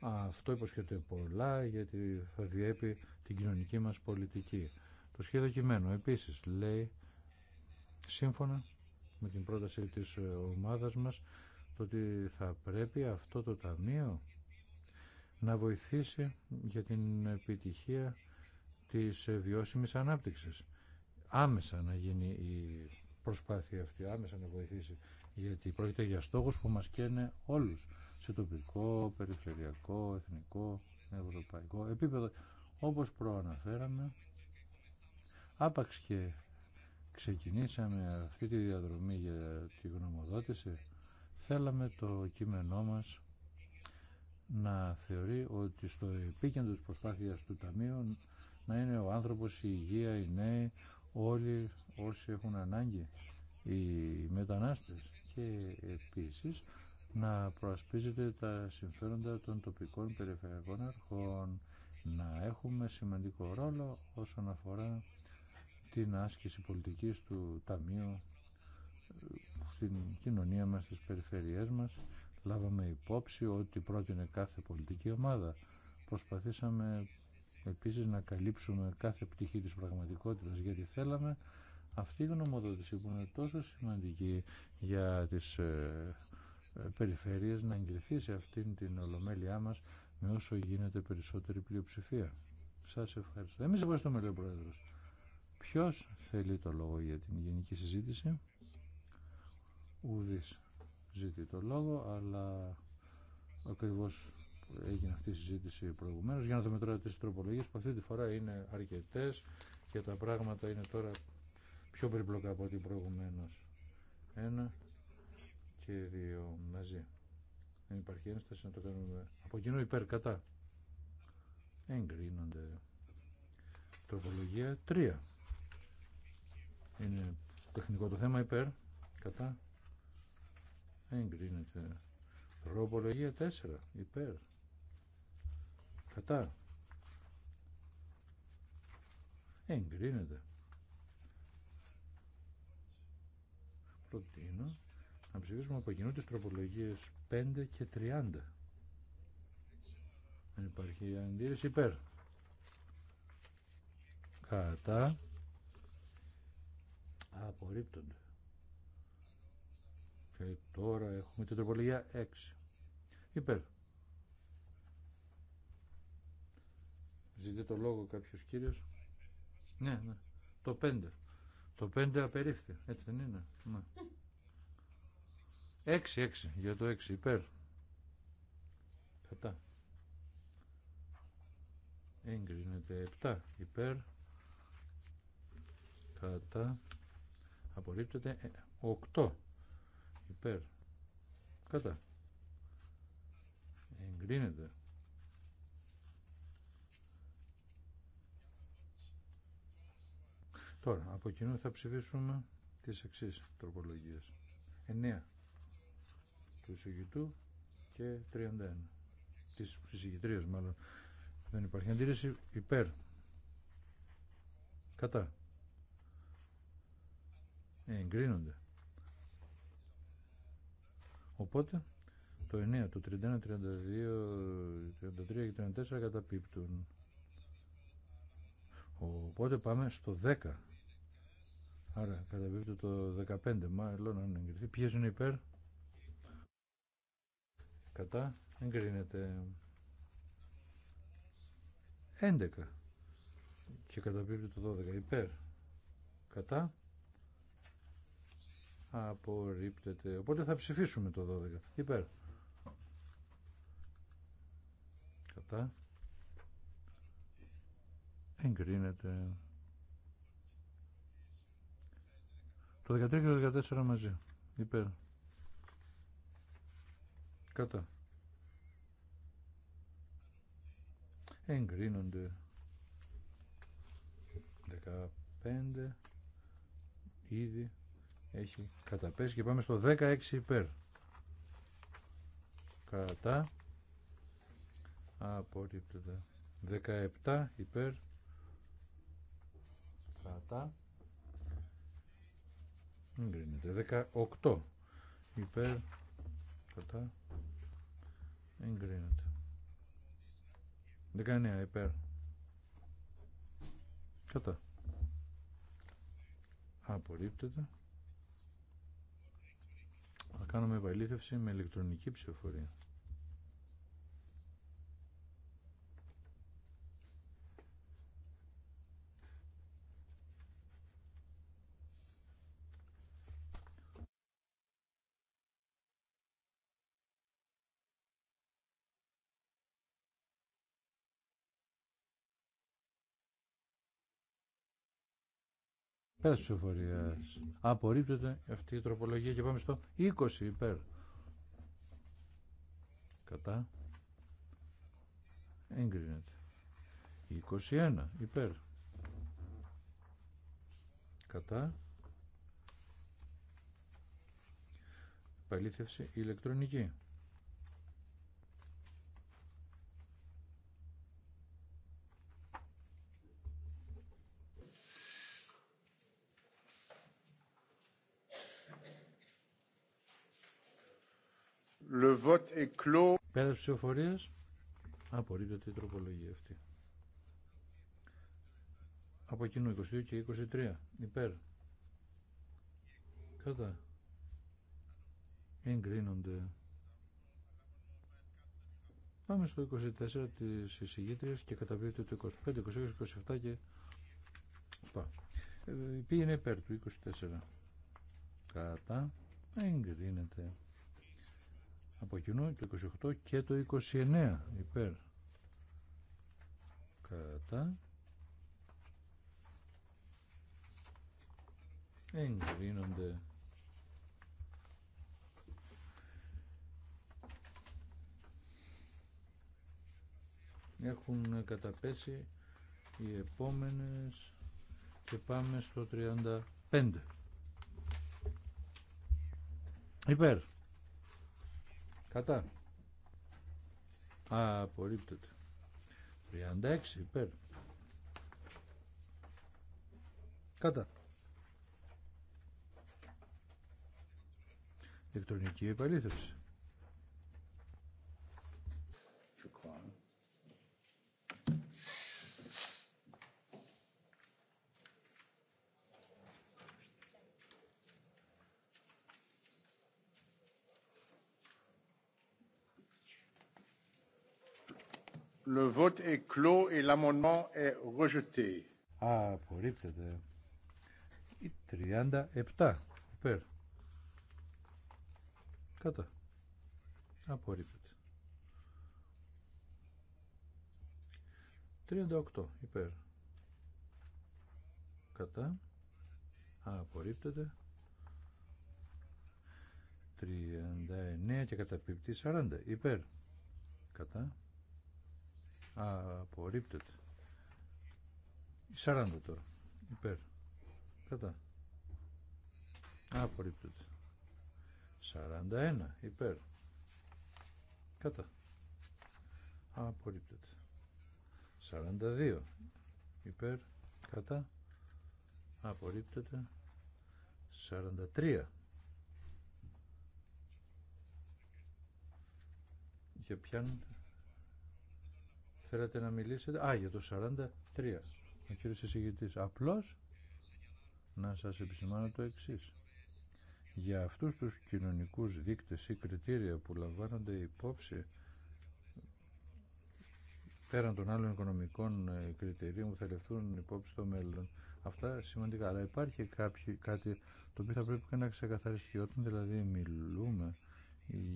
αυτό υποσχέται πολλά γιατί θα διέπει την κοινωνική μας πολιτική. Το σχέδιο κειμένου επίσης λέει σύμφωνα με την πρόταση της ομάδας μας το ότι θα πρέπει αυτό το ταμείο να βοηθήσει για την επιτυχία της βιώσιμης ανάπτυξης. Άμεσα να γίνει η προσπάθεια αυτή, άμεσα να βοηθήσει, γιατί πρόκειται για στόχους που μας καίνε όλους, σε τοπικό, περιφερειακό, εθνικό, ευρωπαϊκό επίπεδο. Όπως προαναφέραμε, άπαξ και ξεκινήσαμε αυτή τη διαδρομή για τη γνωμοδότηση, θέλαμε το κείμενό μας να θεωρεί ότι στο επίκεντρο της προσπάθειας του Ταμείου να είναι ο άνθρωπος, η υγεία, οι νέοι, όλοι όσοι έχουν ανάγκη, οι μετανάστες και επίσης να προασπίζεται τα συμφέροντα των τοπικών περιφερειακών αρχών, να έχουμε σημαντικό ρόλο όσον αφορά την άσκηση πολιτικής του Ταμείου στην κοινωνία μας, στις περιφερειές μας λάβαμε υπόψη ότι πρότεινε κάθε πολιτική ομάδα. Προσπαθήσαμε επίσης να καλύψουμε κάθε πτυχή της πραγματικότητας γιατί θέλαμε αυτή η γνωμοδότηση που είναι τόσο σημαντική για τις ε, ε, περιφέρειες να εγκριθεί σε αυτήν την ολομέλειά μας με όσο γίνεται περισσότερη πλειοψηφία. Σας ευχαριστώ. Εμείς ευχαριστούμε, λέει ο Πρόεδρος. Ποιος θέλει το λόγο για την γενική συζήτηση. Ουδής ζητεί το λόγο, αλλά ακριβώ έγινε αυτή η συζήτηση προηγουμένω Για να δούμε τώρα τι τροπολογίε που αυτή τη φορά είναι αρκετέ και τα πράγματα είναι τώρα πιο περιπλοκά από ό,τι προηγουμένω. Ένα και δύο μαζί. Δεν υπάρχει ένσταση να το κάνουμε από κοινού υπέρ κατά. Εγκρίνονται. Τροπολογία 3. Είναι τεχνικό το θέμα υπέρ κατά εγκρίνεται. Τροπολογία 4 υπέρ. Κατά. Εγκρίνεται. Προτείνω να ψηφίσουμε από κοινού τις τροπολογίες 5 και 30. Αν υπάρχει αντίρρηση υπέρ. Κατά. Απορρίπτονται. Και τώρα έχουμε την τροπολογία 6. Υπέρ. Ζητεί το λόγο κάποιο κύριο. Ναι, ναι. Το 5. Το 5 απερίφθη. Έτσι δεν είναι. Ναι. 6-6 για το 6. Υπέρ. Κατά. Έγκρινεται 7. Υπέρ. Κατά. Απορρίπτεται 8. Ε, υπέρ κατά εγκρίνεται Τώρα, από κοινού θα ψηφίσουμε τις εξής τροπολογίες. 9 του εισηγητού και 31 της εισηγητρίας μάλλον. Δεν υπάρχει αντίρρηση υπέρ. Κατά. Εγκρίνονται. Οπότε το 9, το 31, 32, 33 και 34 καταπίπτουν. Οπότε πάμε στο 10. Άρα καταπίπτει το 15 μάλλον αν εγκριθεί. Πιέζουν υπέρ. Κατά. Εγκρίνεται. 11. Και καταπίπτει το 12. Υπέρ. Κατά απορρίπτεται. Οπότε θα ψηφίσουμε το 12. Υπέρ. Κατά. Εγκρίνεται. Το 13 και το 14 μαζί. Υπέρ. Κατά. Εγκρίνονται. 15 ήδη έχει καταπέσει και πάμε στο 16 υπέρ κατά απορρίπτεται 17 υπέρ κατά εγκρίνεται 18 υπέρ κατά εγκρίνεται 19 υπέρ κατά απορρίπτεται κάνουμε επαλήθευση με ηλεκτρονική ψηφοφορία. Πέρα τη Απορρίπτεται αυτή η τροπολογία και πάμε στο 20 υπέρ. Κατά. Έγκρινεται. 21 υπέρ. Κατά. Παλήθευση ηλεκτρονική. Le vote est clos. Πέρα ψηφοφορία. Απορρίπτεται η τροπολογία αυτή. Από κοινού 22 και 23. Υπέρ. Κατά. Εγκρίνονται. Πάμε στο 24 της εισηγήτριας και καταβλήθηκε το 25, 26, 27 και αυτά. Ε, πήγαινε υπέρ του 24. Κατά. Εγκρίνεται από κοινού το 28 και το 29 υπέρ κατά εγκρίνονται έχουν καταπέσει οι επόμενες και πάμε στο 35 υπέρ Κατά. Α, απορρίπτεται. 36 υπέρ. Κατά. Ηλεκτρονική επαλήθευση. Le vote est clos et l'amendement est rejeté. Απορρίπτεται. Η 37. Υπέρ. Κατά. Απορρίπτεται. 38. Υπέρ. Κατά. Απορρίπτεται. 39 και καταπίπτει 40. Υπέρ. Κατά. Απορρίπτεται. 40 τώρα. Υπέρ. Κατά. Απορρίπτεται. 41. Υπέρ. Κατά. Απορρίπτεται. 42. Υπέρ. Κατά. Απορρίπτεται. 43. Και πιάνεται. Θέλετε να μιλήσετε. Α, για το 43. Ο κύριος Απλώς να σας επισημάνω το εξή. Για αυτούς τους κοινωνικούς δείκτες ή κριτήρια που λαμβάνονται υπόψη πέραν των άλλων οικονομικών ε, κριτηρίων που θα λεφθούν υπόψη στο μέλλον. Αυτά σημαντικά. Αλλά υπάρχει κάτι το οποίο θα πρέπει να ξεκαθαριστεί. Όταν δηλαδή μιλούμε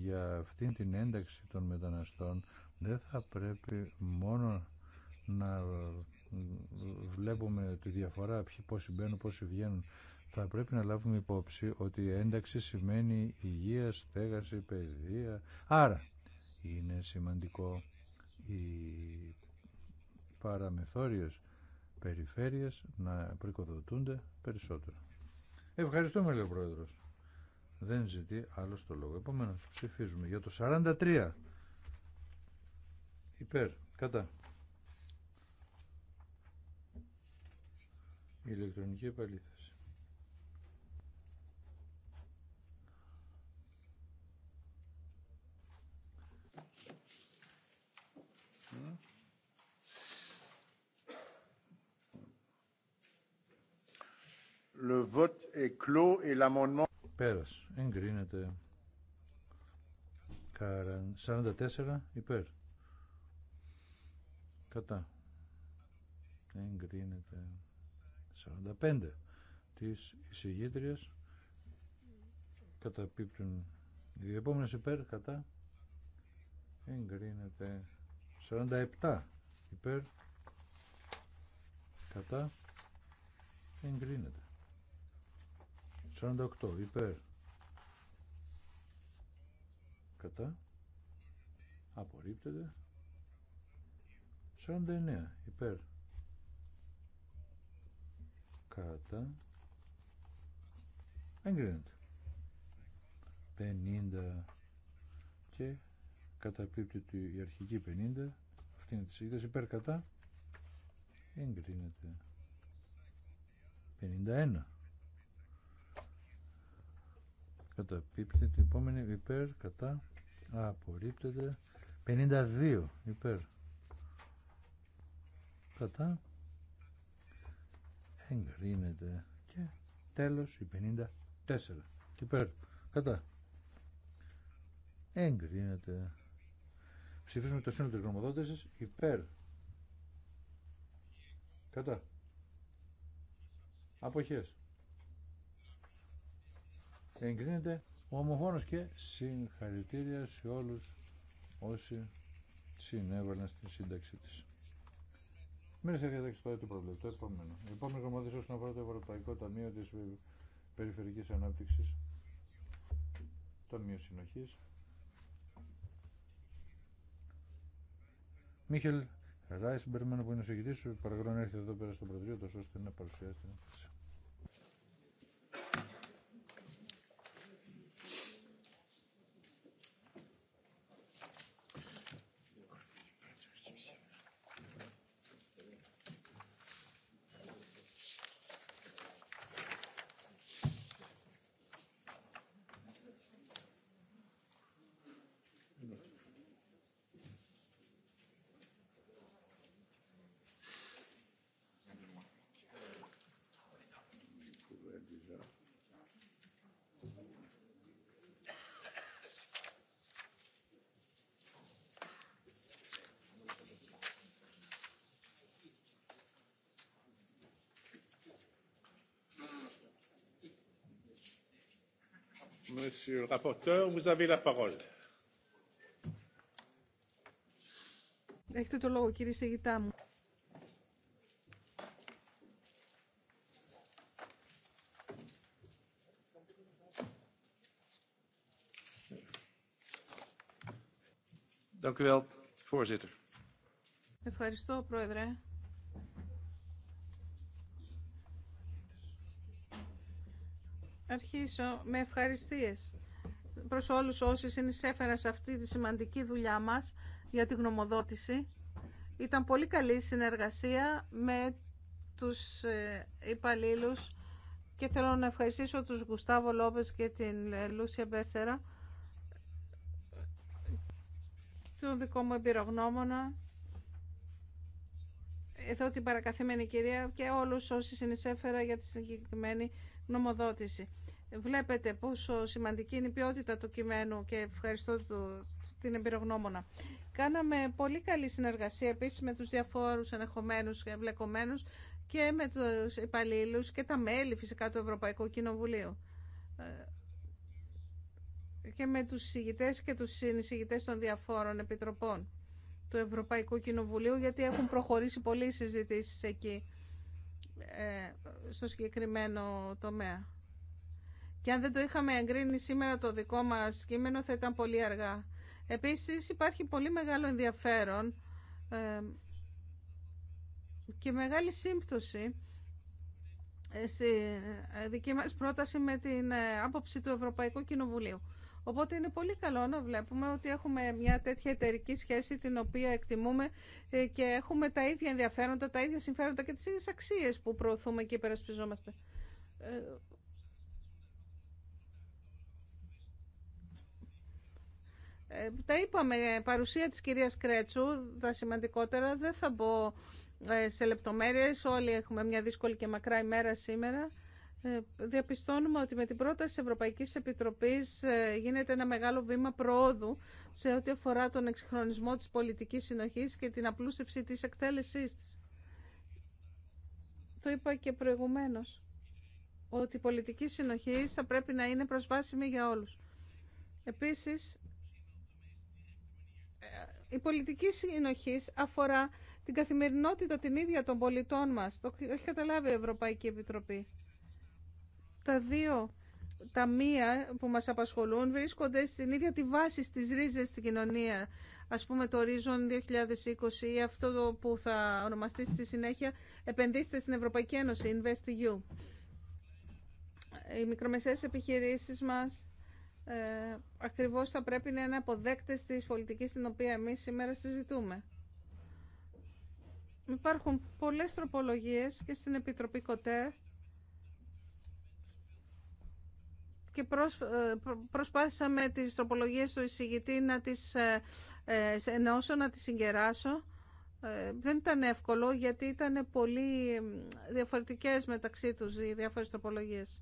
για αυτήν την ένταξη των μεταναστών, δεν θα πρέπει μόνο να βλέπουμε τη διαφορά, ποιοι πόσοι μπαίνουν, πόσοι βγαίνουν. Θα πρέπει να λάβουμε υπόψη ότι η ένταξη σημαίνει υγεία, στέγαση, παιδεία. Άρα είναι σημαντικό οι παραμεθόριες περιφέρειες να προοικοδοτούνται περισσότερο. Ευχαριστούμε, λέει Πρόεδρος. Δεν ζητεί άλλο το λόγο. Επομένως, ψηφίζουμε για το 43 υπέρ, κατά. Η ηλεκτρονική επαλήθευση. Le vote est clos et l'amendement... Πέρας. Εγκρίνεται. 44 υπέρ κατά εγκρίνεται 45 της εισηγήτριας καταπίπτουν οι δύο επόμενες υπέρ κατά εγκρίνεται 47 υπέρ κατά εγκρίνεται 48 υπέρ κατά απορρίπτεται 49 υπέρ κατά εγκρίνεται 50 και καταπίπτει η αρχική 50 αυτή είναι τη σύγκριση υπέρ κατά εγκρίνεται 51 καταπίπτει την επόμενη υπέρ κατά απορρίπτεται 52 υπέρ κατά εγκρίνεται και τέλος η 54 υπέρ κατά εγκρίνεται ψηφίσουμε το σύνολο της γνωμοδότησης υπέρ κατά αποχές εγκρίνεται ομοφόνος και συγχαρητήρια σε όλους όσοι συνέβαλαν στην σύνταξη της μην τη διατάξη τώρα έτοιμο πρόβλημα. το επόμενο. Η επόμενη γνωμοδότηση όσον αφορά το Ευρωπαϊκό Ταμείο τη Περιφερειακή Ανάπτυξη, Ταμείο Συνοχή. Μίχελ Ράισμπερμαν που είναι ο συγκεκριτή, παρακαλώ να έρθει εδώ πέρα στο Προεδρείο, τόσο ώστε να παρουσιάσει έκθεση. Monsieur le rapporteur, vous avez la parole. Έχετε το λόγο, κύριε Σεγητά μου. Dank u wel, voorzitter. Ευχαριστώ, Πρόεδρε. αρχίσω με ευχαριστίες προς όλους όσοι συνεισέφεραν σε αυτή τη σημαντική δουλειά μας για τη γνωμοδότηση. Ήταν πολύ καλή συνεργασία με τους ε, υπαλλήλους και θέλω να ευχαριστήσω τους Γουστάβο Λόπες και την ε, Λούσια Μπέρθερα, τον δικό μου εμπειρογνώμονα, εδώ την παρακαθήμενη κυρία και όλους όσοι συνεισέφερα για τη συγκεκριμένη νομοδότηση. Βλέπετε πόσο σημαντική είναι η ποιότητα του κειμένου και ευχαριστώ την εμπειρογνώμονα. Κάναμε πολύ καλή συνεργασία επίσης με τους διαφόρους ενεχομένους και εμπλεκομένους και με τους υπαλλήλου και τα μέλη φυσικά του Ευρωπαϊκού Κοινοβουλίου ε, και με τους συγητές και τους συνεισηγητές των διαφόρων επιτροπών του Ευρωπαϊκού Κοινοβουλίου γιατί έχουν προχωρήσει πολλοί συζητήσεις εκεί ε, στο συγκεκριμένο τομέα. Και αν δεν το είχαμε εγκρίνει σήμερα το δικό μας κείμενο θα ήταν πολύ αργά. Επίσης υπάρχει πολύ μεγάλο ενδιαφέρον ε, και μεγάλη σύμπτωση ε, στη δική μας πρόταση με την άποψη του Ευρωπαϊκού Κοινοβουλίου. Οπότε είναι πολύ καλό να βλέπουμε ότι έχουμε μια τέτοια εταιρική σχέση την οποία εκτιμούμε ε, και έχουμε τα ίδια ενδιαφέροντα, τα ίδια συμφέροντα και τις ίδιες αξίες που προωθούμε και υπερασπιζόμαστε. Ε, ε, τα είπαμε, παρουσία της κυρίας Κρέτσου, τα σημαντικότερα, δεν θα μπω σε λεπτομέρειες, όλοι έχουμε μια δύσκολη και μακρά ημέρα σήμερα. Ε, διαπιστώνουμε ότι με την πρόταση Ευρωπαϊκής Επιτροπής ε, γίνεται ένα μεγάλο βήμα προόδου σε ό,τι αφορά τον εξυγχρονισμό της πολιτικής συνοχής και την απλούσευση της εκτέλεσής της. Το είπα και προηγουμένως, ότι η πολιτική συνοχή θα πρέπει να είναι προσβάσιμη για όλους. Επίσης, ε, η πολιτική συνοχή αφορά την καθημερινότητα την ίδια των πολιτών μας. Το έχει καταλάβει η Ευρωπαϊκή Επιτροπή τα δύο μία που μας απασχολούν βρίσκονται στην ίδια τη βάση στις ρίζες στην κοινωνία. Ας πούμε το Horizon 2020 ή αυτό που θα ονομαστεί στη συνέχεια επενδύστε στην Ευρωπαϊκή Ένωση, InvestEU. Οι μικρομεσαίες επιχειρήσεις μας ε, ακριβώς θα πρέπει να είναι αποδέκτες της πολιτικής την οποία εμείς σήμερα συζητούμε. Υπάρχουν πολλές τροπολογίες και στην Επιτροπή Κοτέρ και ε, προσπάθησα με τις τροπολογίες του εισηγητή να τις ε, ε, ενώσω, να τις συγκεράσω. Δεν ήταν εύκολο γιατί ήταν πολύ διαφορετικές μεταξύ τους οι διάφορες τροπολογίες.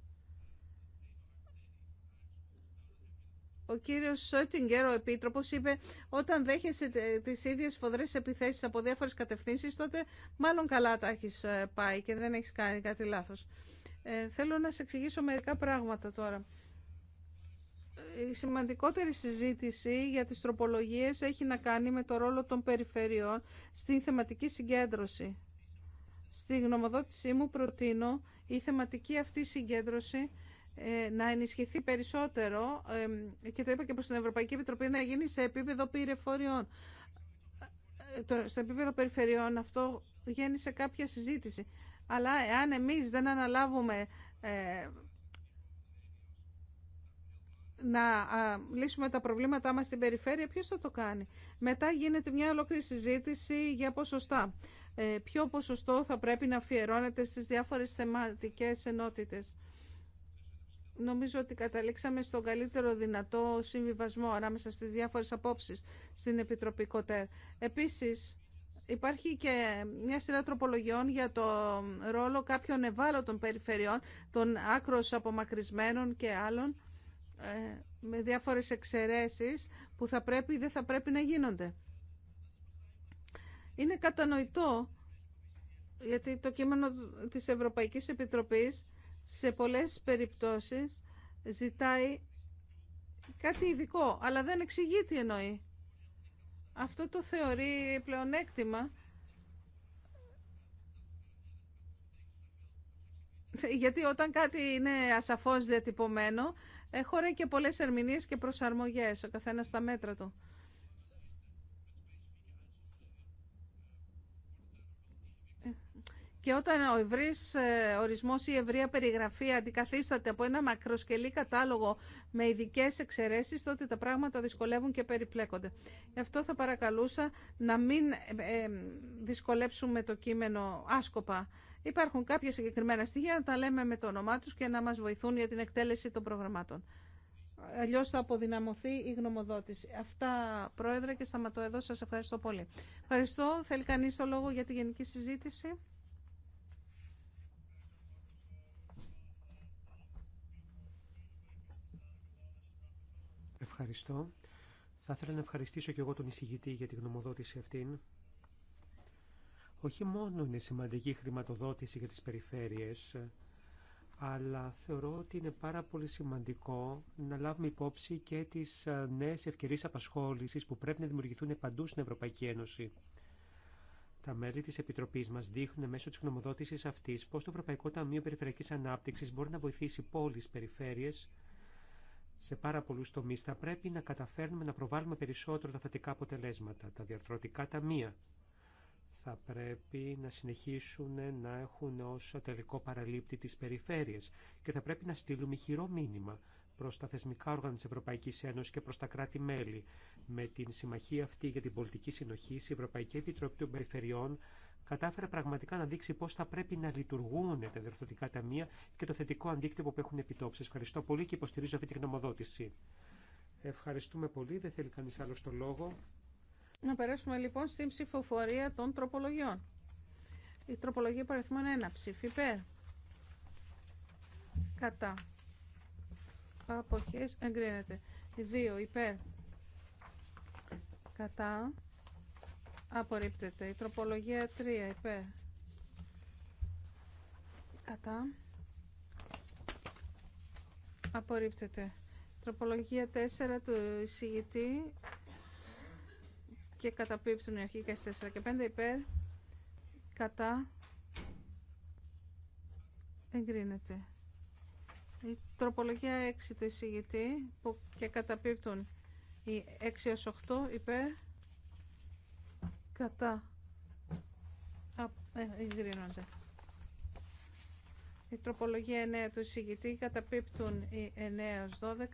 Ο κύριος Σότιγκερ, ο Επίτροπος, είπε όταν δέχεσαι τις ίδιες φοδρές επιθέσεις από διάφορες κατευθύνσεις, τότε μάλλον καλά τα έχεις πάει και δεν έχεις κάνει κάτι λάθος. θέλω να σε εξηγήσω μερικά πράγματα τώρα η σημαντικότερη συζήτηση για τις τροπολογίες έχει να κάνει με το ρόλο των περιφερειών στην θεματική συγκέντρωση. Στη γνωμοδότησή μου προτείνω η θεματική αυτή συγκέντρωση ε, να ενισχυθεί περισσότερο και το είπα και προς την Ευρωπαϊκή Επιτροπή να γίνει σε επίπεδο πυρεφοριών. Σε επίπεδο περιφερειών αυτό σε κάποια συζήτηση. Αλλά εάν εμείς δεν αναλάβουμε ε, να λύσουμε τα προβλήματά μας στην περιφέρεια, ποιος θα το κάνει. Μετά γίνεται μια ολόκληρη συζήτηση για ποσοστά. Ε, ποιο ποσοστό θα πρέπει να αφιερώνεται στις διάφορες θεματικές ενότητες. Νομίζω ότι καταλήξαμε στον καλύτερο δυνατό συμβιβασμό ανάμεσα στις διάφορες απόψεις στην Επιτροπή Κοτέρ. Επίσης, υπάρχει και μια σειρά τροπολογιών για το ρόλο κάποιων ευάλωτων περιφερειών, των άκρως απομακρυσμένων και άλλων ε, με διάφορες εξαιρέσεις που θα πρέπει ή δεν θα πρέπει να γίνονται. Είναι κατανοητό γιατί το κείμενο της Ευρωπαϊκής Επιτροπής σε πολλές περιπτώσεις ζητάει κάτι ειδικό, αλλά δεν εξηγεί τι εννοεί. Αυτό το θεωρεί πλεονέκτημα γιατί όταν κάτι είναι ασαφώς διατυπωμένο χωράει και πολλές ερμηνείες και προσαρμογές, ο καθένας στα μέτρα του. Και όταν ο ευρύ ε, ορισμό η ευρεία περιγραφή αντικαθίσταται από ένα μακροσκελή κατάλογο με ειδικέ εξαιρέσει, τότε τα πράγματα δυσκολεύουν και περιπλέκονται. Γι' αυτό θα παρακαλούσα να μην ε, ε, δυσκολέψουμε το κείμενο άσκοπα. Υπάρχουν κάποια συγκεκριμένα στοιχεία να τα λέμε με το όνομά τους και να μας βοηθούν για την εκτέλεση των προγραμμάτων. Αλλιώ θα αποδυναμωθεί η γνωμοδότηση. Αυτά, Πρόεδρε, και σταματώ εδώ. Σας ευχαριστώ πολύ. Ευχαριστώ. Θέλει κανεί το λόγο για τη γενική συζήτηση. Ευχαριστώ. Θα ήθελα να ευχαριστήσω και εγώ τον εισηγητή για τη γνωμοδότηση αυτήν όχι μόνο είναι σημαντική χρηματοδότηση για τις περιφέρειες, αλλά θεωρώ ότι είναι πάρα πολύ σημαντικό να λάβουμε υπόψη και τις ε, νέες ευκαιρίες απασχόλησης που πρέπει να δημιουργηθούν παντού στην Ευρωπαϊκή Ένωση. Τα μέλη της Επιτροπής μας δείχνουν μέσω της γνωμοδότησης αυτής πώς το Ευρωπαϊκό Ταμείο Περιφερειακής Ανάπτυξης μπορεί να βοηθήσει πόλεις, περιφέρειες σε πάρα πολλούς τομείς. Θα πρέπει να καταφέρνουμε να προβάλλουμε περισσότερο τα θετικά αποτελέσματα, τα διαρθρωτικά ταμεία, θα πρέπει να συνεχίσουν να έχουν ως τελικό παραλήπτη τις περιφέρειες και θα πρέπει να στείλουμε χειρό μήνυμα προς τα θεσμικά όργανα της Ευρωπαϊκής Ένωσης και προς τα κράτη-μέλη. Με την συμμαχία αυτή για την πολιτική συνοχή, η Ευρωπαϊκή Επιτροπή των Περιφερειών κατάφερε πραγματικά να δείξει πώς θα πρέπει να λειτουργούν τα διορθωτικά ταμεία και το θετικό αντίκτυπο που έχουν επιτόψει. Ευχαριστώ πολύ και υποστηρίζω αυτή τη γνωμοδότηση. Ευχαριστούμε πολύ. Δεν θέλει κανείς άλλο το λόγο. Να περάσουμε λοιπόν στην ψηφοφορία των τροπολογιών. Η τροπολογία παρελθόν 1. Ψήφι υπέρ. Κατά. Αποχές εγκρίνεται. 2. Υπέρ. Κατά. Απορρίπτεται. Η τροπολογία 3. Υπέρ. Κατά. Απορρίπτεται. Τροπολογία 4 του εισηγητή και καταπίπτουν οι αρχικές 4 και 5 υπέρ κατά εγκρίνεται. Η τροπολογία 6 του εισηγητή που και καταπίπτουν οι 6 έως 8 υπέρ κατά ε, εγκρίνονται. Η τροπολογία 9 του εισηγητή καταπίπτουν οι 9 έως 12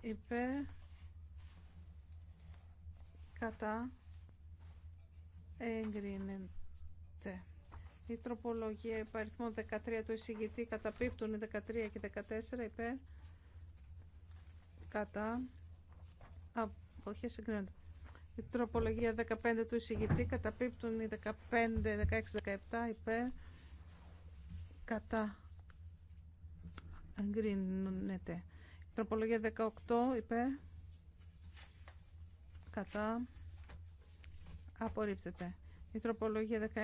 υπέρ κατά εγκρίνεται. Η τροπολογία υπαριθμών 13 του εισηγητή καταπίπτουν 13 και 14 υπέρ κατά Όχι συγκρίνονται. Η τροπολογία 15 του εισηγητή καταπίπτουν οι 15, 16, 17 υπέρ κατά εγκρίνεται. Η τροπολογία 18 υπέρ κατά απορρίπτεται. Η τροπολογία 19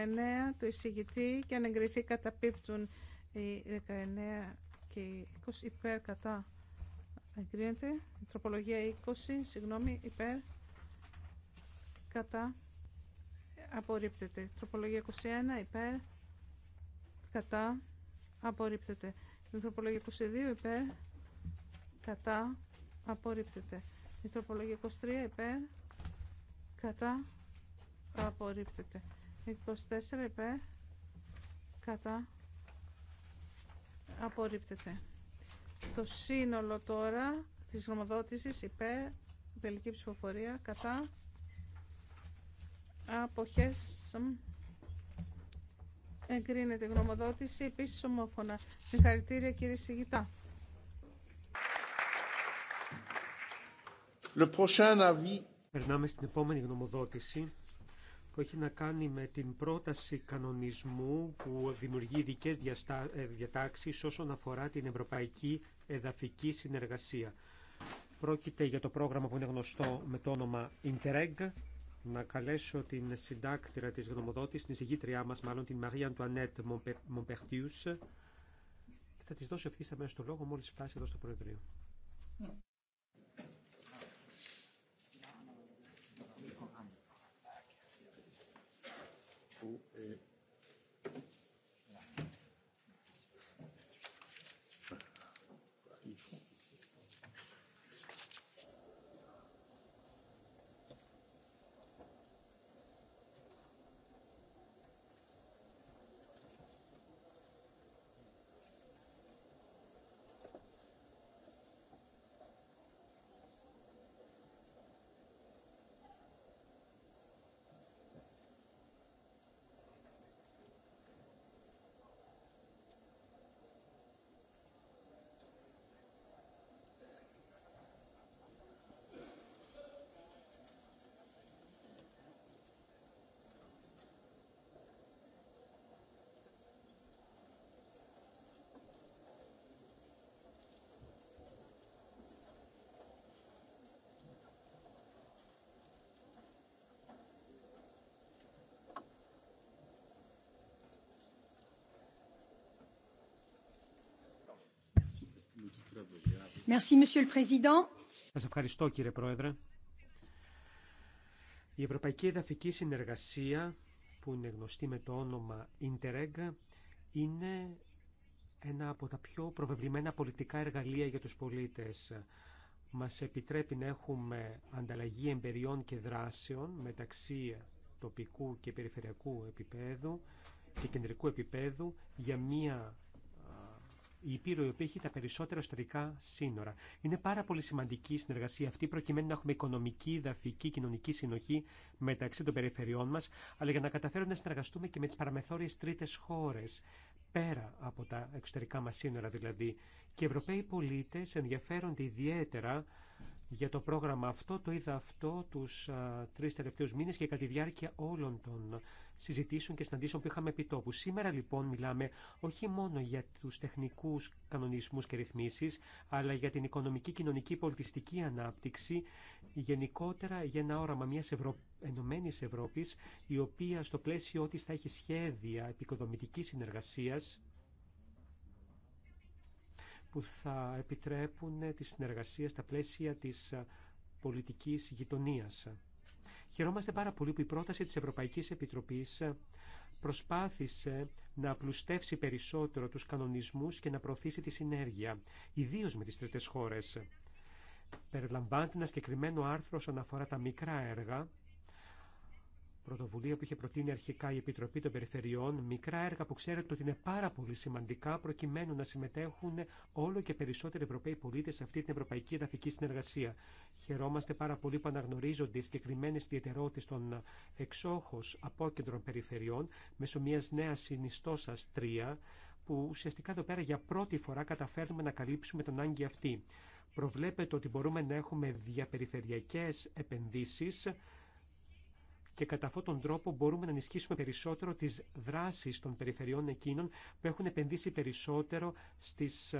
του εισηγητή και αν εγκριθεί καταπίπτουν οι 19 και 20 υπέρ κατά εγκρίνεται. Η τροπολογία 20, συγγνώμη, υπέρ κατά απορρίπτεται. Η τροπολογία 21 υπέρ κατά απορρίπτεται. Η τροπολογία 22 υπέρ κατά απορρίπτεται. Η τροπολογία 23 υπέρ κατά απορρίπτεται 24 υπέρ κατά απορρίπτεται το σύνολο τώρα της γνωμοδότησης υπέρ τελική ψηφοφορία κατά αποχές εγκρίνεται η γνωμοδότηση επίσης ομόφωνα συγχαρητήρια κύριε Σιγητά Le prochain avis Περνάμε στην επόμενη γνωμοδότηση που έχει να κάνει με την πρόταση κανονισμού που δημιουργεί ειδικέ ε, διατάξεις όσον αφορά την Ευρωπαϊκή Εδαφική Συνεργασία. Πρόκειται για το πρόγραμμα που είναι γνωστό με το όνομα Interreg. Να καλέσω την συντάκτηρα της γνωμοδότης, την συγγήτριά μας, μάλλον την Μαρία Αντουανέτ Μομπερτιούς, θα της δώσω ευθύς αμέσως το λόγο μόλις φτάσει εδώ στο Προεδρείο. Ναι. Merci, Monsieur le Président. Σας ευχαριστώ κύριε Πρόεδρε. Η Ευρωπαϊκή Εδαφική Συνεργασία, που είναι γνωστή με το όνομα Interreg, είναι ένα από τα πιο προβεβλημένα πολιτικά εργαλεία για τους πολίτες. Μας επιτρέπει να έχουμε ανταλλαγή εμπεριών και δράσεων μεταξύ τοπικού και περιφερειακού επίπεδου και κεντρικού επίπεδου για μία η Ήπειρο η οποία έχει τα περισσότερα ιστορικά σύνορα. Είναι πάρα πολύ σημαντική η συνεργασία αυτή προκειμένου να έχουμε οικονομική, δαφική, κοινωνική συνοχή μεταξύ των περιφερειών μας, αλλά για να καταφέρουμε να συνεργαστούμε και με τις παραμεθόριες τρίτες χώρες πέρα από τα εξωτερικά μας σύνορα δηλαδή. Και οι Ευρωπαίοι πολίτες ενδιαφέρονται ιδιαίτερα για το πρόγραμμα αυτό. Το είδα αυτό τους τρει τελευταίου τελευταίους μήνες και κατά τη διάρκεια όλων των Συζητήσουν και συναντήσεων που είχαμε επιτόπου. Σήμερα λοιπόν μιλάμε όχι μόνο για τους τεχνικούς κανονισμούς και ρυθμίσεις, αλλά για την οικονομική, κοινωνική, πολιτιστική ανάπτυξη, γενικότερα για ένα όραμα μιας Ευρω... Ενωμένης Ευρώπης, η οποία στο πλαίσιο ότι θα έχει σχέδια επικοδομητικής συνεργασίας, που θα επιτρέπουν τη συνεργασία στα πλαίσια της πολιτικής γειτονίας. Χαιρόμαστε πάρα πολύ που η πρόταση της Ευρωπαϊκής Επιτροπής ε, προσπάθησε να απλουστεύσει περισσότερο τους κανονισμούς και να προωθήσει τη συνέργεια, ιδίως με τις τρίτες χώρες. Περιλαμβάνεται ένα συγκεκριμένο άρθρο όσον αφορά τα μικρά έργα, πρωτοβουλία που είχε προτείνει αρχικά η Επιτροπή των Περιφερειών, μικρά έργα που ξέρετε ότι είναι πάρα πολύ σημαντικά προκειμένου να συμμετέχουν όλο και περισσότεροι Ευρωπαίοι πολίτε σε αυτή την Ευρωπαϊκή Εδαφική Συνεργασία. Χαιρόμαστε πάρα πολύ που αναγνωρίζονται οι συγκεκριμένε ιδιαιτερότητε των εξόχω απόκεντρων περιφερειών μέσω μια νέα συνιστόσα 3, που ουσιαστικά εδώ πέρα για πρώτη φορά καταφέρνουμε να καλύψουμε τον άγκη αυτή. Προβλέπεται ότι μπορούμε να έχουμε διαπεριφερειακές επενδύσεις και κατά αυτόν τον τρόπο μπορούμε να ενισχύσουμε περισσότερο τις δράσεις των περιφερειών εκείνων που έχουν επενδύσει περισσότερο στις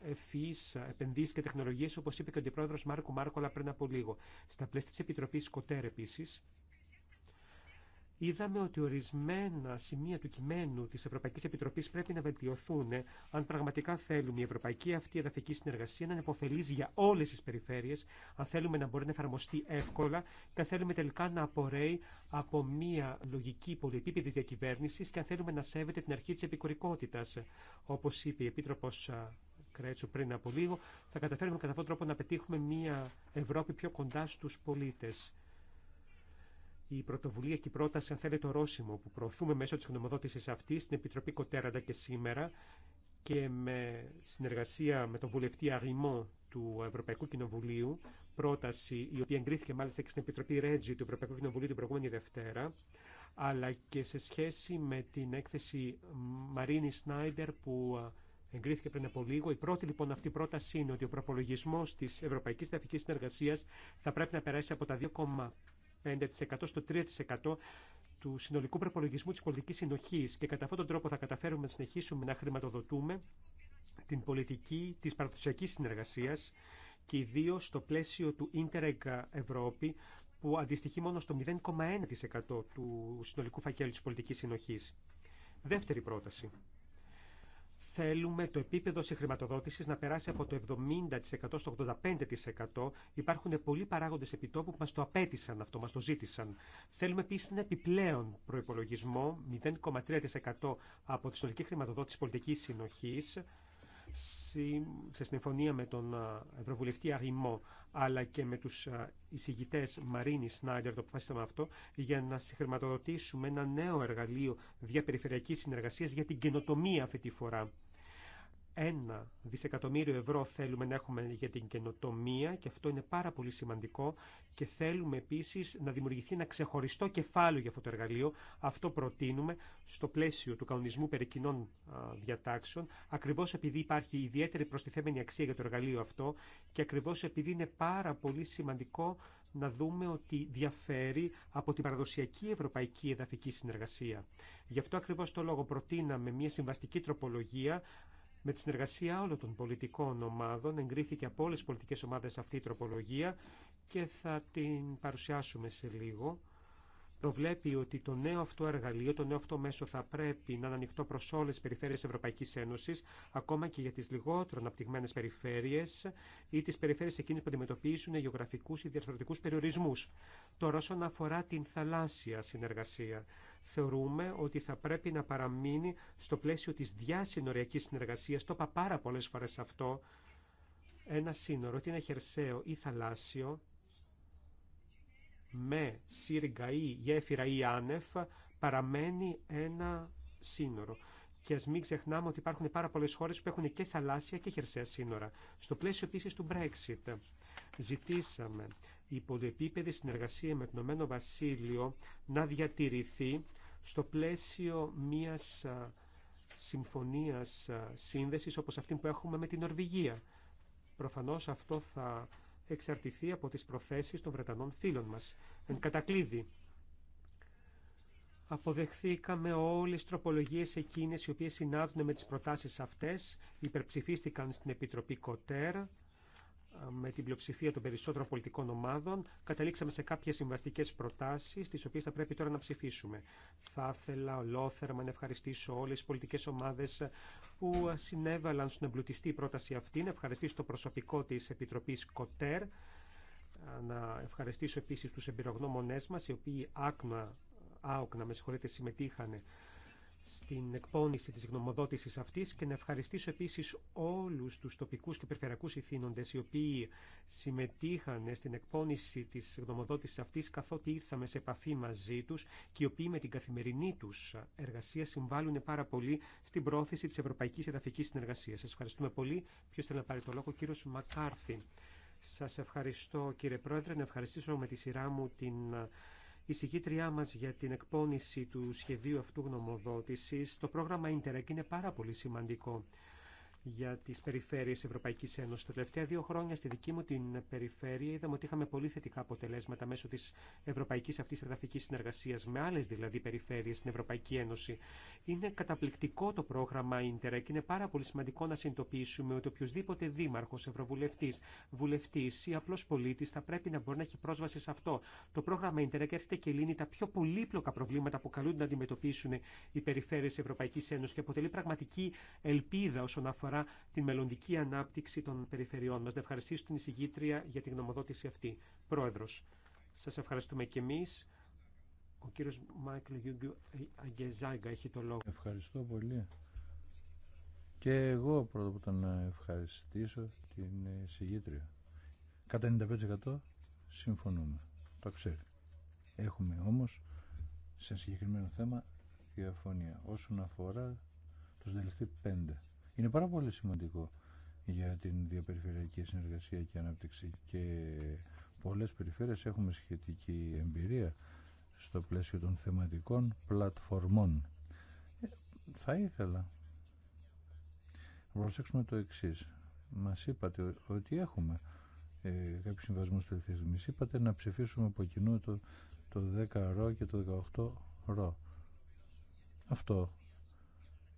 ευφύς επενδύσεις και τεχνολογίες όπως είπε και ο Αντιπρόεδρος Μάρκο Μάρκολα πριν από λίγο. Στα πλαίσια της Επιτροπής Κοτέρ επίσης, είδαμε ότι ορισμένα σημεία του κειμένου της Ευρωπαϊκής Επιτροπής πρέπει να βελτιωθούν ε, αν πραγματικά θέλουμε η ευρωπαϊκή αυτή εδαφική συνεργασία να είναι υποφελή για όλες τις περιφέρειες, αν θέλουμε να μπορεί να εφαρμοστεί εύκολα και αν θέλουμε τελικά να απορρέει από μια λογική πολυεπίπεδης διακυβέρνησης και αν θέλουμε να σέβεται την αρχή της επικουρικότητας. Όπως είπε η Επίτροπος ε, Κρέτσου πριν από λίγο, θα καταφέρουμε κατά αυτόν τον τρόπο να πετύχουμε μια Ευρώπη πιο κοντά στου πολίτε η πρωτοβουλία και η πρόταση, αν θέλετε, το ρώσιμο που προωθούμε μέσω τη γνωμοδότηση αυτή στην Επιτροπή Κοτέραντα και σήμερα και με συνεργασία με τον βουλευτή Αγιμό του Ευρωπαϊκού Κοινοβουλίου, πρόταση η οποία εγκρίθηκε μάλιστα και στην Επιτροπή Ρέτζι του Ευρωπαϊκού Κοινοβουλίου την προηγούμενη Δευτέρα, αλλά και σε σχέση με την έκθεση Μαρίνη Σνάιντερ που εγκρίθηκε πριν από λίγο. Η πρώτη λοιπόν αυτή πρόταση είναι ότι ο προπολογισμό τη Ευρωπαϊκή Συνεργασία θα πρέπει να περάσει από τα 50% στο 3% του συνολικού προπολογισμού της πολιτικής συνοχής και κατά αυτόν τον τρόπο θα καταφέρουμε να συνεχίσουμε να χρηματοδοτούμε την πολιτική της παραδοσιακής συνεργασίας και ιδίω στο πλαίσιο του Interreg Ευρώπη που αντιστοιχεί μόνο στο 0,1% του συνολικού φακέλου της πολιτικής συνοχής. Δεύτερη πρόταση θέλουμε το επίπεδο σε χρηματοδότηση να περάσει από το 70% στο 85%. Υπάρχουν πολλοί παράγοντε επιτόπου που μα το απέτησαν αυτό, μα το ζήτησαν. Θέλουμε επίση ένα επιπλέον προπολογισμό 0,3% από τη συνολική χρηματοδότηση πολιτική συνοχή. σε συμφωνία με τον Ευρωβουλευτή Αριμό αλλά και με τους εισηγητές Μαρίνη Σνάιντερ το αποφάσισαμε αυτό για να συγχρηματοδοτήσουμε ένα νέο εργαλείο διαπεριφερειακής συνεργασίας για την καινοτομία αυτή τη φορά ένα δισεκατομμύριο ευρώ θέλουμε να έχουμε για την καινοτομία και αυτό είναι πάρα πολύ σημαντικό και θέλουμε επίσης να δημιουργηθεί ένα ξεχωριστό κεφάλαιο για αυτό το εργαλείο. Αυτό προτείνουμε στο πλαίσιο του κανονισμού περί κοινών διατάξεων, ακριβώς επειδή υπάρχει ιδιαίτερη προστιθέμενη αξία για το εργαλείο αυτό και ακριβώς επειδή είναι πάρα πολύ σημαντικό να δούμε ότι διαφέρει από την παραδοσιακή ευρωπαϊκή εδαφική συνεργασία. Γι' αυτό ακριβώς το λόγο προτείναμε μια συμβαστική τροπολογία με τη συνεργασία όλων των πολιτικών ομάδων εγκρίθηκε από όλες τις πολιτικές ομάδες αυτή η τροπολογία και θα την παρουσιάσουμε σε λίγο. Προβλέπει ότι το νέο αυτό εργαλείο, το νέο αυτό μέσο θα πρέπει να είναι ανοιχτό προ όλε τι περιφέρειε Ευρωπαϊκή Ένωση, ακόμα και για τις λιγότερο αναπτυγμένες περιφέρειες ή τις περιφέρειες εκείνες που αντιμετωπίζουν γεωγραφικούς ή διαρθρωτικού περιορισμού. Τώρα, όσον αφορά την θαλάσσια συνεργασία, θεωρούμε ότι θα πρέπει να παραμείνει στο πλαίσιο της διασυνοριακής συνεργασίας. Το είπα πάρα πολλές φορές αυτό. Ένα σύνορο, ότι είναι χερσαίο ή θαλάσσιο, με σύριγγα ή γέφυρα ή άνευ, παραμένει ένα σύνορο. Και ας μην ξεχνάμε ότι υπάρχουν πάρα πολλές χώρες που έχουν και θαλάσσια και χερσαία σύνορα. Στο πλαίσιο επίση του Brexit, ζητήσαμε η πολυεπίπεδη συνεργασία με το Ηνωμένο Βασίλειο να διατηρηθεί στο πλαίσιο μιας συμφωνίας σύνδεσης όπως αυτή που έχουμε με την Νορβηγία. Προφανώς αυτό θα εξαρτηθεί από τις προθέσεις των Βρετανών φίλων μας. Εν κατακλείδη, αποδεχθήκαμε όλες τις τροπολογίες εκείνες οι οποίες συνάδουν με τις προτάσεις αυτές, υπερψηφίστηκαν στην Επιτροπή Κοτέρ, με την πλειοψηφία των περισσότερων πολιτικών ομάδων καταλήξαμε σε κάποιες συμβαστικέ προτάσεις τι οποίες θα πρέπει τώρα να ψηφίσουμε. Θα ήθελα ολόθερμα να ευχαριστήσω όλες τις πολιτικές ομάδες που συνέβαλαν στην εμπλουτιστή πρόταση αυτή, να ευχαριστήσω το προσωπικό της Επιτροπής ΚΟΤΕΡ, να ευχαριστήσω επίση του εμπειρογνώμονε μα, οι οποίοι άκνα, άοκνα με συμμετείχαν στην εκπόνηση της γνωμοδότησης αυτής και να ευχαριστήσω επίσης όλους τους τοπικούς και περιφερειακούς ηθήνοντες οι οποίοι συμμετείχαν στην εκπόνηση της γνωμοδότησης αυτής καθότι ήρθαμε σε επαφή μαζί τους και οι οποίοι με την καθημερινή τους εργασία συμβάλλουν πάρα πολύ στην πρόθεση της Ευρωπαϊκής Εδαφικής Συνεργασίας. Σας ευχαριστούμε πολύ. Ποιος θέλει να πάρει το λόγο, ο κύριος Μακάρθη. Σας ευχαριστώ κύριε Πρόεδρε, να ευχαριστήσω με τη σειρά μου την η συγκίτριά μα για την εκπόνηση του σχεδίου αυτού γνωμοδότησης. Το πρόγραμμα Interreg είναι πάρα πολύ σημαντικό για τις περιφέρειες Ευρωπαϊκή Ένωση. Τα τελευταία δύο χρόνια στη δική μου την περιφέρεια είδαμε ότι είχαμε πολύ θετικά αποτελέσματα μέσω τη Ευρωπαϊκή αυτής εδαφική Συνεργασία με άλλε δηλαδή περιφέρειες στην Ευρωπαϊκή Ένωση. Είναι καταπληκτικό το πρόγραμμα Ίντερεκ και είναι πάρα πολύ σημαντικό να συνειδητοποιήσουμε ότι οποιοδήποτε δήμαρχος, ευρωβουλευτή, βουλευτής ή απλό πολίτη θα πρέπει να μπορεί να έχει πρόσβαση σε αυτό. Το πρόγραμμα Ίντερεκ έρχεται και λύνει τα πιο πολύπλοκα προβλήματα που καλούνται να αντιμετωπίσουν οι περιφέρειε Ευρωπαϊκή Ένωση και αποτελεί πραγματική ελπίδα όσον αφορά την μελλοντική ανάπτυξη των περιφερειών μας. Να ευχαριστήσω την εισηγήτρια για την γνωμοδότηση αυτή. Πρόεδρος, σας ευχαριστούμε και εμείς. Ο κύριος Μάικλ Γιούγκου Αγκεζάγκα έχει το λόγο. Ευχαριστώ πολύ. Και εγώ πρώτα που να ευχαριστήσω την εισηγήτρια. Κατά 95% συμφωνούμε. Το ξέρει. Έχουμε όμως σε συγκεκριμένο θέμα διαφωνία όσον αφορά το συντελεστή 5 είναι πάρα πολύ σημαντικό για την διαπεριφερειακή συνεργασία και ανάπτυξη και πολλές περιφέρειες έχουμε σχετική εμπειρία στο πλαίσιο των θεματικών πλατφορμών. Ε, θα ήθελα να προσέξουμε το εξή. Μας είπατε ότι έχουμε ε, κάποιους συμβασμούς τελευταίες Είπατε να ψηφίσουμε από κοινού το, το 10 ρο και το 18 ρο. Αυτό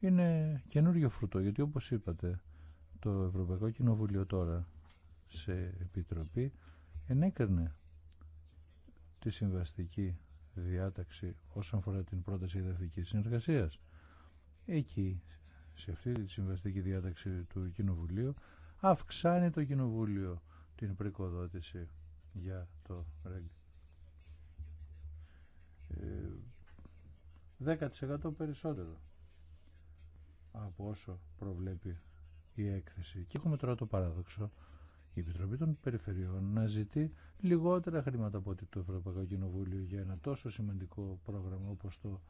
είναι καινούριο φρούτο, γιατί όπως είπατε, το Ευρωπαϊκό Κοινοβούλιο τώρα σε επιτροπή ενέκρινε τη συμβαστική διάταξη όσον αφορά την πρόταση εδαφικής συνεργασίας. Εκεί, σε αυτή τη συμβαστική διάταξη του Κοινοβουλίου, αυξάνει το Κοινοβούλιο την πρικοδότηση για το ΡΕΓ. 10% ε, περισσότερο από όσο προβλέπει η έκθεση. Και έχουμε τώρα το παράδοξο η Επιτροπή των Περιφερειών να ζητεί λιγότερα χρήματα από ότι το Ευρωπαϊκό Κοινοβούλιο για ένα τόσο σημαντικό πρόγραμμα όπως το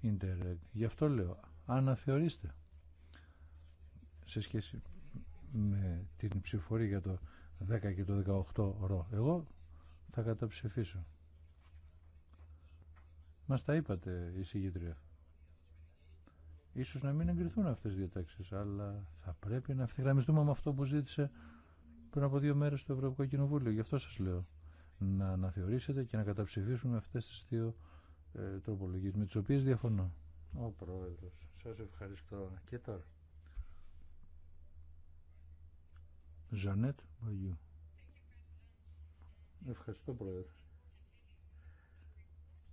Ίντερνετ Γι' αυτό λέω, αναθεωρήστε σε σχέση με την ψηφορία για το 10 και το 18 ρο. Εγώ θα καταψηφίσω. Μας τα είπατε η συγκεντρία. Ίσως να μην εγκριθούν αυτές οι διατάξεις, αλλά θα πρέπει να αυθυγραμμιστούμε με αυτό που ζήτησε πριν από δύο μέρες στο Ευρωπαϊκό Κοινοβούλιο. Γι' αυτό σας λέω να αναθεωρήσετε και να καταψηφίσουμε αυτές τις δύο ε, τροπολογίες, με τις οποίες διαφωνώ. Ο Πρόεδρος, σας ευχαριστώ. Και τώρα. Ζανέτ Μαγιού. Ευχαριστώ Πρόεδρε.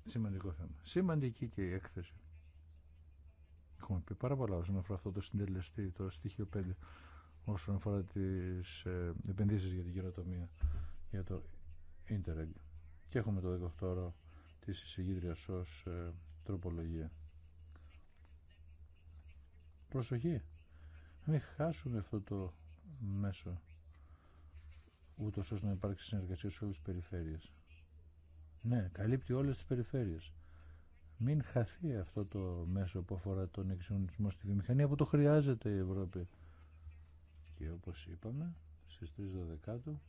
Σημαντικό θέμα. Σημαντική και η έκθεση. Έχουμε πει πάρα πολλά όσον αφορά αυτό το συντελεστή, το στοιχείο 5, όσον αφορά τι ε, επενδύσεις για την καινοτομία, για το Interreg. Και έχουμε το 18ο τη εισηγήτρια ω ε, τροπολογία. Προσοχή. Μην χάσουμε αυτό το μέσο ούτω ώστε να υπάρξει συνεργασία σε όλε τι περιφέρειες. Ναι, καλύπτει όλε τι περιφέρειες μην χαθεί αυτό το μέσο που αφορά τον εξυγχρονισμό στη βιομηχανία που το χρειάζεται η Ευρώπη. Και όπως είπαμε στις 3 Δεκάτου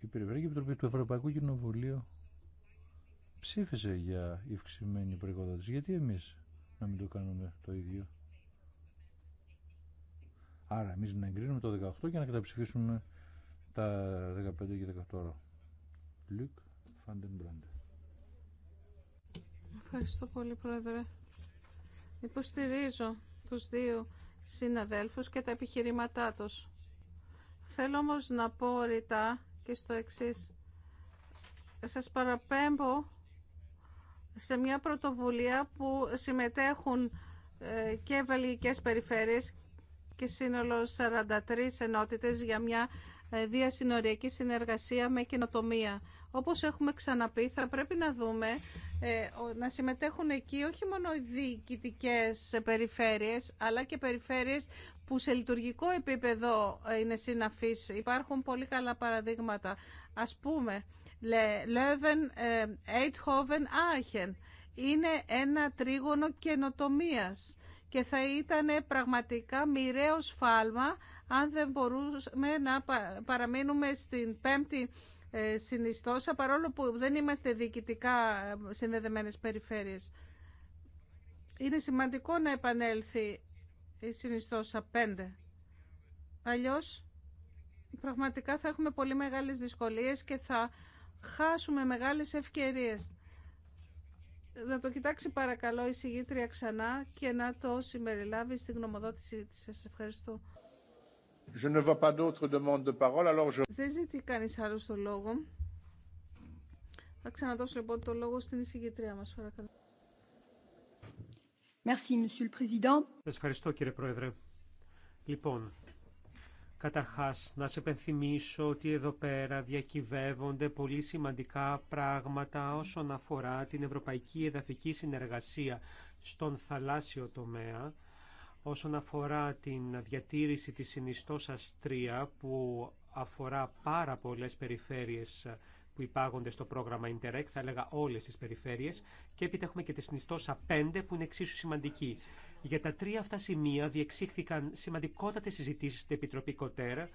η Περιφερειακή Επιτροπή του Ευρωπαϊκού Κοινοβουλίου ψήφισε για υυξημένη προϋποδότηση. Γιατί εμείς να μην το κάνουμε το ίδιο. Άρα εμείς να εγκρίνουμε το 18 και να καταψηφίσουμε τα 15 και 18. Λουκ Φαντεμπράντερ. Ευχαριστώ πολύ, Πρόεδρε. Υποστηρίζω τους δύο συναδέλφους και τα επιχειρήματά τους. Θέλω όμως να πω ρητά και στο εξής. Σας παραπέμπω σε μια πρωτοβουλία που συμμετέχουν ε, και βελγικές περιφέρειες και σύνολο 43 ενότητες για μια ε, διασυνοριακή συνεργασία με κοινοτομία. Όπως έχουμε ξαναπεί, θα πρέπει να δούμε ε, να συμμετέχουν εκεί όχι μόνο οι διοικητικέ περιφέρειες, αλλά και περιφέρειες που σε λειτουργικό επίπεδο ε, είναι συναφείς. Υπάρχουν πολύ καλά παραδείγματα. Ας πούμε, Λέβεν, ε, Έιτχόβεν, Άχεν. Είναι ένα τρίγωνο καινοτομία και θα ήταν πραγματικά μοιραίο σφάλμα αν δεν μπορούσαμε να παραμείνουμε στην πέμπτη ε, Συνιστώσα, παρόλο που δεν είμαστε διοικητικά ε, συνδεδεμένες περιφέρειες. Είναι σημαντικό να επανέλθει η συνιστόσα 5. Αλλιώς, πραγματικά θα έχουμε πολύ μεγάλες δυσκολίες και θα χάσουμε μεγάλες ευκαιρίες. Να το κοιτάξει παρακαλώ η συγγήτρια ξανά και να το συμπεριλάβει στην γνωμοδότησή της. Σας ευχαριστώ. Je ne vois pas d'autres demandes de parole, alors je... Δεν ζητεί κανείς άλλο το λόγο. Θα ξαναδώσω λοιπόν το λόγο στην εισηγητρία μας, παρακαλώ. Merci, Monsieur le Président. Ευχαριστώ, κύριε Πρόεδρε. Λοιπόν, καταρχάς να σε επενθυμίσω ότι εδώ πέρα διακυβεύονται πολύ σημαντικά πράγματα όσον αφορά την Ευρωπαϊκή Εδαφική Συνεργασία στον θαλάσσιο τομέα όσον αφορά την διατήρηση της συνιστώσας 3 που αφορά πάρα πολλές περιφέρειες που υπάγονται στο πρόγραμμα Interreg, θα έλεγα όλες τις περιφέρειες, και έπειτα έχουμε και τη συνιστόσα 5 που είναι εξίσου σημαντική. Για τα τρία αυτά σημεία διεξήχθηκαν σημαντικότατες συζητήσεις στην Επιτροπή Κοτέρα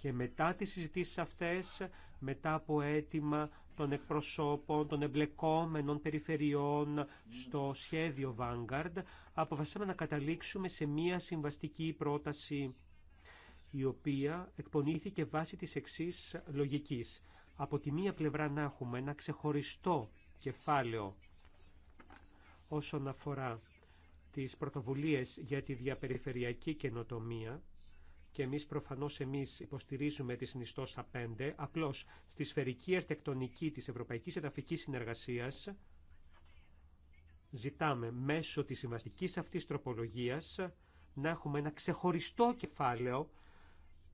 και μετά τις συζητήσεις αυτές, μετά από αίτημα των εκπροσώπων, των εμπλεκόμενων περιφερειών στο σχέδιο Vanguard, αποφασίσαμε να καταλήξουμε σε μία συμβαστική πρόταση η οποία εκπονήθηκε βάσει της εξής λογικής. Από τη μία πλευρά να έχουμε ένα ξεχωριστό κεφάλαιο όσον αφορά τις πρωτοβουλίες για τη διαπεριφερειακή καινοτομία, και εμείς προφανώς εμείς υποστηρίζουμε τη συνιστόσα 5, απλώς στη σφαιρική αρχιτεκτονική της Ευρωπαϊκής Εδαφικής Συνεργασίας ζητάμε μέσω της συμβαστικής αυτής τροπολογίας να έχουμε ένα ξεχωριστό κεφάλαιο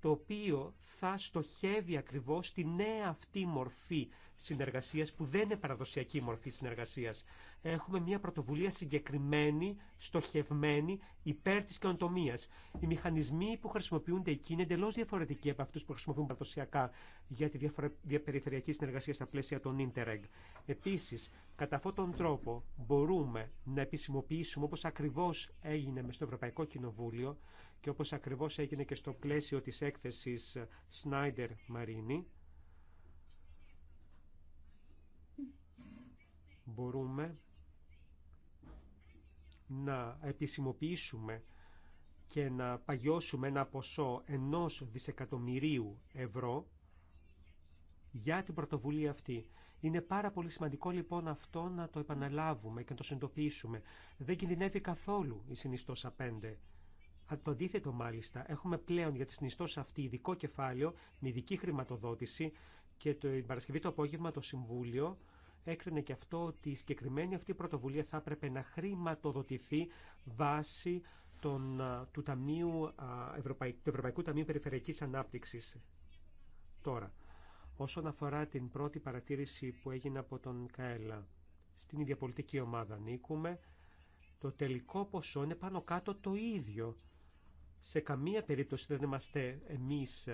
το οποίο θα στοχεύει ακριβώς τη νέα αυτή μορφή συνεργασίας που δεν είναι παραδοσιακή μορφή συνεργασίας. Έχουμε μια πρωτοβουλία συγκεκριμένη, στοχευμένη, υπέρ της καινοτομία. Οι μηχανισμοί που χρησιμοποιούνται εκεί είναι εντελώ διαφορετικοί από αυτούς που χρησιμοποιούν παραδοσιακά για τη διαπεριφερειακή συνεργασία στα πλαίσια των Interreg. Επίσης, κατά αυτόν τον τρόπο μπορούμε να επισημοποιήσουμε, όπως ακριβώς έγινε με στο Ευρωπαϊκό Κοινοβούλιο και όπως ακριβώς έγινε και στο πλαίσιο της έκθεσης Σνάιντερ Μαρίνη, μπορούμε να επισημοποιήσουμε και να παγιώσουμε ένα ποσό ενός δισεκατομμυρίου ευρώ για την πρωτοβουλία αυτή. Είναι πάρα πολύ σημαντικό λοιπόν αυτό να το επαναλάβουμε και να το συνειδητοποιήσουμε. Δεν κινδυνεύει καθόλου η συνιστόσα 5. Αν το αντίθετο μάλιστα, έχουμε πλέον για τη συνιστόσα αυτή ειδικό κεφάλαιο με ειδική χρηματοδότηση και την Παρασκευή το απόγευμα το Συμβούλιο έκρινε και αυτό ότι η συγκεκριμένη αυτή πρωτοβουλία θα έπρεπε να χρηματοδοτηθεί βάσει των, του, Ταμείου, Ευρωπαϊκού, του Ευρωπαϊκού Ταμείου Περιφερειακής Ανάπτυξης. Τώρα, όσον αφορά την πρώτη παρατήρηση που έγινε από τον ΚαΕΛΑ, στην ίδια πολιτική ομάδα ανήκουμε, το τελικό ποσό είναι πάνω κάτω το ίδιο. Σε καμία περίπτωση δεν είμαστε εμείς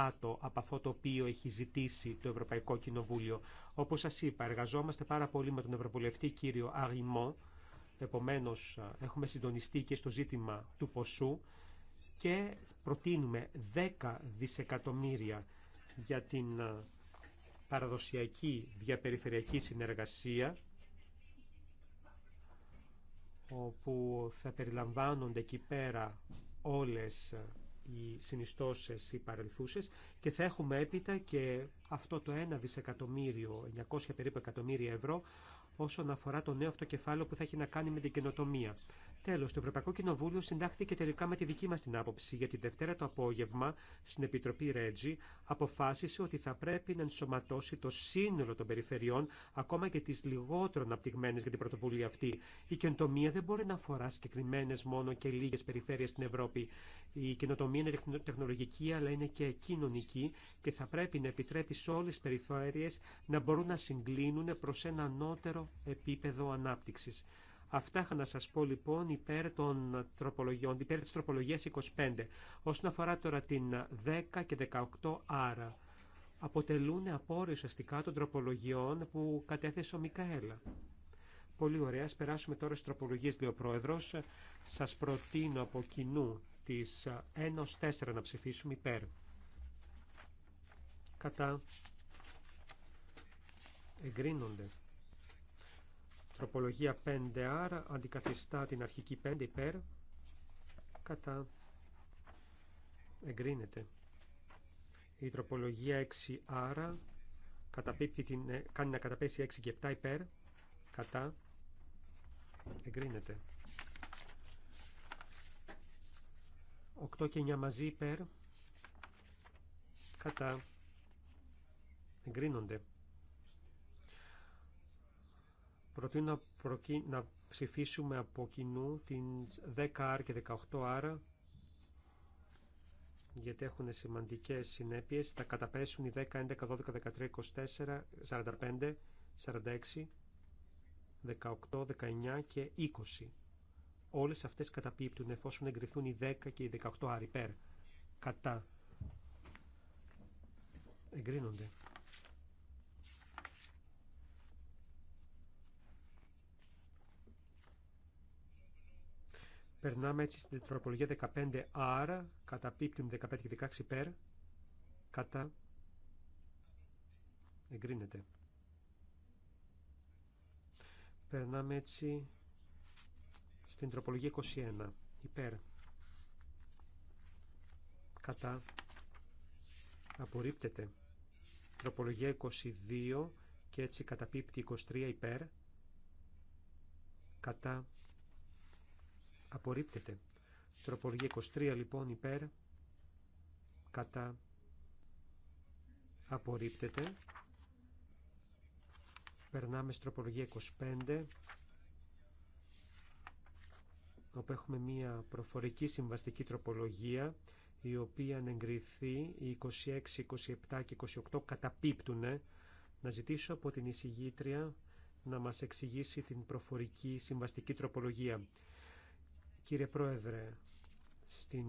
κάτω από αυτό το οποίο έχει ζητήσει το Ευρωπαϊκό Κοινοβούλιο. Όπως σας είπα, εργαζόμαστε πάρα πολύ με τον Ευρωβουλευτή κύριο Αγιμό, επομένως έχουμε συντονιστεί και στο ζήτημα του ποσού και προτείνουμε 10 δισεκατομμύρια για την παραδοσιακή διαπεριφερειακή συνεργασία όπου θα περιλαμβάνονται εκεί πέρα όλες οι συνιστώσεις οι παρελθούσες και θα έχουμε έπειτα και αυτό το 1 δισεκατομμύριο, 900 περίπου εκατομμύρια ευρώ όσον αφορά το νέο αυτό που θα έχει να κάνει με την καινοτομία. Τέλο, το Ευρωπαϊκό Κοινοβούλιο συντάχθηκε τελικά με τη δική μα την άποψη, γιατί Δευτέρα το απόγευμα στην Επιτροπή Ρέτζι αποφάσισε ότι θα πρέπει να ενσωματώσει το σύνολο των περιφερειών, ακόμα και τι λιγότερο αναπτυγμένε για την πρωτοβουλία αυτή. Η καινοτομία δεν μπορεί να αφορά συγκεκριμένε μόνο και λίγε περιφέρειες στην Ευρώπη. Η καινοτομία είναι τεχνολογική, αλλά είναι και κοινωνική και θα πρέπει να επιτρέπει σε όλες τι περιφέρειες να μπορούν να συγκλίνουν προ ένα ανώτερο επίπεδο ανάπτυξη. Αυτά είχα να σας πω λοιπόν υπέρ των τροπολογιών, υπέρ της τροπολογίας 25. Όσον αφορά τώρα την 10 και 18 άρα, αποτελούν απόρριο ουσιαστικά των τροπολογιών που κατέθεσε ο Μικαέλα. Πολύ ωραία. Ας περάσουμε τώρα στις τροπολογίες, λέει ο Πρόεδρο. Σας προτείνω από κοινού τις 1-4 να ψηφίσουμε υπέρ. Κατά. Εγκρίνονται. Τροπολογία 5 άρα αντικαθιστά την αρχική 5 υπέρ κατά εγκρίνεται. Η τροπολογία 6 άρα καταπίπτει την, ε, κάνει να καταπέσει 6 και 7 υπέρ κατά εγκρίνεται. 8 και 9 μαζί υπέρ κατά εγκρίνονται. Προτείνω να ψηφίσουμε από κοινού την 10R και 18 άρα, γιατί έχουν σημαντικές συνέπειες. Θα καταπέσουν οι 10, 11, 12, 13, 24, 45, 46, 18, 19 και 20. Όλες αυτές καταπίπτουν εφόσον εγκριθούν οι 10 και οι 18 άρι υπέρ. Κατά. Εγκρίνονται. Περνάμε έτσι στην τροπολογία 15 άρα καταπίπτουν 15 και 16 υπέρ κατά εγκρίνεται. Περνάμε έτσι στην τροπολογία 21 υπέρ κατά απορρίπτεται. Τροπολογία 22 και έτσι καταπίπτει 23 υπέρ κατά Απορρίπτεται. Τροπολογία 23 λοιπόν υπέρ. Κατά. Απορρίπτεται. Περνάμε στην τροπολογία 25 όπου έχουμε μία προφορική συμβαστική τροπολογία η οποία εγκριθεί οι 26, 27 και 28 καταπίπτουνε να ζητήσω από την εισηγήτρια να μας εξηγήσει την προφορική συμβαστική τροπολογία. Κύριε Πρόεδρε, στην,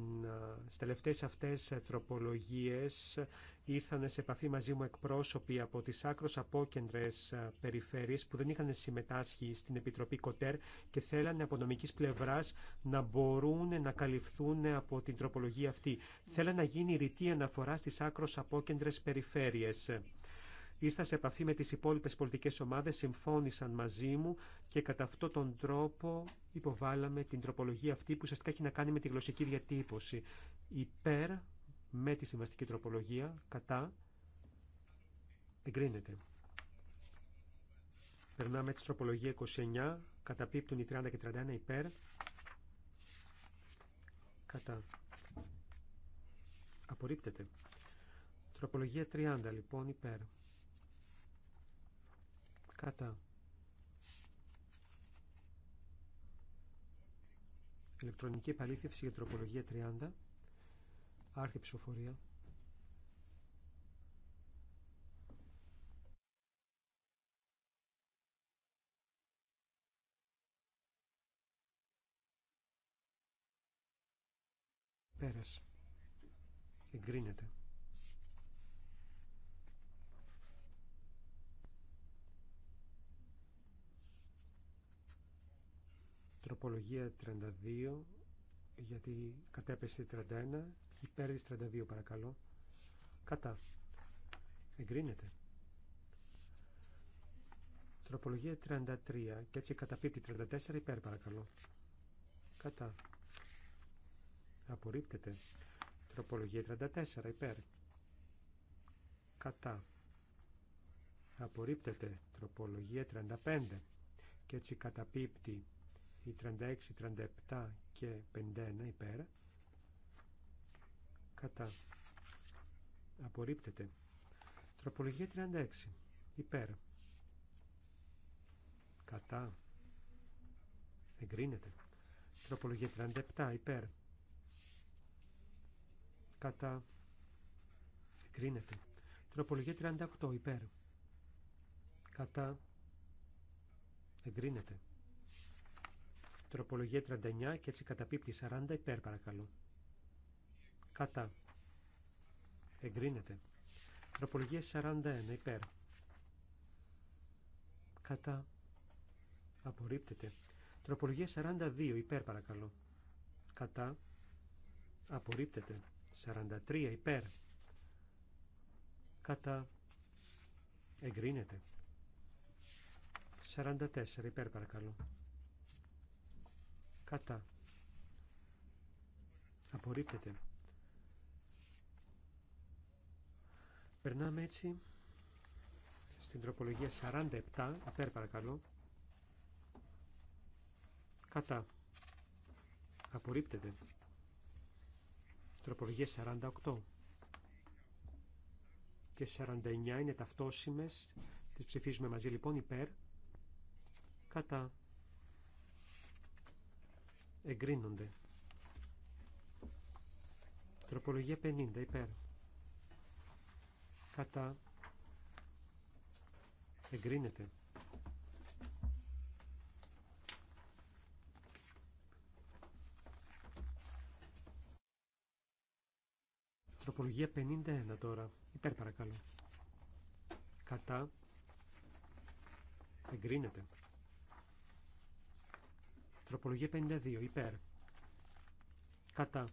στις τελευταίες αυτές τροπολογίες ήρθαν σε επαφή μαζί μου εκπρόσωποι από τις άκρως απόκεντρες περιφέρειες που δεν είχαν συμμετάσχει στην Επιτροπή Κοτέρ και θέλανε από νομικής πλευράς να μπορούν να καλυφθούν από την τροπολογία αυτή. Θέλανε να γίνει ρητή αναφορά στις άκρως απόκεντρες περιφέρειες. Ήρθα σε επαφή με τις υπόλοιπες πολιτικές ομάδες, συμφώνησαν μαζί μου και κατά αυτόν τον τρόπο υποβάλαμε την τροπολογία αυτή που ουσιαστικά έχει να κάνει με τη γλωσσική διατύπωση. Υπέρ με τη συμβαστική τροπολογία, κατά, εγκρίνεται. Περνάμε τη τροπολογία 29, καταπίπτουν οι 30 και 31 υπέρ, κατά. Απορρίπτεται. Τροπολογία 30, λοιπόν, υπέρ. Κατά. Ηλεκτρονική επαλήθευση για τροπολογία 30. Άρχη ψηφοφορία. Πέρασε. Εγκρίνεται. Τροπολογία 32, γιατί κατέπεσε 31, υπέρ 32 παρακαλώ. Κατά. Εγκρίνεται. Τροπολογία 33 και έτσι καταπίπτει 34 υπέρ παρακαλώ. Κατά. Απορρίπτεται. Τροπολογία 34 υπέρ. Κατά. Απορρίπτεται. Τροπολογία 35 και έτσι καταπίπτει η 36, 37 και 51 υπέρ κατά απορρίπτεται τροπολογία 36 υπέρ κατά εγκρίνεται τροπολογία 37 υπέρ κατά εγκρίνεται τροπολογία 38 υπέρ κατά εγκρίνεται Τροπολογία 39 και έτσι καταπίπτει 40 υπέρ παρακαλώ. Κατά. Εγκρίνεται. Τροπολογία 41 υπέρ. Κατά. Απορρίπτεται. Τροπολογία 42 υπέρ παρακαλώ. Κατά. Απορρίπτεται. 43 υπέρ. Κατά. Εγκρίνεται. 44 υπέρ παρακαλώ. Κατά. Απορρίπτεται. Περνάμε έτσι στην τροπολογία 47, Απέρ παρακαλώ. Κατά. Απορρίπτεται. Τροπολογία 48 και 49 είναι ταυτόσιμες. Τις ψηφίζουμε μαζί λοιπόν υπέρ. Κατά εγκρίνονται. Τροπολογία 50 υπέρ. Κατά. Εγκρίνεται. Τροπολογία 51 τώρα. Υπέρ παρακαλώ. Κατά. Εγκρίνεται. Τροπολογία 52 υπέρ. Κατά.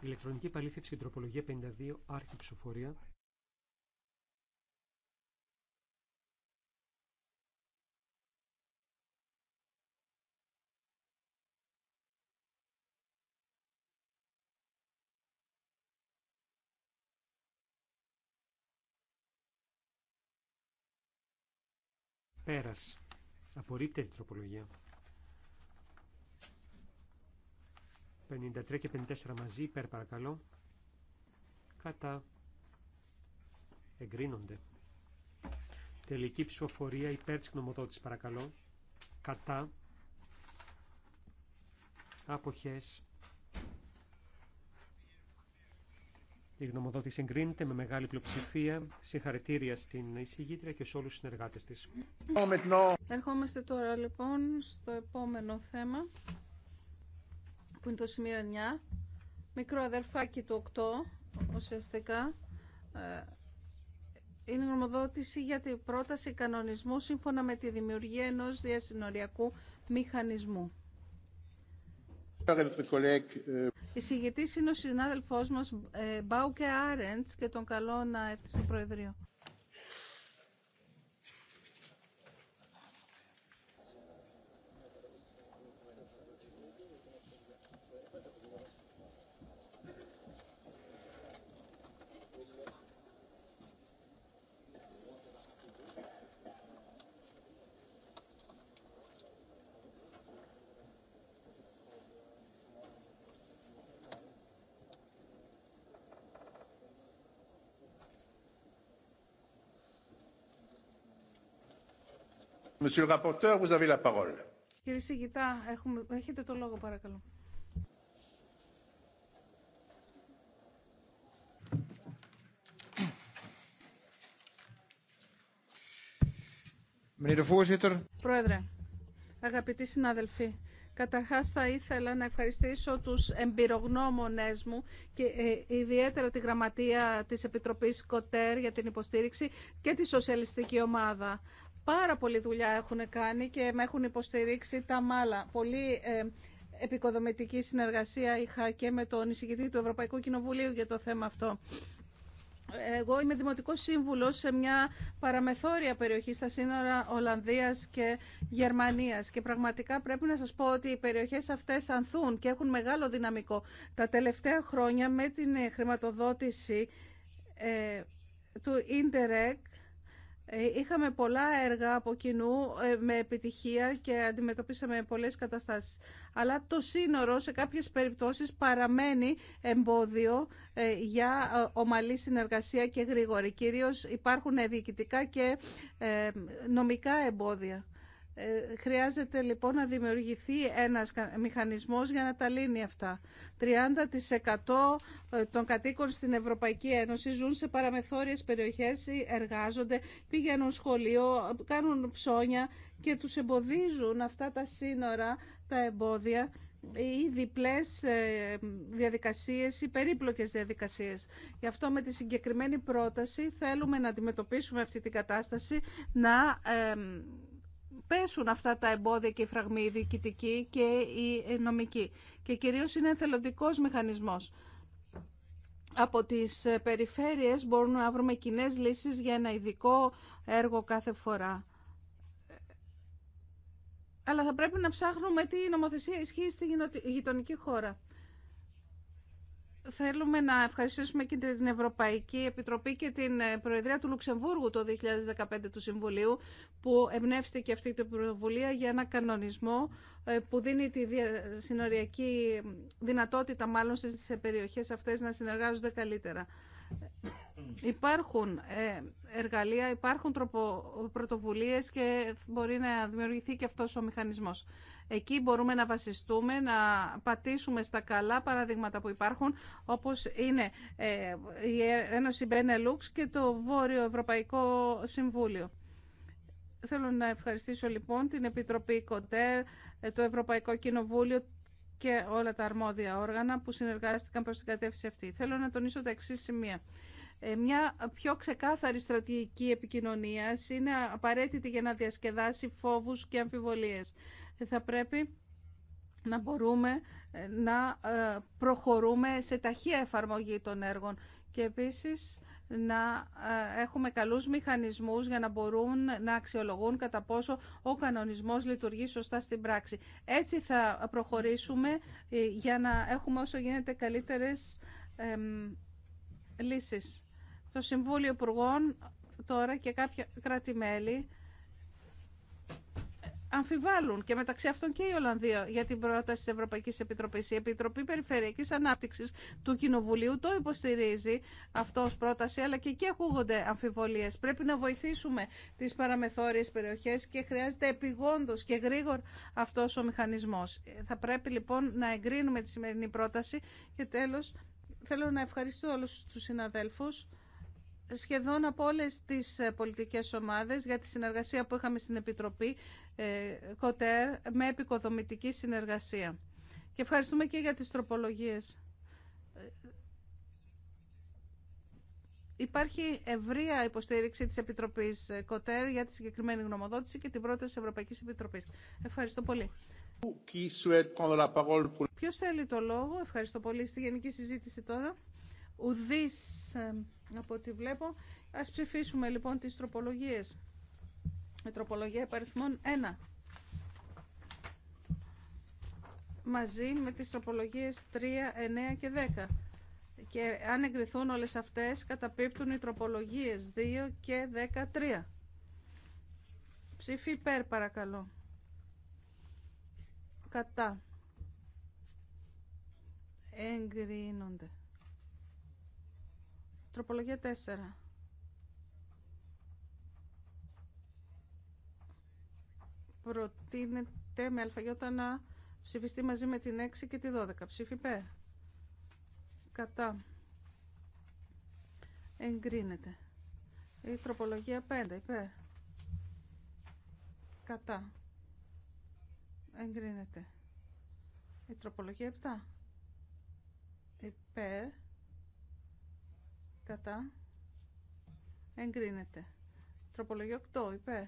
Ηλεκτρονική επαλήθευση και τροπολογία 52 άρχη ψηφοφορία. Πέρας. Απορρίπτεται η τροπολογία. 53 και 54 μαζί, υπέρ παρακαλώ. Κατά. Εγκρίνονται. Τελική ψηφοφορία υπέρ της γνωμοδότησης παρακαλώ. Κατά. Αποχές. Η γνωμοδότηση εγκρίνεται με μεγάλη πλειοψηφία. Συγχαρητήρια στην εισηγήτρια και σε όλους τους συνεργάτε της. Ερχόμαστε τώρα λοιπόν στο επόμενο θέμα που είναι το σημείο 9. Μικρό αδερφάκι του 8 ουσιαστικά ε, είναι γνωμοδότηση για την πρόταση κανονισμού σύμφωνα με τη δημιουργία ενός διασυνοριακού μηχανισμού. Ε, Η συγγετής είναι ο συνάδελφός μας ε, Μπάουκε Άρεντς και τον καλό να έρθει στο Προεδρείο. Monsieur Κύριε Σιγητά, έχετε το λόγο παρακαλώ. Πρόεδρε, αγαπητοί συνάδελφοι, καταρχάς θα ήθελα να ευχαριστήσω τους εμπειρογνώμονές μου και ε, ιδιαίτερα τη Γραμματεία της Επιτροπής ΚΟΤΕΡ για την υποστήριξη και τη Σοσιαλιστική Ομάδα. Πάρα πολλή δουλειά έχουν κάνει και με έχουν υποστηρίξει τα μάλα. Πολύ ε, επικοδομητική συνεργασία είχα και με τον εισηγητή του Ευρωπαϊκού Κοινοβουλίου για το θέμα αυτό. Εγώ είμαι δημοτικό σύμβουλο σε μια παραμεθόρια περιοχή στα σύνορα Ολλανδίας και Γερμανία. και πραγματικά πρέπει να σα πω ότι οι περιοχέ αυτέ ανθούν και έχουν μεγάλο δυναμικό. Τα τελευταία χρόνια με την χρηματοδότηση ε, του Ιντερεκ ε, είχαμε πολλά έργα από κοινού ε, με επιτυχία και αντιμετωπίσαμε πολλές καταστάσεις. Αλλά το σύνορο σε κάποιες περιπτώσεις παραμένει εμπόδιο ε, για ομαλή συνεργασία και γρήγορη. Κυρίως υπάρχουν διοικητικά και νομικά εμπόδια. Ε, χρειάζεται λοιπόν να δημιουργηθεί ένας μηχανισμός για να τα λύνει αυτά. 30% ε, των κατοίκων στην Ευρωπαϊκή Ένωση ζουν σε παραμεθόριες περιοχές, εργάζονται, πηγαίνουν σχολείο, κάνουν ψώνια και τους εμποδίζουν αυτά τα σύνορα, τα εμπόδια ή διπλές ε, διαδικασίες ή περίπλοκες διαδικασίες. Γι' αυτό με τη συγκεκριμένη πρόταση θέλουμε να αντιμετωπίσουμε αυτή την κατάσταση, να πέσουν αυτά τα εμπόδια και οι φραγμοί διοικητικοί και οι νομικοί. Και κυρίως είναι εθελοντικός μηχανισμός. Από τις ε, περιφέρειες μπορούμε να βρούμε κοινέ λύσεις για ένα ειδικό έργο κάθε φορά. Αλλά θα πρέπει να ψάχνουμε τι νομοθεσία ισχύει στη γειτονική χώρα. Θέλουμε να ευχαριστήσουμε και την Ευρωπαϊκή Επιτροπή και την ε, Προεδρία του Λουξεμβούργου το 2015 του Συμβουλίου που εμπνεύστηκε αυτή την πρωτοβουλία για ένα κανονισμό ε, που δίνει τη συνοριακή δυνατότητα μάλλον στις περιοχές αυτές να συνεργάζονται καλύτερα. Υπάρχουν ε, εργαλεία, υπάρχουν τροπο, πρωτοβουλίες και μπορεί να δημιουργηθεί και αυτός ο μηχανισμός. Εκεί μπορούμε να βασιστούμε, να πατήσουμε στα καλά παραδείγματα που υπάρχουν, όπως είναι ε, η Ένωση Benelux και το Βόρειο Ευρωπαϊκό Συμβούλιο. Θέλω να ευχαριστήσω λοιπόν την Επιτροπή Κοντέρ, ε, το Ευρωπαϊκό Κοινοβούλιο, και όλα τα αρμόδια όργανα που συνεργάστηκαν προς την κατεύθυνση αυτή. Θέλω να τονίσω τα εξή σημεία. Ε, μια πιο ξεκάθαρη στρατηγική επικοινωνίας είναι απαραίτητη για να διασκεδάσει φόβους και αμφιβολίες. Ε, θα πρέπει να μπορούμε ε, να προχωρούμε σε ταχεία εφαρμογή των έργων και επίσης να έχουμε καλούς μηχανισμούς για να μπορούν να αξιολογούν κατά πόσο ο κανονισμός λειτουργεί σωστά στην πράξη. Έτσι θα προχωρήσουμε για να έχουμε όσο γίνεται καλύτερες λύσεις. Το Συμβούλιο Υπουργών τώρα και κάποια κράτη-μέλη αμφιβάλλουν και μεταξύ αυτών και η Ολλανδία για την πρόταση της Ευρωπαϊκής Επιτροπής. Η Επιτροπή Περιφερειακής Ανάπτυξης του Κοινοβουλίου το υποστηρίζει αυτό ως πρόταση, αλλά και εκεί ακούγονται αμφιβολίες. Πρέπει να βοηθήσουμε τις παραμεθόριες περιοχέ και χρειάζεται επιγόντως και γρήγορα αυτός ο μηχανισμός. Θα πρέπει λοιπόν να εγκρίνουμε τη σημερινή πρόταση και Θέλω να ευχαριστώ όλους τους συναδέλφους σχεδόν από όλες τις ε, πολιτικές ομάδες για τη συνεργασία που είχαμε στην Επιτροπή ε, ΚΟΤΕΡ με επικοδομητική συνεργασία. Και ευχαριστούμε και για τις τροπολογίες. Ε, υπάρχει ευρεία υποστήριξη της Επιτροπής ΚΟΤΕΡ για τη συγκεκριμένη γνωμοδότηση και την πρόταση της Ευρωπαϊκής Επιτροπής. Ευχαριστώ πολύ. Ποιο θέλει το λόγο, ευχαριστώ πολύ στη γενική συζήτηση τώρα. Ουδή ε, από ό,τι βλέπω. Α ψηφίσουμε λοιπόν τι τροπολογίε. Η τροπολογία υπαριθμών 1. Μαζί με τις τροπολογίες 3, 9 και 10. Και αν εγκριθούν όλες αυτές, καταπίπτουν οι τροπολογίες 2 και 13. Ψήφι υπέρ παρακαλώ κατά εγκρίνονται. Τροπολογία 4. Προτείνεται με αλφαγιώτα να ψηφιστεί μαζί με την 6 και τη 12. Ψήφι π. Κατά. Εγκρίνεται. Η τροπολογία 5 υπέρ. Κατά εγκρίνεται. Η τροπολογία 7. Υπέρ. Κατά. Εγκρίνεται. Τροπολογία 8. Υπέρ.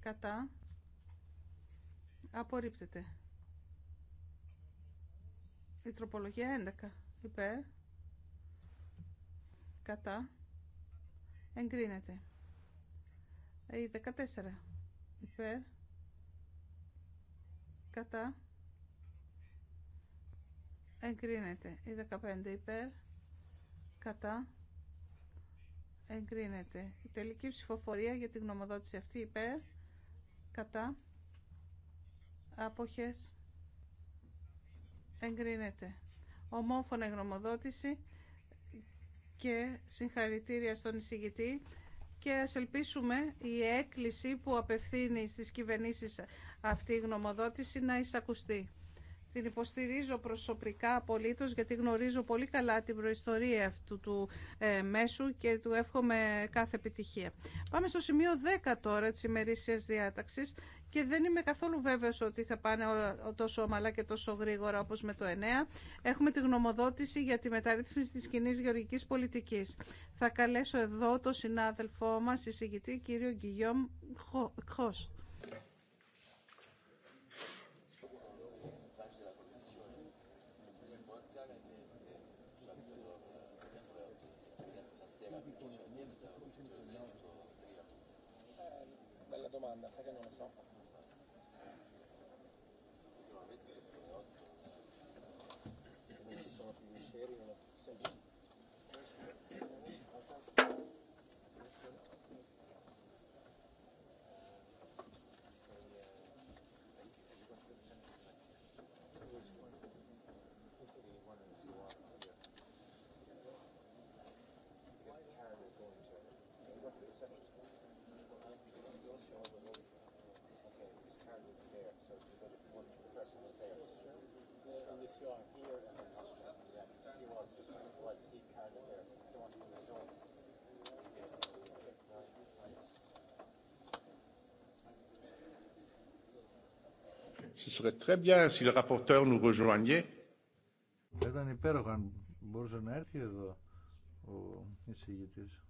Κατά. Απορρίπτεται. Η τροπολογία 11. Υπέρ. Κατά. Εγκρίνεται. Η 14 υπέρ κατά εγκρίνεται η 15 υπέρ κατά εγκρίνεται η τελική ψηφοφορία για την γνωμοδότηση αυτή υπέρ κατά άποχες εγκρίνεται ομόφωνα γνωμοδότηση και συγχαρητήρια στον εισηγητή και ας ελπίσουμε η έκκληση που απευθύνει στις κυβερνήσεις αυτή η γνωμοδότηση να εισακουστεί. Την υποστηρίζω προσωπικά απολύτως γιατί γνωρίζω πολύ καλά την προϊστορία αυτού του ε, μέσου και του εύχομαι κάθε επιτυχία. Πάμε στο σημείο 10 τώρα της ημερήσιας διάταξης και δεν είμαι καθόλου βέβαιος ότι θα πάνε τόσο ομαλά και τόσο γρήγορα όπως με το 9. Έχουμε τη γνωμοδότηση για τη μεταρρύθμιση της κοινή γεωργικής πολιτικής. Θα καλέσω εδώ τον συνάδελφό μας, εισηγητή κύριο Γκυγιόμ Χος. domanda, sai che non lo so. Ce serait très bien si le rapporteur nous rejoignait. Ça serait υπέροχο αν μπορούσε να έρθει εδώ ο εισηγητής.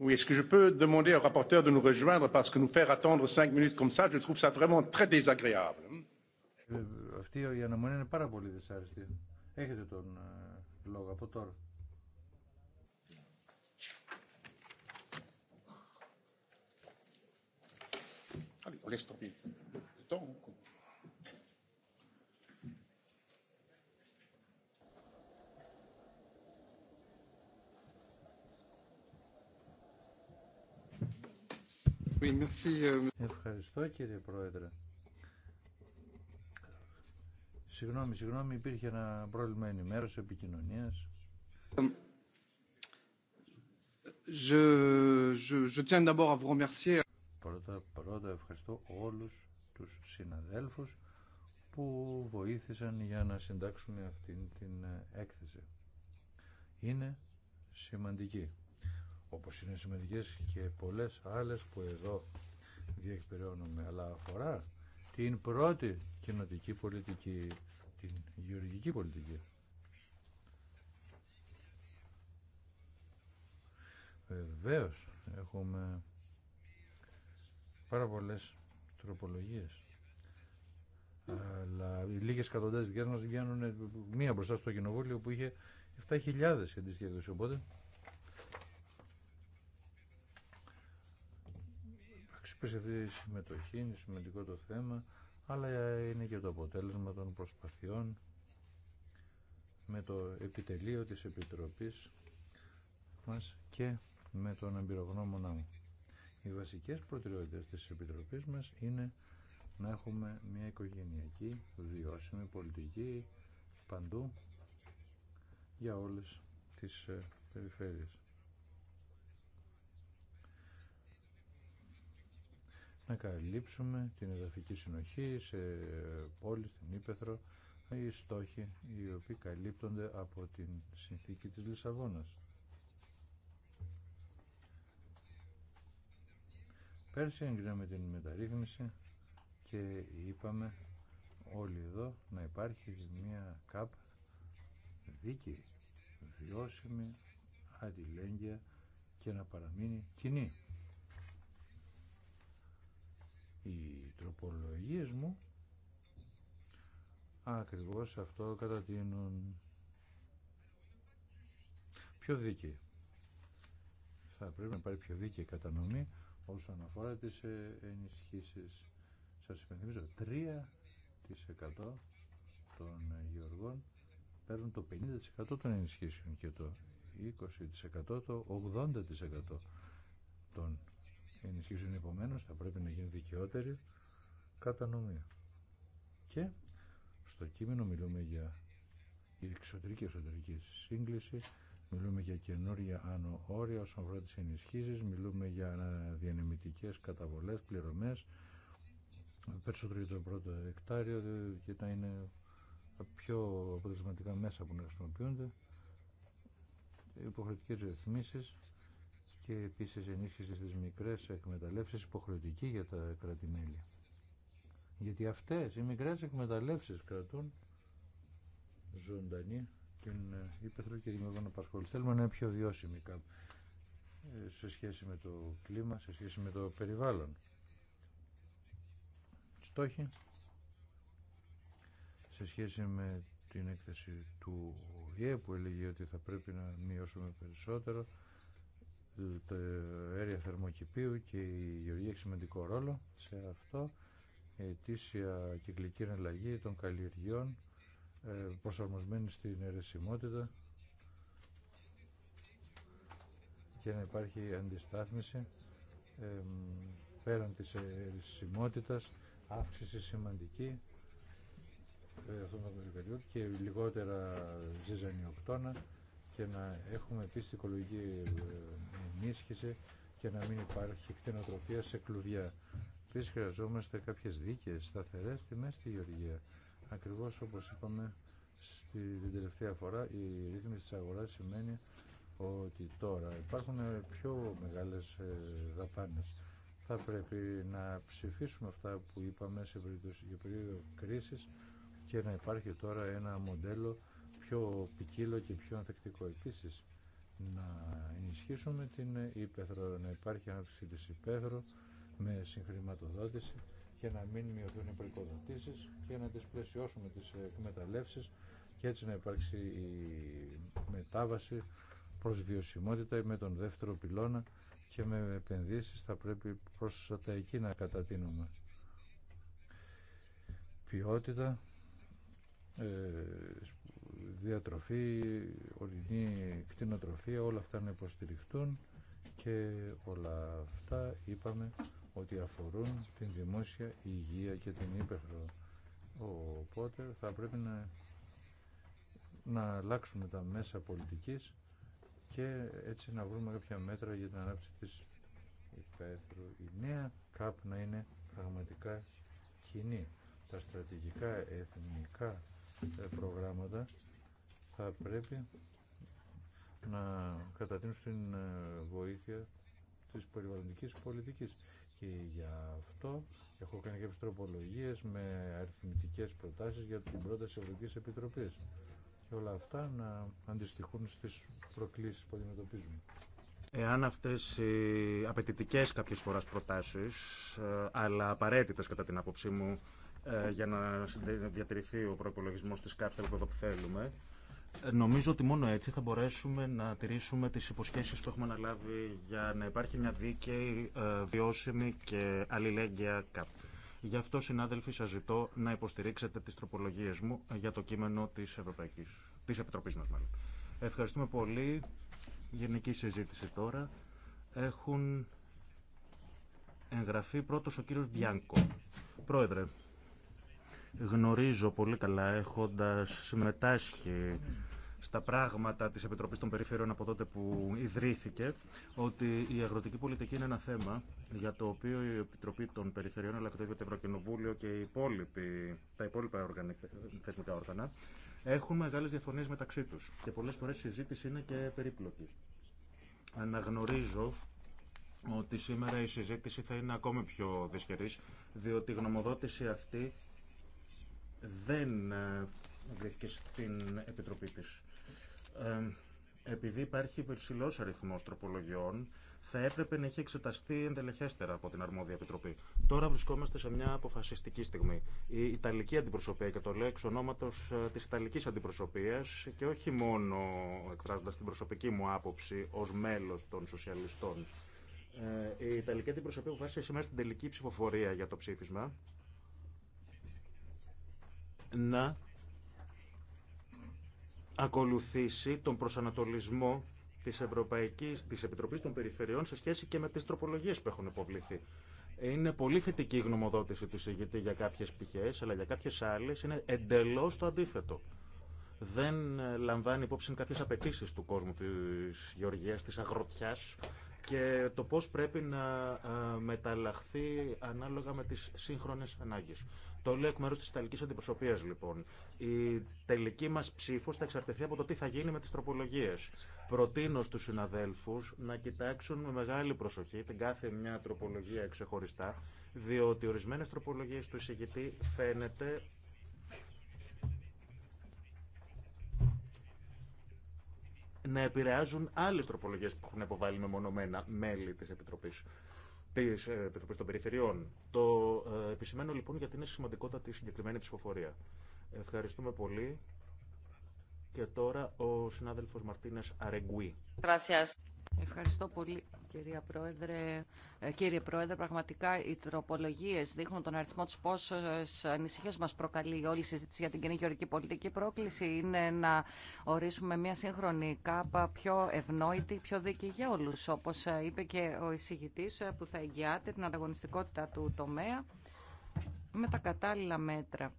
Oui, est-ce que je peux demander au rapporteur de nous rejoindre parce que nous faire attendre cinq minutes comme ça, je trouve ça vraiment très désagréable. Allez, on laisse tomber le temps. Euh, ευχαριστώ κύριε Πρόεδρε. Συγγνώμη, συγγνώμη, υπήρχε ένα πρόβλημα ενημέρωση επικοινωνία. Euh, πρώτα, πρώτα ευχαριστώ όλους τους συναδέλφους που βοήθησαν για να συντάξουμε αυτήν την ε, έκθεση. Είναι σημαντική όπως είναι σημαντικές και πολλές άλλες που εδώ διεκπαιρεώνουμε, αλλά αφορά την πρώτη κοινοτική πολιτική, την γεωργική πολιτική. Βεβαίω έχουμε πάρα πολλές τροπολογίες. Αλλά οι λίγες εκατοντάδες δικές μας βγαίνουν μία μπροστά στο κοινοβούλιο που είχε 7.000 αντίστοιχες. Οπότε υπήρξε αυτή η συμμετοχή, είναι σημαντικό το θέμα, αλλά είναι και το αποτέλεσμα των προσπαθειών με το επιτελείο της Επιτροπής μας και με τον εμπειρογνώμονά μου. Οι βασικές προτεραιότητες της Επιτροπής μας είναι να έχουμε μια οικογενειακή, βιώσιμη πολιτική παντού για όλες τις ε, περιφέρειες. να καλύψουμε την εδαφική συνοχή σε πόλεις, την Ήπεθρο, οι στόχοι οι οποίοι καλύπτονται από την συνθήκη της Λισαβόνας. Πέρσι εγκρίναμε την μεταρρύθμιση και είπαμε όλοι εδώ να υπάρχει μια ΚΑΠ δίκη βιώσιμη, αντιλέγγυα και να παραμείνει κοινή. Οι τροπολογίες μου ακριβώς αυτό κατατείνουν πιο δίκαιη. Θα πρέπει να πάρει πιο δίκαιη κατανομή όσον αφορά τις ε, ενισχύσεις. Σας υπενθυμίζω, 3% των γεωργών παίρνουν το 50% των ενισχύσεων και το 20% το 80% των ενισχύσουν επομένω, θα πρέπει να γίνει δικαιότερη κατανομή. Και στο κείμενο μιλούμε για εξωτερική εσωτερική σύγκληση, μιλούμε για καινούργια άνω όρια όσον αφορά τις ενισχύσεις, μιλούμε για διανεμητικές καταβολές, πληρωμές, περισσότερο για το πρώτο εκτάριο και να είναι τα πιο αποτελεσματικά μέσα που να χρησιμοποιούνται, υποχρεωτικές ρυθμίσει και επίσης ενίσχυση στις μικρές εκμεταλλεύσεις υποχρεωτική για τα κρατημέλη. Γιατί αυτές οι μικρές εκμεταλλεύσεις κρατούν ζωντανή την ύπεθρο ε, και δημιουργούν απασχόληση. Θέλουμε να είναι πιο βιώσιμη ε, σε σχέση με το κλίμα, σε σχέση με το περιβάλλον. Στόχοι σε σχέση με την έκθεση του ΟΗΕ που έλεγε ότι θα πρέπει να μειώσουμε περισσότερο το αέρια θερμοκηπίου και η γεωργία έχει σημαντικό ρόλο σε αυτό αιτήσια κυκλική εναλλαγή των καλλιεργιών ε, προσαρμοσμένη στην αιρεσιμότητα και να υπάρχει αντιστάθμιση πέραν της αιρεσιμότητας αύξηση σημαντική ε, το και λιγότερα ζυζανιοκτώνα και να έχουμε επίσης οικολογική ε, ενίσχυση και να μην υπάρχει κτηνοτροφία σε κλουβιά. Επίσης χρειαζόμαστε κάποιες δίκαιες σταθερές τιμέ στη Γεωργία. Ακριβώς όπως είπαμε στην τελευταία φορά η ρύθμιση της αγοράς σημαίνει ότι τώρα υπάρχουν ε, πιο μεγάλες ε, δαπάνε. Θα πρέπει να ψηφίσουμε αυτά που είπαμε σε περίοδο κρίσης και να υπάρχει τώρα ένα μοντέλο πιο ποικίλο και πιο ανθεκτικό. επίση. να ενισχύσουμε την υπέθρο, να υπάρχει ανάπτυξη τη υπέθρο με συγχρηματοδότηση και να μην μειωθούν οι προποδοτήσει και να τι πλαισιώσουμε τι εκμεταλλεύσει και έτσι να υπάρξει η μετάβαση προς βιωσιμότητα με τον δεύτερο πυλώνα και με επενδύσει θα πρέπει προς τα εκεί να κατατείνουμε. Ποιότητα, ε, διατροφή, ορεινή κτηνοτροφία, όλα αυτά να υποστηριχτούν και όλα αυτά είπαμε ότι αφορούν την δημόσια υγεία και την ύπεθρο. Οπότε θα πρέπει να, να αλλάξουμε τα μέσα πολιτικής και έτσι να βρούμε κάποια μέτρα για την ανάπτυξη της υπαίθρου. Η νέα κάπου να είναι πραγματικά κοινή. Τα στρατηγικά εθνικά ε, προγράμματα θα πρέπει να κατατείνουν στην ε, βοήθεια της περιβαλλοντικής πολιτικής. Και για αυτό έχω κάνει κάποιες τροπολογίες με αριθμητικές προτάσεις για την πρόταση Ευρωπαϊκής Επιτροπής. Και όλα αυτά να αντιστοιχούν στις προκλήσεις που αντιμετωπίζουμε. Εάν αυτές οι απαιτητικές κάποιες φορές προτάσεις, ε, αλλά απαραίτητες κατά την άποψή μου, ε, για να διατηρηθεί ο προπολογισμό τη κάρτα που εδώ που θέλουμε. Ε, νομίζω ότι μόνο έτσι θα μπορέσουμε να τηρήσουμε τις υποσχέσεις που έχουμε αναλάβει για να υπάρχει μια δίκαιη, ε, βιώσιμη και αλληλέγγυα ΚΑΠ. Γι' αυτό, συνάδελφοι, σας ζητώ να υποστηρίξετε τις τροπολογίες μου για το κείμενο της, Ευρωπαϊκής, της Επιτροπής μας. Μάλλον. Ευχαριστούμε πολύ. Γενική συζήτηση τώρα. Έχουν εγγραφεί πρώτος ο κύριος Μπιάνκο. Πρόεδρε, γνωρίζω πολύ καλά έχοντας συμμετάσχει στα πράγματα της Επιτροπής των Περιφέρειων από τότε που ιδρύθηκε ότι η αγροτική πολιτική είναι ένα θέμα για το οποίο η Επιτροπή των Περιφερειών αλλά και το ίδιο Ευρωκοινοβούλιο και οι υπόλοιποι, τα υπόλοιπα θεσμικά όργανα έχουν μεγάλες διαφωνίες μεταξύ τους και πολλές φορές η συζήτηση είναι και περίπλοκη. Αναγνωρίζω ότι σήμερα η συζήτηση θα είναι ακόμη πιο δυσχερής διότι η γνωμοδότηση αυτή δεν ε, βρέθηκε στην Επιτροπή της. Ε, επειδή υπάρχει υψηλό αριθμό τροπολογιών, θα έπρεπε να είχε εξεταστεί εντελεχέστερα από την αρμόδια επιτροπή. Τώρα βρισκόμαστε σε μια αποφασιστική στιγμή. Η Ιταλική αντιπροσωπεία, και το λέω εξ ονόματο ε, τη Ιταλική αντιπροσωπεία, και όχι μόνο εκφράζοντα την προσωπική μου άποψη ω μέλο των σοσιαλιστών. Η Ιταλική αντιπροσωπεία αποφάσισε σήμερα στην τελική ψηφοφορία για το ψήφισμα να ακολουθήσει τον προσανατολισμό της Ευρωπαϊκής, της Επιτροπής των Περιφερειών σε σχέση και με τις τροπολογίες που έχουν υποβληθεί. Είναι πολύ θετική η γνωμοδότηση του εισηγητή για κάποιες πτυχές, αλλά για κάποιες άλλες είναι εντελώς το αντίθετο. Δεν ε, λαμβάνει υπόψη κάποιες απαιτήσει του κόσμου της γεωργίας, της αγροτιάς, και το πώς πρέπει να ε, μεταλλαχθεί ανάλογα με τις σύγχρονες ανάγκες. Το λέω εκ μέρου τη Ιταλική Αντιπροσωπεία, λοιπόν. Η τελική μα ψήφο θα εξαρτηθεί από το τι θα γίνει με τι τροπολογίε. Προτείνω στου συναδέλφου να κοιτάξουν με μεγάλη προσοχή την κάθε μια τροπολογία ξεχωριστά, διότι ορισμένε τροπολογίε του εισηγητή φαίνεται να επηρεάζουν άλλε τροπολογίε που έχουν υποβάλει μεμονωμένα μέλη της Επιτροπής τη ε, Επιτροπή των Περιφερειών. Το ε, επισημαίνω λοιπόν γιατί είναι σημαντικότατη η συγκεκριμένη ψηφοφορία. Ευχαριστούμε πολύ. Και τώρα ο συνάδελφος Μαρτίνες Αρεγκουή. Ευχαριστώ πολύ. Κυρία Πρόεδρε, ε, κύριε Πρόεδρε, πραγματικά οι τροπολογίε δείχνουν τον αριθμό τη πόσε ανησυχίε μα προκαλεί όλη η συζήτηση για την κοινή γεωργική πολιτική. Η πρόκληση είναι να ορίσουμε μια σύγχρονη κάπα πιο ευνόητη, πιο δίκαιη για όλου. Όπω ε, είπε και ο εισηγητή, ε, που θα εγγυάται την ανταγωνιστικότητα του τομέα με τα κατάλληλα μέτρα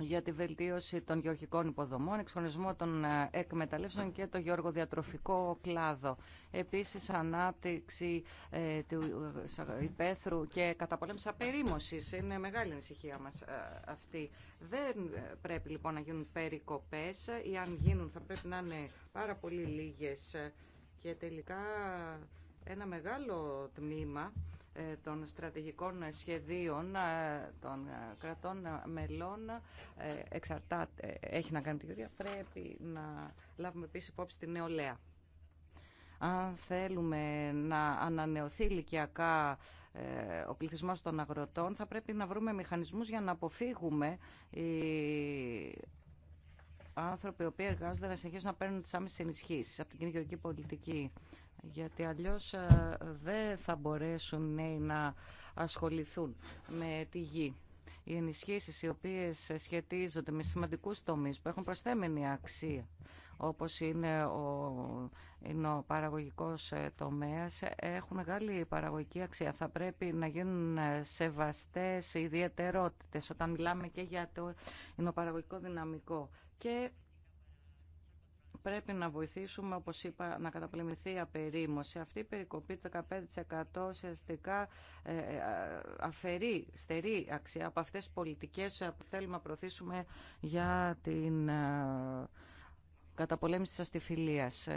για τη βελτίωση των γεωργικών υποδομών, εξονισμό των ε, εκμεταλλεύσεων και το γεωργοδιατροφικό κλάδο. Επίσης, ανάπτυξη ε, του ε, υπαίθρου και καταπολέμηση απερίμωσης. Είναι μεγάλη ανησυχία μας αυτή. Δεν πρέπει λοιπόν να γίνουν περικοπές ή αν γίνουν θα πρέπει να είναι πάρα πολύ λίγες και τελικά ένα μεγάλο τμήμα ε, των στρατηγικών σχεδίων ε, των ε, κρατών μελών εξαρτάται, έχει να κάνει τη γεωργία, πρέπει να λάβουμε επίσης υπόψη τη νεολαία. Αν θέλουμε να ανανεωθεί ηλικιακά ο πληθυσμός των αγροτών, θα πρέπει να βρούμε μηχανισμούς για να αποφύγουμε άνθρωποι οι οποίοι εργάζονται να συνεχίσουν να παίρνουν τις άμεσες ενισχύσεις από την κοινωνική πολιτική γιατί αλλιώς ε, δεν θα μπορέσουν νέοι να ασχοληθούν με τη γη. Οι ενισχύσεις οι οποίες σχετίζονται με σημαντικούς τομείς που έχουν προσθέμενη αξία, όπως είναι ο, είναι ο παραγωγικός ε, τομέας, έχουν μεγάλη παραγωγική αξία. Θα πρέπει να γίνουν ε, σεβαστές ιδιαιτερότητες όταν μιλάμε και για το παραγωγικό δυναμικό. Και πρέπει να βοηθήσουμε, όπως είπα, να καταπολεμηθεί η απερίμωση. Αυτή η περικοπή του 15% ουσιαστικά αφαιρεί, στερεί αξία από αυτές τις πολιτικές που θέλουμε να προωθήσουμε για την καταπολέμηση της αστιφιλίας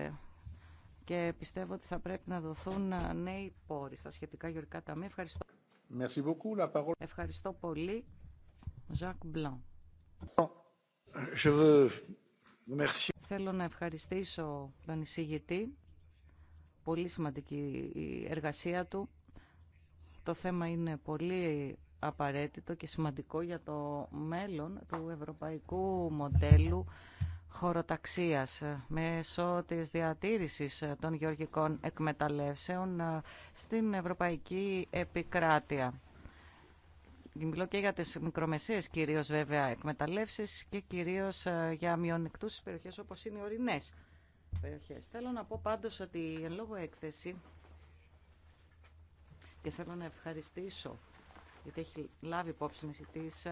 και πιστεύω ότι θα πρέπει να δοθούν νέοι πόροι στα σχετικά γεωργικά ταμεία. Ευχαριστώ. Merci beaucoup. La parole... Ευχαριστώ πολύ. Jacques Blanc. Je veux Θέλω να ευχαριστήσω τον εισηγητή. Πολύ σημαντική η εργασία του. Το θέμα είναι πολύ απαραίτητο και σημαντικό για το μέλλον του ευρωπαϊκού μοντέλου χωροταξίας μέσω της διατήρησης των γεωργικών εκμεταλλεύσεων στην ευρωπαϊκή επικράτεια μιλώ και για τις μικρομεσαίες κυρίως βέβαια εκμεταλλεύσεις και κυρίως ε, για μειονεκτούς περιοχές όπως είναι οι ορεινές περιοχές. Θέλω να πω πάντως ότι εν λόγω έκθεση και θέλω να ευχαριστήσω γιατί έχει λάβει υπόψη μεσητής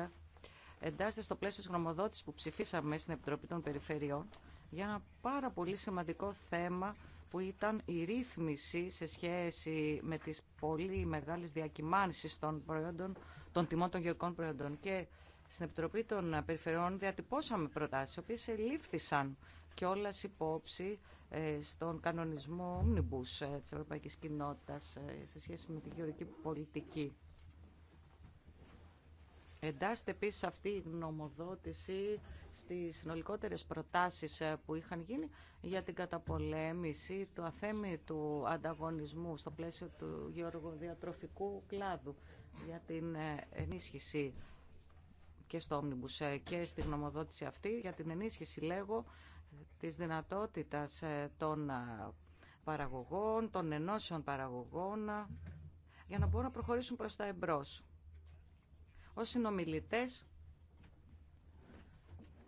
εντάσσεται στο πλαίσιο της γνωμοδότησης που ψηφίσαμε στην Επιτροπή των Περιφερειών για ένα πάρα πολύ σημαντικό θέμα που ήταν η ρύθμιση σε σχέση με τις πολύ μεγάλες διακυμάνσεις των προϊόντων, των τιμών των γεωργικών προϊόντων. Και στην Επιτροπή των Περιφερειών διατυπώσαμε προτάσεις, οι οποίες ελήφθησαν και όλα υπόψη ε, στον κανονισμό Omnibus ε, της Ευρωπαϊκής Κοινότητας ε, σε σχέση με τη γεωργική πολιτική. Εντάσσεται επίσης αυτή η γνωμοδότηση στις συνολικότερες προτάσεις ε, που είχαν γίνει για την καταπολέμηση του αθέμη του ανταγωνισμού στο πλαίσιο του γεωργοδιατροφικού κλάδου για την ε, ενίσχυση και στο Όμνιμπους ε, και στη γνωμοδότηση αυτή για την ενίσχυση λέγω της δυνατότητας των παραγωγών, των ενώσεων παραγωγών για να μπορούν να προχωρήσουν προς τα εμπρός ως συνομιλητές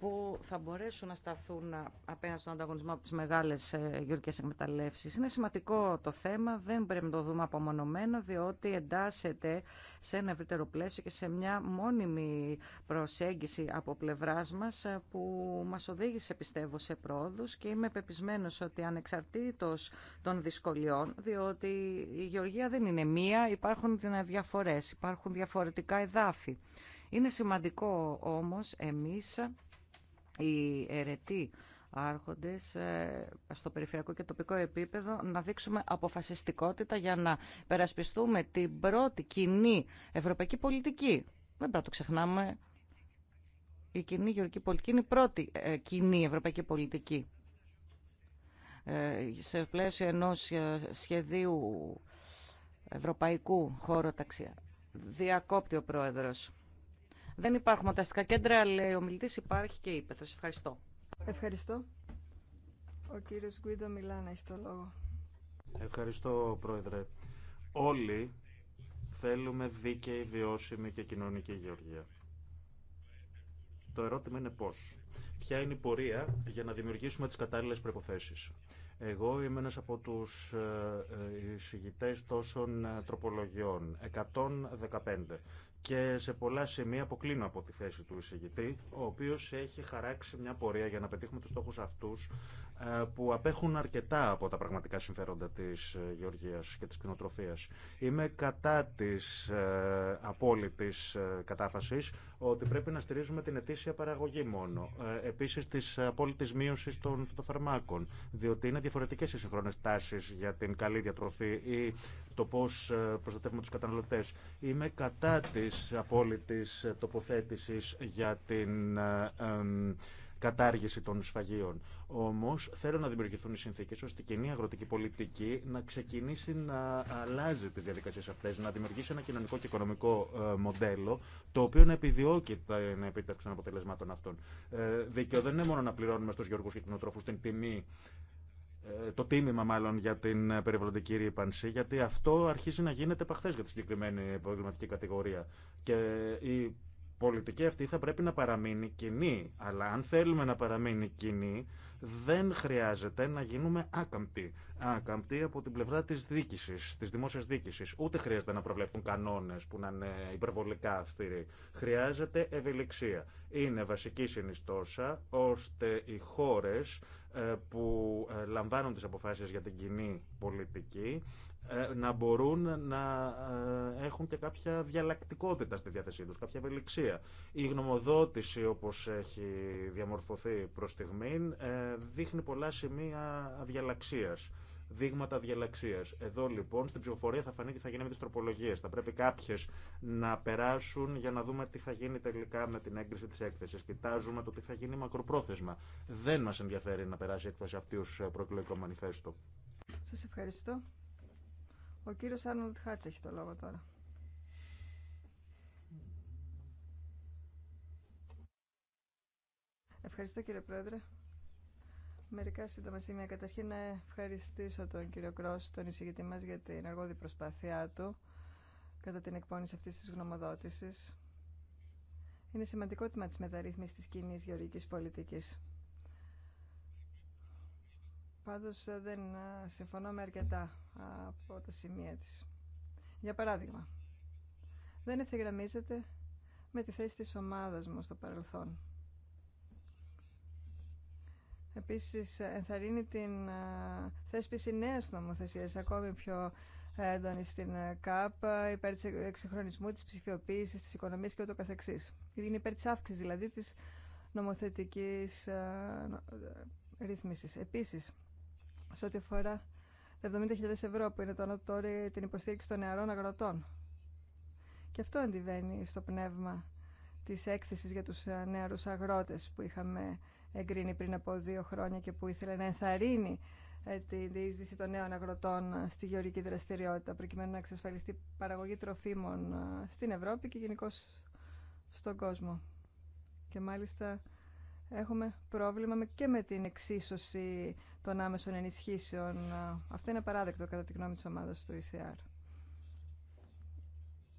που θα μπορέσουν να σταθούν απέναντι στον ανταγωνισμό από τι μεγάλε γεωργικέ εκμεταλλεύσει. Είναι σημαντικό το θέμα, δεν πρέπει να το δούμε απομονωμένο, διότι εντάσσεται σε ένα ευρύτερο πλαίσιο και σε μια μόνιμη προσέγγιση από πλευρά μα ε, που μα οδήγησε, πιστεύω, σε πρόοδου και είμαι πεπισμένο ότι ανεξαρτήτως των δυσκολιών, διότι η γεωργία δεν είναι μία, υπάρχουν διαφορέ, υπάρχουν διαφορετικά εδάφη. Είναι σημαντικό όμως εμείς οι αιρετοί άρχοντες ε, στο περιφερειακό και τοπικό επίπεδο να δείξουμε αποφασιστικότητα για να περασπιστούμε την πρώτη κοινή ευρωπαϊκή πολιτική. Δεν πρέπει να το ξεχνάμε. Η κοινή γεωργική πολιτική είναι η πρώτη ε, κοινή ευρωπαϊκή πολιτική. Ε, σε πλαίσιο ενός σχεδίου ευρωπαϊκού χώρου ταξία. Διακόπτει ο Πρόεδρος. Δεν υπάρχουν οταστικά κέντρα, αλλά ο μιλητής, υπάρχει και σε Ευχαριστώ. Ευχαριστώ. Ο κύριος Γκουίντο Μιλάνα έχει το λόγο. Ευχαριστώ, Πρόεδρε. Όλοι θέλουμε δίκαιη, βιώσιμη και κοινωνική γεωργία. Το ερώτημα είναι πώς. Ποια είναι η πορεία για να δημιουργήσουμε τις κατάλληλες προϋποθέσεις. Εγώ είμαι ένας από τους ε, ε, εισηγητές τόσων ε, τροπολογιών, 115 και σε πολλά σημεία αποκλίνω από τη θέση του εισηγητή, ο οποίο έχει χαράξει μια πορεία για να πετύχουμε του στόχου αυτού, ε, που απέχουν αρκετά από τα πραγματικά συμφέροντα τη ε, γεωργία και τη κτηνοτροφία. Είμαι κατά τη ε, απόλυτη κατάφαση ότι πρέπει να στηρίζουμε την ετήσια παραγωγή μόνο. Επίση, τη απόλυτη μείωση των φυτοφαρμάκων, διότι είναι διαφορετικέ οι σύγχρονε τάσει για την καλή διατροφή ή το πώ προστατεύουμε του καταναλωτέ. Είμαι κατά τη της απόλυτης ε, τοποθέτησης για την ε, κατάργηση των σφαγίων. Όμως θέλω να δημιουργηθούν οι συνθήκες ώστε η κοινή αγροτική πολιτική να ξεκινήσει να αλλάζει τις διαδικασίες αυτές, να δημιουργήσει ένα κοινωνικό και οικονομικό ε, μοντέλο το οποίο να επιδιώκει την επίτευξη των αποτελεσμάτων αυτών. Ε, δίκαιο δεν είναι μόνο να πληρώνουμε στους γεωργού και κοινοτρόφους την τιμή ε, το τίμημα μάλλον για την ε, περιβαλλοντική ρήπανση, γιατί αυτό αρχίζει να γίνεται παχθέ για τη συγκεκριμένη προβληματική κατηγορία. Και η πολιτική αυτή θα πρέπει να παραμείνει κοινή, αλλά αν θέλουμε να παραμείνει κοινή, δεν χρειάζεται να γίνουμε άκαμπτοι. Άκαμπτοι από την πλευρά τη δίκησης, τη δημόσια δίκησης. Ούτε χρειάζεται να προβλέπουν κανόνε που να είναι υπερβολικά αυστηροί. Χρειάζεται ευελιξία. Είναι βασική συνιστόσα ώστε οι χώρε. Ε, που ε, λαμβάνουν τις αποφάσεις για την κοινή πολιτική ε, να μπορούν να έχουν και κάποια διαλλακτικότητα στη διάθεσή τους, κάποια ευελιξία. Η γνωμοδότηση όπως έχει διαμορφωθεί προς στιγμή δείχνει πολλά σημεία αδιαλαξίας δείγματα διαλαξία. Εδώ λοιπόν στην ψηφοφορία θα φανεί τι θα γίνει με τι τροπολογίε. Θα πρέπει κάποιε να περάσουν για να δούμε τι θα γίνει τελικά με την έγκριση τη έκθεση. Κοιτάζουμε το τι θα γίνει μακροπρόθεσμα. Δεν μα ενδιαφέρει να περάσει η έκθεση αυτή ω προεκλογικό μανιφέστο. Σα ευχαριστώ. Ο κύριο Άρνολτ Χάτσε έχει το λόγο τώρα. Ευχαριστώ κύριε Πρόεδρε. Μερικά σύντομα σημεία. Καταρχήν να ευχαριστήσω τον κύριο Κρός, τον εισηγητή μας, για την εργόδη προσπάθειά του κατά την εκπόνηση αυτής της γνωμοδότησης. Είναι σημαντικό τη της μεταρρύθμισης της κοινή γεωργικής πολιτικής. Πάντως ε, δεν ε, συμφωνώ με αρκετά από τα σημεία της. Για παράδειγμα, δεν ευθυγραμμίζεται με τη θέση της ομάδας μου στο παρελθόν. Επίσης ενθαρρύνει την ε, θέσπιση νέας νομοθεσίας ακόμη πιο έντονη στην ΚΑΠ υπέρ της εξυγχρονισμού, της ψηφιοποίησης, της οικονομίας και ούτω καθεξής. Είναι υπέρ της αύξησης δηλαδή της νομοθετικής ε, ε, ρύθμισης. Επίσης, σε ό,τι αφορά 70.000 ευρώ που είναι το όριο την υποστήριξη των νεαρών αγροτών. Και αυτό αντιβαίνει στο πνεύμα της έκθεσης για τους νεαρούς αγρότες που είχαμε εγκρίνει πριν από δύο χρόνια και που ήθελε να ενθαρρύνει ε, την διείσδυση των νέων αγροτών ε, στη γεωργική δραστηριότητα προκειμένου να εξασφαλιστεί παραγωγή τροφίμων ε, στην Ευρώπη και γενικώ στον κόσμο. Και μάλιστα έχουμε πρόβλημα και με την εξίσωση των άμεσων ενισχύσεων. Αυτό είναι παράδεκτο κατά τη γνώμη της ομάδας του ECR.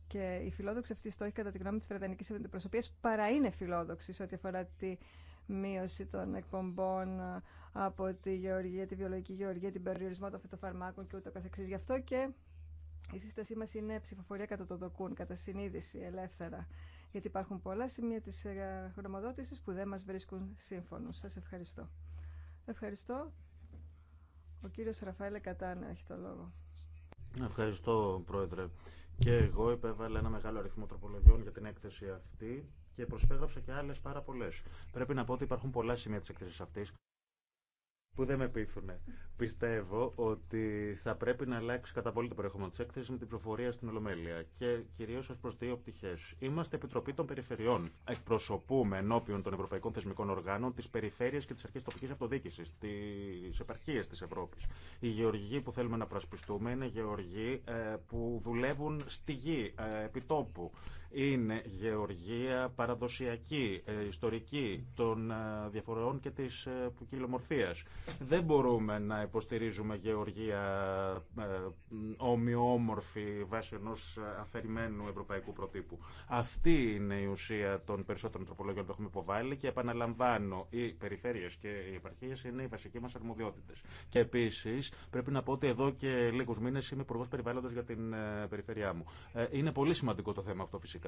Και η φιλόδοξη αυτή στόχη κατά τη γνώμη της Βρετανικής Αντιπροσωπείας παρά είναι φιλόδοξη σε ό,τι αφορά τη μείωση των εκπομπών από τη γεωργία, τη βιολογική γεωργία, την περιορισμό των φυτοφαρμάκων και ούτω καθεξής. Γι' αυτό και η σύστασή μας είναι ψηφοφορία κατά το δοκούν, κατά συνείδηση, ελεύθερα. Γιατί υπάρχουν πολλά σημεία της ε, γνωμοδότησης που δεν μας βρίσκουν σύμφωνο. Σας ευχαριστώ. Ευχαριστώ. Ο κύριος Ραφαέλε Κατάνε έχει το λόγο. Ευχαριστώ, Πρόεδρε. Και εγώ υπέβαλα ένα μεγάλο αριθμό τροπολογιών για την έκθεση αυτή και προσπέγραψα και άλλε πάρα πολλέ. Πρέπει να πω ότι υπάρχουν πολλά σημεία τη εκθέση αυτή που δεν με πείθουν. Πιστεύω ότι θα πρέπει να αλλάξει κατά πολύ το περιεχόμενο τη έκθεση με την προφορία στην Ολομέλεια και κυρίω ω προ δύο πτυχέ. Είμαστε Επιτροπή των Περιφερειών. Εκπροσωπούμε ενώπιον των Ευρωπαϊκών Θεσμικών Οργάνων τι περιφέρειε και τι αρχέ τοπική αυτοδιοίκηση, τι επαρχίε τη Ευρώπη. Οι γεωργοί που θέλουμε να προασπιστούμε είναι γεωργοί ε, που δουλεύουν στη γη, ε, επιτόπου είναι γεωργία παραδοσιακή, ε, ιστορική των ε, διαφορεών και της ε, ποικιλομορφίας. Δεν μπορούμε να υποστηρίζουμε γεωργία ομοιόμορφη βάσει ενό αφαιρημένου ευρωπαϊκού προτύπου. Αυτή είναι η ουσία των περισσότερων τροπολογιών που έχουμε υποβάλει και επαναλαμβάνω, οι περιφέρειες και οι επαρχίες είναι οι βασικοί μας αρμοδιότητες. Και επίσης πρέπει να πω ότι εδώ και λίγους μήνες είμαι υπουργό περιβάλλοντος για την περιφέρειά μου. Είναι πολύ σημαντικό το θέμα αυτό φυσικά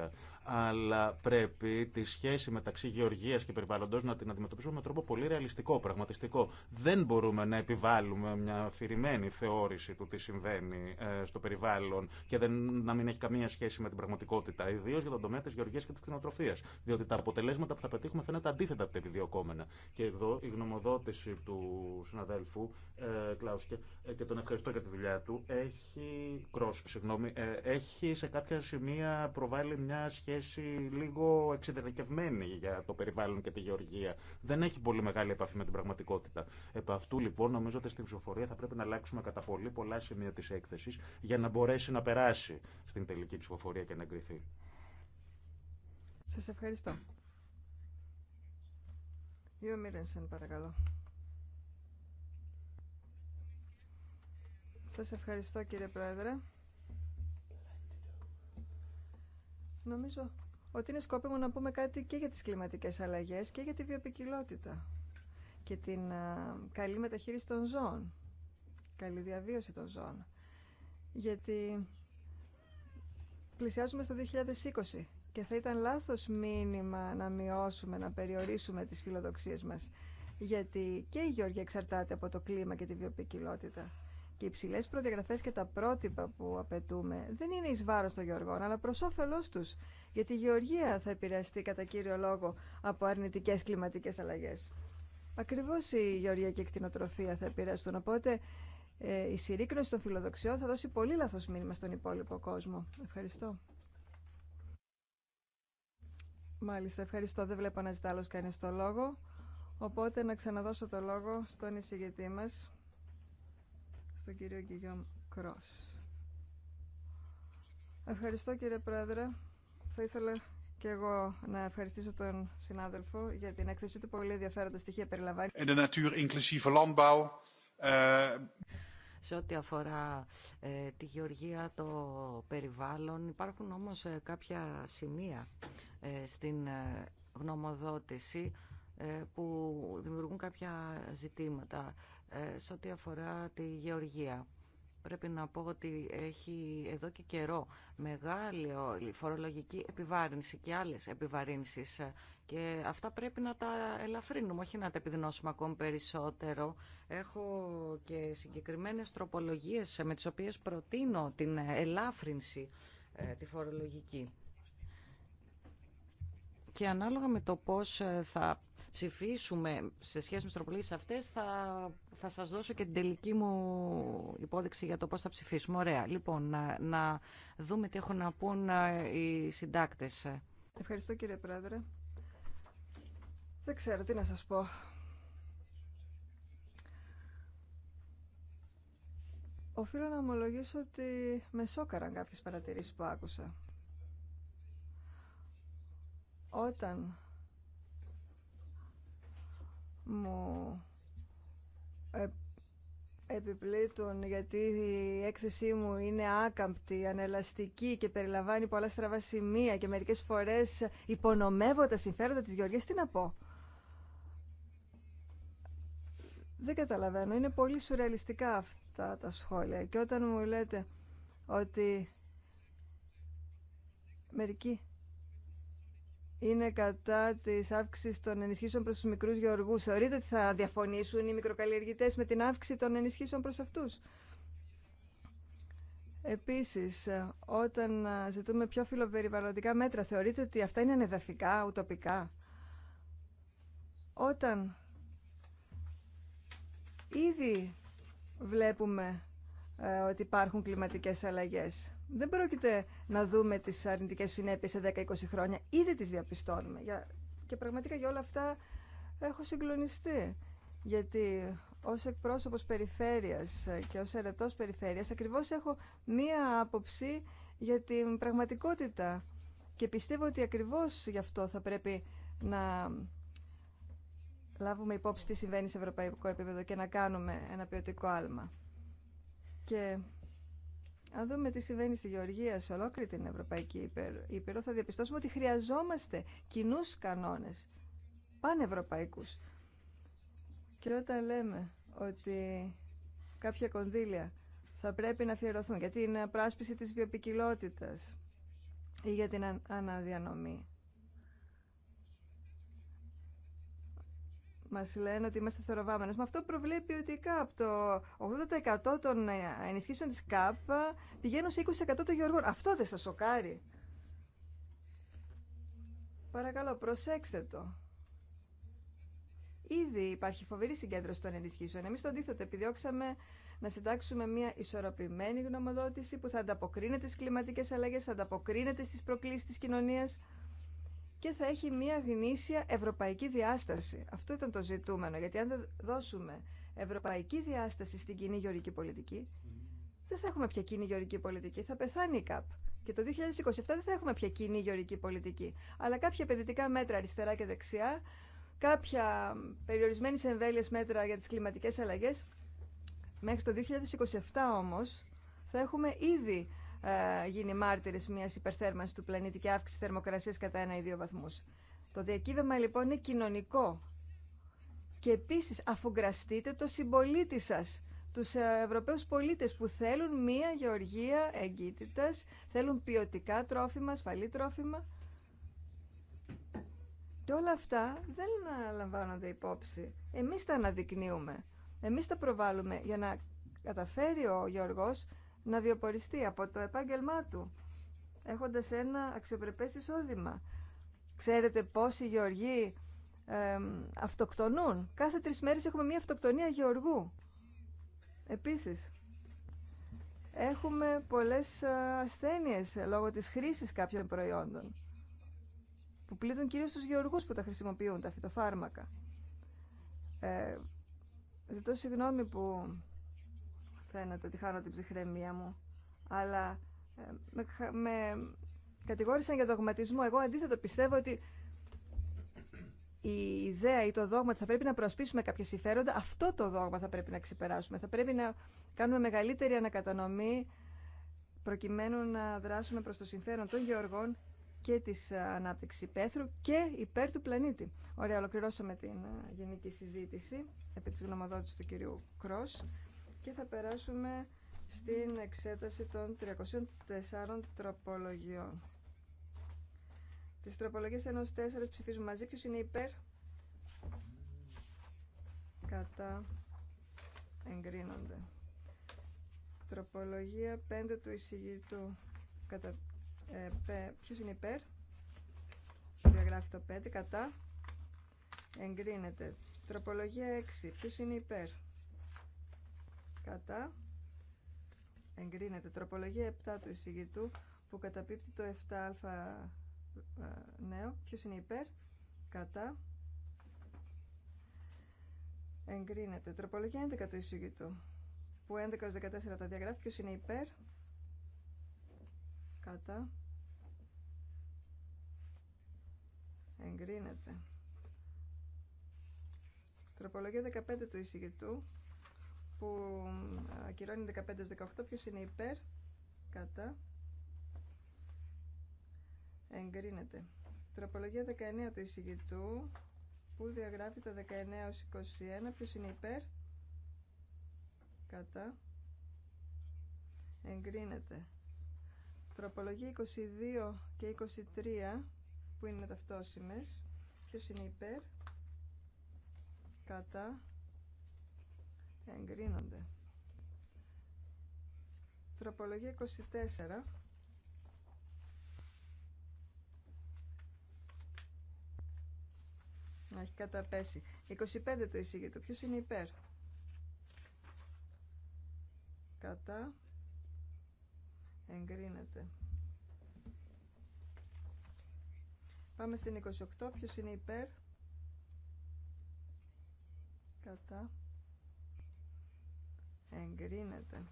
αλλά πρέπει τη σχέση μεταξύ γεωργία και περιβάλλοντο να την αντιμετωπίσουμε με τρόπο πολύ ρεαλιστικό, πραγματιστικό. Δεν μπορούμε να επιβάλλουμε μια αφηρημένη θεώρηση του τι συμβαίνει ε, στο περιβάλλον και δεν, να μην έχει καμία σχέση με την πραγματικότητα. Ιδίω για τον τομέα τη γεωργία και τη κτηνοτροφία. Διότι τα αποτελέσματα που θα πετύχουμε θα είναι τα αντίθετα από τα επιδιωκόμενα. Και εδώ η γνωμοδότηση του συναδέλφου ε, Κλάουσκε, και τον ευχαριστώ για τη δουλειά του, έχει, κρόσ, συγγνώμη, ε, έχει σε κάποια σημεία προβάλλει μια σχέση λίγο εξεντερικευμένη για το περιβάλλον και τη γεωργία. Δεν έχει πολύ μεγάλη επαφή με την πραγματικότητα. Επ' αυτού λοιπόν νομίζω ότι στην ψηφοφορία θα πρέπει να αλλάξουμε κατά πολύ πολλά σημεία τη έκθεση για να μπορέσει να περάσει στην τελική ψηφοφορία και να εγκριθεί. Σας ευχαριστώ. Δύο παρακαλώ. Σας ευχαριστώ κύριε Πρόεδρε. Νομίζω ότι είναι σκόπιμο να πούμε κάτι και για τις κλιματικές αλλαγές και για τη βιοπικιλότητα και την καλή μεταχείριση των ζώων, καλή διαβίωση των ζώων. Γιατί πλησιάζουμε στο 2020 και θα ήταν λάθος μήνυμα να μειώσουμε, να περιορίσουμε τις φιλοδοξίες μας. Γιατί και η Γεωργία εξαρτάται από το κλίμα και τη βιοπικιλότητα. Και οι υψηλέ προδιαγραφέ και τα πρότυπα που απαιτούμε δεν είναι ει βάρο των γεωργών, αλλά προ όφελό του. Γιατί η γεωργία θα επηρεαστεί κατά κύριο λόγο από αρνητικέ κλιματικέ αλλαγέ. Ακριβώ η γεωργία και η κτηνοτροφία θα επηρεαστούν. Οπότε ε, η συρρήκνωση των φιλοδοξιών θα δώσει πολύ λάθο μήνυμα στον υπόλοιπο κόσμο. Ευχαριστώ. Μάλιστα, ευχαριστώ. Δεν βλέπω να ζητά άλλο κανεί το λόγο. Οπότε να ξαναδώσω το λόγο στον εισηγητή μας, Ευχαριστώ κύριε Πρόεδρε. Θα ήθελα και εγώ να ευχαριστήσω τον συνάδελφο για την έκθεση του πολύ ενδιαφέροντα στοιχεία περιλαμβάνει. Ε, Σε ό,τι αφορά ε, τη γεωργία, το περιβάλλον, υπάρχουν όμως ε, κάποια σημεία ε, στην ε, γνωμοδότηση που δημιουργούν κάποια ζητήματα. Ε, σε ό,τι αφορά τη γεωργία. Πρέπει να πω ότι έχει εδώ και καιρό μεγάλη φορολογική επιβάρυνση και άλλες επιβαρύνσεις ε, και αυτά πρέπει να τα ελαφρύνουμε, όχι να τα επιδεινώσουμε ακόμη περισσότερο. Έχω και συγκεκριμένες τροπολογίες ε, με τις οποίες προτείνω την ελάφρυνση τη φορολογική. Και ανάλογα με το πώς θα ψηφίσουμε σε σχέση με τις τροπολογίες αυτές θα, θα σας δώσω και την τελική μου υπόδειξη για το πώς θα ψηφίσουμε. Ωραία. Λοιπόν, να, να δούμε τι έχουν να πούν ε, οι συντάκτες. Ευχαριστώ κύριε Πρόεδρε. Δεν ξέρω τι να σας πω. Οφείλω να ομολογήσω ότι με σόκαραν κάποιες παρατηρήσεις που άκουσα. Όταν μου ε, επιπλήττουν γιατί η έκθεσή μου είναι άκαμπτη, ανελαστική και περιλαμβάνει πολλά στραβά σημεία και μερικές φορές υπονομεύω τα συμφέροντα της Γεωργίας, τι να πω. Δεν καταλαβαίνω. Είναι πολύ σουρεαλιστικά αυτά τα σχόλια. Και όταν μου λέτε ότι μερικοί είναι κατά τη αύξηση των ενισχύσεων προς του μικρούς γεωργούς. Θεωρείτε ότι θα διαφωνήσουν οι μικροκαλλιεργητές με την αύξηση των ενισχύσεων προς αυτούς. Επίσης, όταν ζητούμε πιο φιλοπεριβαλλοντικά μέτρα, θεωρείτε ότι αυτά είναι ανεδαφικά, ουτοπικά. Όταν ήδη βλέπουμε ε, ότι υπάρχουν κλιματικές αλλαγές δεν πρόκειται να δούμε τις αρνητικές συνέπειες σε 10-20 χρόνια. Ήδη τις διαπιστώνουμε. Και πραγματικά για όλα αυτά έχω συγκλονιστεί. Γιατί ως εκπρόσωπος περιφέρειας και ως ερετός περιφέρειας ακριβώς έχω μία άποψη για την πραγματικότητα. Και πιστεύω ότι ακριβώς γι' αυτό θα πρέπει να λάβουμε υπόψη τι συμβαίνει σε ευρωπαϊκό επίπεδο και να κάνουμε ένα ποιοτικό άλμα. Και αν δούμε τι συμβαίνει στη Γεωργία, σε ολόκληρη την Ευρωπαϊκή Ήπειρο, θα διαπιστώσουμε ότι χρειαζόμαστε κοινού κανόνε, πανευρωπαϊκού. Και όταν λέμε ότι κάποια κονδύλια θα πρέπει να αφιερωθούν για την πράσπιση της βιοπικιλότητας ή για την αναδιανομή Μα λένε ότι είμαστε θεωροβάμενε. Με αυτό προβλέπει ότι κάπου το 80% των ενισχύσεων τη ΚΑΠ πηγαίνουν σε 20% των γεωργών. Αυτό δεν σα σοκάρει. Παρακαλώ, προσέξτε το. Ήδη υπάρχει φοβερή συγκέντρωση των ενισχύσεων. Εμεί το αντίθετο, επιδιώξαμε να συντάξουμε μια ισορροπημένη γνωμοδότηση που θα ανταποκρίνεται στι κλιματικέ αλλαγέ, θα ανταποκρίνεται στι προκλήσει τη κοινωνία και θα έχει μια γνήσια ευρωπαϊκή διάσταση. Αυτό ήταν το ζητούμενο, γιατί αν δεν δώσουμε ευρωπαϊκή διάσταση στην κοινή γεωρική πολιτική, δεν θα έχουμε πια κοινή γεωρική πολιτική, θα πεθάνει η ΚΑΠ. Και το 2027 δεν θα έχουμε πια κοινή γεωρική πολιτική. Αλλά κάποια επενδυτικά μέτρα αριστερά και δεξιά, κάποια περιορισμένη εμβέλεια μέτρα για τι κλιματικέ αλλαγέ. Μέχρι το 2027 όμω θα έχουμε ήδη ε, γίνει μάρτυρη μιας υπερθέρμανσης του πλανήτη και αύξηση θερμοκρασία κατά ένα ή δύο βαθμούς. Το διακύβευμα λοιπόν είναι κοινωνικό. Και επίσης αφουγκραστείτε το συμπολίτη σα τους ε, Ευρωπαίους πολίτες που θέλουν μια γεωργία εγκύτητας, θέλουν ποιοτικά τρόφιμα, ασφαλή τρόφιμα. Και όλα αυτά δεν λαμβάνονται υπόψη. Εμείς τα αναδεικνύουμε. Εμείς τα προβάλλουμε για να καταφέρει ο Γιώργος να βιοποριστεί από το επάγγελμά του, έχοντας ένα αξιοπρεπές εισόδημα. Ξέρετε πόσοι γεωργοί ε, αυτοκτονούν. Κάθε τρεις μέρες έχουμε μία αυτοκτονία γεωργού. Επίσης, έχουμε πολλές ε, ασθένειες λόγω της χρήσης κάποιων προϊόντων που πλήττουν κυρίως τους γεωργούς που τα χρησιμοποιούν, τα φυτοφάρμακα. Ε, ζητώ συγγνώμη που φαίνεται ότι χάνω την ψυχραιμία μου. Αλλά ε, με, κατηγόρησαν για δογματισμό. Εγώ αντίθετο πιστεύω ότι η ιδέα ή το δόγμα ότι θα πρέπει να προσπίσουμε κάποια συμφέροντα, αυτό το δόγμα θα πρέπει να ξεπεράσουμε. Θα πρέπει να κάνουμε μεγαλύτερη ανακατανομή προκειμένου να δράσουμε προς το συμφέρον των γεωργών και της ανάπτυξης πέθρου και υπέρ του πλανήτη. Ωραία, ολοκληρώσαμε την ε, γενική συζήτηση επί της γνωμοδότησης του κυρίου Κρός και θα περάσουμε στην εξέταση των 304 τροπολογιών. Τις τροπολογίες ενός 4 ψηφίζουμε μαζί. Ποιος είναι υπέρ? Κατά. Εγκρίνονται. Τροπολογία 5 του εισηγητού. Κατά, ε, ποιος είναι υπέρ? Διαγράφει το 5. Κατά. Εγκρίνεται. Τροπολογία 6. Ποιος είναι υπέρ? κατά εγκρίνεται. Τροπολογία 7 του εισηγητού που καταπίπτει το 7α νέο. Ποιος είναι υπέρ, κατά εγκρίνεται. Τροπολογία 11 του εισηγητού που 11-14 τα διαγράφει. Ποιος είναι υπέρ, κατά εγκρίνεται. Τροπολογία 15 του εισηγητού που ε, ακυρώνει 15-18. Ποιος είναι υπέρ, κατά. Εγκρίνεται. Τροπολογία 19 του εισηγητού που διαγράφει τα 19 21. Ποιος είναι υπέρ, κατά. Εγκρίνεται. Τροπολογία 22 και 23 που είναι ταυτόσιμες. Ποιος είναι υπέρ, κατά εγκρίνονται. Τροπολογία 24. Έχει καταπέσει. 25 το εισήγητο. Ποιος είναι υπέρ. Κατά. Εγκρίνεται. Πάμε στην 28. Ποιος είναι υπέρ. Κατά εγκρίνεται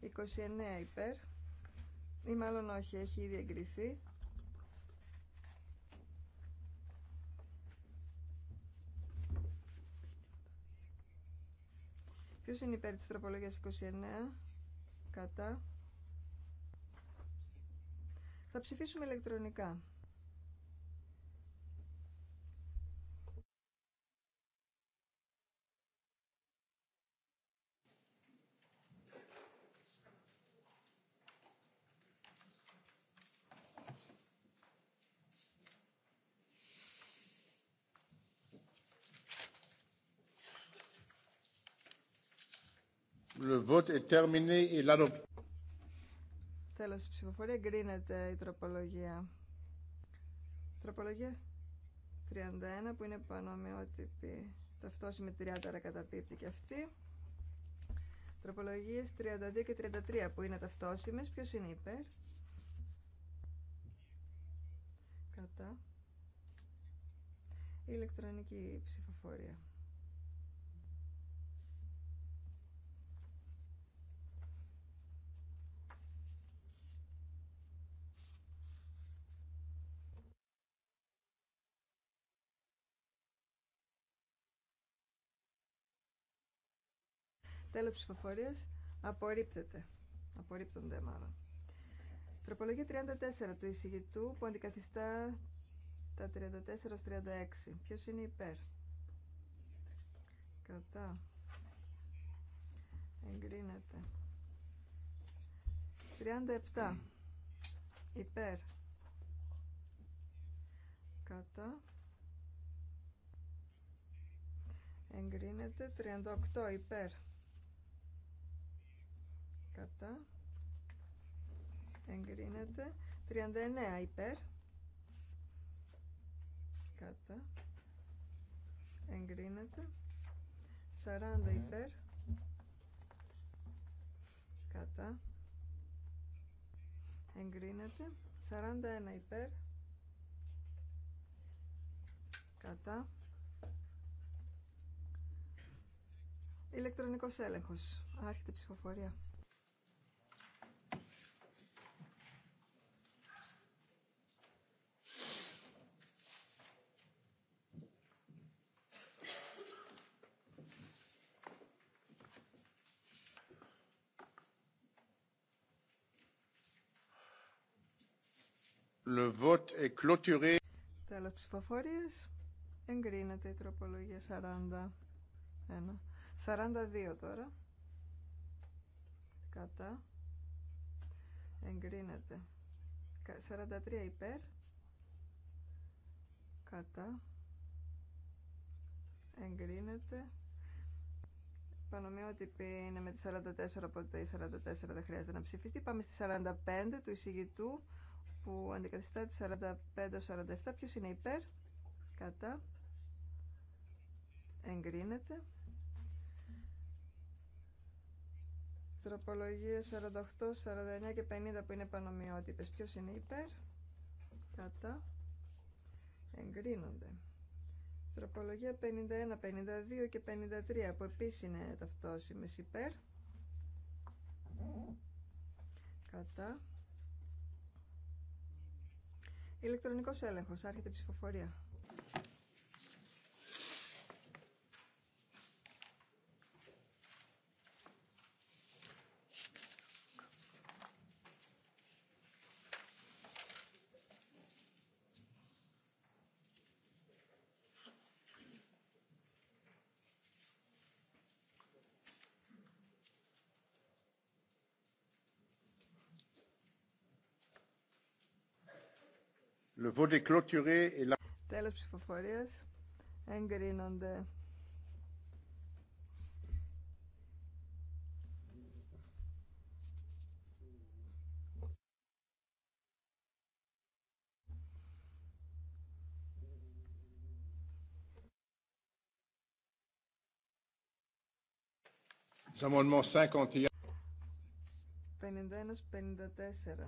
29 υπέρ ή μάλλον όχι, έχει ήδη εγκριθεί Ποιο είναι υπέρ της τροπολογίας 29 κατά θα ψηφίσουμε ηλεκτρονικά vote Τέλος, η ψηφοφορία εγκρίνεται η τροπολογία. Τροπολογία 31 που είναι πανομοιότυπη. με 30 καταπίπτει και αυτή. Τροπολογίε 32 και 33 που είναι ταυτόσιμε. Ποιο είναι υπέρ. Κατά. Ηλεκτρονική ψηφοφορία. Τέλος ψηφοφορίας. Απορρίπτεται. Απορρίπτονται μάλλον. Τροπολογία 34 του εισηγητού που αντικαθιστά τα 34-36. Ποιος είναι υπέρ. Κατά. Εγκρίνεται. 37. Υπέρ. Κατά. Εγκρίνεται. 38. Υπέρ κατά εγκρίνεται 39 υπέρ κατά εγκρίνεται 40 υπέρ κατά εγκρίνεται 41 υπέρ κατά ηλεκτρονικός έλεγχος άρχεται ψηφοφορία Le vote est clôturé. Τέλος ψηφοφορίας. Εγκρίνεται η τροπολογία 41. 42 τώρα. Κατά. Εγκρίνεται. 43 υπέρ. Κατά. Εγκρίνεται. Πανομοιότυπη ότι είναι με τη 44 οπότε ή 44 δεν χρειάζεται να ψηφιστεί. Πάμε στη 45 του εισηγητού που αντικαθιστά τη 45-47. Ποιο είναι υπέρ, κατά, εγκρίνεται. Τροπολογία 48, 49 και 50 που είναι πανομοιότυπες. Ποιος είναι υπέρ, κατά, εγκρίνονται. Τροπολογία 51, 52 και 53 που επίσης είναι ταυτόσιμες υπέρ, κατά, Ηλεκτρονικό έλεγχο Άρχεται η ψηφοφορία. Le vote est clôturé et la... Τέλος ψηφοφορίας. Εγκρίνονται. Amendement 51. 51-54.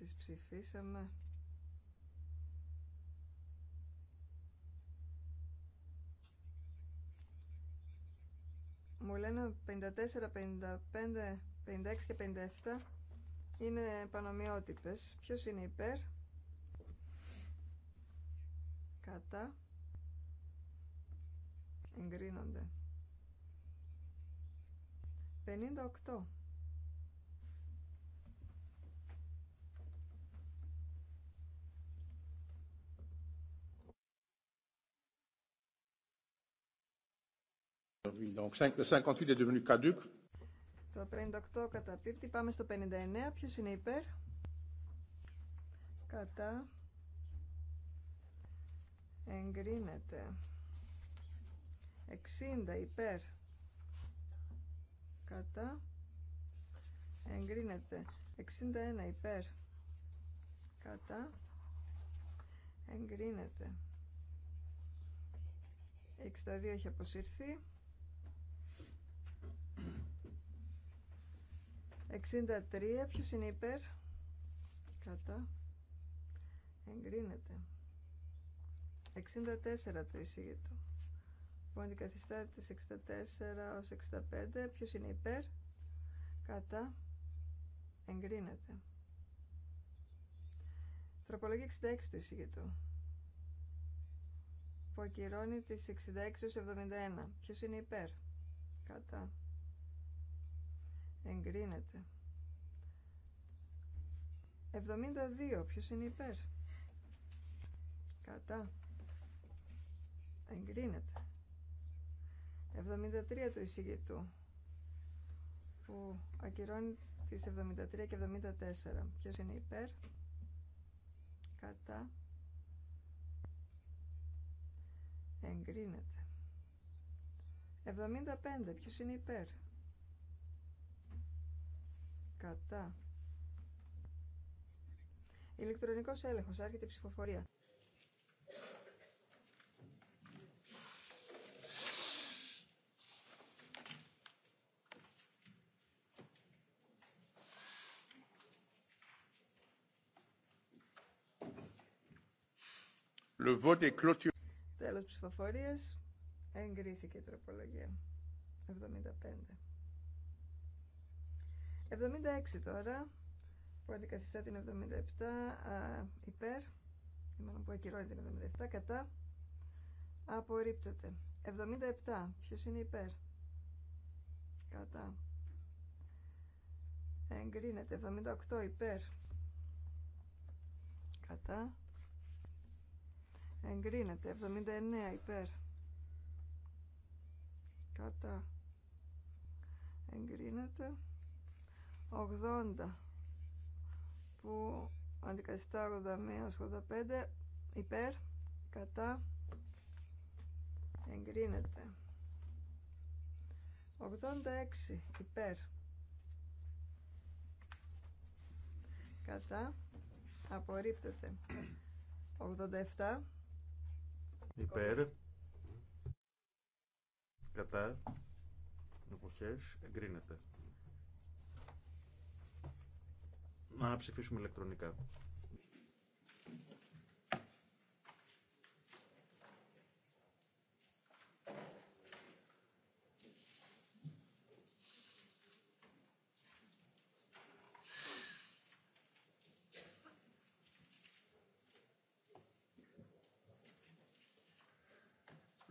Τις ψηφίσαμε. Μου λένε 54, 55, 56 και 57 είναι πανομοιότυπες. Ποιος είναι υπέρ? Κατά. Εγκρίνονται. 58. Donc, 5, le 58 est devenu Το 58 καταπίπτει. Πάμε στο 59. Ποιος είναι υπέρ. Κατά. Εγκρίνεται. 60 υπέρ. Κατά. Εγκρίνεται. 61 υπέρ. Κατά. Εγκρίνεται. 62 έχει αποσυρθεί. 63. Ποιος είναι υπέρ. Κατά. Εγκρίνεται. 64 το εισήγητο. Που αντικαθιστά τις 64 ως 65. Ποιος είναι υπέρ. Κατά. Εγκρίνεται. Τροπολογία 66 του εισηγητού. Που ακυρώνει τις 66 ως 71. Ποιος είναι υπέρ. Κατά εγκρίνεται 72 ποιος είναι υπέρ κατά εγκρίνεται 73 του εισηγητού που ακυρώνει τις 73 και 74 ποιος είναι υπέρ κατά εγκρίνεται 75 ποιος είναι υπέρ Κατά. Ηλεκτρονικός έλεγχος. Άρχεται η ψηφοφορία. Le vote est clôturé. Τέλος ψηφοφορίας. Εγκρίθηκε η τροπολογία. 75. 76 τώρα, που αντικαθιστά την 77 α, υπέρ, μάλλον που ακυρώνει την 77, κατά, απορρίπτεται. 77, ποιος είναι υπέρ, κατά, εγκρίνεται. 78 υπέρ, κατά, εγκρίνεται. 79 υπέρ, κατά, εγκρίνεται. 80 που αντικαθιστά 81-85 υπέρ κατά εγκρίνεται 86 υπέρ κατά απορρίπτεται 87 υπέρ κατά εποχές εγκρίνεται να ψηφίσουμε ηλεκτρονικά.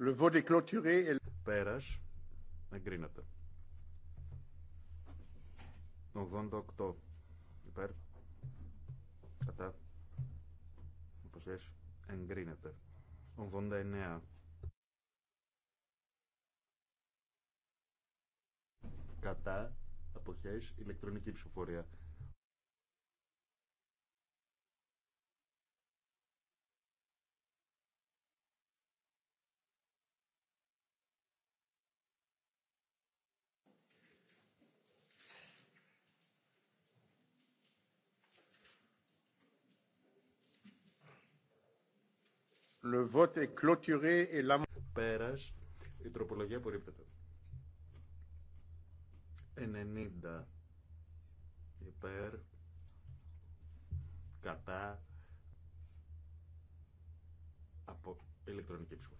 Le vote est clôturé. Πέρας, εγκρίνεται. 88 υπέρ κατά εποχές εγκρίνεται 89 κατά εποχές ηλεκτρονική ψηφοφορία Le Πέρας, η τροπολογία απορρίπτεται. 90 υπέρ κατά από ηλεκτρονική ψηφοφορία.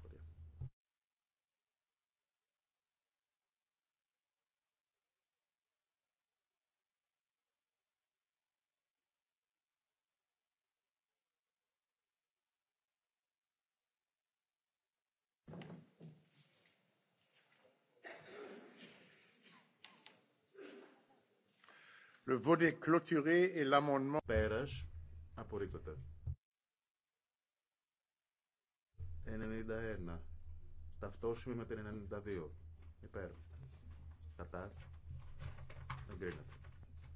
Le volet clôturé et l'amendement... Απορρίπτεται. 91. Ταυτόσιμη με την 92. Υπέρ. Κατά.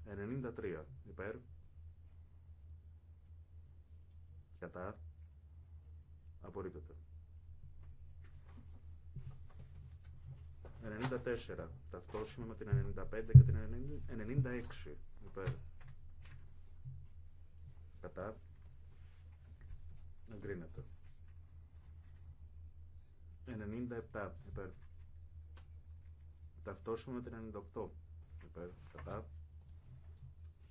Εγκρίνεται. 93. Υπέρ. Κατά. Απορρίπτεται. 94. Ταυτόσιμο με την 95 και την 96. Υπέρ. Κατά. Εγκρίνεται. 97. Υπέρ. Ταυτόσιμο με την 98. Υπέρ. Κατά.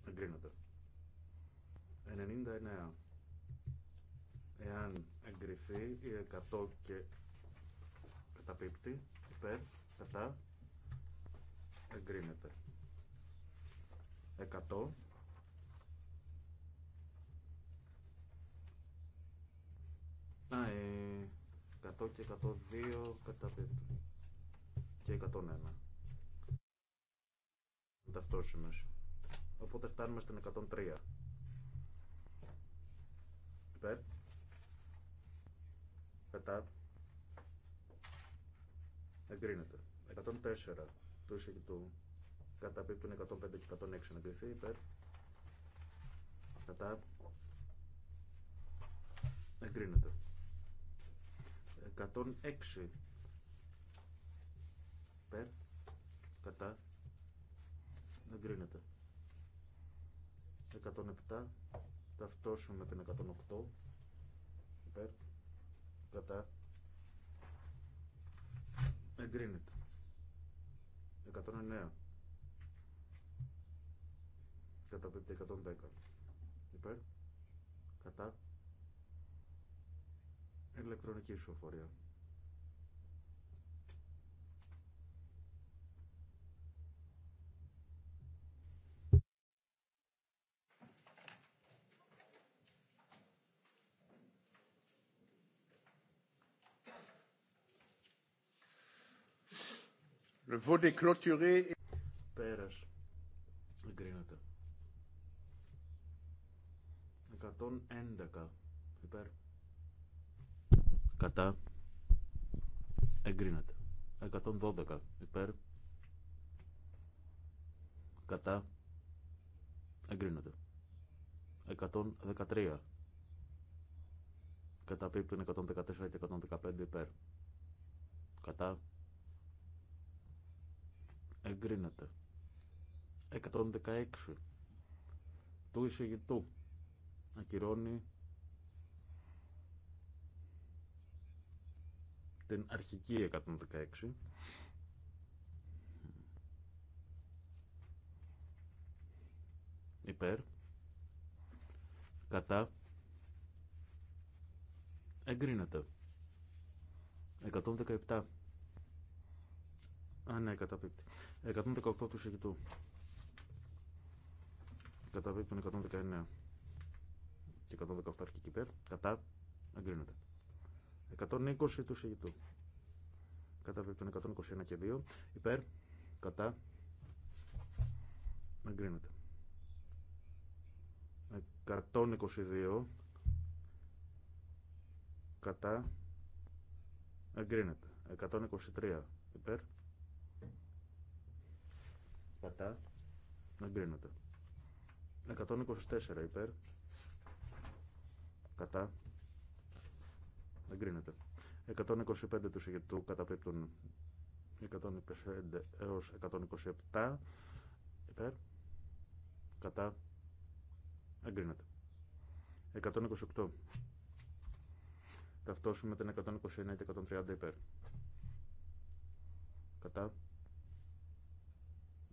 Εγκρίνεται. 99. Εάν εγκριθεί η 100 και καταπίπτει, υπέρ, κατά εγκρίνεται 100 Α, ε, 100 και 102 κατά και 101 ταυτόσιμες οπότε φτάνουμε στην 103 υπέρ κατά εγκρίνεται 104 του εισηγητού καταπίπτουν 105 και 106 να υπέρ κατά εγκρίνεται 106 υπέρ κατά εγκρίνεται 107 ταυτόσιμο με την 108 υπέρ κατά εγκρίνεται 109. Καταπίπτει 110. Υπέρ. Κατά. Ηλεκτρονική ισοφορία. Le vote est Πέρας. Εγκρίνεται. 111. Υπέρ. Κατά. Εγκρίνεται. 112. Υπέρ. Κατά. Εγκρίνεται. 113. Κατά πίπτουν 114 και 115 υπέρ. Κατά εγκρίνεται 116 του εισηγητού ακυρώνει την αρχική 116 υπέρ κατά εγκρίνεται 117 α ναι 118 του σιγητού, Κατά τον 119 και 118 αρχική υπέρ. Κατά αγκρίνεται 120 του εισηγητού. Κατά των 121 και 2 υπέρ. Κατά αγκρίνεται 122 κατά εγκρίνεται. 123 υπέρ Κατά. Εγκρίνεται. 124 υπέρ. Κατά. Εγκρίνεται. 125 του συγκεκριμένου καταπίπτουν 125 έως 127 υπέρ. Κατά. Εγκρίνεται. 128. Ταυτόσουμε την 129 και 130 υπέρ. Κατά.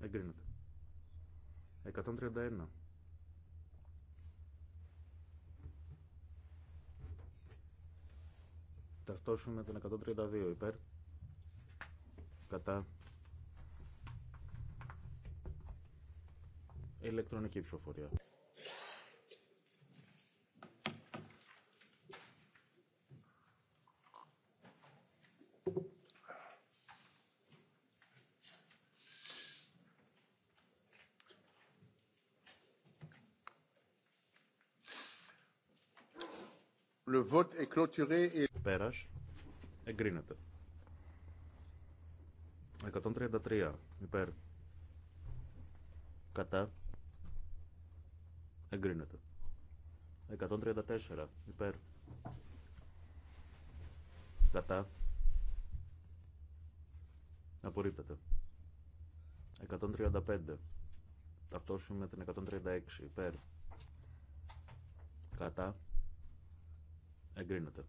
Εγκρίνεται. 131. με τον 132 υπέρ. Κατά. Ηλεκτρονική ψηφοφορία. Le vote est clôturé et... Εγκρίνεται. 133. Υπέρ. Κατά. Εγκρίνεται. 134. Υπέρ. Κατά. Απορρίπτεται. 135. Ταυτόσιμο με την 136. Υπέρ. Κατά. Εγκρίνεται.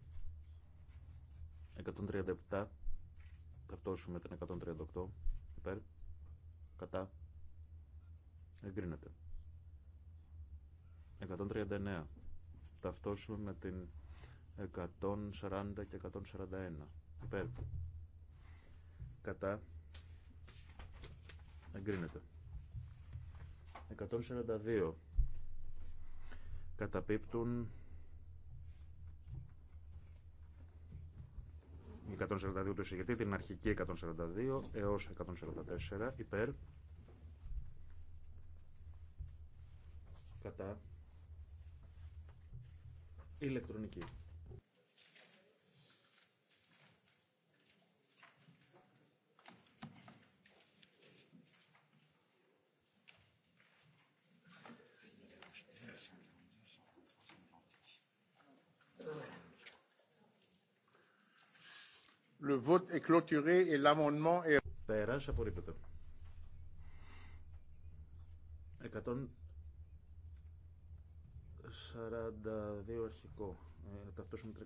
137. Ταυτόσιμη με την 138. Υπέρ. Κατά. Εγκρίνεται. 139. Ταυτόσιμη με την 140 και 141. Υπέρ. Κατά. Εγκρίνεται. 142. Καταπίπτουν η 142 του εισηγητή, την αρχική 142 έως 144 υπέρ κατά ηλεκτρονική. Le vote est clôturé et l'amendement est... απορρίπτεται. 142 αρχικό. Ε, με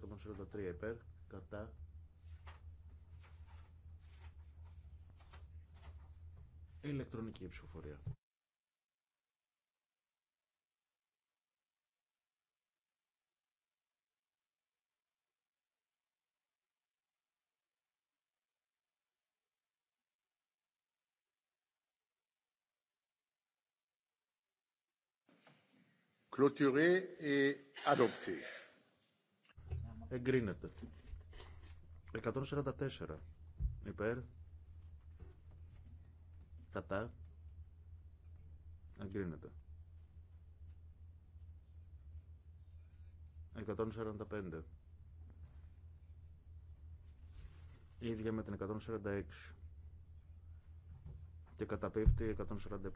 343 υπέρ, κατά. Ηλεκτρονική ψηφοφορία. Clôturé et adopté. Εγκρίνεται. 144. Υπέρ. Κατά. Εγκρίνεται. 145. ίδια με την 146. Και καταπίπτει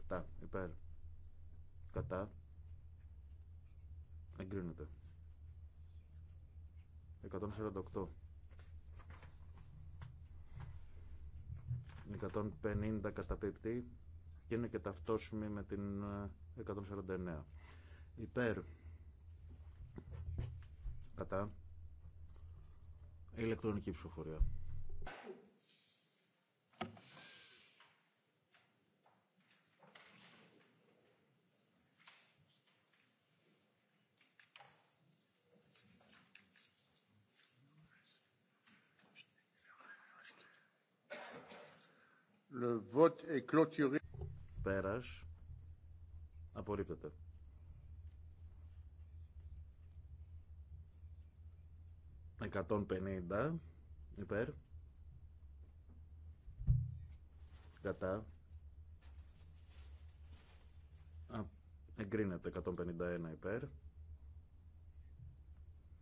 147. Υπέρ. Κατά. Εγκρίνεται. 148. 150 καταπίπτει και είναι και ταυτόσιμη με την 149. Ε, Υπέρ. Κατά. Ηλεκτρονική ψηφοφορία. Le Πέρας. Απορρίπτεται. Εκατόν πενήντα. Υπέρ. Κατά. Α, πενήντα ενα υπέρ.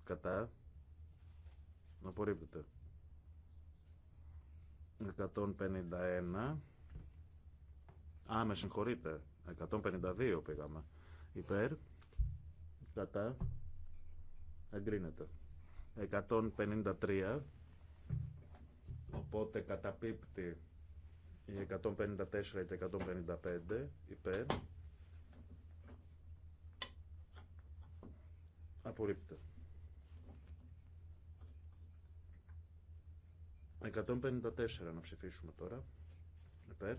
Κατά. Απορρίπτεται. 151. Α, με συγχωρείτε. 152 πήγαμε. Υπέρ. Κατά. Εγκρίνεται. 153. Οπότε καταπίπτει η 154 ή 155. Υπέρ. Απορρίπτεται. 154 να ψηφίσουμε τώρα. Υπέρ.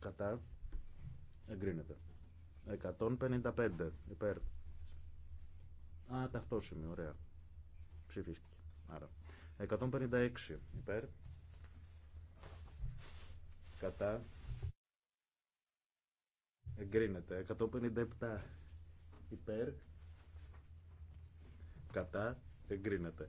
Κατά. Εγκρίνεται. 155. Υπέρ. Α, ταυτόσημη. Ωραία. Ψηφίστηκε. Άρα. 156. Υπέρ. Κατά. Εγκρίνεται. 157. Υπέρ. Κατά. Εγκρίνεται.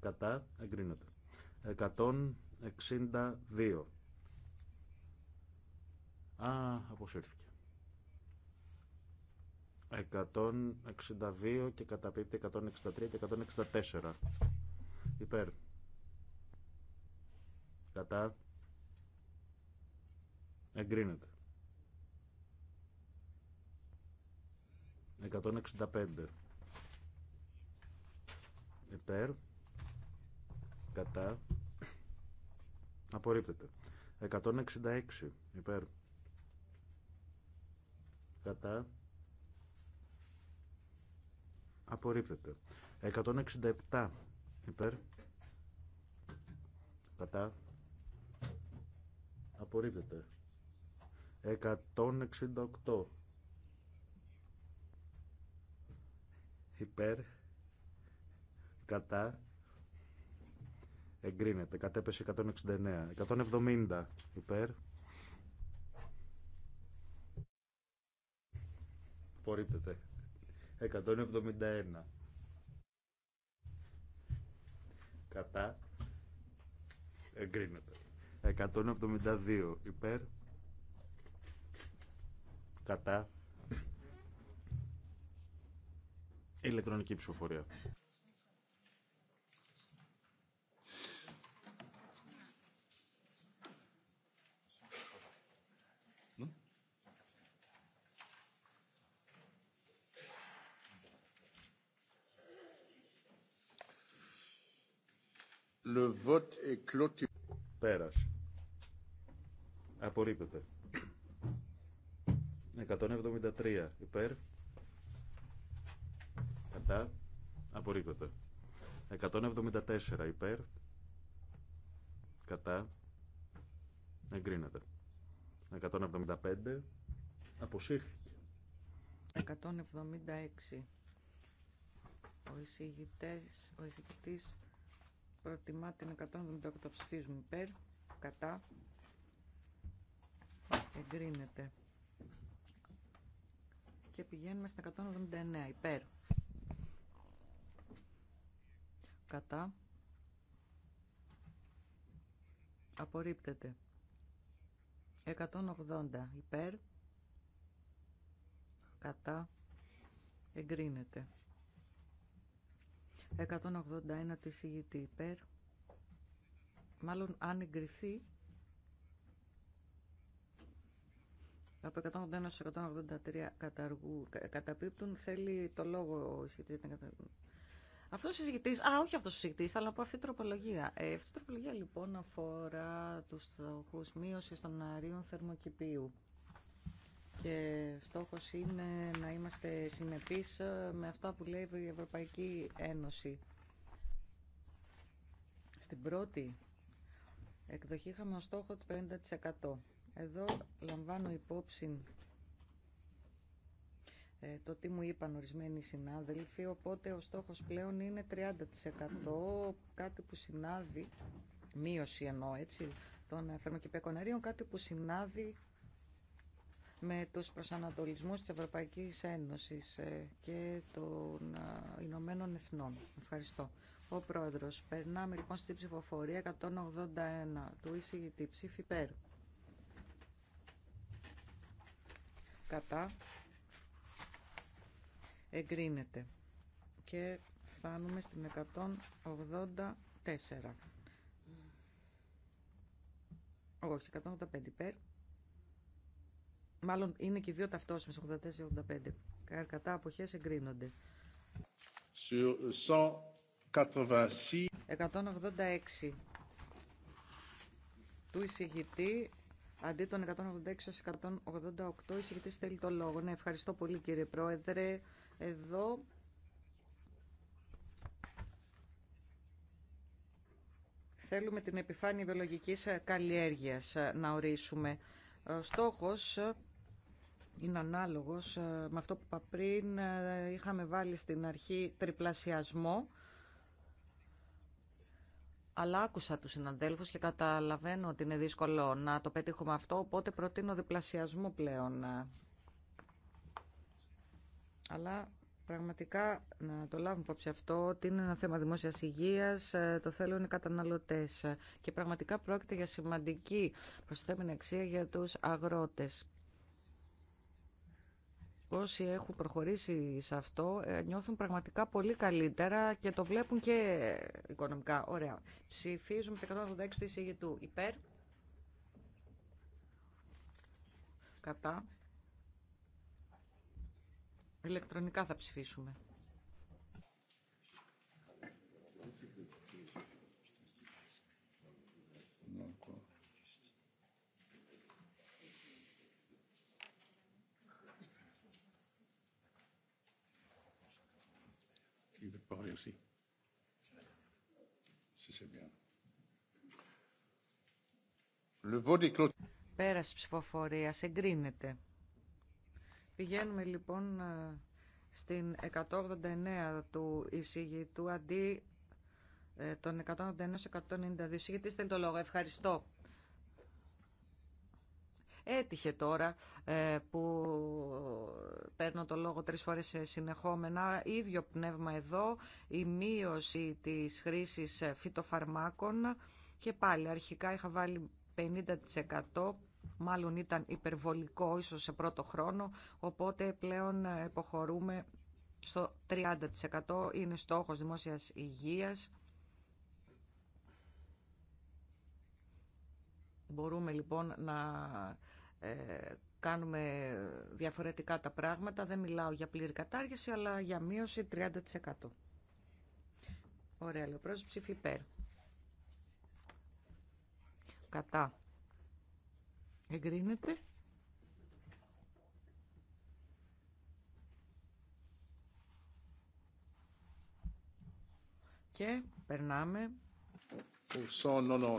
κατά εγκρίνεται 162 α αποσύρθηκε 162 και καταπίπτει 163 και 164 υπέρ κατά εγκρίνεται 165 υπέρ κατά απορρίπτεται 166 υπέρ κατά απορρίπτεται 167 υπέρ κατά απορρίπτεται 168 υπέρ κατά εγκρίνεται. Κατέπεσε 169. 170 υπέρ. Απορρίπτεται. 171. Κατά. Εγκρίνεται. 172 υπέρ. Κατά. Ηλεκτρονική ψηφοφορία. Le vote Απορρίπτεται. 173 υπέρ. Κατά. Απορρίπτεται. 174 υπέρ. Κατά. Εγκρίνεται. 175. Αποσύρθηκε. 176. Ο εισηγητής, ο εισηγητής προτιμά την 178 ψηφίζουμε υπέρ, κατά, εγκρίνεται. Και πηγαίνουμε στην 179 υπέρ, κατά, απορρίπτεται. 180 υπέρ, κατά, εγκρίνεται. 181 της ηγητή υπέρ. Μάλλον αν εγκριθεί από 181 183 καταργού, καταπίπτουν θέλει το λόγο αυτό ο συζητητή, α, όχι αυτό ο συζητητή, αλλά από αυτή την τροπολογία. Ε, αυτή η τροπολογία λοιπόν αφορά του στόχου μείωση των αερίων θερμοκηπίου και στόχος είναι να είμαστε συνεπείς με αυτά που λέει η Ευρωπαϊκή Ένωση. Στην πρώτη εκδοχή είχαμε ως στόχο του 50%. Εδώ λαμβάνω υπόψη ε, το τι μου είπαν ορισμένοι συνάδελφοι, οπότε ο στόχος πλέον είναι 30%, κάτι που συνάδει, μείωση εννοώ έτσι, των φερμακηπιακών αερίων, κάτι που συνάδει με τους προσανατολισμούς της Ευρωπαϊκής Ένωσης ε, και των ε, Ηνωμένων Εθνών. Ευχαριστώ. Ο Πρόεδρος, περνάμε λοιπόν στην ψηφοφορία 181 του εισηγητή ψήφι ΠΕΡ. Κατά. Εγκρίνεται. Και φτάνουμε στην 184. Όχι, 185 ΠΕΡ. Μάλλον είναι και οι δυο ταυτοσιμε ταυτόσιμες, 84-85. Καρκατά αποχέ εγκρίνονται. 186. του εισηγητή αντί των 186 188 ο εισηγητής θέλει το λόγο. Ναι, ευχαριστώ πολύ κύριε Πρόεδρε. Εδώ θέλουμε την επιφάνεια βιολογικής καλλιέργειας να ορίσουμε. στόχος είναι ανάλογος ε, με αυτό που είπα πριν. Ε, είχαμε βάλει στην αρχή τριπλασιασμό, αλλά άκουσα τους συναντέλφους και καταλαβαίνω ότι είναι δύσκολο να το πετύχουμε αυτό, οπότε προτείνω διπλασιασμό πλέον. Αλλά πραγματικά να το λάβουμε υπόψη αυτό ότι είναι ένα θέμα δημόσια υγεία, ε, το θέλουν οι καταναλωτέ. Και πραγματικά πρόκειται για σημαντική προσθέμενη αξία για του αγρότε όσοι έχουν προχωρήσει σε αυτό ε, νιώθουν πραγματικά πολύ καλύτερα και το βλέπουν και οικονομικά. Ωραία. Ψηφίζουμε το 186 του εισηγητού. Υπέρ. Κατά. Ηλεκτρονικά θα ψηφίσουμε. parler aussi. Si c'est Le Πέραση ψηφοφορία εγκρίνεται. Πηγαίνουμε λοιπόν ε, στην 189 του εισηγητού αντί ε, των 181 192 Συγητή, θέλει το λόγο. Ευχαριστώ. Έτυχε τώρα ε, που παίρνω το λόγο τρεις φορές συνεχόμενα. Ίδιο πνεύμα εδώ, η μείωση της χρήσης φυτοφαρμάκων και πάλι αρχικά είχα βάλει 50% μάλλον ήταν υπερβολικό ίσως σε πρώτο χρόνο, οπότε πλέον υποχωρούμε στο 30% είναι στόχος δημόσιας υγείας. Μπορούμε λοιπόν να ε, κάνουμε διαφορετικά τα πράγματα. Δεν μιλάω για πλήρη κατάργηση, αλλά για μείωση 30%. Ωραία, λέω ψήφι υπέρ. Κατά. Εγκρίνεται. Και περνάμε. Oh,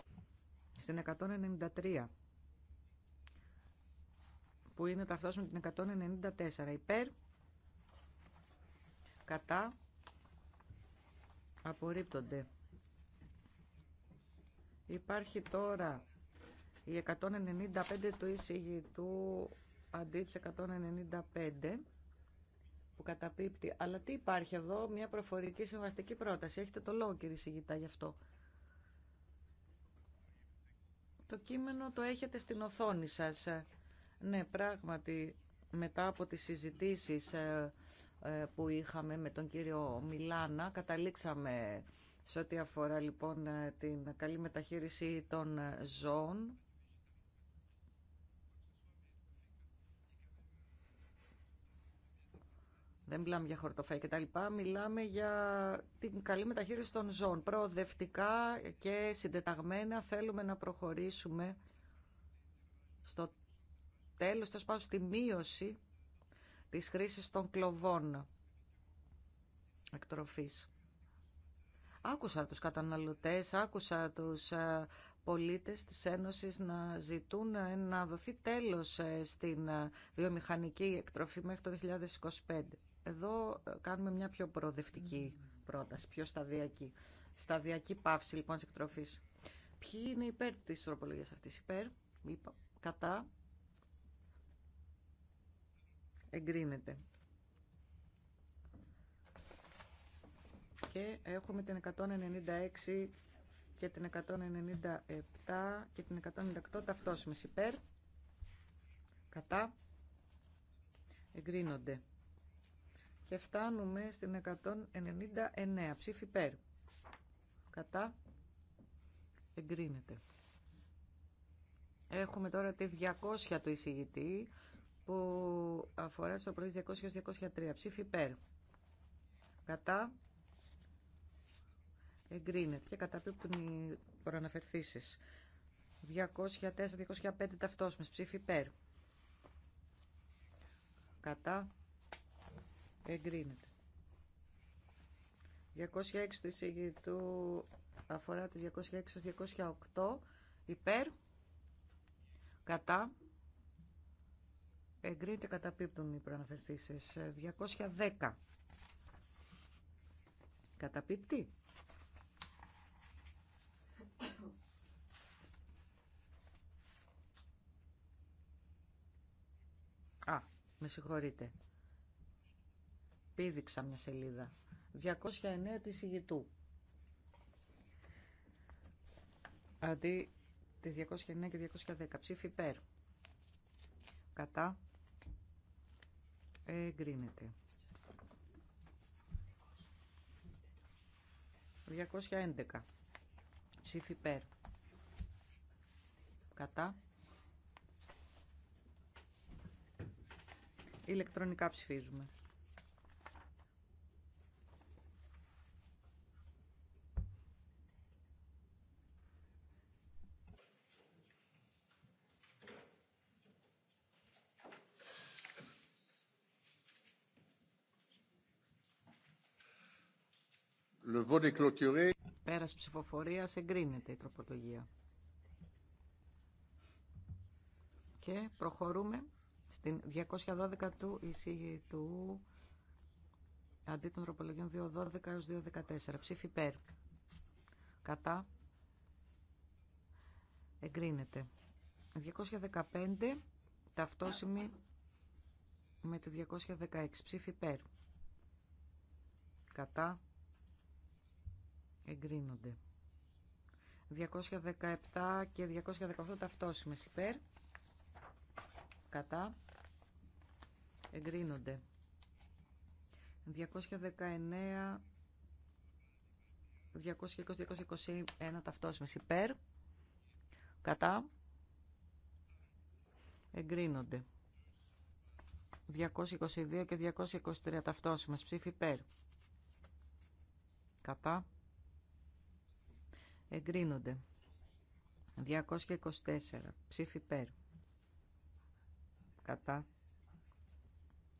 στην 193 που είναι ταυτόσιμη την 194 υπέρ κατά απορρίπτονται. Υπάρχει τώρα η 195 του εισηγητού αντί της 195 που καταπίπτει. Αλλά τι υπάρχει εδώ, μια προφορική συμβαστική πρόταση. Έχετε το λόγο κύριε εισηγητά γι' αυτό. Το κείμενο το έχετε στην οθόνη σας. Ναι, πράγματι, μετά από τις συζητήσεις ε, ε, που είχαμε με τον κύριο Μιλάνα, καταλήξαμε σε ό,τι αφορά λοιπόν ε, την καλή μεταχείριση των ζώων. Δεν μιλάμε για χορτοφάι και τα λοιπά, μιλάμε για την καλή μεταχείριση των ζώων. Προοδευτικά και συντεταγμένα θέλουμε να προχωρήσουμε στο τέλος, τέλος πάντων, στη μείωση της χρήσης των κλοβών εκτροφής. Άκουσα τους καταναλωτές, άκουσα τους ε, πολίτες της Ένωσης να ζητούν ε, να δοθεί τέλος ε, στην βιομηχανική εκτροφή μέχρι το 2025. Εδώ κάνουμε μια πιο προοδευτική πρόταση, πιο σταδιακή. Σταδιακή πάυση λοιπόν της εκτροφής. Ποιοι είναι υπέρ της τροπολογίας αυτής, υπέρ, κατά, εγκρίνεται. Και έχουμε την 196 και την 197 και την 198 ταυτόσιμες υπέρ, κατά, εγκρίνονται. Και φτάνουμε στην 199 ψήφι υπέρ, κατά, εγκρίνεται. Έχουμε τώρα τη 200 του εισηγητή που αφορά στο πρωί 200-203. Ψήφι υπέρ. Κατά. Εγκρίνεται και κατά καταπίπτουν οι προαναφερθησει 204 204-205 ταυτόσμες. Ψήφι υπέρ. Κατά. Εγκρίνεται. 206 του εισηγητού αφορά τις 206-208 υπέρ. Κατά Εγκρίνεται κατά πίπτων οι προαναφερθήσεις. 210. Ε, πίπτη. Α, με συγχωρείτε. Πήδηξα μια σελίδα. 209 της ηγητού. Αντί τις 209 και 210. Ψήφι υπέρ. Κατά εγκρίνεται. 211. Ψήφι υπέρ. Κατά. Ηλεκτρονικά ψηφίζουμε. Le vote est clôturé. Πέρας ψηφοφορίας εγκρίνεται η τροπολογία. Και προχωρούμε στην 212 του εισηγητού αντί των τροπολογιών 212 έως 214. Ψήφι υπέρ. Κατά. Εγκρίνεται. 215 ταυτόσημη με τη 216. Ψήφι υπέρ. Κατά εγκρίνονται. 217 και 218 ταυτόσιμες υπέρ, κατά, εγκρίνονται. 219, 220-221 ταυτόσιμες υπέρ, κατά, εγκρίνονται. 222 και 223 ταυτόσιμες ψήφι υπέρ, κατά, εγκρίνονται. 224 ψήφι υπέρ. Κατά.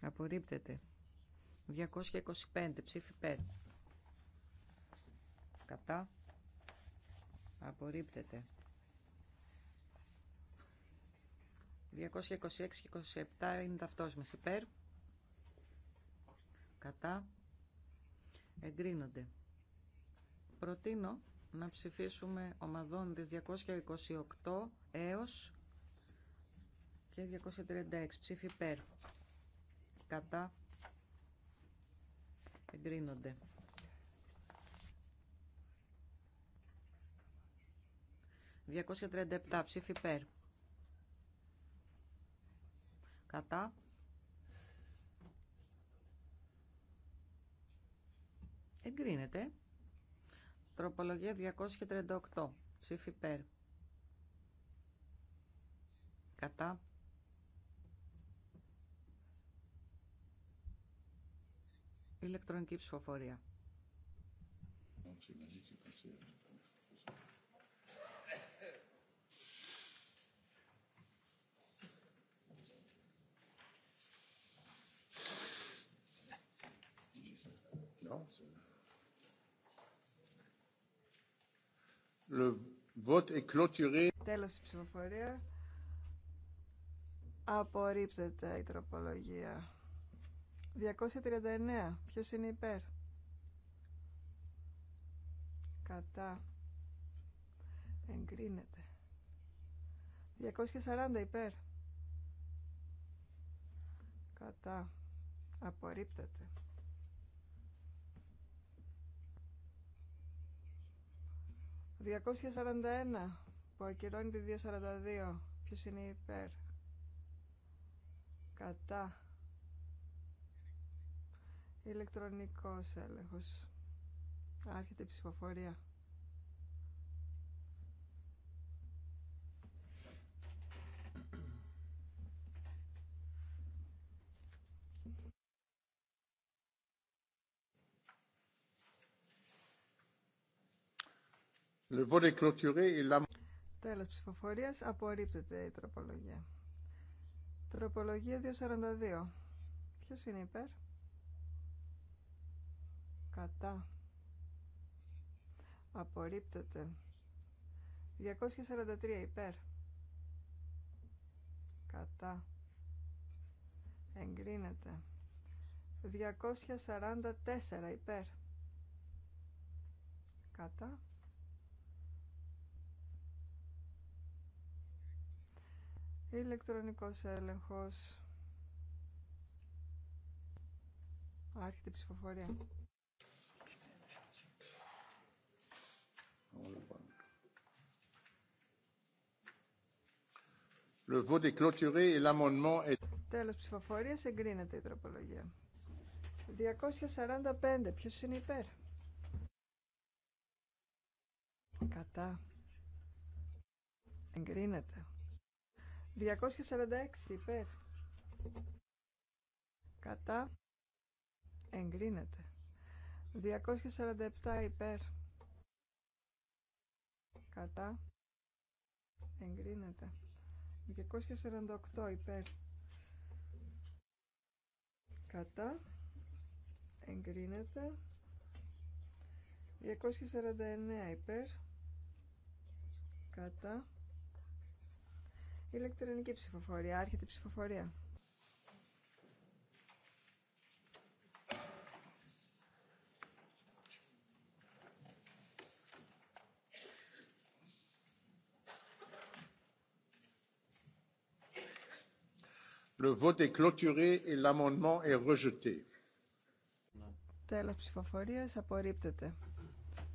Απορρίπτεται. 225 ψήφι υπέρ. Κατά. Απορρίπτεται. 226 και 27 είναι ταυτόσμες υπέρ. Κατά. Εγκρίνονται. Προτείνω να ψηφίσουμε ομαδών της 228 έως και 236 ψήφι υπέρ. Κατά εγκρίνονται. ...237 ψήφι πέρ Κατά. Εγκρίνεται. Τροπολογία 238. Ψήφι υπέρ. Κατά. Ηλεκτρονική ψηφοφορία. Τέλος η ψηφοφορία. Απορρίπτεται η τροπολογία. 239. Ποιος είναι υπέρ. Κατά. Εγκρίνεται. 240 υπέρ. Κατά. Απορρίπτεται. 241 που ακυρώνει τη 242. Ποιος είναι υπέρ. Κατά. Ηλεκτρονικός έλεγχος. Άρχεται η ψηφοφορία. Τέλο vote Τέλος ψηφοφορίας. Απορρίπτεται η τροπολογία. Τροπολογία 242. Ποιος είναι υπέρ? Κατά. Απορρίπτεται. 243 υπέρ. Κατά. Εγκρίνεται. 244 υπέρ. Κατά. Ηλεκτρονικός έλεγχος. Άρχεται η ψηφοφορία. Le vote Τέλος ψηφοφορίας εγκρίνεται η τροπολογία. 245. Ποιος είναι υπέρ? Κατά. Εγκρίνεται. 246 υπέρ. Κατά. Εγκρίνεται. 247 υπέρ. Κατά. Εγκρίνεται. 248 υπέρ. Κατά. Εγκρίνεται. 249 υπέρ. Κατά. Ηλεκτρονική ψηφοφορία. Άρχεται η ψηφοφορία. Le vote est clôturé et l'amendement est rejeté. Τέλος ψηφοφορίας απορρίπτεται.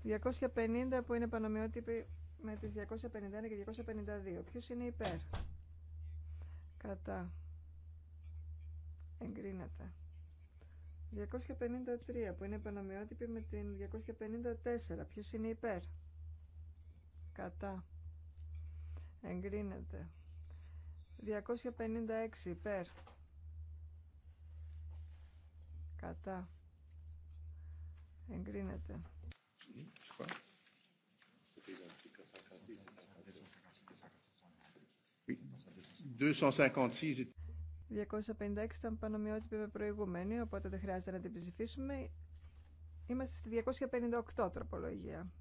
250 που είναι πανομοιότυπη με τις 251 και 252. Ποιος είναι υπέρ. Κατά. Εγκρίνεται. 253 που είναι επανομοιότυπη με την 254. Ποιος είναι υπέρ. Κατά. Εγκρίνεται. 256 υπέρ. Κατά. Εγκρίνεται. 256 ήταν πανομοιότυπη με προηγούμενη, οπότε δεν χρειάζεται να την ψηφίσουμε. Είμαστε στη 258 τροπολογία,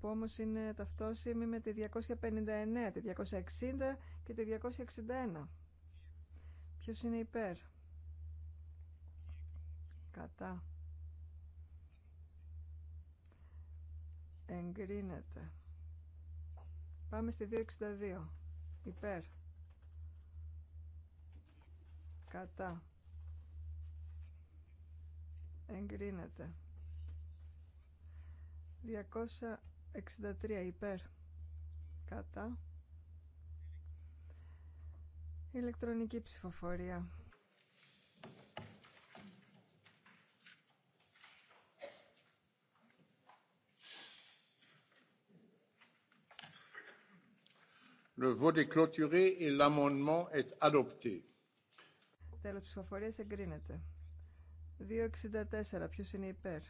που όμω είναι ταυτόσιμη με τη 259, τη 260 και τη 261. Ποιο είναι υπέρ? Κατά. Εγκρίνεται. Πάμε στη 262 υπέρ κατά εγκρίνεται 263 υπέρ κατά ηλεκτρονική ψηφοφορία Le vote est clôturé et l'amendement est adopté. Τέλος ψηφοφορίας εγκρίνεται. 2.64. Ποιος είναι υπέρ.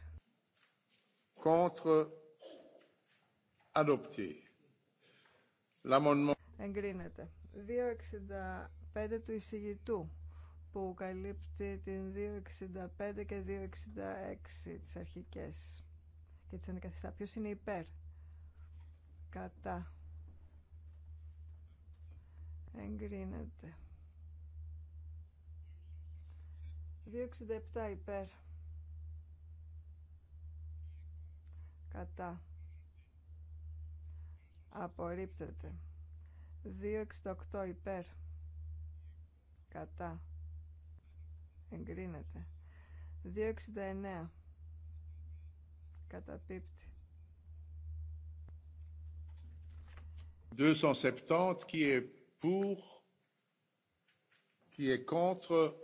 Contre. Adopté. L'amendement. Εγκρίνεται. 2.65 του εισηγητού που καλύπτει την 2.65 και 2.66 τις αρχικές και τις ανεκαθιστά. Ποιος είναι υπέρ. Κατά εγκρίνεται 267 υπέρ κατά απορρίπτεται 268 υπέρ κατά εγκρίνεται 269 καταπίπτει 270 qui est Pour. Qui est contre.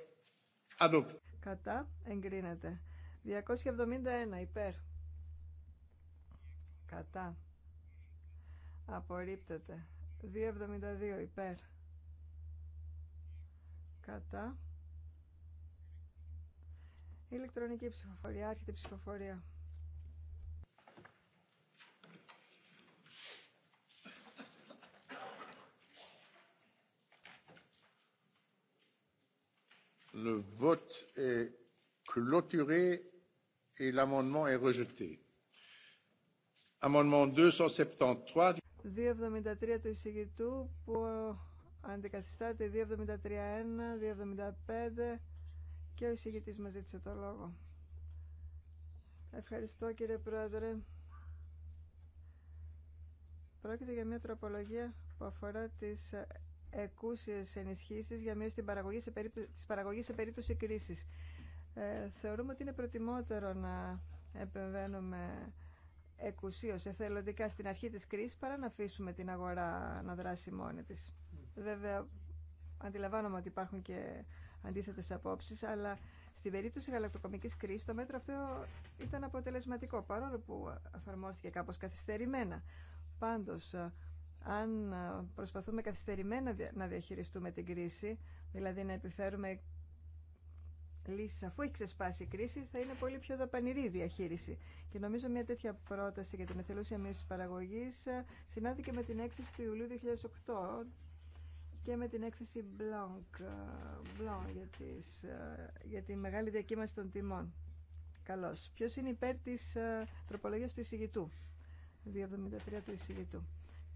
Adopté. Κατά. Εγκρίνεται. 271 υπέρ. Κατά. Απορρίπτεται. 272 υπέρ. Κατά. Ηλεκτρονική ψηφοφορία. Άρχεται ψηφοφορία. Le vote est clôturé et l'amendement est rejeté. Amendement 273. 273 του εισηγητού που αντικαθιστάται 273-1, 275 και ο εισηγητής μας ζήτησε το λόγο. Ευχαριστώ κύριε Πρόεδρε. Πρόκειται για μια τροπολογία που αφορά τις εκούσιες ενισχύσεις για μείωση παραγωγή σε περίπτωση, της παραγωγής σε περίπτωση κρίσης. Ε, θεωρούμε ότι είναι προτιμότερο να επεμβαίνουμε εκουσίως, εθελοντικά στην αρχή της κρίσης παρά να αφήσουμε την αγορά να δράσει μόνη της. Βέβαια, αντιλαμβάνομαι ότι υπάρχουν και αντίθετες απόψεις, αλλά στην περίπτωση γαλακτοκομικής κρίση το μέτρο αυτό ήταν αποτελεσματικό, παρόλο που εφαρμόστηκε κάπως καθυστερημένα. Πάντως, αν ε, προσπαθούμε καθυστερημένα να διαχειριστούμε την κρίση, δηλαδή να επιφέρουμε λύσεις αφού έχει ξεσπάσει η κρίση, θα είναι πολύ πιο δαπανηρή η διαχείριση. Και νομίζω μια τέτοια πρόταση για την εθελούσια μείωση της παραγωγής ε, συνάντηκε με την έκθεση του Ιουλίου 2008 και με την έκθεση Blanc, ε, για, τη μεγάλη διακύμαση των τιμών. Καλώς. Ποιος είναι υπέρ της τροπολογίας του εισηγητού. 273 του εισηγητού.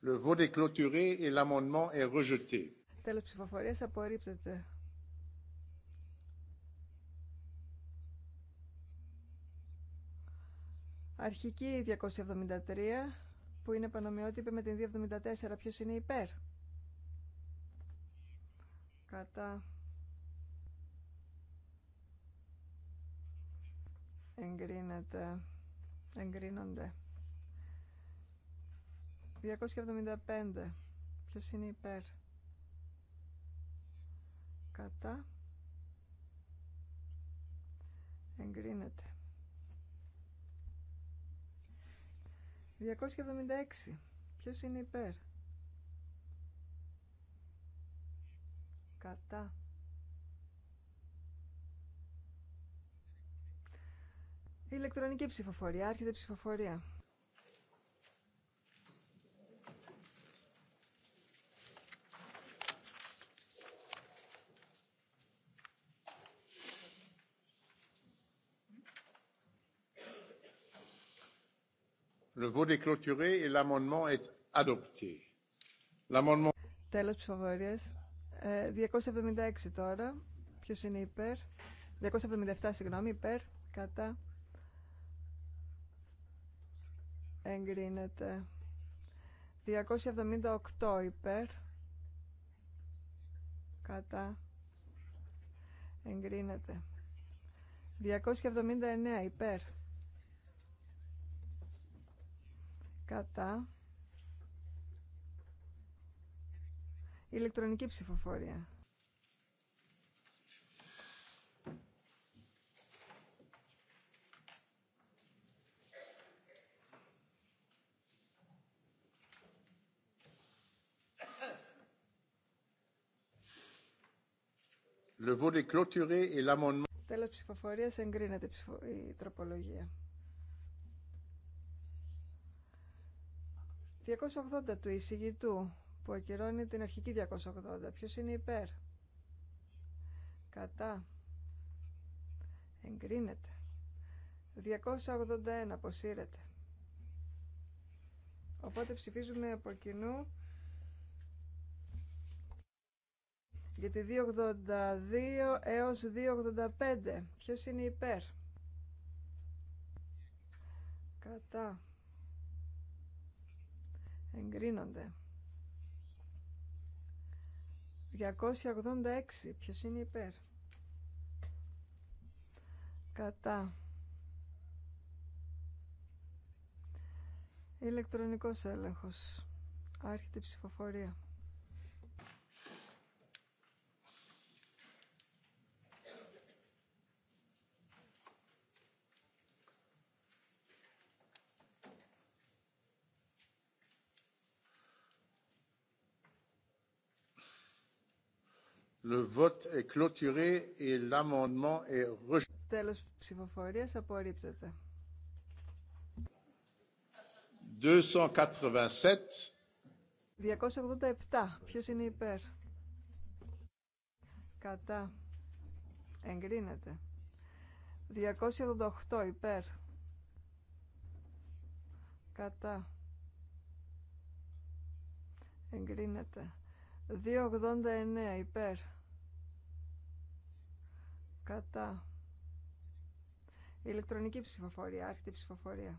Le vote est clôturé et l'amendement est rejeté. απορρίπτεται. Αρχική 273 που είναι πανομοιότυπη με την 274. Ποιος είναι υπέρ. Κατά. Εγκρίνεται. Εγκρίνονται. 275. Ποιος είναι υπέρ. Κατά. Εγκρίνεται. 276. Ποιος είναι υπέρ. Κατά. Ηλεκτρονική ψηφοφορία. Άρχεται ψηφοφορία. Le vote est clôturé et l'amendement est adopté. L'amendement... Τέλος ψηφοφορίας. 276 ε, τώρα. Ποιος είναι υπέρ. 277, συγγνώμη, υπέρ. Κατά. Εγκρίνεται. 278 υπέρ. Κατά. Εγκρίνεται. 279 υπέρ. Κατά. Ηλεκτρονική ψηφοφορία. Le volet clôturé et l'amendement. Τέλος ψηφοφορίας εγκρίνεται η τροπολογία. 280 του εισηγητού που ακυρώνει την αρχική 280. Ποιος είναι υπέρ. Κατά. Εγκρίνεται. 281 αποσύρεται. Οπότε ψηφίζουμε από κοινού για τη 282 έως 285. Ποιος είναι υπέρ. Κατά. Εγκρίνονται. 286. Ποιος είναι υπέρ. Κατά. Ηλεκτρονικός έλεγχος. Άρχεται ψηφοφορία. Le vote Τέλος ψηφοφορίας απορρίπτεται. 287. 287. Ποιος είναι υπέρ. Κατά. Εγκρίνεται. 288 υπέρ. Κατά. Εγκρίνεται. 289 υπέρ. Κατά. Ηλεκτρονική ψηφοφορία, άρχιτη ψηφοφορία.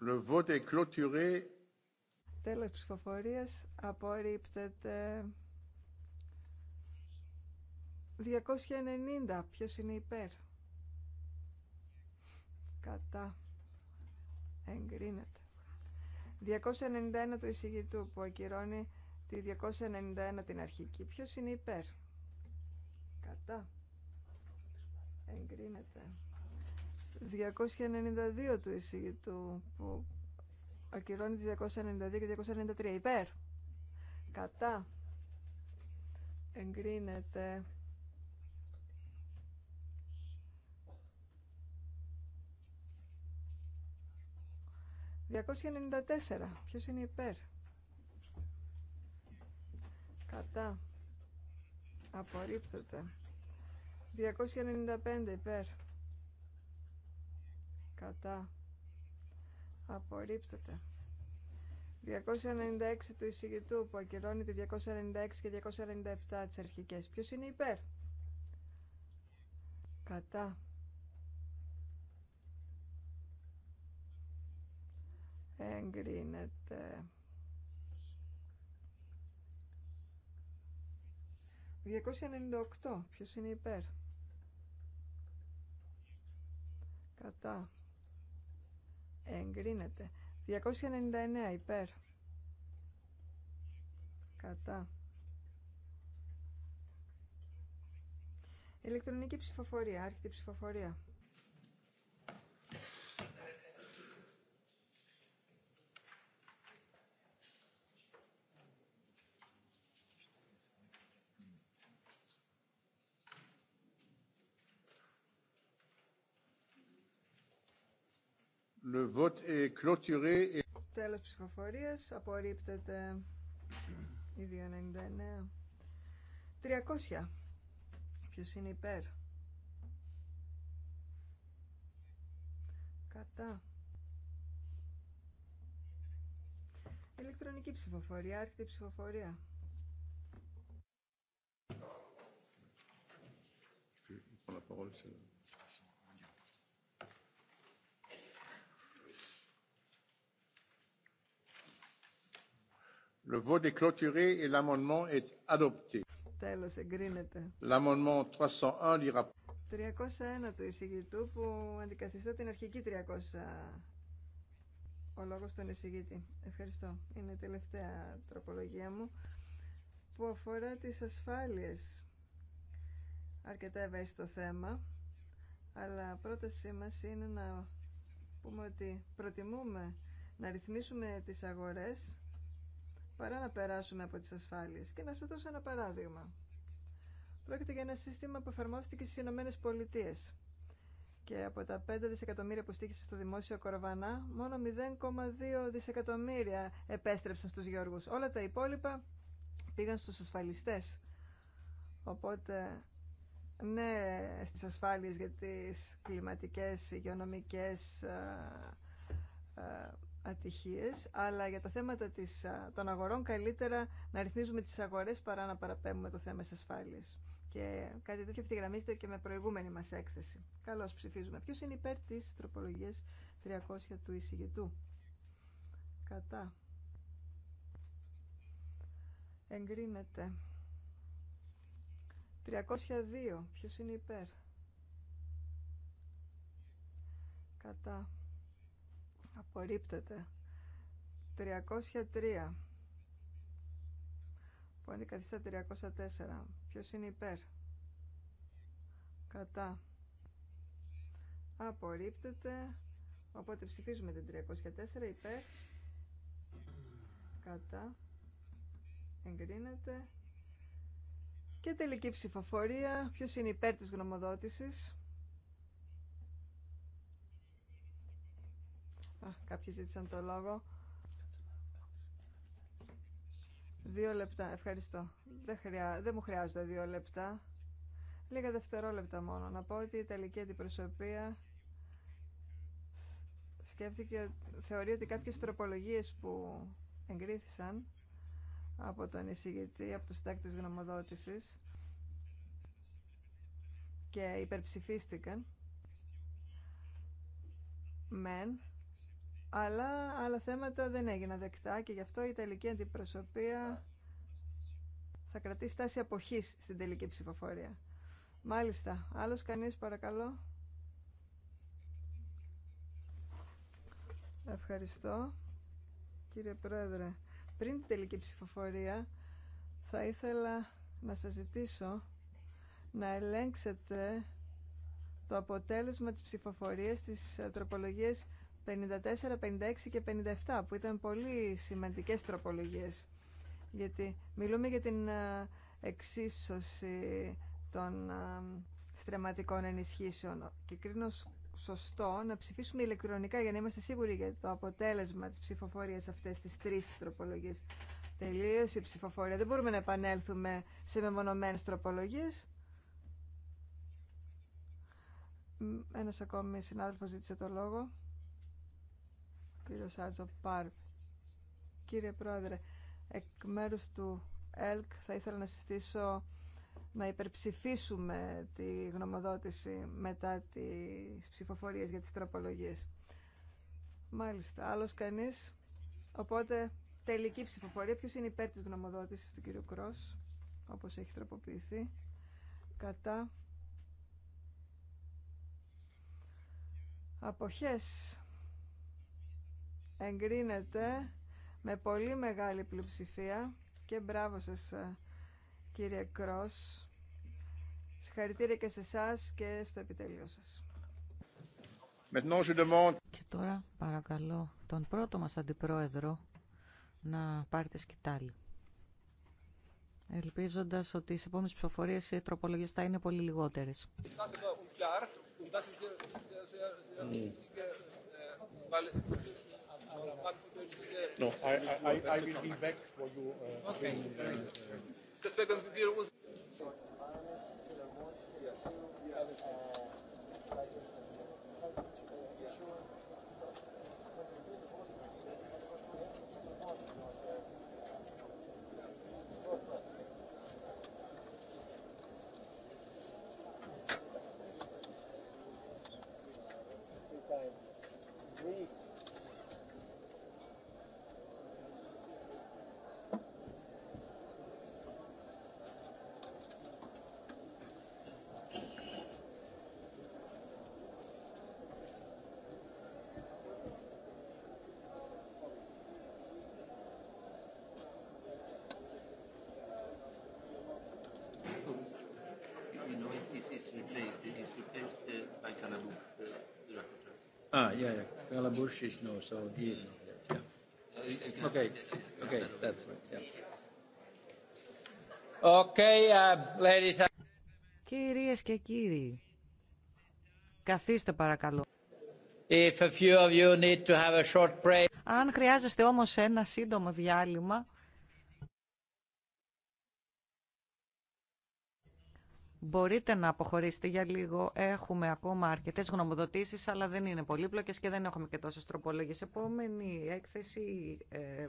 Le vote est clôturé. Τέλος ψηφοφορίας απορρίπτεται. 290. Ποιος είναι υπέρ κατά εγκρίνεται 291 του εισηγητού που ακυρώνει τη 291 την αρχική Ποιο είναι υπέρ κατά εγκρίνεται 292 του εισηγητού που ακυρώνει τη 292 και 293 υπέρ κατά εγκρίνεται 294. Ποιος είναι υπέρ. Κατά. Απορρίπτεται. 295 υπέρ. Κατά. Απορρίπτεται. 296 του εισηγητού που ακυρώνει τη 296 και 297 τις αρχικές. Ποιος είναι υπέρ. Κατά. εγκρίνεται. 298. Ποιος είναι υπέρ. Κατά. Εγκρίνεται. 299 υπέρ. Κατά. Ηλεκτρονική ψηφοφορία. Άρχιτη ψηφοφορία. Le vote est clôturé et... Τέλος ψηφοφορίας. Απορρίπτεται η 299. 300. Ποιος είναι υπέρ. Κατά. Ηλεκτρονική ψηφοφορία, άρχιτε ψηφοφορία. La parole, Le vote est clôturé et l'amendement est adopté. Τέλος, εγκρίνεται. L'amendement 301 du rapport. 301 του εισηγητού που αντικαθιστά την αρχική 300. Ο λόγος των εισηγητή. Ευχαριστώ. Είναι η τελευταία τροπολογία μου που αφορά τις ασφάλειες. Αρκετά ευαίσθητο θέμα, αλλά πρότασή μας είναι να πούμε ότι προτιμούμε να ρυθμίσουμε τις αγορές παρά να περάσουμε από τις ασφάλειες. Και να σας δώσω ένα παράδειγμα. Πρόκειται για ένα σύστημα που εφαρμόστηκε στις Ηνωμένε Πολιτείε. Και από τα 5 δισεκατομμύρια που στήχησε στο δημόσιο κοροβανά, μόνο 0,2 δισεκατομμύρια επέστρεψαν στους γεωργούς. Όλα τα υπόλοιπα πήγαν στους ασφαλιστές. Οπότε, ναι, στις ασφάλειες για τις κλιματικές, υγειονομικές, ε, ε, ατυχίες, αλλά για τα θέματα της, των αγορών καλύτερα να ρυθμίζουμε τις αγορές παρά να παραπέμπουμε το θέμα της ασφάλειας. Και κάτι τέτοιο ευθυγραμμίζεται και με προηγούμενη μας έκθεση. Καλώς ψηφίζουμε. Ποιος είναι υπέρ της τροπολογίας 300 του εισηγητού. Κατά. Εγκρίνεται. 302. Ποιος είναι υπέρ. Κατά απορρίπτεται 303 που αντικαθιστά 304 ποιος είναι υπέρ κατά απορρίπτεται οπότε ψηφίζουμε την 304 υπέρ κατά εγκρίνεται και τελική ψηφοφορία ποιος είναι υπέρ της γνωμοδότησης Α, κάποιοι ζήτησαν το λόγο. Δύο λεπτά, ευχαριστώ. Δεν, Δεν μου χρειάζονται δύο λεπτά. Λίγα δευτερόλεπτα μόνο. Να πω ότι η Ιταλική αντιπροσωπεία σκέφτηκε, θεωρεί ότι κάποιες τροπολογίες που εγκρίθησαν από τον εισηγητή, από τους συντάκτη γνωμοδότησης και υπερψηφίστηκαν μεν αλλά άλλα θέματα δεν έγιναν δεκτά και γι' αυτό η τελική Αντιπροσωπεία θα κρατήσει τάση αποχής στην τελική ψηφοφορία. Μάλιστα. Άλλος κανείς παρακαλώ. Ευχαριστώ. Κύριε Πρόεδρε, πριν την τελική ψηφοφορία θα ήθελα να σας ζητήσω να ελέγξετε το αποτέλεσμα της ψηφοφορίας της ε, τροπολογίας 54, 56 και 57 που ήταν πολύ σημαντικές τροπολογίες γιατί μιλούμε για την ε, εξίσωση των ε, στρεματικών ενισχύσεων και κρίνω σωστό να ψηφίσουμε ηλεκτρονικά για να είμαστε σίγουροι για το αποτέλεσμα της ψηφοφορίας αυτές τις τρεις τροπολογίες. Τελείωσε η ψηφοφορία. Δεν μπορούμε να επανέλθουμε σε μεμονωμένες τροπολογίες. Ένας ακόμη συνάδελφος ζήτησε το λόγο κύριος Άτζο Παρ. Κύριε Πρόεδρε, εκ μέρους του ΕΛΚ θα ήθελα να συστήσω να υπερψηφίσουμε τη γνωμοδότηση μετά τις ψηφοφορίες για τις τροπολογίες. Μάλιστα, άλλος κανείς. Οπότε, τελική ψηφοφορία. Ποιος είναι υπέρ της γνωμοδότησης του κύριου Κρός, όπως έχει τροποποιηθεί. Κατά. Αποχές εγκρίνεται με πολύ μεγάλη πλειοψηφία και μπράβο σας ε, κύριε Κρός. Συγχαρητήρια και σε εσά και στο επιτελείο σας. Και τώρα παρακαλώ τον πρώτο μας αντιπρόεδρο να πάρει τη σκητάλη. Ελπίζοντας ότι στις επόμενες ψηφοφορίες οι τροπολογίες θα είναι πολύ λιγότερες. No, I, I, I will be back for you. Uh, okay. Deswegen wir uns. Ah, yeah, yeah. Bella Bush is no, so he is not there. Yeah. Okay, okay, that's right. Yeah. Okay, uh, ladies. and Κυρίες και κύριοι, καθίστε παρακαλώ. If a few of you need to have a short break. Αν χρειάζεστε όμως ένα σύντομο διάλειμμα, Μπορείτε να αποχωρήσετε για λίγο. Έχουμε ακόμα αρκετέ γνωμοδοτήσει, αλλά δεν είναι πολύπλοκε και δεν έχουμε και τόσε τροπολογίε. Επόμενη έκθεση, ε,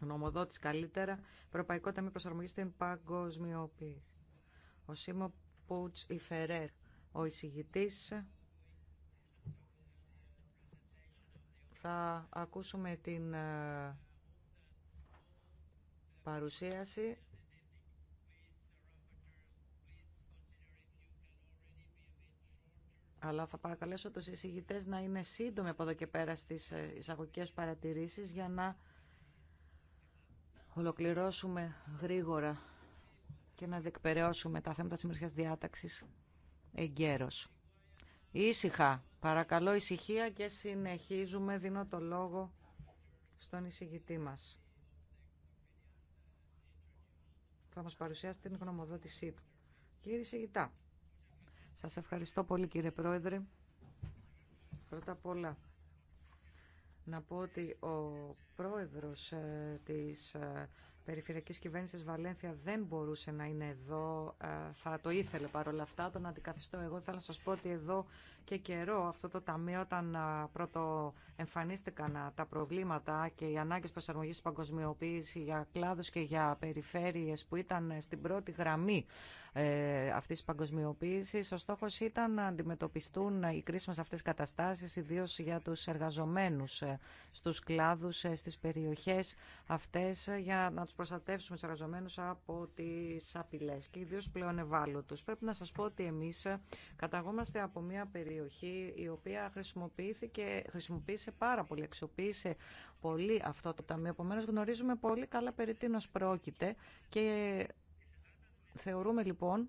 γνωμοδότη καλύτερα, Ευρωπαϊκό Ταμείο Προσαρμογή στην Παγκοσμιοποίηση. Ο Σίμω Πούτ Ιφερέρ, ο εισηγητή. Θα ακούσουμε την ε, παρουσίαση αλλά θα παρακαλέσω τους εισηγητές να είναι σύντομοι από εδώ και πέρα στις ε, εισαγωγικέ παρατηρήσεις για να ολοκληρώσουμε γρήγορα και να διεκπαιρεώσουμε τα θέματα της διάταξης εγκαίρως. Ήσυχα. Παρακαλώ ησυχία και συνεχίζουμε. Δίνω το λόγο στον εισηγητή μας. Θα μας παρουσιάσει την γνωμοδότησή του. Κύριε εισηγητά. Σας ευχαριστώ πολύ κύριε Πρόεδρε. Πρώτα απ' όλα να πω ότι ο πρόεδρος ε, της ε, περιφερειακής κυβέρνησης Βαλένθια δεν μπορούσε να είναι εδώ. Ε, θα το ήθελε παρόλα αυτά, τον αντικαθιστώ εγώ. θα να σας πω ότι εδώ και καιρό αυτό το ταμείο όταν πρώτο εμφανίστηκαν τα προβλήματα και οι ανάγκες προσαρμογής της παγκοσμιοποίηση για κλάδους και για περιφέρειες που ήταν στην πρώτη γραμμή ε, αυτής της παγκοσμιοποίησης. Ο στόχος ήταν να αντιμετωπιστούν ε, οι κρίσιμες αυτές καταστάσεις, ιδίως για τους εργαζομένους ε, στους κλάδους, ε, στις περιοχές αυτές, για να τους προστατεύσουμε τους εργαζομένους από τις απειλές και ιδίως πλέον ευάλωτους. Πρέπει να σας πω ότι εμείς καταγόμαστε από μια περιοχή περιοχή η οποία χρησιμοποιήθηκε, χρησιμοποίησε πάρα πολύ, αξιοποίησε πολύ αυτό το ταμείο. Επομένω, γνωρίζουμε πολύ καλά περί τίνος πρόκειται και θεωρούμε λοιπόν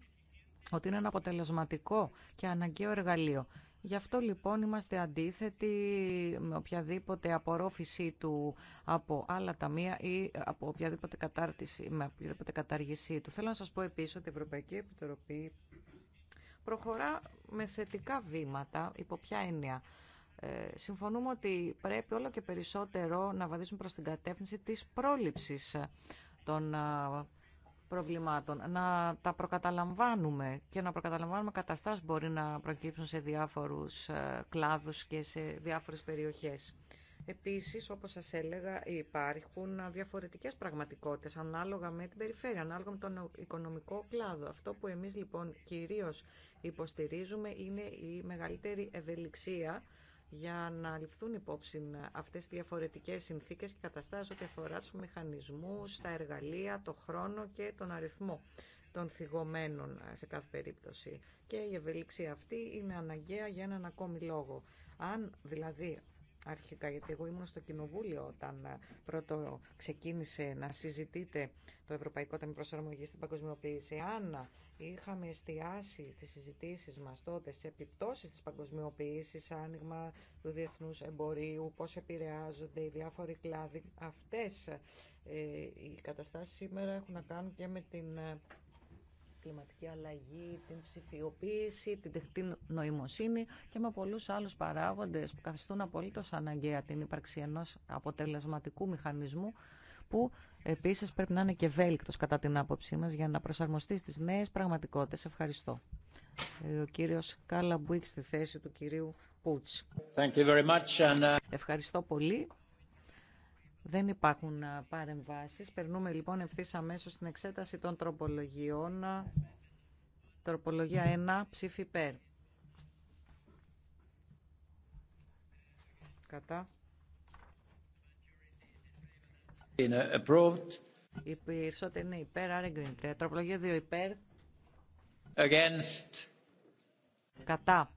ότι είναι ένα αποτελεσματικό και αναγκαίο εργαλείο. Γι' αυτό λοιπόν είμαστε αντίθετοι με οποιαδήποτε απορρόφησή του από άλλα ταμεία ή από οποιαδήποτε με οποιαδήποτε κατάργησή του. Θέλω να σας πω επίσης ότι η Ευρωπαϊκή Επιτροπή προχωρά με θετικά βήματα, υπό ποια έννοια. Ε, συμφωνούμε ότι πρέπει όλο και περισσότερο να βαδίσουμε προς την κατεύθυνση της πρόληψης των ε, προβλημάτων, να τα προκαταλαμβάνουμε και να προκαταλαμβάνουμε καταστάσεις που μπορεί να προκύψουν σε διάφορους ε, κλάδους και σε διάφορες περιοχές. Επίσης, όπως σας έλεγα, υπάρχουν διαφορετικές πραγματικότητες ανάλογα με την περιφέρεια, ανάλογα με τον οικονομικό κλάδο. Αυτό που εμείς λοιπόν κυρίως υποστηρίζουμε είναι η μεγαλύτερη ευελιξία για να ληφθούν υπόψη αυτές οι διαφορετικές συνθήκες και καταστάσεις ό,τι αφορά τους μηχανισμούς, τα εργαλεία, το χρόνο και τον αριθμό των θυγωμένων σε κάθε περίπτωση. Και η ευελιξία αυτή είναι αναγκαία για έναν ακόμη λόγο. Αν δηλαδή αρχικά, γιατί εγώ ήμουν στο Κοινοβούλιο όταν ε, πρώτο ξεκίνησε να συζητείτε το Ευρωπαϊκό Ταμείο Προσαρμογή στην Παγκοσμιοποίηση. Αν είχαμε εστιάσει τι συζητήσει μα τότε σε επιπτώσει τη παγκοσμιοποίηση, άνοιγμα του διεθνού εμπορίου, πώ επηρεάζονται οι διάφοροι κλάδοι, αυτέ ε, οι καταστάσει σήμερα έχουν να κάνουν και με την ε, κλιματική αλλαγή, την ψηφιοποίηση, την νοημοσύνη και με πολλούς άλλους παράγοντες που καθιστούν απολύτως αναγκαία την ύπαρξη ενός αποτελεσματικού μηχανισμού που επίσης πρέπει να είναι και ευέλικτος κατά την άποψή μας για να προσαρμοστεί στις νέες πραγματικότητες. Ευχαριστώ. Ε, ο κύριος Κάλαμπουικ στη θέση του κυρίου Πούτς. Uh, Ευχαριστώ πολύ. Δεν υπάρχουν παρεμβάσεις. Περνούμε λοιπόν ευθύ αμέσω στην εξέταση των τροπολογιών. Τροπολογία 1, ψήφι υπέρ. Κατά. Είναι approved. Οι περισσότεροι είναι υπέρ, άρα εγκρίνεται. Τροπολογία 2 υπέρ. Against. Κατά.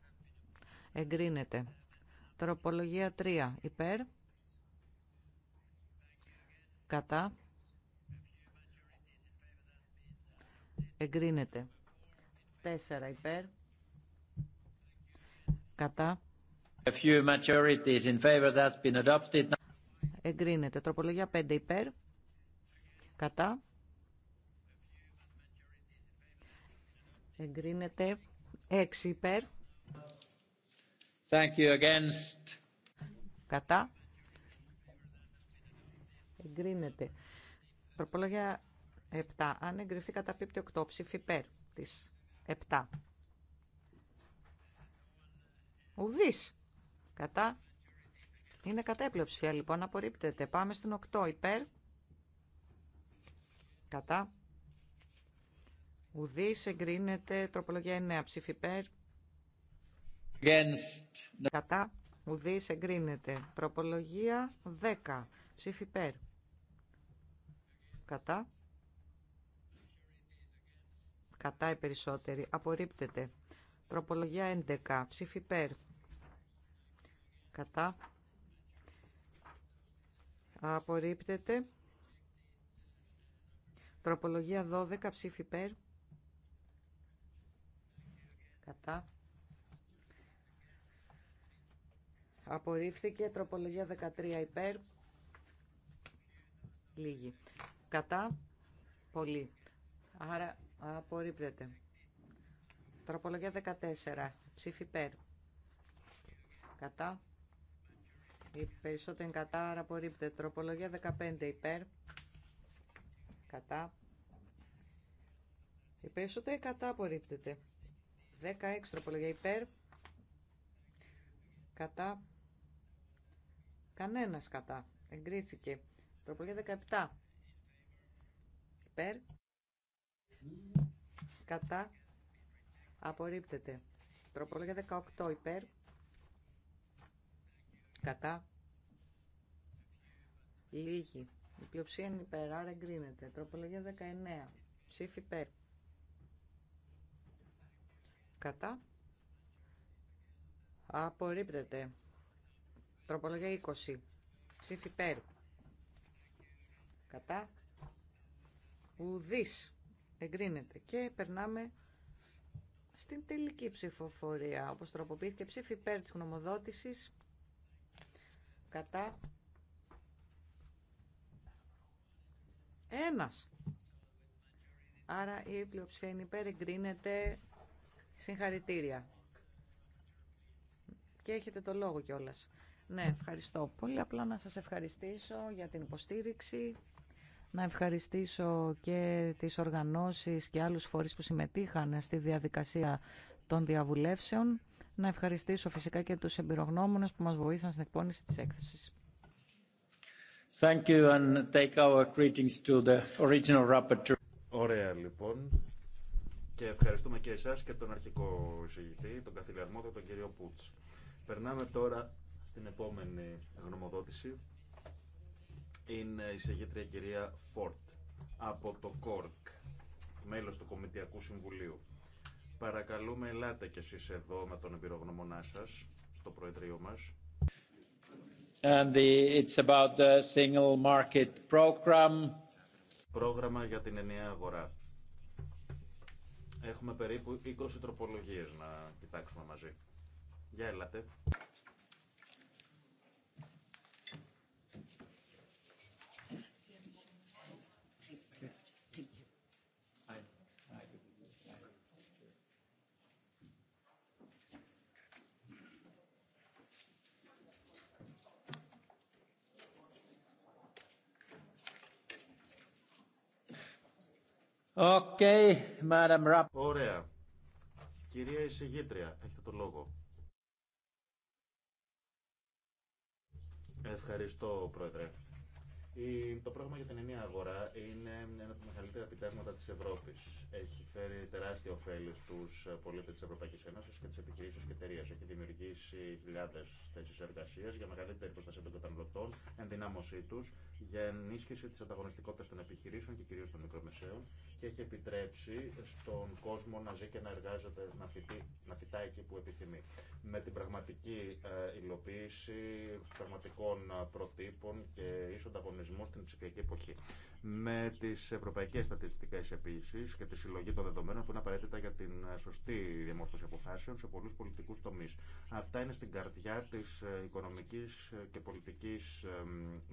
Εγκρίνεται. Τροπολογία 3 υπέρ κατά εγκρίνεται 4 υπέρ κατά A few majorities Εγκρίνεται. Τροπολογία 5 υπέρ. Κατά. Εγκρίνεται. 6 υπέρ. Thank you against. Κατά εγκρίνεται. Τροπολογία 7. Αν εγκριθεί κατά πίπτη 8 ψήφι υπέρ της 7. Ουδής. Κατά. Είναι κατά ψηφία λοιπόν. Απορρίπτεται. Πάμε στην 8 υπέρ. Κατά. Ουδής εγκρίνεται. Τροπολογία 9 ψήφι υπέρ. Against. Κατά. Ουδής εγκρίνεται. Τροπολογία 10 ψήφι υπέρ κατά κατά οι περισσότεροι απορρίπτεται τροπολογία 11 ψήφι υπέρ κατά απορρίπτεται τροπολογία 12 ψήφι υπέρ κατά απορρίφθηκε τροπολογία 13 υπέρ λίγη Κατά. Πολύ. Άρα απορρίπτεται. Τροπολογία 14. Ψήφι υπέρ. Κατά. Η περισσότερη κατά, άρα απορρίπτεται. Τροπολογία 15. Υπέρ. Κατά. Η περισσότερη κατά απορρίπτεται. 16. Τροπολογία υπέρ. Κατά. Κανένας κατά. Εγκρίθηκε. Τροπολογία 17 υπέρ, κατά, απορρίπτεται. Τροπολογία 18 υπέρ, κατά, λίγη. Η πλειοψία είναι υπέρ, άρα εγκρίνεται. Τροπολογία 19, ψήφι υπέρ, κατά, απορρίπτεται. Τροπολογία 20, ψήφι υπέρ, κατά, Ουδής εγκρίνεται και περνάμε στην τελική ψηφοφορία. Όπως τροποποιήθηκε ψήφι υπέρ της γνωμοδότησης κατά ένας. Άρα η πλειοψηφία είναι υπέρ, εγκρίνεται συγχαρητήρια. Και έχετε το λόγο κιόλας. Ναι, ευχαριστώ πολύ. Απλά να σας ευχαριστήσω για την υποστήριξη. Να ευχαριστήσω και τις οργανώσεις και άλλους φορείς που συμμετείχαν στη διαδικασία των διαβουλεύσεων. Να ευχαριστήσω φυσικά και τους εμπειρογνώμονες που μας βοήθησαν στην εκπόνηση της έκθεσης. Ωραία λοιπόν. Και ευχαριστούμε και εσάς και τον αρχικό εισηγητή, τον καθηγητή τον κύριο Πούτς. Περνάμε τώρα στην επόμενη γνωμοδότηση είναι η συγγετρία κυρία Φόρτ από το ΚΟΡΚ, μέλος του Κομιτιακού Συμβουλίου. Παρακαλούμε, ελάτε κι εσείς εδώ με τον εμπειρογνωμονά σας, στο Προεδρείο μας. And it's about the single market program. Πρόγραμμα για την ενιαία αγορά. Έχουμε περίπου 20 τροπολογίες να κοιτάξουμε μαζί. Γεια ελάτε. Okay, Madam Ωραία. Κυρία εισηγήτρια, έχετε το λόγο. Ευχαριστώ, Πρόεδρε. Το πρόγραμμα για την ενιαία αγορά είναι ένα από τα μεγαλύτερα επιτεύγματα τη Ευρώπη. Έχει φέρει τεράστια ωφέλη στου πολίτε τη Ευρωπαϊκή Ένωση και τι επιχειρήσει και εταιρείε. Έχει δημιουργήσει χιλιάδε θέσει εργασία για μεγαλύτερη προστασία των καταναλωτών, ενδυνάμωσή του, για ενίσχυση τη ανταγωνιστικότητα των επιχειρήσεων και κυρίω των μικρομεσαίων και έχει επιτρέψει στον κόσμο να ζει και να εργάζεται, να, να φυτά εκεί που επιθυμεί. Με την πραγματική ε, υλοποίηση πραγματικών ε, προτύπων και τα στην ψηφιακή εποχή. Με τι ευρωπαϊκέ στατιστικέ επίση και τη συλλογή των δεδομένων που είναι απαραίτητα για την σωστή διαμόρφωση αποφάσεων σε πολλού πολιτικού τομεί. Αυτά είναι στην καρδιά τη ε, οικονομική ε, και πολιτική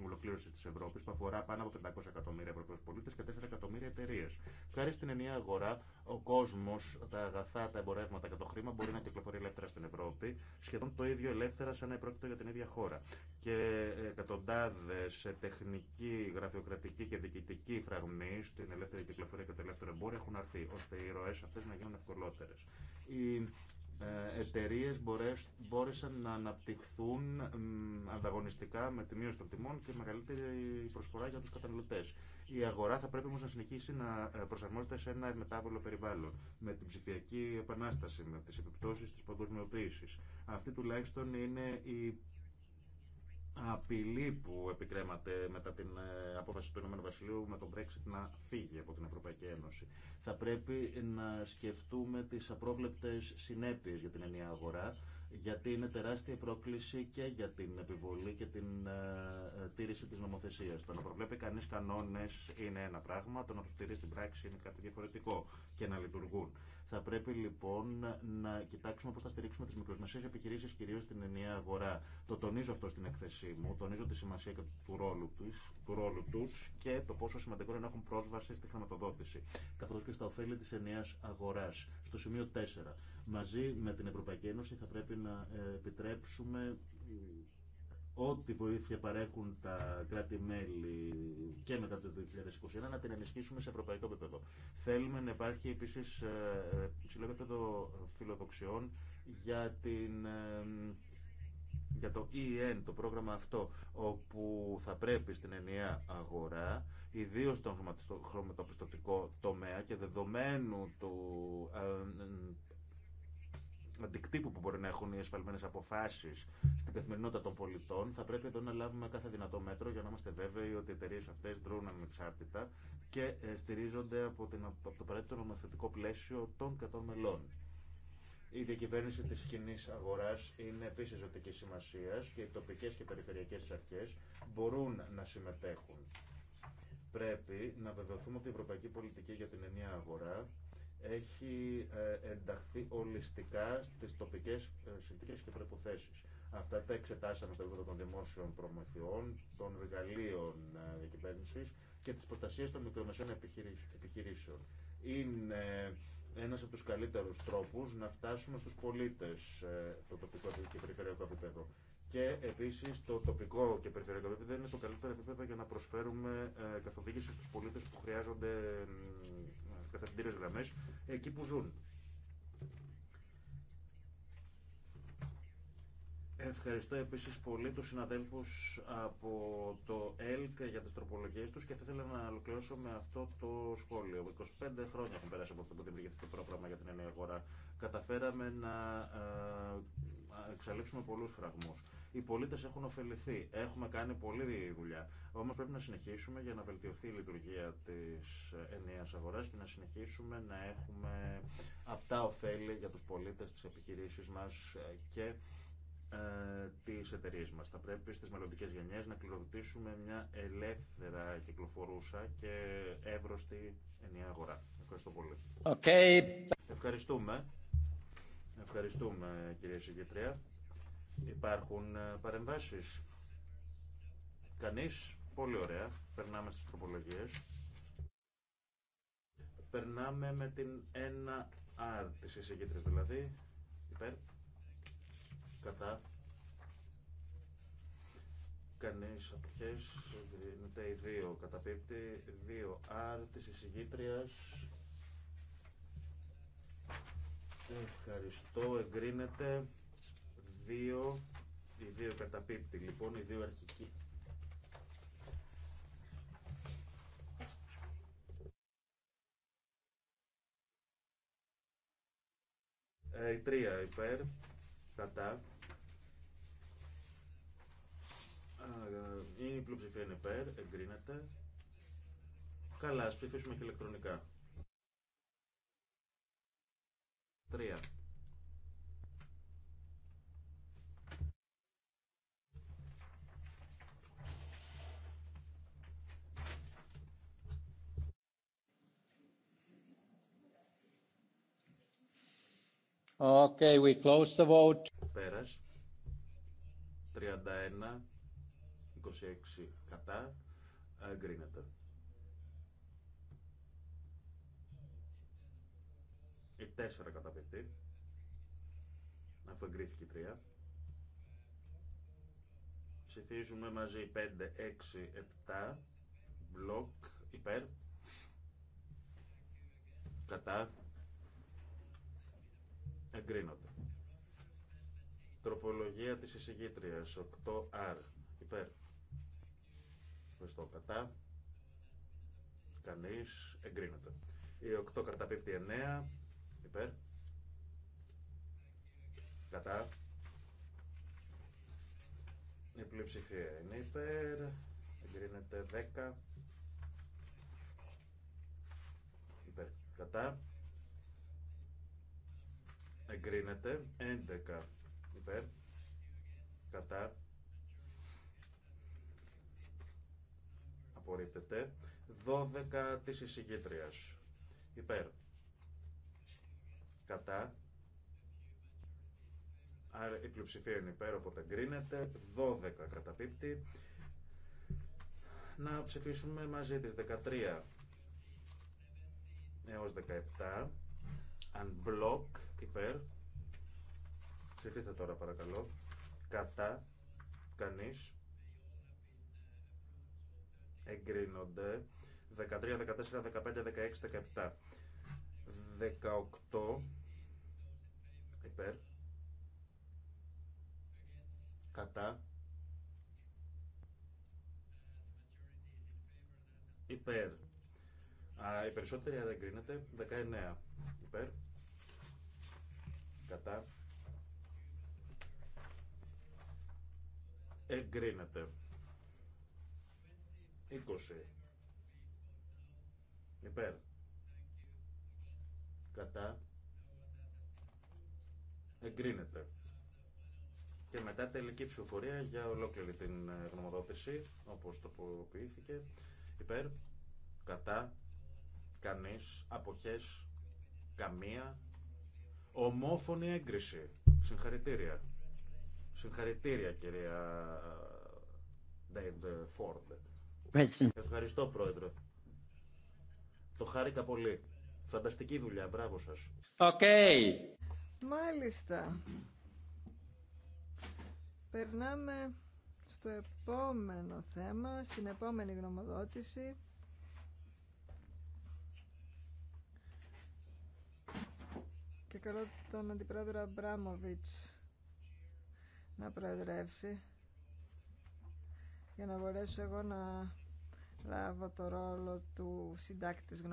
ολοκλήρωση τη Ευρώπη που αφορά πάνω από 500 εκατομμύρια Ευρωπαίου πολίτε και 4 εκατομμύρια εταιρείε. Χάρη στην ενιαία αγορά, ο κόσμο, τα αγαθά, τα εμπορεύματα και το χρήμα μπορεί να κυκλοφορεί ελεύθερα στην Ευρώπη, σχεδόν το ίδιο ελεύθερα σαν να επρόκειτο για την ίδια χώρα. Και ε, εκατοντάδε τεχνικοί κοινωνική, γραφειοκρατική και διοικητική φραγμή στην ελεύθερη κυκλοφορία και το ελεύθερο εμπόριο έχουν αρθεί, ώστε οι ροέ αυτέ να γίνουν ευκολότερε. Οι ε, εταιρείε μπόρεσαν να αναπτυχθούν ανταγωνιστικά με τη μείωση των τιμών και μεγαλύτερη προσφορά για του καταναλωτέ. Η αγορά θα πρέπει όμω να συνεχίσει να ε, προσαρμόζεται σε ένα μετάβολο περιβάλλον. Με την ψηφιακή επανάσταση, με τι επιπτώσει τη παγκοσμιοποίηση. Αυτή τουλάχιστον είναι η απειλή που επικρέμαται μετά την ε, απόφαση του Ηνωμένου Βασιλείου με τον Brexit να φύγει από την Ευρωπαϊκή Ένωση. Θα πρέπει να σκεφτούμε τις απρόβλεπτες συνέπειες για την ενιαία αγορά γιατί είναι τεράστια πρόκληση και για την επιβολή και την ε, ε, τήρηση της νομοθεσίας. Το να προβλέπει κανείς κανόνες είναι ένα πράγμα, το να τους τηρεί στην πράξη είναι κάτι διαφορετικό και να λειτουργούν. Θα πρέπει λοιπόν να κοιτάξουμε πώς θα στηρίξουμε τις μικρομεσαίες επιχειρήσεις, κυρίως στην ενιαία αγορά. Το τονίζω αυτό στην εκθεσή μου, τονίζω τη σημασία του ρόλου, τους, του ρόλου τους και το πόσο σημαντικό είναι να έχουν πρόσβαση στη χρηματοδότηση, καθώς και στα ωφέλη της ενιαίας αγοράς. Στο σημείο 4 Μαζί με την Ευρωπαϊκή Ένωση θα πρέπει να ε, επιτρέψουμε ε, ό,τι βοήθεια παρέχουν τα κράτη-μέλη και μετά το 2021 να την ενισχύσουμε σε ευρωπαϊκό επίπεδο. Θέλουμε να υπάρχει επίσης ε, ψηλό επίπεδο φιλοδοξιών για την για το EEN, το πρόγραμμα αυτό, όπου θα πρέπει στην ενιαία αγορά, ιδίως στον χρωματοπιστωτικό τομέα και δεδομένου του αντικτύπου που μπορεί να έχουν οι εσφαλμένε αποφάσει στην καθημερινότητα των πολιτών, θα πρέπει εδώ να λάβουμε κάθε δυνατό μέτρο για να είμαστε βέβαιοι ότι οι εταιρείε αυτέ δρούν ανεξάρτητα και ε, στηρίζονται από, την, το απαραίτητο νομοθετικό πλαίσιο των κρατών μελών. Η διακυβέρνηση τη κοινή αγορά είναι επίση ζωτική σημασία και οι τοπικέ και περιφερειακέ αρχέ μπορούν να συμμετέχουν. Πρέπει να βεβαιωθούμε ότι η ευρωπαϊκή πολιτική για την ενιαία αγορά έχει ε, ενταχθεί ολιστικά στις τοπικές ε, συνθήκες και προϋποθέσεις. Αυτά τα εξετάσαμε στο επίπεδο των δημόσιων προμηθειών, των εργαλείων ε, διακυβέρνησης και τις προστασία των μικρομεσαίων επιχειρήσεων. Είναι ένας από τους καλύτερους τρόπους να φτάσουμε στους πολίτες το τοπικό και περιφερειακό επίπεδο. Και επίση το τοπικό και περιφερειακό επίπεδο είναι το καλύτερο επίπεδο για να προσφέρουμε καθοδήγηση στου πολίτε που χρειάζονται καθαρτήρες γραμμές εκεί που ζουν. Ευχαριστώ επίσης πολύ τους συναδέλφους από το ΕΛΚ για τις τροπολογίες τους και θα ήθελα να ολοκληρώσω με αυτό το σχόλιο. 25 χρόνια έχουν περάσει από αυτό που δημιουργήθηκε το πρόγραμμα για την ενέργεια αγορά. Καταφέραμε να ε, εξαλείψουμε πολλούς φραγμούς οι πολίτε έχουν ωφεληθεί. Έχουμε κάνει πολλή δουλειά. Όμω πρέπει να συνεχίσουμε για να βελτιωθεί η λειτουργία τη ε, ενιαία αγορά και να συνεχίσουμε να έχουμε απτά ωφέλη για του πολίτε, τι επιχειρήσει μα ε, και ε, τι εταιρείε μα. Θα πρέπει στι μελλοντικέ γενιέ να κληροδοτήσουμε μια ελεύθερα κυκλοφορούσα και εύρωστη ενιαία αγορά. Ευχαριστώ πολύ. Okay. Ευχαριστούμε. Ευχαριστούμε, κυρία Συγκετρία. Υπάρχουν ε, παρεμβάσεις. Κανείς. Πολύ ωραία. Περνάμε στις τροπολογίες. Περνάμε με την 1R της εισηγήτρες δηλαδή. Υπέρ. Κατά. Κανείς αποχές. Δίνεται η 2 καταπίπτει. 2R της εισηγήτριας. Ευχαριστώ. Εγκρίνεται δύο, οι δύο καταπίπτει λοιπόν, οι δύο αρχικοί. Ε, η τρία υπέρ, κατά. Η πλειοψηφία είναι υπέρ, εγκρίνεται. Καλά, ας ψηφίσουμε και ηλεκτρονικά. Τρία. Okay, we close the vote. Πέρας. 31, 26 κατά. Εγκρίνεται. Η 4 καταπληκτή. Αφού εγκρίθηκε η 3. Ψηφίζουμε μαζί 5, 6, 7. Μπλοκ υπέρ. Κατά εγκρίνονται. Τροπολογία της εισηγήτριας 8R υπέρ. Ευχαριστώ κατά. Κανείς εγκρίνεται. Η 8 καταπίπτει 9 υπέρ. Κατά. Η πλειοψηφία είναι υπέρ. Εγκρίνεται 10. Υπέρ. Κατά εγκρίνεται 11 υπέρ κατά απορρίπτεται 12 της εισηγήτριας υπέρ κατά άρα η πλειοψηφία είναι υπέρ οπότε εγκρίνεται 12 καταπίπτει να ψηφίσουμε μαζί τις 13 έως 17 unblock υπέρ ψηφίστε τώρα παρακαλώ κατά κανείς εγκρίνονται 13, 14, 15, 16, 17 18 υπέρ κατά υπέρ. Α, οι περισσότεροι άρα εγκρίνεται 19 υπέρ Κατά. Εγκρίνεται. 20. Υπέρ. Κατά. Εγκρίνεται. Και μετά τελική ψηφοφορία για ολόκληρη την ε, γνωμοδότηση, όπως τοποποιήθηκε. Υπέρ. Κατά. Κανείς. Αποχές. Καμία. Ομόφωνη έγκριση. Συγχαρητήρια. Συγχαρητήρια, κυρία Ντέιντ Φόρντ. Ευχαριστώ, Πρόεδρε. Το χάρηκα πολύ. Φανταστική δουλειά. Μπράβο σας. Οκ. Okay. Μάλιστα. Περνάμε στο επόμενο θέμα, στην επόμενη γνωμοδότηση. και καλώ τον Αντιπρόεδρο Αμπράμοβιτς να προεδρεύσει για να μπορέσω εγώ να λάβω το ρόλο του συντάκτη της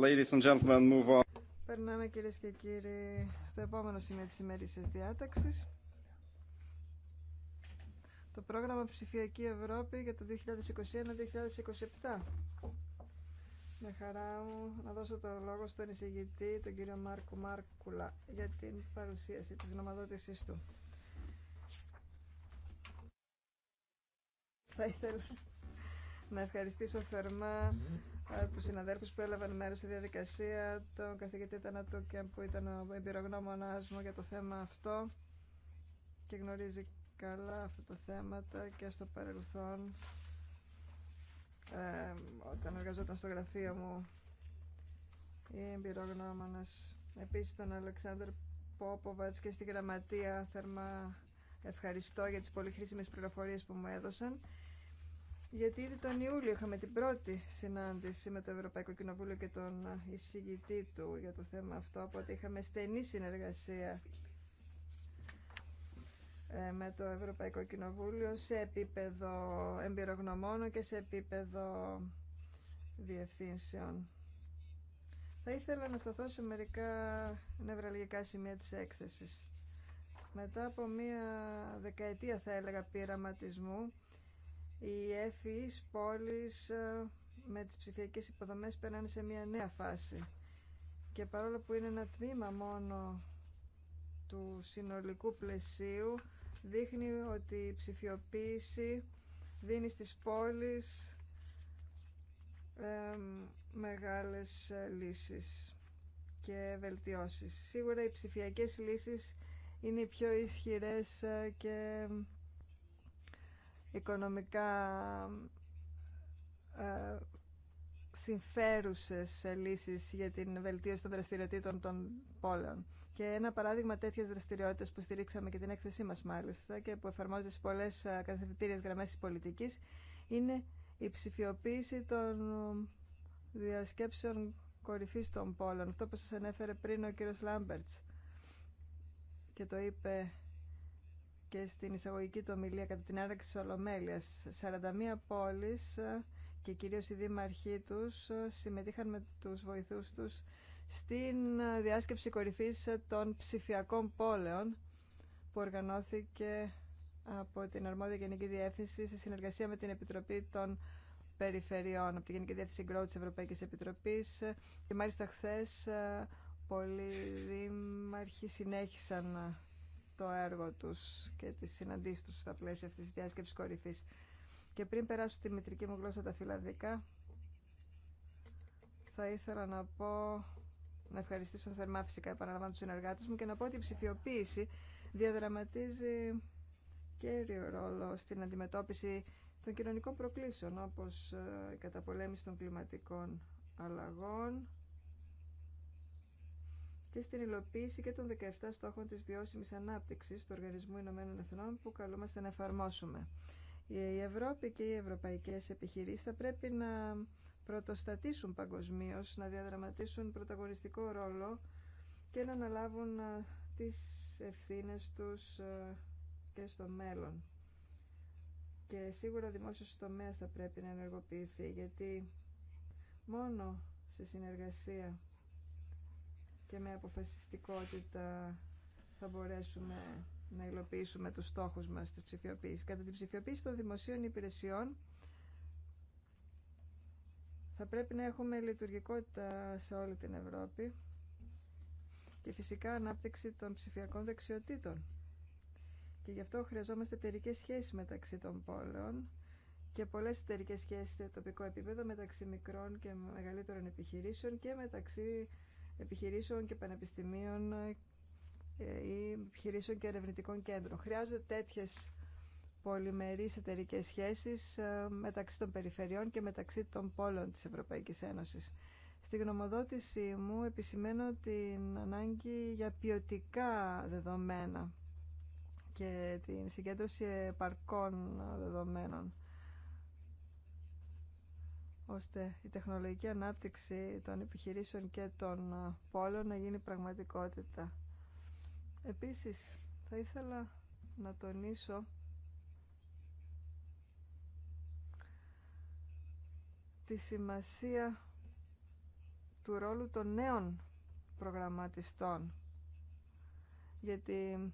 Ladies and gentlemen, move on. Περνάμε κυρίε και κύριοι στο επόμενο σημείο τη ημερήσια διάταξη το πρόγραμμα Ψηφιακή Ευρώπη για το 2021-2027. Με χαρά μου να δώσω το λόγο στον εισηγητή, τον κύριο Μάρκο Μάρκουλα, για την παρουσίαση της γνωμαδότησής του. Θα ήθελα να ευχαριστήσω θερμά ε, τους συναδέλφους που έλαβαν μέρος στη διαδικασία, τον καθηγητή Τανατούκεν που ήταν ο εμπειρογνώμονάς μου για το θέμα αυτό και γνωρίζει καλά αυτά τα θέματα και στο παρελθόν όταν εργαζόταν στο γραφείο μου η εμπειρογνώμονας επίσης τον Αλεξάνδρ Πόποβατς και στη γραμματεία θερμά ευχαριστώ για τις πολύ χρήσιμες πληροφορίες που μου έδωσαν γιατί ήδη τον Ιούλιο είχαμε την πρώτη συνάντηση με το Ευρωπαϊκό Κοινοβούλιο και τον εισηγητή του για το θέμα αυτό, οπότε είχαμε στενή συνεργασία ε, με το Ευρωπαϊκό Κοινοβούλιο σε επίπεδο εμπειρογνωμόνων και σε επίπεδο διευθύνσεων. Θα ήθελα να σταθώ σε μερικά νευραλγικά σημεία της έκθεσης. Μετά από μία δεκαετία, θα έλεγα, πειραματισμού, η έφης πόλεις ε, με τις ψηφιακές υποδομές περνάνε σε μία νέα φάση. Και παρόλο που είναι ένα τμήμα μόνο του συνολικού πλαισίου, δείχνει ότι η ψηφιοποίηση δίνει στις πόλεις ε, μεγάλες λύσεις και βελτιώσεις. Σίγουρα οι ψηφιακές λύσεις είναι οι πιο ισχυρές και οικονομικά ε, συμφέρουσες λύσεις για την βελτίωση των δραστηριοτήτων των πόλεων. Και ένα παράδειγμα τέτοιε δραστηριότητε που στηρίξαμε και την έκθεσή μα, μάλιστα, και που εφαρμόζεται σε πολλέ καθευθυντήριε γραμμέ τη πολιτική, είναι η ψηφιοποίηση των διασκέψεων κορυφή των πόλων. Αυτό που σα ανέφερε πριν ο κύριο Λάμπερτ και το είπε και στην εισαγωγική του ομιλία κατά την άραξη της Ολομέλειας. 41 πόλεις και κυρίως οι δήμαρχοί τους συμμετείχαν με τους βοηθούς τους στην ε, διάσκεψη κορυφής ε, των ψηφιακών πόλεων που οργανώθηκε από την Αρμόδια Γενική Διεύθυνση σε συνεργασία με την Επιτροπή των Περιφερειών, από την Γενική Διεύθυνση Growth της Ευρωπαϊκής Επιτροπής ε, και μάλιστα χθε πολλοί δήμαρχοι συνέχισαν το έργο τους και τις συναντήσεις τους στα πλαίσια αυτής της διάσκεψης κορυφής. Και πριν περάσω τη μητρική μου γλώσσα τα φιλαδικά θα ήθελα να πω να ευχαριστήσω θερμά φυσικά επαναλαμβάνω του συνεργάτε μου και να πω ότι η ψηφιοποίηση διαδραματίζει κέριο ρόλο στην αντιμετώπιση των κοινωνικών προκλήσεων όπως ε, η καταπολέμηση των κλιματικών αλλαγών και στην υλοποίηση και των 17 στόχων της βιώσιμης ανάπτυξης του Οργανισμού Ηνωμένων Εθνών που καλούμαστε να εφαρμόσουμε. Η Ευρώπη και οι ευρωπαϊκές επιχειρήσεις θα πρέπει να πρωτοστατήσουν παγκοσμίω, να διαδραματίσουν πρωταγωνιστικό ρόλο και να αναλάβουν ε, τις ευθύνες τους ε, και στο μέλλον. Και σίγουρα ο δημόσιος τομέας θα πρέπει να ενεργοποιηθεί, γιατί μόνο σε συνεργασία και με αποφασιστικότητα θα μπορέσουμε να υλοποιήσουμε τους στόχους μας της ψηφιοποίησης. Κατά την ψηφιοποίηση των δημοσίων υπηρεσιών θα πρέπει να έχουμε λειτουργικότητα σε όλη την Ευρώπη και φυσικά ανάπτυξη των ψηφιακών δεξιοτήτων. Και γι' αυτό χρειαζόμαστε εταιρικέ σχέσεις μεταξύ των πόλεων και πολλές εταιρικέ σχέσεις σε τοπικό επίπεδο μεταξύ μικρών και μεγαλύτερων επιχειρήσεων και μεταξύ επιχειρήσεων και πανεπιστημίων ε, ή επιχειρήσεων και ερευνητικών κέντρων. Χρειάζονται τέτοιες πολυμερείς εταιρικέ σχέσεις ε, μεταξύ των περιφερειών και μεταξύ των πόλων της Ευρωπαϊκής Ένωσης. Στη γνωμοδότησή μου επισημαίνω την ανάγκη για ποιοτικά δεδομένα και την συγκέντρωση επαρκών δεδομένων ώστε η τεχνολογική ανάπτυξη των επιχειρήσεων και των ε, πόλων να γίνει πραγματικότητα. Επίσης, θα ήθελα να τονίσω τη σημασία του ρόλου των νέων προγραμματιστών γιατί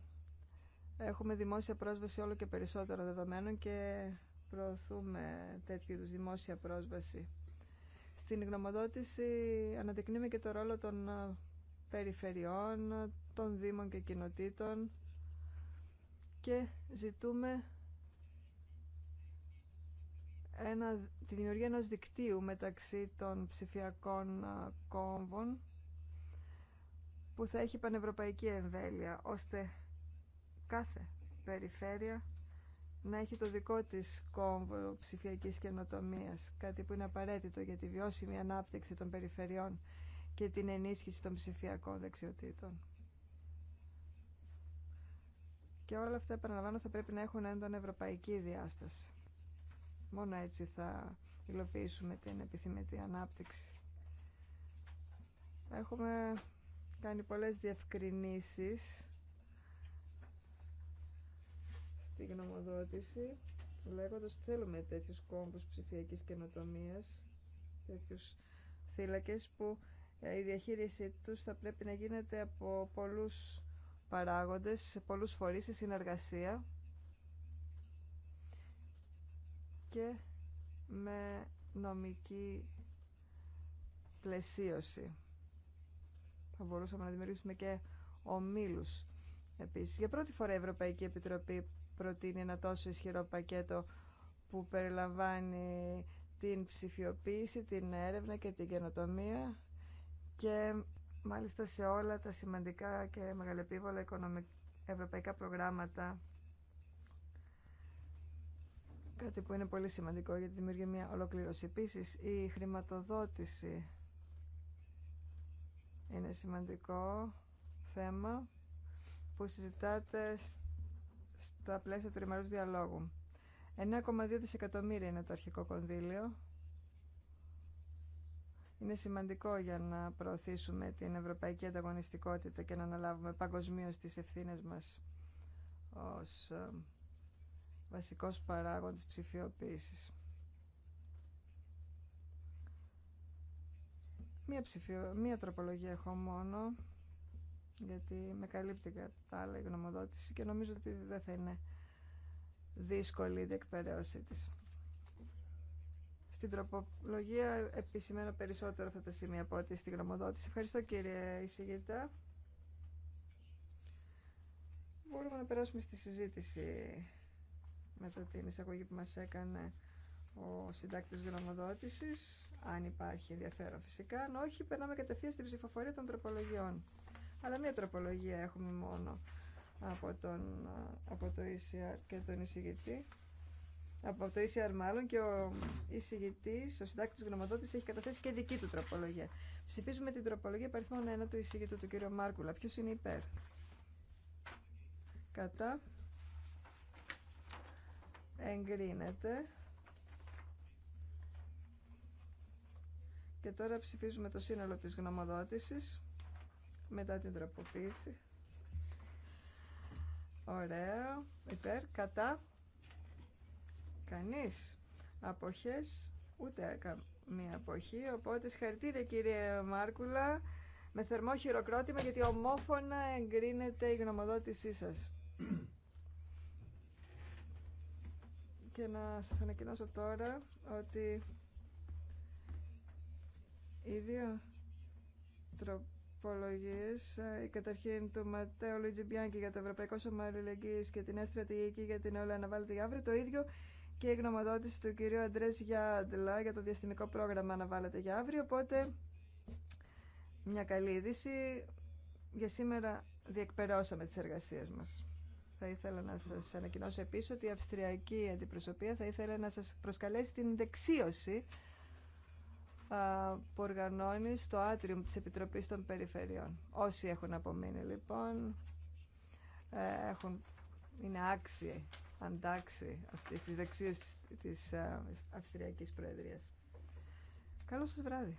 έχουμε δημόσια πρόσβαση όλο και περισσότερο δεδομένων και προωθούμε τέτοιου είδους δημόσια πρόσβαση. Στην γνωμοδότηση αναδεικνύουμε και το ρόλο των ε, περιφερειών, των δήμων και κοινοτήτων και ζητούμε ένα, τη δημιουργία ενός δικτύου μεταξύ των ψηφιακών κόμβων που θα έχει πανευρωπαϊκή εμβέλεια, ώστε κάθε περιφέρεια να έχει το δικό της κόμβο ψηφιακής καινοτομίας, κάτι που είναι απαραίτητο για τη βιώσιμη ανάπτυξη των περιφερειών και την ενίσχυση των ψηφιακών δεξιοτήτων. Και όλα αυτά, επαναλαμβάνω, θα πρέπει να έχουν έντονα ευρωπαϊκή διάσταση. Μόνο έτσι θα υλοποιήσουμε την επιθυμητή ανάπτυξη. Έχουμε κάνει πολλές διευκρινήσεις στη γνωμοδότηση λέγοντας ότι θέλουμε τέτοιους κόμβους ψηφιακής καινοτομίας τέτοιους θύλακες που ε, η διαχείρισή τους θα πρέπει να γίνεται από πολλούς παράγοντες, πολλούς φορείς σε συνεργασία και με νομική πλαισίωση. Θα μπορούσαμε να δημιουργήσουμε και ομίλους. Επίσης, για πρώτη φορά η Ευρωπαϊκή Επιτροπή προτείνει ένα τόσο ισχυρό πακέτο που περιλαμβάνει την ψηφιοποίηση, την έρευνα και την καινοτομία και μάλιστα σε όλα τα σημαντικά και μεγαλεπίβολα ευρωπαϊκά προγράμματα Κάτι που είναι πολύ σημαντικό γιατί δημιουργεί μια ολοκλήρωση. Επίση, η χρηματοδότηση είναι σημαντικό θέμα που συζητάτε στα πλαίσια του ρημαρούς διαλόγου. 9,2 δισεκατομμύρια είναι το αρχικό κονδύλιο. Είναι σημαντικό για να προωθήσουμε την ευρωπαϊκή ανταγωνιστικότητα και να αναλάβουμε παγκοσμίω τις ευθύνες μας ως ε, βασικός παραγοντας της ψηφιοποίησης. Μία, ψηφιο... μία τροπολογία έχω μόνο, γιατί με καλύπτει κατά άλλα η γνωμοδότηση και νομίζω ότι δεν θα είναι δύσκολη η διεκπαιρέωσή της. Στην τροπολογία επισημαίνω περισσότερο αυτά τα σημεία από ό,τι στη γνωμοδότηση. Ευχαριστώ κύριε εισηγητά. Μπορούμε να περάσουμε στη συζήτηση μετά την εισαγωγή που μας έκανε ο συντάκτης γνωμοδότησης, αν υπάρχει ενδιαφέρον φυσικά. Αν όχι, περνάμε κατευθείαν στην ψηφοφορία των τροπολογιών. Αλλά μία τροπολογία έχουμε μόνο από, τον, από το ECR και τον εισηγητή. Από το ECR μάλλον και ο εισηγητή, ο συντάκτης γνωμοδότης έχει καταθέσει και δική του τροπολογία. Ψηφίζουμε την τροπολογία παριθμών 1 του εισηγητού του κ. Μάρκουλα. Ποιο είναι υπέρ. Κατά εγκρίνεται. Και τώρα ψηφίζουμε το σύνολο της γνωμοδότησης μετά την τροποποίηση. Ωραία. Υπέρ, κατά. Κανείς. Αποχές. Ούτε καμία αποχή. Οπότε συγχαρητήρια κύριε Μάρκουλα. Με θερμό χειροκρότημα γιατί ομόφωνα εγκρίνεται η γνωμοδότησή σας και να σας ανακοινώσω τώρα ότι οι δύο τροπολογίες, η καταρχήν του Ματέο Λουίτζι Μπιάνκη για το Ευρωπαϊκό σώμα και την νέα στρατηγική για την όλα αναβάλλεται για αύριο, το ίδιο και η γνωμοδότηση του κυρίου Αντρές Γιάντλα για το διαστημικό πρόγραμμα αναβάλλεται για αύριο, οπότε μια καλή είδηση. Για σήμερα διεκπαιρώσαμε τις εργασίες μας. Θα ήθελα να σας ανακοινώσω επίση ότι η Αυστριακή Αντιπροσωπεία θα ήθελα να σας προσκαλέσει την δεξίωση που οργανώνει στο Άτριο της Επιτροπής των Περιφερειών. Όσοι έχουν απομείνει λοιπόν, ε, έχουν, είναι άξιοι, αντάξει αυτής της δεξίωσης της ε, Αυστριακής Προεδρίας. Καλό σας βράδυ.